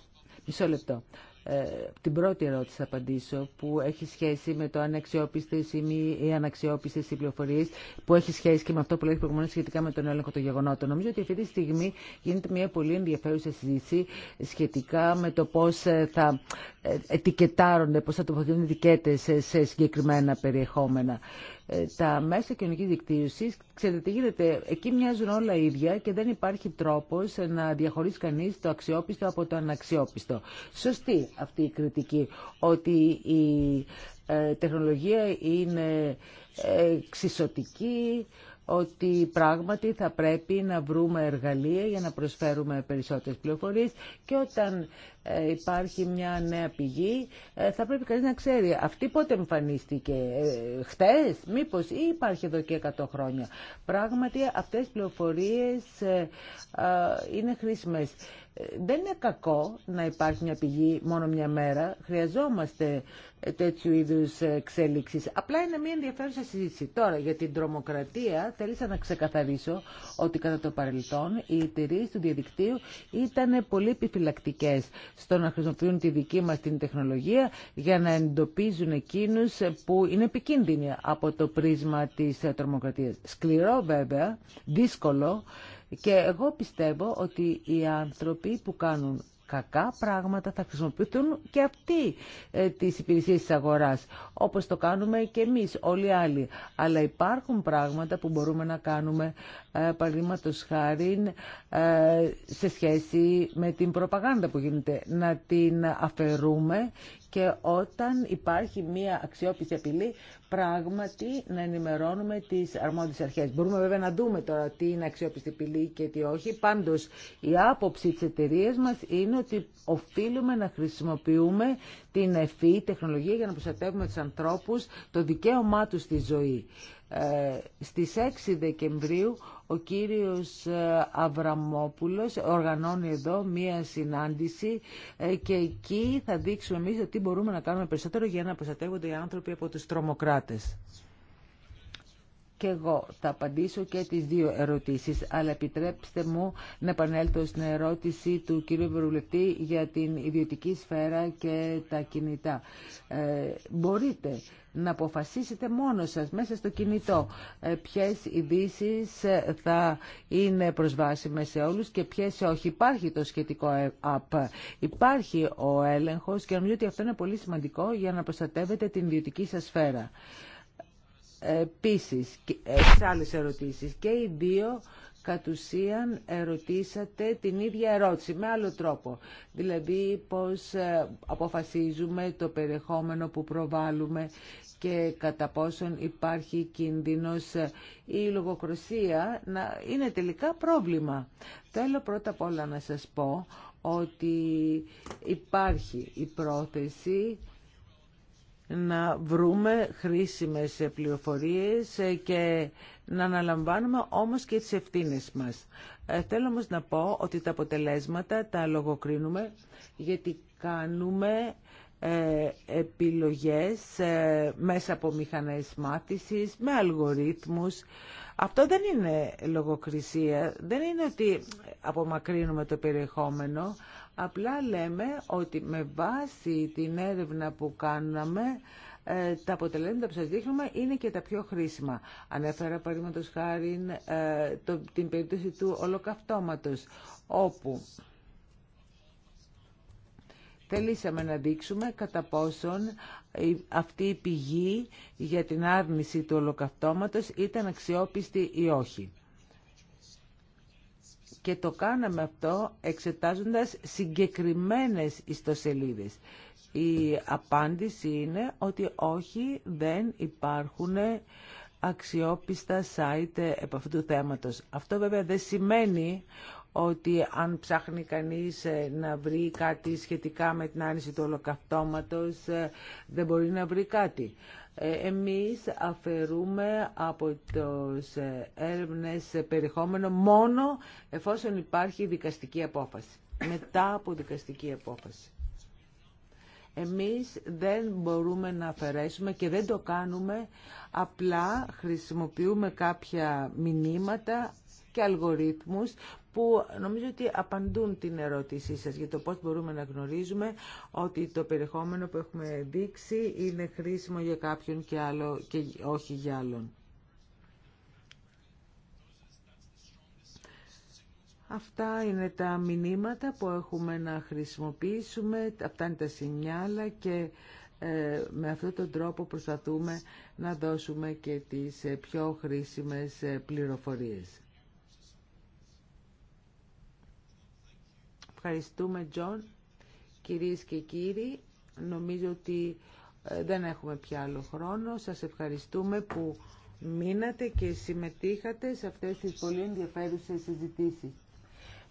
Μισό λεπτό. Ε, την πρώτη ερώτηση θα απαντήσω που έχει σχέση με το αν ή μη ή αναξιόπιστε οι πληροφορίε που έχει σχέση και με αυτό που λέει προηγουμένω σχετικά με τον έλεγχο των γεγονότων. Νομίζω ότι αυτή τη στιγμή γίνεται μια πολύ ενδιαφέρουσα συζήτηση σχετικά με το πώ ε, θα ε, ετικετάρονται, πώ θα τοποθετούν ετικέτε σε συγκεκριμένα περιεχόμενα. Ε, τα μέσα κοινωνική δικτύωση, ξέρετε τι γίνεται, εκεί μοιάζουν όλα ίδια και δεν υπάρχει τρόπο να διαχωρίσει κανεί το αξιόπιστο από το αναξιόπιστο. Σωστή αυτή η κριτική ότι η ε, τεχνολογία είναι εξισωτική, ότι πράγματι θα πρέπει να βρούμε εργαλεία για να προσφέρουμε περισσότερες πληροφορίες και όταν ε, υπάρχει μια νέα πηγή ε, θα πρέπει κανείς να ξέρει αυτή πότε εμφανίστηκε, ε, χτες, μήπως ή υπάρχει εδώ και 100 χρόνια. Πράγματι αυτές οι πληροφορίες είναι χρήσιμες. Δεν είναι κακό να υπάρχει μια πηγή μόνο μια μέρα. Χρειαζόμαστε τέτοιου είδου εξέλιξη. Απλά είναι μια ενδιαφέρουσα συζήτηση. Τώρα για την τρομοκρατία θέλησα να ξεκαθαρίσω ότι κατά το παρελθόν οι εταιρείε του διαδικτύου ήταν πολύ επιφυλακτικέ στο να χρησιμοποιούν τη δική μα την τεχνολογία για να εντοπίζουν εκείνου που είναι επικίνδυνοι από το πρίσμα τη τρομοκρατία. Σκληρό βέβαια, δύσκολο και εγώ πιστεύω ότι οι άνθρωποι που κάνουν κακά πράγματα θα χρησιμοποιηθούν και αυτοί ε, τις υπηρεσίες της αγοράς, όπως το κάνουμε και εμείς, όλοι οι άλλοι. Αλλά υπάρχουν πράγματα που μπορούμε να κάνουμε, ε, παραδείγματο χάρη, ε, σε σχέση με την προπαγάνδα που γίνεται, να την αφαιρούμε και όταν υπάρχει μία αξιόπιστη απειλή, πράγματι να ενημερώνουμε τις αρμόδιες αρχές. Μπορούμε βέβαια να δούμε τώρα τι είναι αξιόπιστη απειλή και τι όχι. Πάντως, η άποψη της εταιρεία μας είναι ότι οφείλουμε να χρησιμοποιούμε την ευφυή τεχνολογία για να προστατεύουμε τους ανθρώπους, το δικαίωμά τους στη ζωή. Ε, στις 6 Δεκεμβρίου ο κύριος ε, Αβραμόπουλος οργανώνει εδώ μία συνάντηση ε, και εκεί θα δείξουμε εμείς τι μπορούμε να κάνουμε περισσότερο για να προστατεύονται οι άνθρωποι από τους τρομοκράτες. Και εγώ θα απαντήσω και τις δύο ερωτήσεις, αλλά επιτρέψτε μου να επανέλθω στην ερώτηση του κύριου Βερουλευτή για την ιδιωτική σφαίρα και τα κινητά. Ε, μπορείτε να αποφασίσετε μόνο σας μέσα στο κινητό ε, ποιες ειδήσει ε, θα είναι προσβάσιμες σε όλους και ποιες όχι. Υπάρχει το σχετικό app, υπάρχει ο έλεγχος και νομίζω ότι αυτό είναι πολύ σημαντικό για να προστατεύετε την ιδιωτική σας σφαίρα επίση, ε, σε άλλε ερωτήσεις και οι δύο κατ' ουσίαν ερωτήσατε την ίδια ερώτηση με άλλο τρόπο. Δηλαδή πώς ε, αποφασίζουμε το περιεχόμενο που προβάλλουμε και κατά πόσον υπάρχει κίνδυνος ε, η λογοκροσία να είναι τελικά πρόβλημα. Θέλω πρώτα απ' όλα να σας πω ότι υπάρχει η πρόθεση να βρούμε χρήσιμες πληροφορίες και να αναλαμβάνουμε όμως και τις ευθύνες μας. Ε, θέλω όμως να πω ότι τα αποτελέσματα τα λογοκρίνουμε γιατί κάνουμε ε, επιλογές ε, μέσα από μηχανές μάθησης, με αλγορίθμους. Αυτό δεν είναι λογοκρισία, δεν είναι ότι απομακρύνουμε το περιεχόμενο, Απλά λέμε ότι με βάση την έρευνα που κάναμε, ε, τα αποτελέσματα που σας δείχνουμε είναι και τα πιο χρήσιμα. Ανέφερα παραδείγματος χάρη ε, το, την περίπτωση του ολοκαυτώματος, όπου θελήσαμε να δείξουμε κατά πόσον αυτή η πηγή για την άρνηση του ολοκαυτώματος ήταν αξιόπιστη ή όχι. Και το κάναμε αυτό εξετάζοντας συγκεκριμένες ιστοσελίδες. Η απάντηση είναι ότι όχι, δεν υπάρχουν αξιόπιστα site επ' αυτού του θέματος. Αυτό βέβαια δεν σημαίνει ότι αν ψάχνει κανείς ε, να βρει κάτι σχετικά με την άρνηση του ολοκαυτώματος, ε, δεν μπορεί να βρει κάτι. Ε, εμείς αφαιρούμε από τους ε, έρευνες περιεχόμενο μόνο εφόσον υπάρχει δικαστική απόφαση. Μετά από δικαστική απόφαση. Εμείς δεν μπορούμε να αφαιρέσουμε και δεν το κάνουμε, απλά χρησιμοποιούμε κάποια μηνύματα και αλγορίθμους που νομίζω ότι απαντούν την ερώτησή σας για το πώς μπορούμε να γνωρίζουμε ότι το περιεχόμενο που έχουμε δείξει είναι χρήσιμο για κάποιον και, άλλο, και όχι για άλλον. Αυτά είναι τα μηνύματα που έχουμε να χρησιμοποιήσουμε, αυτά είναι τα σημειάλα και ε, με αυτόν τον τρόπο προσπαθούμε να δώσουμε και τις ε, πιο χρήσιμες ε, πληροφορίες. Ευχαριστούμε, Τζον. Κυρίες και κύριοι, νομίζω ότι ε, δεν έχουμε πια άλλο χρόνο. Σας ευχαριστούμε που μείνατε και συμμετείχατε σε αυτές τις πολύ ενδιαφέρουσες συζητήσεις.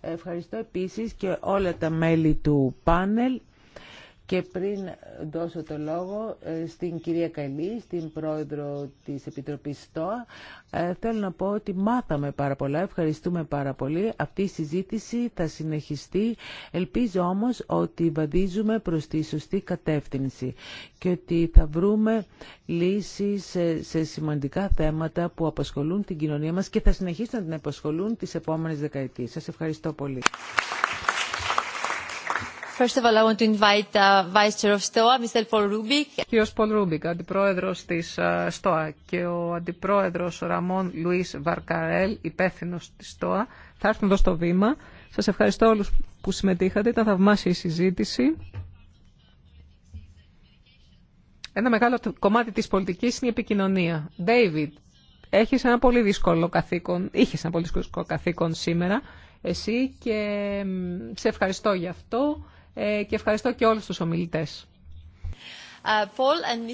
Ευχαριστώ επίσης και όλα τα μέλη του πάνελ. Και πριν δώσω το λόγο ε, στην κυρία Καλή, στην πρόεδρο της Επιτροπής ΣΤΟΑ, ε, θέλω να πω ότι μάθαμε πάρα πολλά, ευχαριστούμε πάρα πολύ. Αυτή η συζήτηση θα συνεχιστεί. Ελπίζω όμως ότι βαδίζουμε προς τη σωστή κατεύθυνση και ότι θα βρούμε λύσεις σε σημαντικά θέματα που απασχολούν την κοινωνία μας και θα συνεχίσουν να την απασχολούν τις επόμενες δεκαετίες. Σας ευχαριστώ πολύ. First of all, I want to invite uh, Vice Chair of STOA, Mr. Paul Rubik. Κύριος Πολ Ρούμπικ, αντιπρόεδρος της ΣΤΟΑ uh, και ο αντιπρόεδρος Ραμόν Λουίς Βαρκαρέλ, υπεύθυνος της ΣΤΟΑ, θα έρθουν εδώ στο βήμα. Σας ευχαριστώ όλους που συμμετείχατε. Ήταν θαυμάσια η συζήτηση. Ένα μεγάλο κομμάτι της πολιτικής είναι η επικοινωνία. David, έχεις ένα πολύ δύσκολο καθήκον, είχες ένα πολύ δύσκολο καθήκον σήμερα. Εσύ και σε ευχαριστώ για αυτό. Ε, και ευχαριστώ και όλους τους ομιλητές. Πολ ε,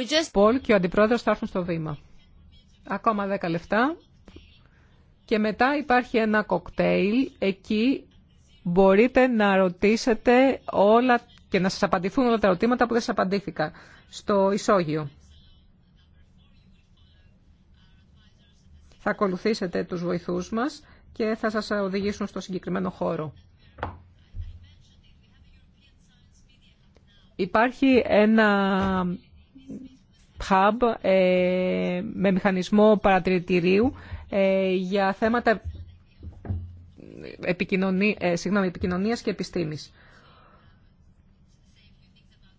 ε, just... και ο Αντιπρόεδρος θα έρθουν στο βήμα. Ακόμα 10 λεπτά. Και μετά υπάρχει ένα κοκτέιλ. Εκεί μπορείτε να ρωτήσετε όλα και να σας απαντηθούν όλα τα ερωτήματα που δεν σας απαντήθηκα στο ισόγειο. Θα ακολουθήσετε τους βοηθούς μας και θα σας οδηγήσουν στο συγκεκριμένο χώρο. Υπάρχει ένα hub ε, με μηχανισμό παρατηρητηρίου ε, για θέματα επικοινωνία, ε, επικοινωνίας και επιστήμης.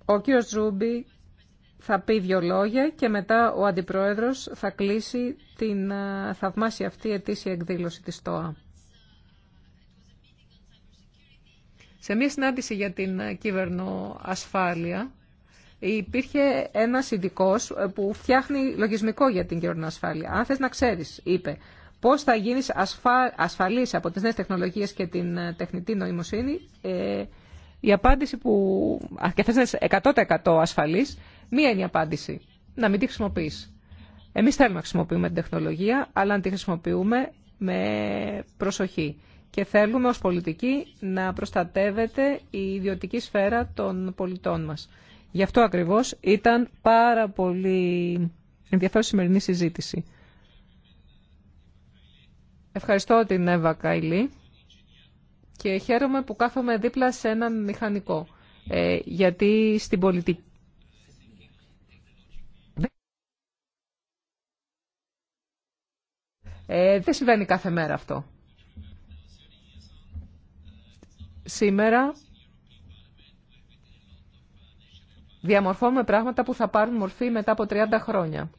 Ο κύριος Ζούμπι θα πει δύο λόγια και μετά ο Αντιπρόεδρος θα κλείσει την ε, θαυμάσια αυτή ετήσια εκδήλωση της ΤΟΑ. Σε μια συνάντηση για την ε, ασφάλεια υπήρχε ένας ειδικό ε, που φτιάχνει λογισμικό για την κυβερνοασφάλεια. Αν θες να ξέρεις, είπε, πώς θα γίνεις ασφα... ασφαλής από τις νέες τεχνολογίες και την ε, τεχνητή νοημοσύνη, ε, η απάντηση που... και θες να είσαι 100% ασφαλής, μία είναι η απάντηση. Να μην τη χρησιμοποιεί. Εμείς θέλουμε να χρησιμοποιούμε την τεχνολογία, αλλά να τη χρησιμοποιούμε με προσοχή και θέλουμε ως πολιτικοί να προστατεύεται η ιδιωτική σφαίρα των πολιτών μας. Γι' αυτό ακριβώς ήταν πάρα πολύ η σημερινή συζήτηση. Ευχαριστώ την Εύα Καϊλή και χαίρομαι που κάθομαι δίπλα σε έναν μηχανικό. Ε, γιατί στην πολιτική... Ε, δεν συμβαίνει κάθε μέρα αυτό. Σήμερα διαμορφώνουμε πράγματα που θα πάρουν μορφή μετά από 30 χρόνια.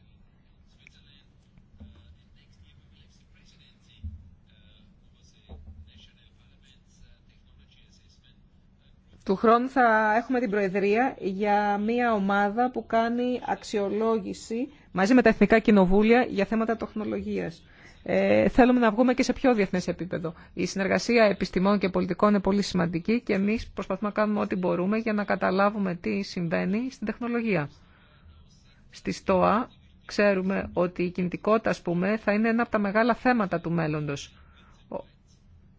Του χρόνου θα έχουμε την Προεδρία για μια ομάδα που κάνει αξιολόγηση μαζί με τα Εθνικά Κοινοβούλια για θέματα τεχνολογίας ε, θέλουμε να βγούμε και σε πιο διεθνές επίπεδο. Η συνεργασία επιστημών και πολιτικών είναι πολύ σημαντική και εμείς προσπαθούμε να κάνουμε ό,τι μπορούμε για να καταλάβουμε τι συμβαίνει στην τεχνολογία. Στη ΣΤΟΑ ξέρουμε ότι η κινητικότητα, ας θα είναι ένα από τα μεγάλα θέματα του μέλλοντος.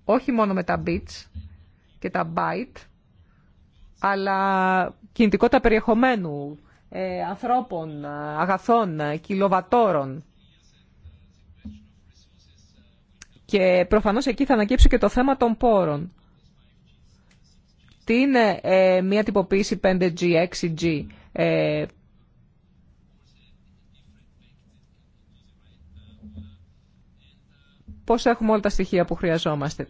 Όχι μόνο με τα bits και τα byte, αλλά κινητικότητα περιεχομένου, ε, ανθρώπων, αγαθών, κιλοβατόρων, Και προφανώς εκεί θα ανακύψει και το θέμα των πόρων. Τι είναι ε, μια τυποποίηση 5G, 6G. Ε, πώς έχουμε όλα τα στοιχεία που χρειαζόμαστε.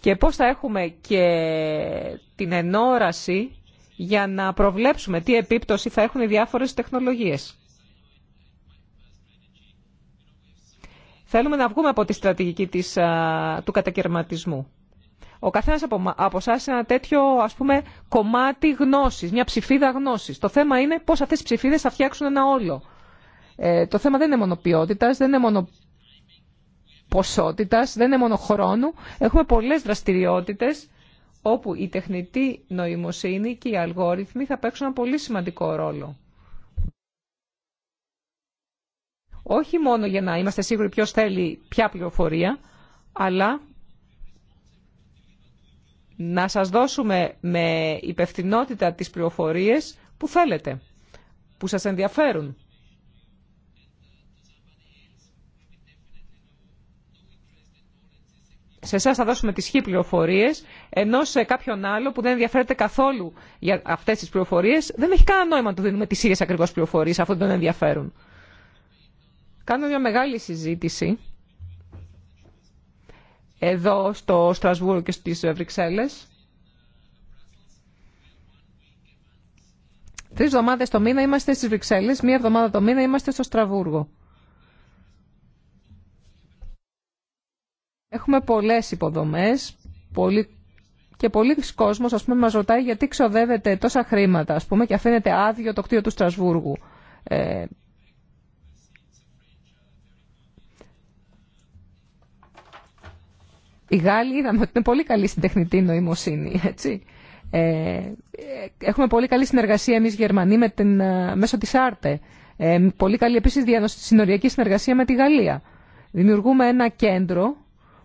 Και πώς θα έχουμε και την ενόραση για να προβλέψουμε τι επίπτωση θα έχουν οι διάφορες τεχνολογίες. Θέλουμε να βγούμε από τη στρατηγική της, του κατακαιρματισμού. Ο καθένας από, από είναι ένα τέτοιο ας πούμε, κομμάτι γνώσης, μια ψηφίδα γνώσης. Το θέμα είναι πώς αυτές οι ψηφίδες θα φτιάξουν ένα όλο. Ε, το θέμα δεν είναι μόνο ποιότητα, δεν είναι μόνο ποσότητας, δεν είναι μόνο χρόνου. Έχουμε πολλές δραστηριότητες όπου η τεχνητή νοημοσύνη και οι αλγόριθμοι θα παίξουν ένα πολύ σημαντικό ρόλο. όχι μόνο για να είμαστε σίγουροι ποιος θέλει ποια πληροφορία, αλλά να σας δώσουμε με υπευθυνότητα τις πληροφορίες που θέλετε, που σας ενδιαφέρουν. σε εσά θα δώσουμε τι χι πληροφορίε, ενώ σε κάποιον άλλο που δεν ενδιαφέρεται καθόλου για αυτέ τι πληροφορίε, δεν έχει κανένα νόημα να του δίνουμε τι ίδιε ακριβώ πληροφορίε, αφού δεν τον ενδιαφέρουν. Κάνω μια μεγάλη συζήτηση εδώ στο Στρασβούργο και στις Βρυξέλλες. Τρεις εβδομάδες το μήνα είμαστε στις Βρυξέλλες, μία εβδομάδα το μήνα είμαστε στο Στραβούργο. Έχουμε πολλές υποδομές πολύ... και πολλοί κόσμος ας πούμε, μας ρωτάει γιατί ξοδεύεται τόσα χρήματα ας πούμε, και αφήνεται άδειο το κτίριο του Στρασβούργου. Ε, Οι Γάλλοι είδαμε ότι είναι πολύ καλή στην τεχνητή νοημοσύνη, έτσι. Ε, έχουμε πολύ καλή συνεργασία εμείς Γερμανοί με την, ε, μέσω της ΑΡΤΕ. Ε, πολύ καλή επίσης συνοριακή συνεργασία με τη Γαλλία. Δημιουργούμε ένα κέντρο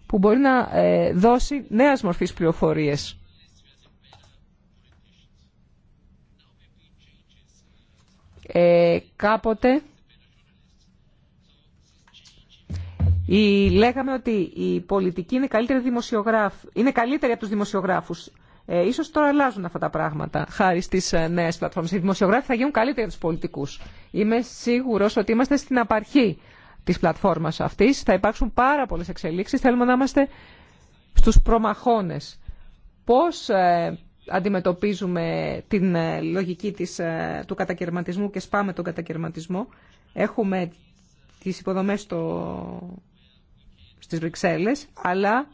που μπορεί να ε, δώσει νέας μορφής πληροφορίες. Ε, κάποτε Ή, λέγαμε ότι η πολιτική είναι καλύτερη, δημοσιογράφη, ειναι καλύτερη από τους δημοσιογράφους. Ε, ίσως τώρα αλλάζουν αυτά τα πράγματα χάρη στις ε, νέες πλατφόρμες. Οι δημοσιογράφοι θα γίνουν καλύτεροι από τους πολιτικούς. Είμαι σίγουρος ότι είμαστε στην απαρχή της πλατφόρμας αυτής. Θα υπάρξουν πάρα πολλές εξελίξεις. Θέλουμε να είμαστε στους προμαχώνες. Πώς ε, αντιμετωπίζουμε την ε, λογική της, ε, του κατακαιρματισμού και σπάμε τον κατακαιρματισμό. Έχουμε τις υποδομές στο στις Βρυξέλλες, αλλά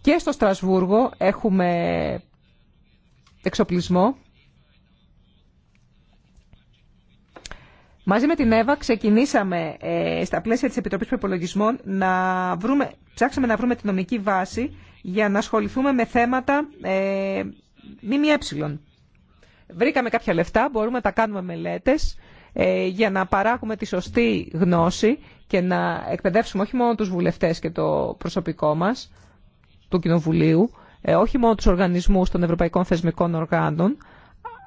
και στο Στρασβούργο έχουμε εξοπλισμό. Μαζί με την ΕΒΑ ξεκινήσαμε ε, στα πλαίσια της Επιτροπής Προπολογισμών να βρούμε, ψάξαμε να βρούμε την νομική βάση για να ασχοληθούμε με θέματα ε, έψιλων. Βρήκαμε κάποια λεφτά, μπορούμε να τα κάνουμε μελέτες ε, για να παράγουμε τη σωστή γνώση και να εκπαιδεύσουμε όχι μόνο τους βουλευτές και το προσωπικό μας του Κοινοβουλίου, ε, όχι μόνο τους οργανισμούς των Ευρωπαϊκών Θεσμικών Οργάνων,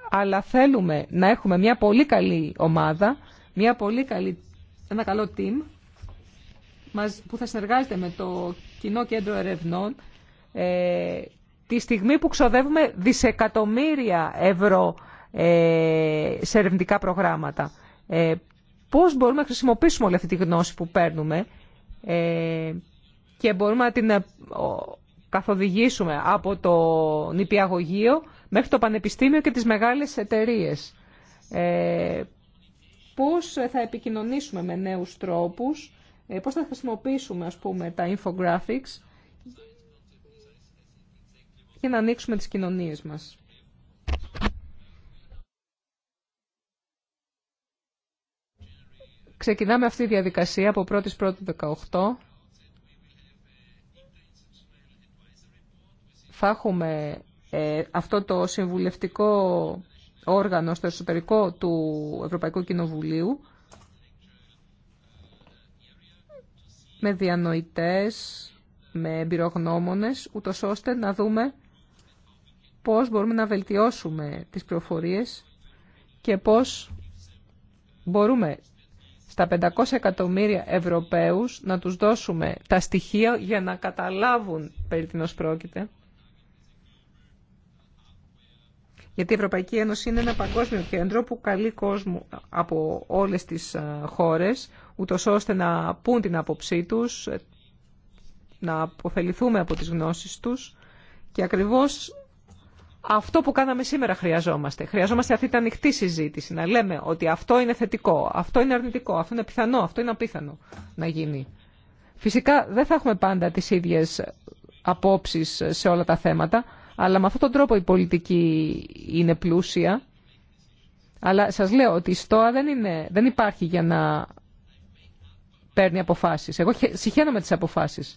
αλλά θέλουμε να έχουμε μια πολύ καλή ομάδα, μια πολύ καλή, ένα καλό team που θα συνεργάζεται με το Κοινό Κέντρο Ερευνών ε, τη στιγμή που ξοδεύουμε δισεκατομμύρια ευρώ ε, σε ερευνητικά προγράμματα. Ε, πώς μπορούμε να χρησιμοποιήσουμε όλη αυτή τη γνώση που παίρνουμε ε, και μπορούμε να την ε, καθοδηγήσουμε από το νηπιαγωγείο μέχρι το πανεπιστήμιο και τις μεγάλες εταιρείες. Ε, πώς θα επικοινωνήσουμε με νέους τρόπους, ε, πώς θα χρησιμοποιήσουμε ας πούμε τα infographics για να ανοίξουμε τις κοινωνίες μας. Ξεκινάμε αυτή τη διαδικασία από 1η πρώτη 18. Θα έχουμε ε, αυτό το συμβουλευτικό όργανο στο εσωτερικό του Ευρωπαϊκού Κοινοβουλίου με διανοητές, με εμπειρογνώμονες, ούτως ώστε να δούμε πώς μπορούμε να βελτιώσουμε τις πληροφορίες και πώς μπορούμε στα 500 εκατομμύρια Ευρωπαίους να τους δώσουμε τα στοιχεία για να καταλάβουν περί τίνος πρόκειται. Γιατί η Ευρωπαϊκή Ένωση είναι ένα παγκόσμιο κέντρο που καλεί κόσμο από όλες τις χώρες, ούτω ώστε να πούν την άποψή τους, να αποφεληθούμε από τις γνώσεις τους και ακριβώς αυτό που κάναμε σήμερα χρειαζόμαστε. Χρειαζόμαστε αυτή την ανοιχτή συζήτηση, να λέμε ότι αυτό είναι θετικό, αυτό είναι αρνητικό, αυτό είναι πιθανό, αυτό είναι απίθανο να γίνει. Φυσικά δεν θα έχουμε πάντα τις ίδιες απόψεις σε όλα τα θέματα, αλλά με αυτόν τον τρόπο η πολιτική είναι πλούσια. Αλλά σας λέω ότι η ΣΤΟΑ δεν, είναι, δεν υπάρχει για να παίρνει αποφάσεις. Εγώ συχαίνομαι τις αποφάσεις.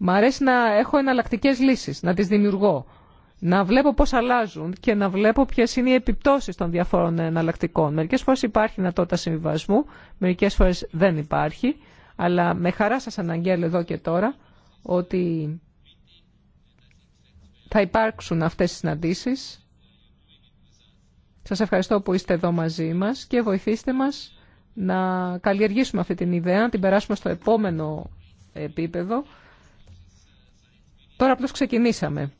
Μ' αρέσει να έχω εναλλακτικέ λύσεις, να τις δημιουργώ. Να βλέπω πώς αλλάζουν και να βλέπω ποιε είναι οι επιπτώσει των διαφόρων εναλλακτικών. Μερικές φορές υπάρχει δυνατότητα συμβιβασμού, μερικές φορές δεν υπάρχει. Αλλά με χαρά σας αναγγέλλω εδώ και τώρα ότι θα υπάρξουν αυτέ οι συναντήσεις. Σας ευχαριστώ που είστε εδώ μαζί μα και βοηθήστε μα να καλλιεργήσουμε αυτή την ιδέα, να την περάσουμε στο επόμενο επίπεδο. Τώρα απλώς ξεκινήσαμε.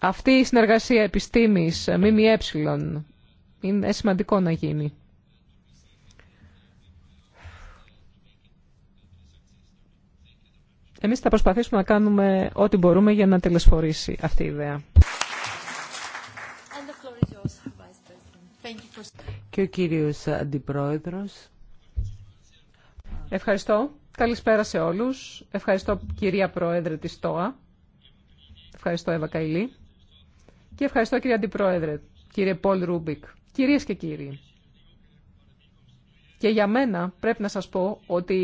Αυτή η συνεργασία επιστήμης ΜΜΕ είναι σημαντικό να γίνει. Εμείς θα προσπαθήσουμε να κάνουμε ό,τι μπορούμε για να τελεσφορήσει αυτή η ιδέα. Και ο κύριος Αντιπρόεδρος. Ευχαριστώ. Καλησπέρα σε όλους. Ευχαριστώ κυρία Πρόεδρε της ΤΟΑ. Ευχαριστώ Εύα Καϊλή Και ευχαριστώ κύριε Αντιπρόεδρε, κύριε Πολ Ρούμπικ. Κυρίες και κύριοι. Και για μένα πρέπει να σας πω ότι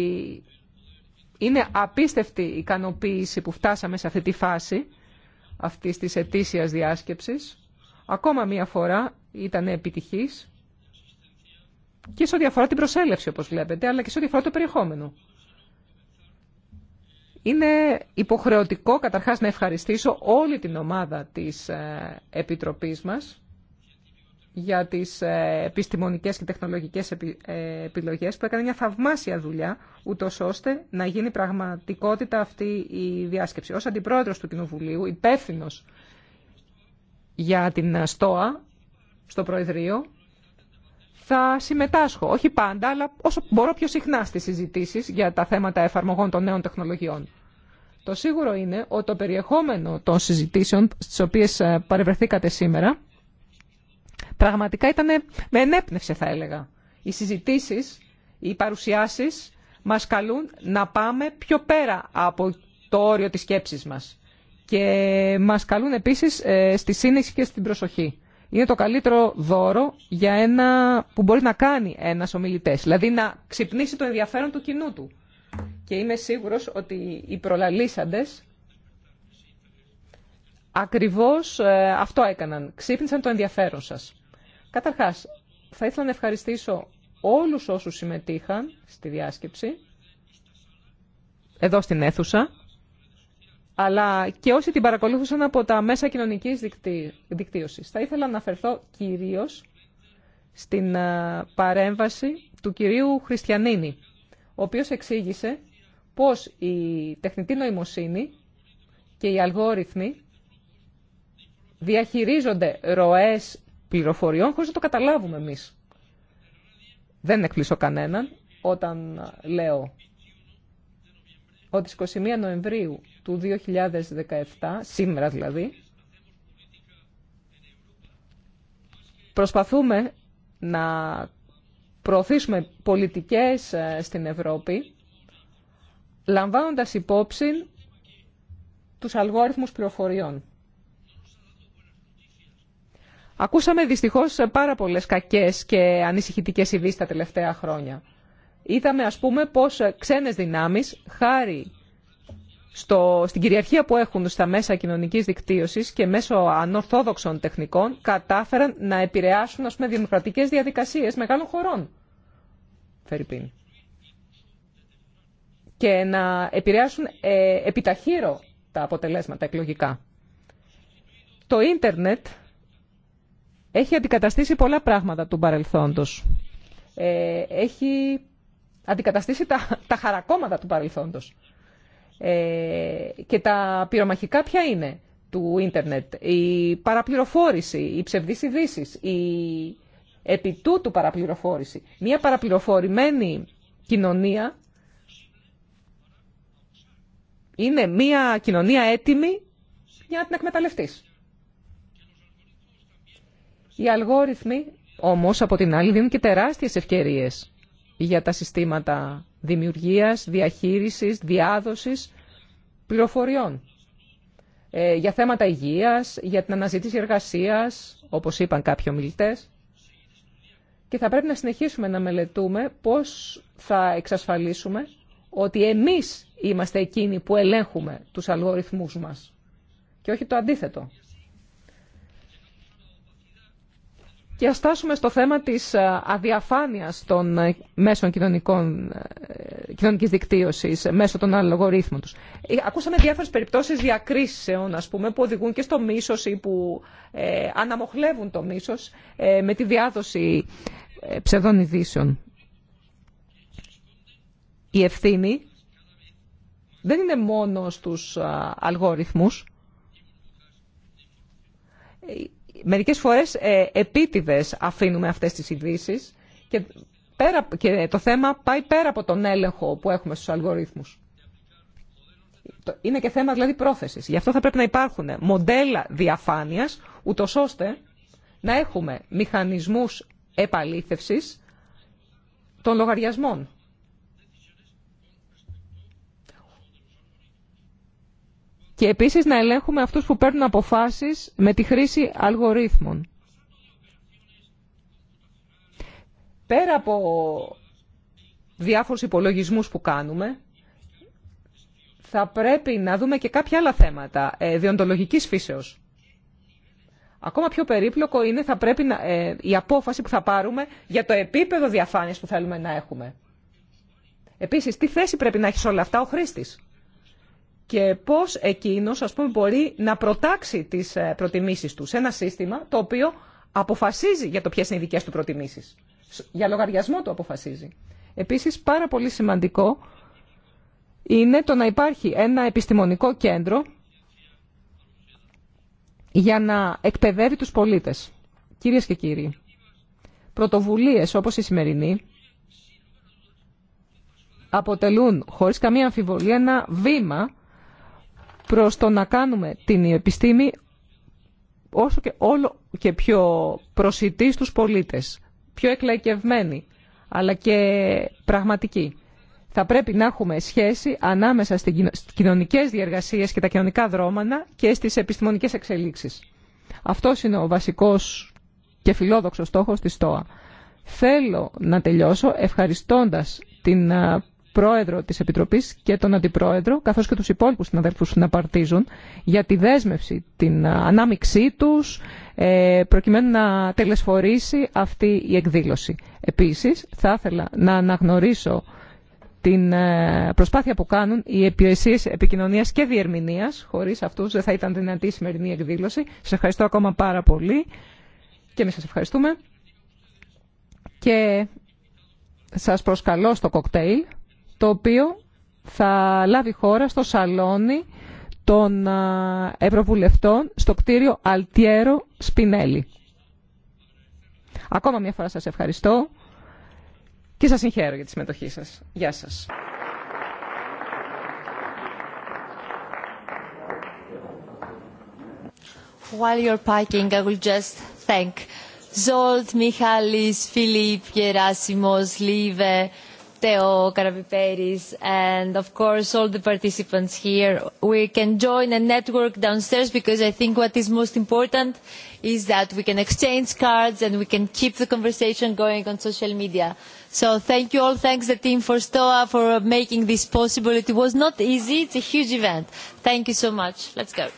είναι απίστευτη η ικανοποίηση που φτάσαμε σε αυτή τη φάση αυτής της ετήσιας διάσκεψης. Ακόμα μία φορά ήταν επιτυχής και σε ό,τι αφορά την προσέλευση όπως βλέπετε, αλλά και σε ό,τι αφορά το περιεχόμενο. Είναι υποχρεωτικό καταρχάς να ευχαριστήσω όλη την ομάδα της ε, Επιτροπής μας για τις ε, επιστημονικές και τεχνολογικές ε, επιλογές που έκανε μια θαυμάσια δουλειά ούτω ώστε να γίνει πραγματικότητα αυτή η διάσκεψη. Ως Αντιπρόεδρος του Κοινοβουλίου, υπεύθυνο για την ΣΤΟΑ στο Προεδρείο, θα συμμετάσχω, όχι πάντα, αλλά όσο μπορώ πιο συχνά στις συζητήσεις για τα θέματα εφαρμογών των νέων τεχνολογιών. Το σίγουρο είναι ότι το περιεχόμενο των συζητήσεων στις οποίες ε, παρευρεθήκατε σήμερα πραγματικά ήταν με ενέπνευσε θα έλεγα. Οι συζητήσεις, οι παρουσιάσεις μας καλούν να πάμε πιο πέρα από το όριο της σκέψης μας και μας καλούν επίσης ε, στη σύνεση και στην προσοχή είναι το καλύτερο δώρο για ένα που μπορεί να κάνει ένας ομιλητέ. δηλαδή να ξυπνήσει το ενδιαφέρον του κοινού του. Και είμαι σίγουρος ότι οι προλαλήσαντες ακριβώς ε, αυτό έκαναν, ξύπνησαν το ενδιαφέρον σας. Καταρχάς, θα ήθελα να ευχαριστήσω όλους όσους συμμετείχαν στη διάσκεψη, εδώ στην αίθουσα, αλλά και όσοι την παρακολούθησαν από τα μέσα κοινωνικής δικτύωσης. Θα ήθελα να αναφερθώ κυρίως στην ε, παρέμβαση του κυρίου Χριστιανίνη, ο οποίος εξήγησε πώς η τεχνητή νοημοσύνη και οι αλγόριθμοι διαχειρίζονται ροές πληροφοριών χωρίς να το καταλάβουμε εμείς. Δεν εκπλήσω κανέναν όταν λέω ότι στις 21 Νοεμβρίου του 2017, σήμερα δηλαδή, προσπαθούμε να προωθήσουμε πολιτικές ε, στην Ευρώπη, λαμβάνοντας υπόψη τους αλγόριθμους πληροφοριών. Ακούσαμε δυστυχώς πάρα πολλές κακές και ανησυχητικές ειδήσεις τα τελευταία χρόνια. Είδαμε ας πούμε πως ξένες δυνάμεις, χάρη στο, στην κυριαρχία που έχουν στα μέσα κοινωνικής δικτύωσης και μέσω ανορθόδοξων τεχνικών κατάφεραν να επηρεάσουν ας πούμε, δημοκρατικές διαδικασίες μεγάλων χωρών. Και να επηρεάσουν ε, επιταχύρω τα αποτελέσματα εκλογικά. Το ίντερνετ έχει αντικαταστήσει πολλά πράγματα του παρελθόντος. Ε, έχει αντικαταστήσει τα, τα χαρακόμματα του παρελθόντος. Ε, και τα πυρομαχικά ποια είναι του ίντερνετ, η παραπληροφόρηση, οι ψευδείς ειδήσει, η επιτούτου παραπληροφόρηση. Μια παραπληροφορημένη κοινωνία είναι μια κοινωνία έτοιμη για να την εκμεταλλευτείς. Οι αλγόριθμοι όμως από την άλλη δίνουν και τεράστιες ευκαιρίες για τα συστήματα δημιουργίας, διαχείρισης, διάδοσης πληροφοριών ε, για θέματα υγείας, για την αναζήτηση εργασίας, όπως είπαν κάποιοι ομιλητέ. Και θα πρέπει να συνεχίσουμε να μελετούμε πώς θα εξασφαλίσουμε ότι εμείς είμαστε εκείνοι που ελέγχουμε τους αλγοριθμούς μας και όχι το αντίθετο. Και ας στάσουμε στο θέμα της ε, αδιαφάνειας των ε, μέσων κοινωνικών, ε, κοινωνικής δικτύωσης μέσω των αλγορίθμων τους. Ακούσαμε διάφορες περιπτώσεις διακρίσεων, ας πούμε, που οδηγούν και στο μίσος ή που αναμοχλεύουν το μίσος με τη διάδοση ε, ψευδών ειδήσεων. Η ευθύνη δεν είναι μόνο στους α, αλγόριθμους μερικές φορές ε, επίτηδες αφήνουμε αυτές τις ειδήσει και, και το θέμα πάει πέρα από τον έλεγχο που έχουμε στους αλγορίθμους. Είναι και θέμα δηλαδή πρόθεσης. Γι' αυτό θα πρέπει να υπάρχουν μοντέλα διαφάνειας, ούτω ώστε να έχουμε μηχανισμούς επαλήθευσης των λογαριασμών. και επίσης να ελέγχουμε αυτούς που παίρνουν αποφάσεις με τη χρήση αλγορίθμων. Πέρα από διάφορους υπολογισμούς που κάνουμε, θα πρέπει να δούμε και κάποια άλλα θέματα ε, διοντολογικής φύσεως. Ακόμα πιο περίπλοκο είναι θα πρέπει ε, η απόφαση που θα πάρουμε για το επίπεδο διαφάνειας που θέλουμε να έχουμε. Επίσης, τι θέση πρέπει να έχει όλα αυτά ο χρήστης και πώς εκείνος ας πούμε, μπορεί να προτάξει τις ε, προτιμήσεις του σε ένα σύστημα το οποίο αποφασίζει για το ποιες είναι οι δικές του προτιμήσεις. Για λογαριασμό του αποφασίζει. Επίσης πάρα πολύ σημαντικό είναι το να υπάρχει ένα επιστημονικό κέντρο για να εκπαιδεύει τους πολίτες. Κυρίες και κύριοι, πρωτοβουλίες όπως η σημερινή αποτελούν χωρίς καμία αμφιβολία ένα βήμα προς το να κάνουμε την επιστήμη όσο και όλο και πιο προσιτή στους πολίτες, πιο εκλαϊκευμένη, αλλά και πραγματική. Θα πρέπει να έχουμε σχέση ανάμεσα στις κοινωνικές διεργασίες και τα κοινωνικά δρόμανα και στις επιστημονικές εξελίξεις. Αυτό είναι ο βασικός και φιλόδοξος στόχος της ΣΤΟΑ. Θέλω να τελειώσω ευχαριστώντας την πρόεδρο της Επιτροπής και τον αντιπρόεδρο, καθώς και τους υπόλοιπους συναδέλφους να παρτίζουν, για τη δέσμευση, την ε, ανάμιξή τους, ε, προκειμένου να τελεσφορήσει αυτή η εκδήλωση. Επίσης, θα ήθελα να αναγνωρίσω την ε, προσπάθεια που κάνουν οι υπηρεσίε επικοινωνία και διερμηνία. Χωρί αυτού δεν θα ήταν δυνατή η σημερινή εκδήλωση. Σα ευχαριστώ ακόμα πάρα πολύ και εμεί σα ευχαριστούμε. Και σας προσκαλώ στο κοκτέιλ το οποίο θα λάβει χώρα στο σαλόνι των Ευρωβουλευτών στο κτίριο Αλτιέρο Σπινέλη. Ακόμα μια φορά σας ευχαριστώ και σας συγχαίρω για τη συμμετοχή σας. Γεια σας. While you're packing, I will just thank Zolt, Michalis, Philippe, Gerasimos, Live, Theo and of course all the participants here. We can join a network downstairs because I think what is most important is that we can exchange cards and we can keep the conversation going on social media. So thank you all. Thanks the team for STOA for making this possible. It was not easy. It's a huge event. Thank you so much. Let's go.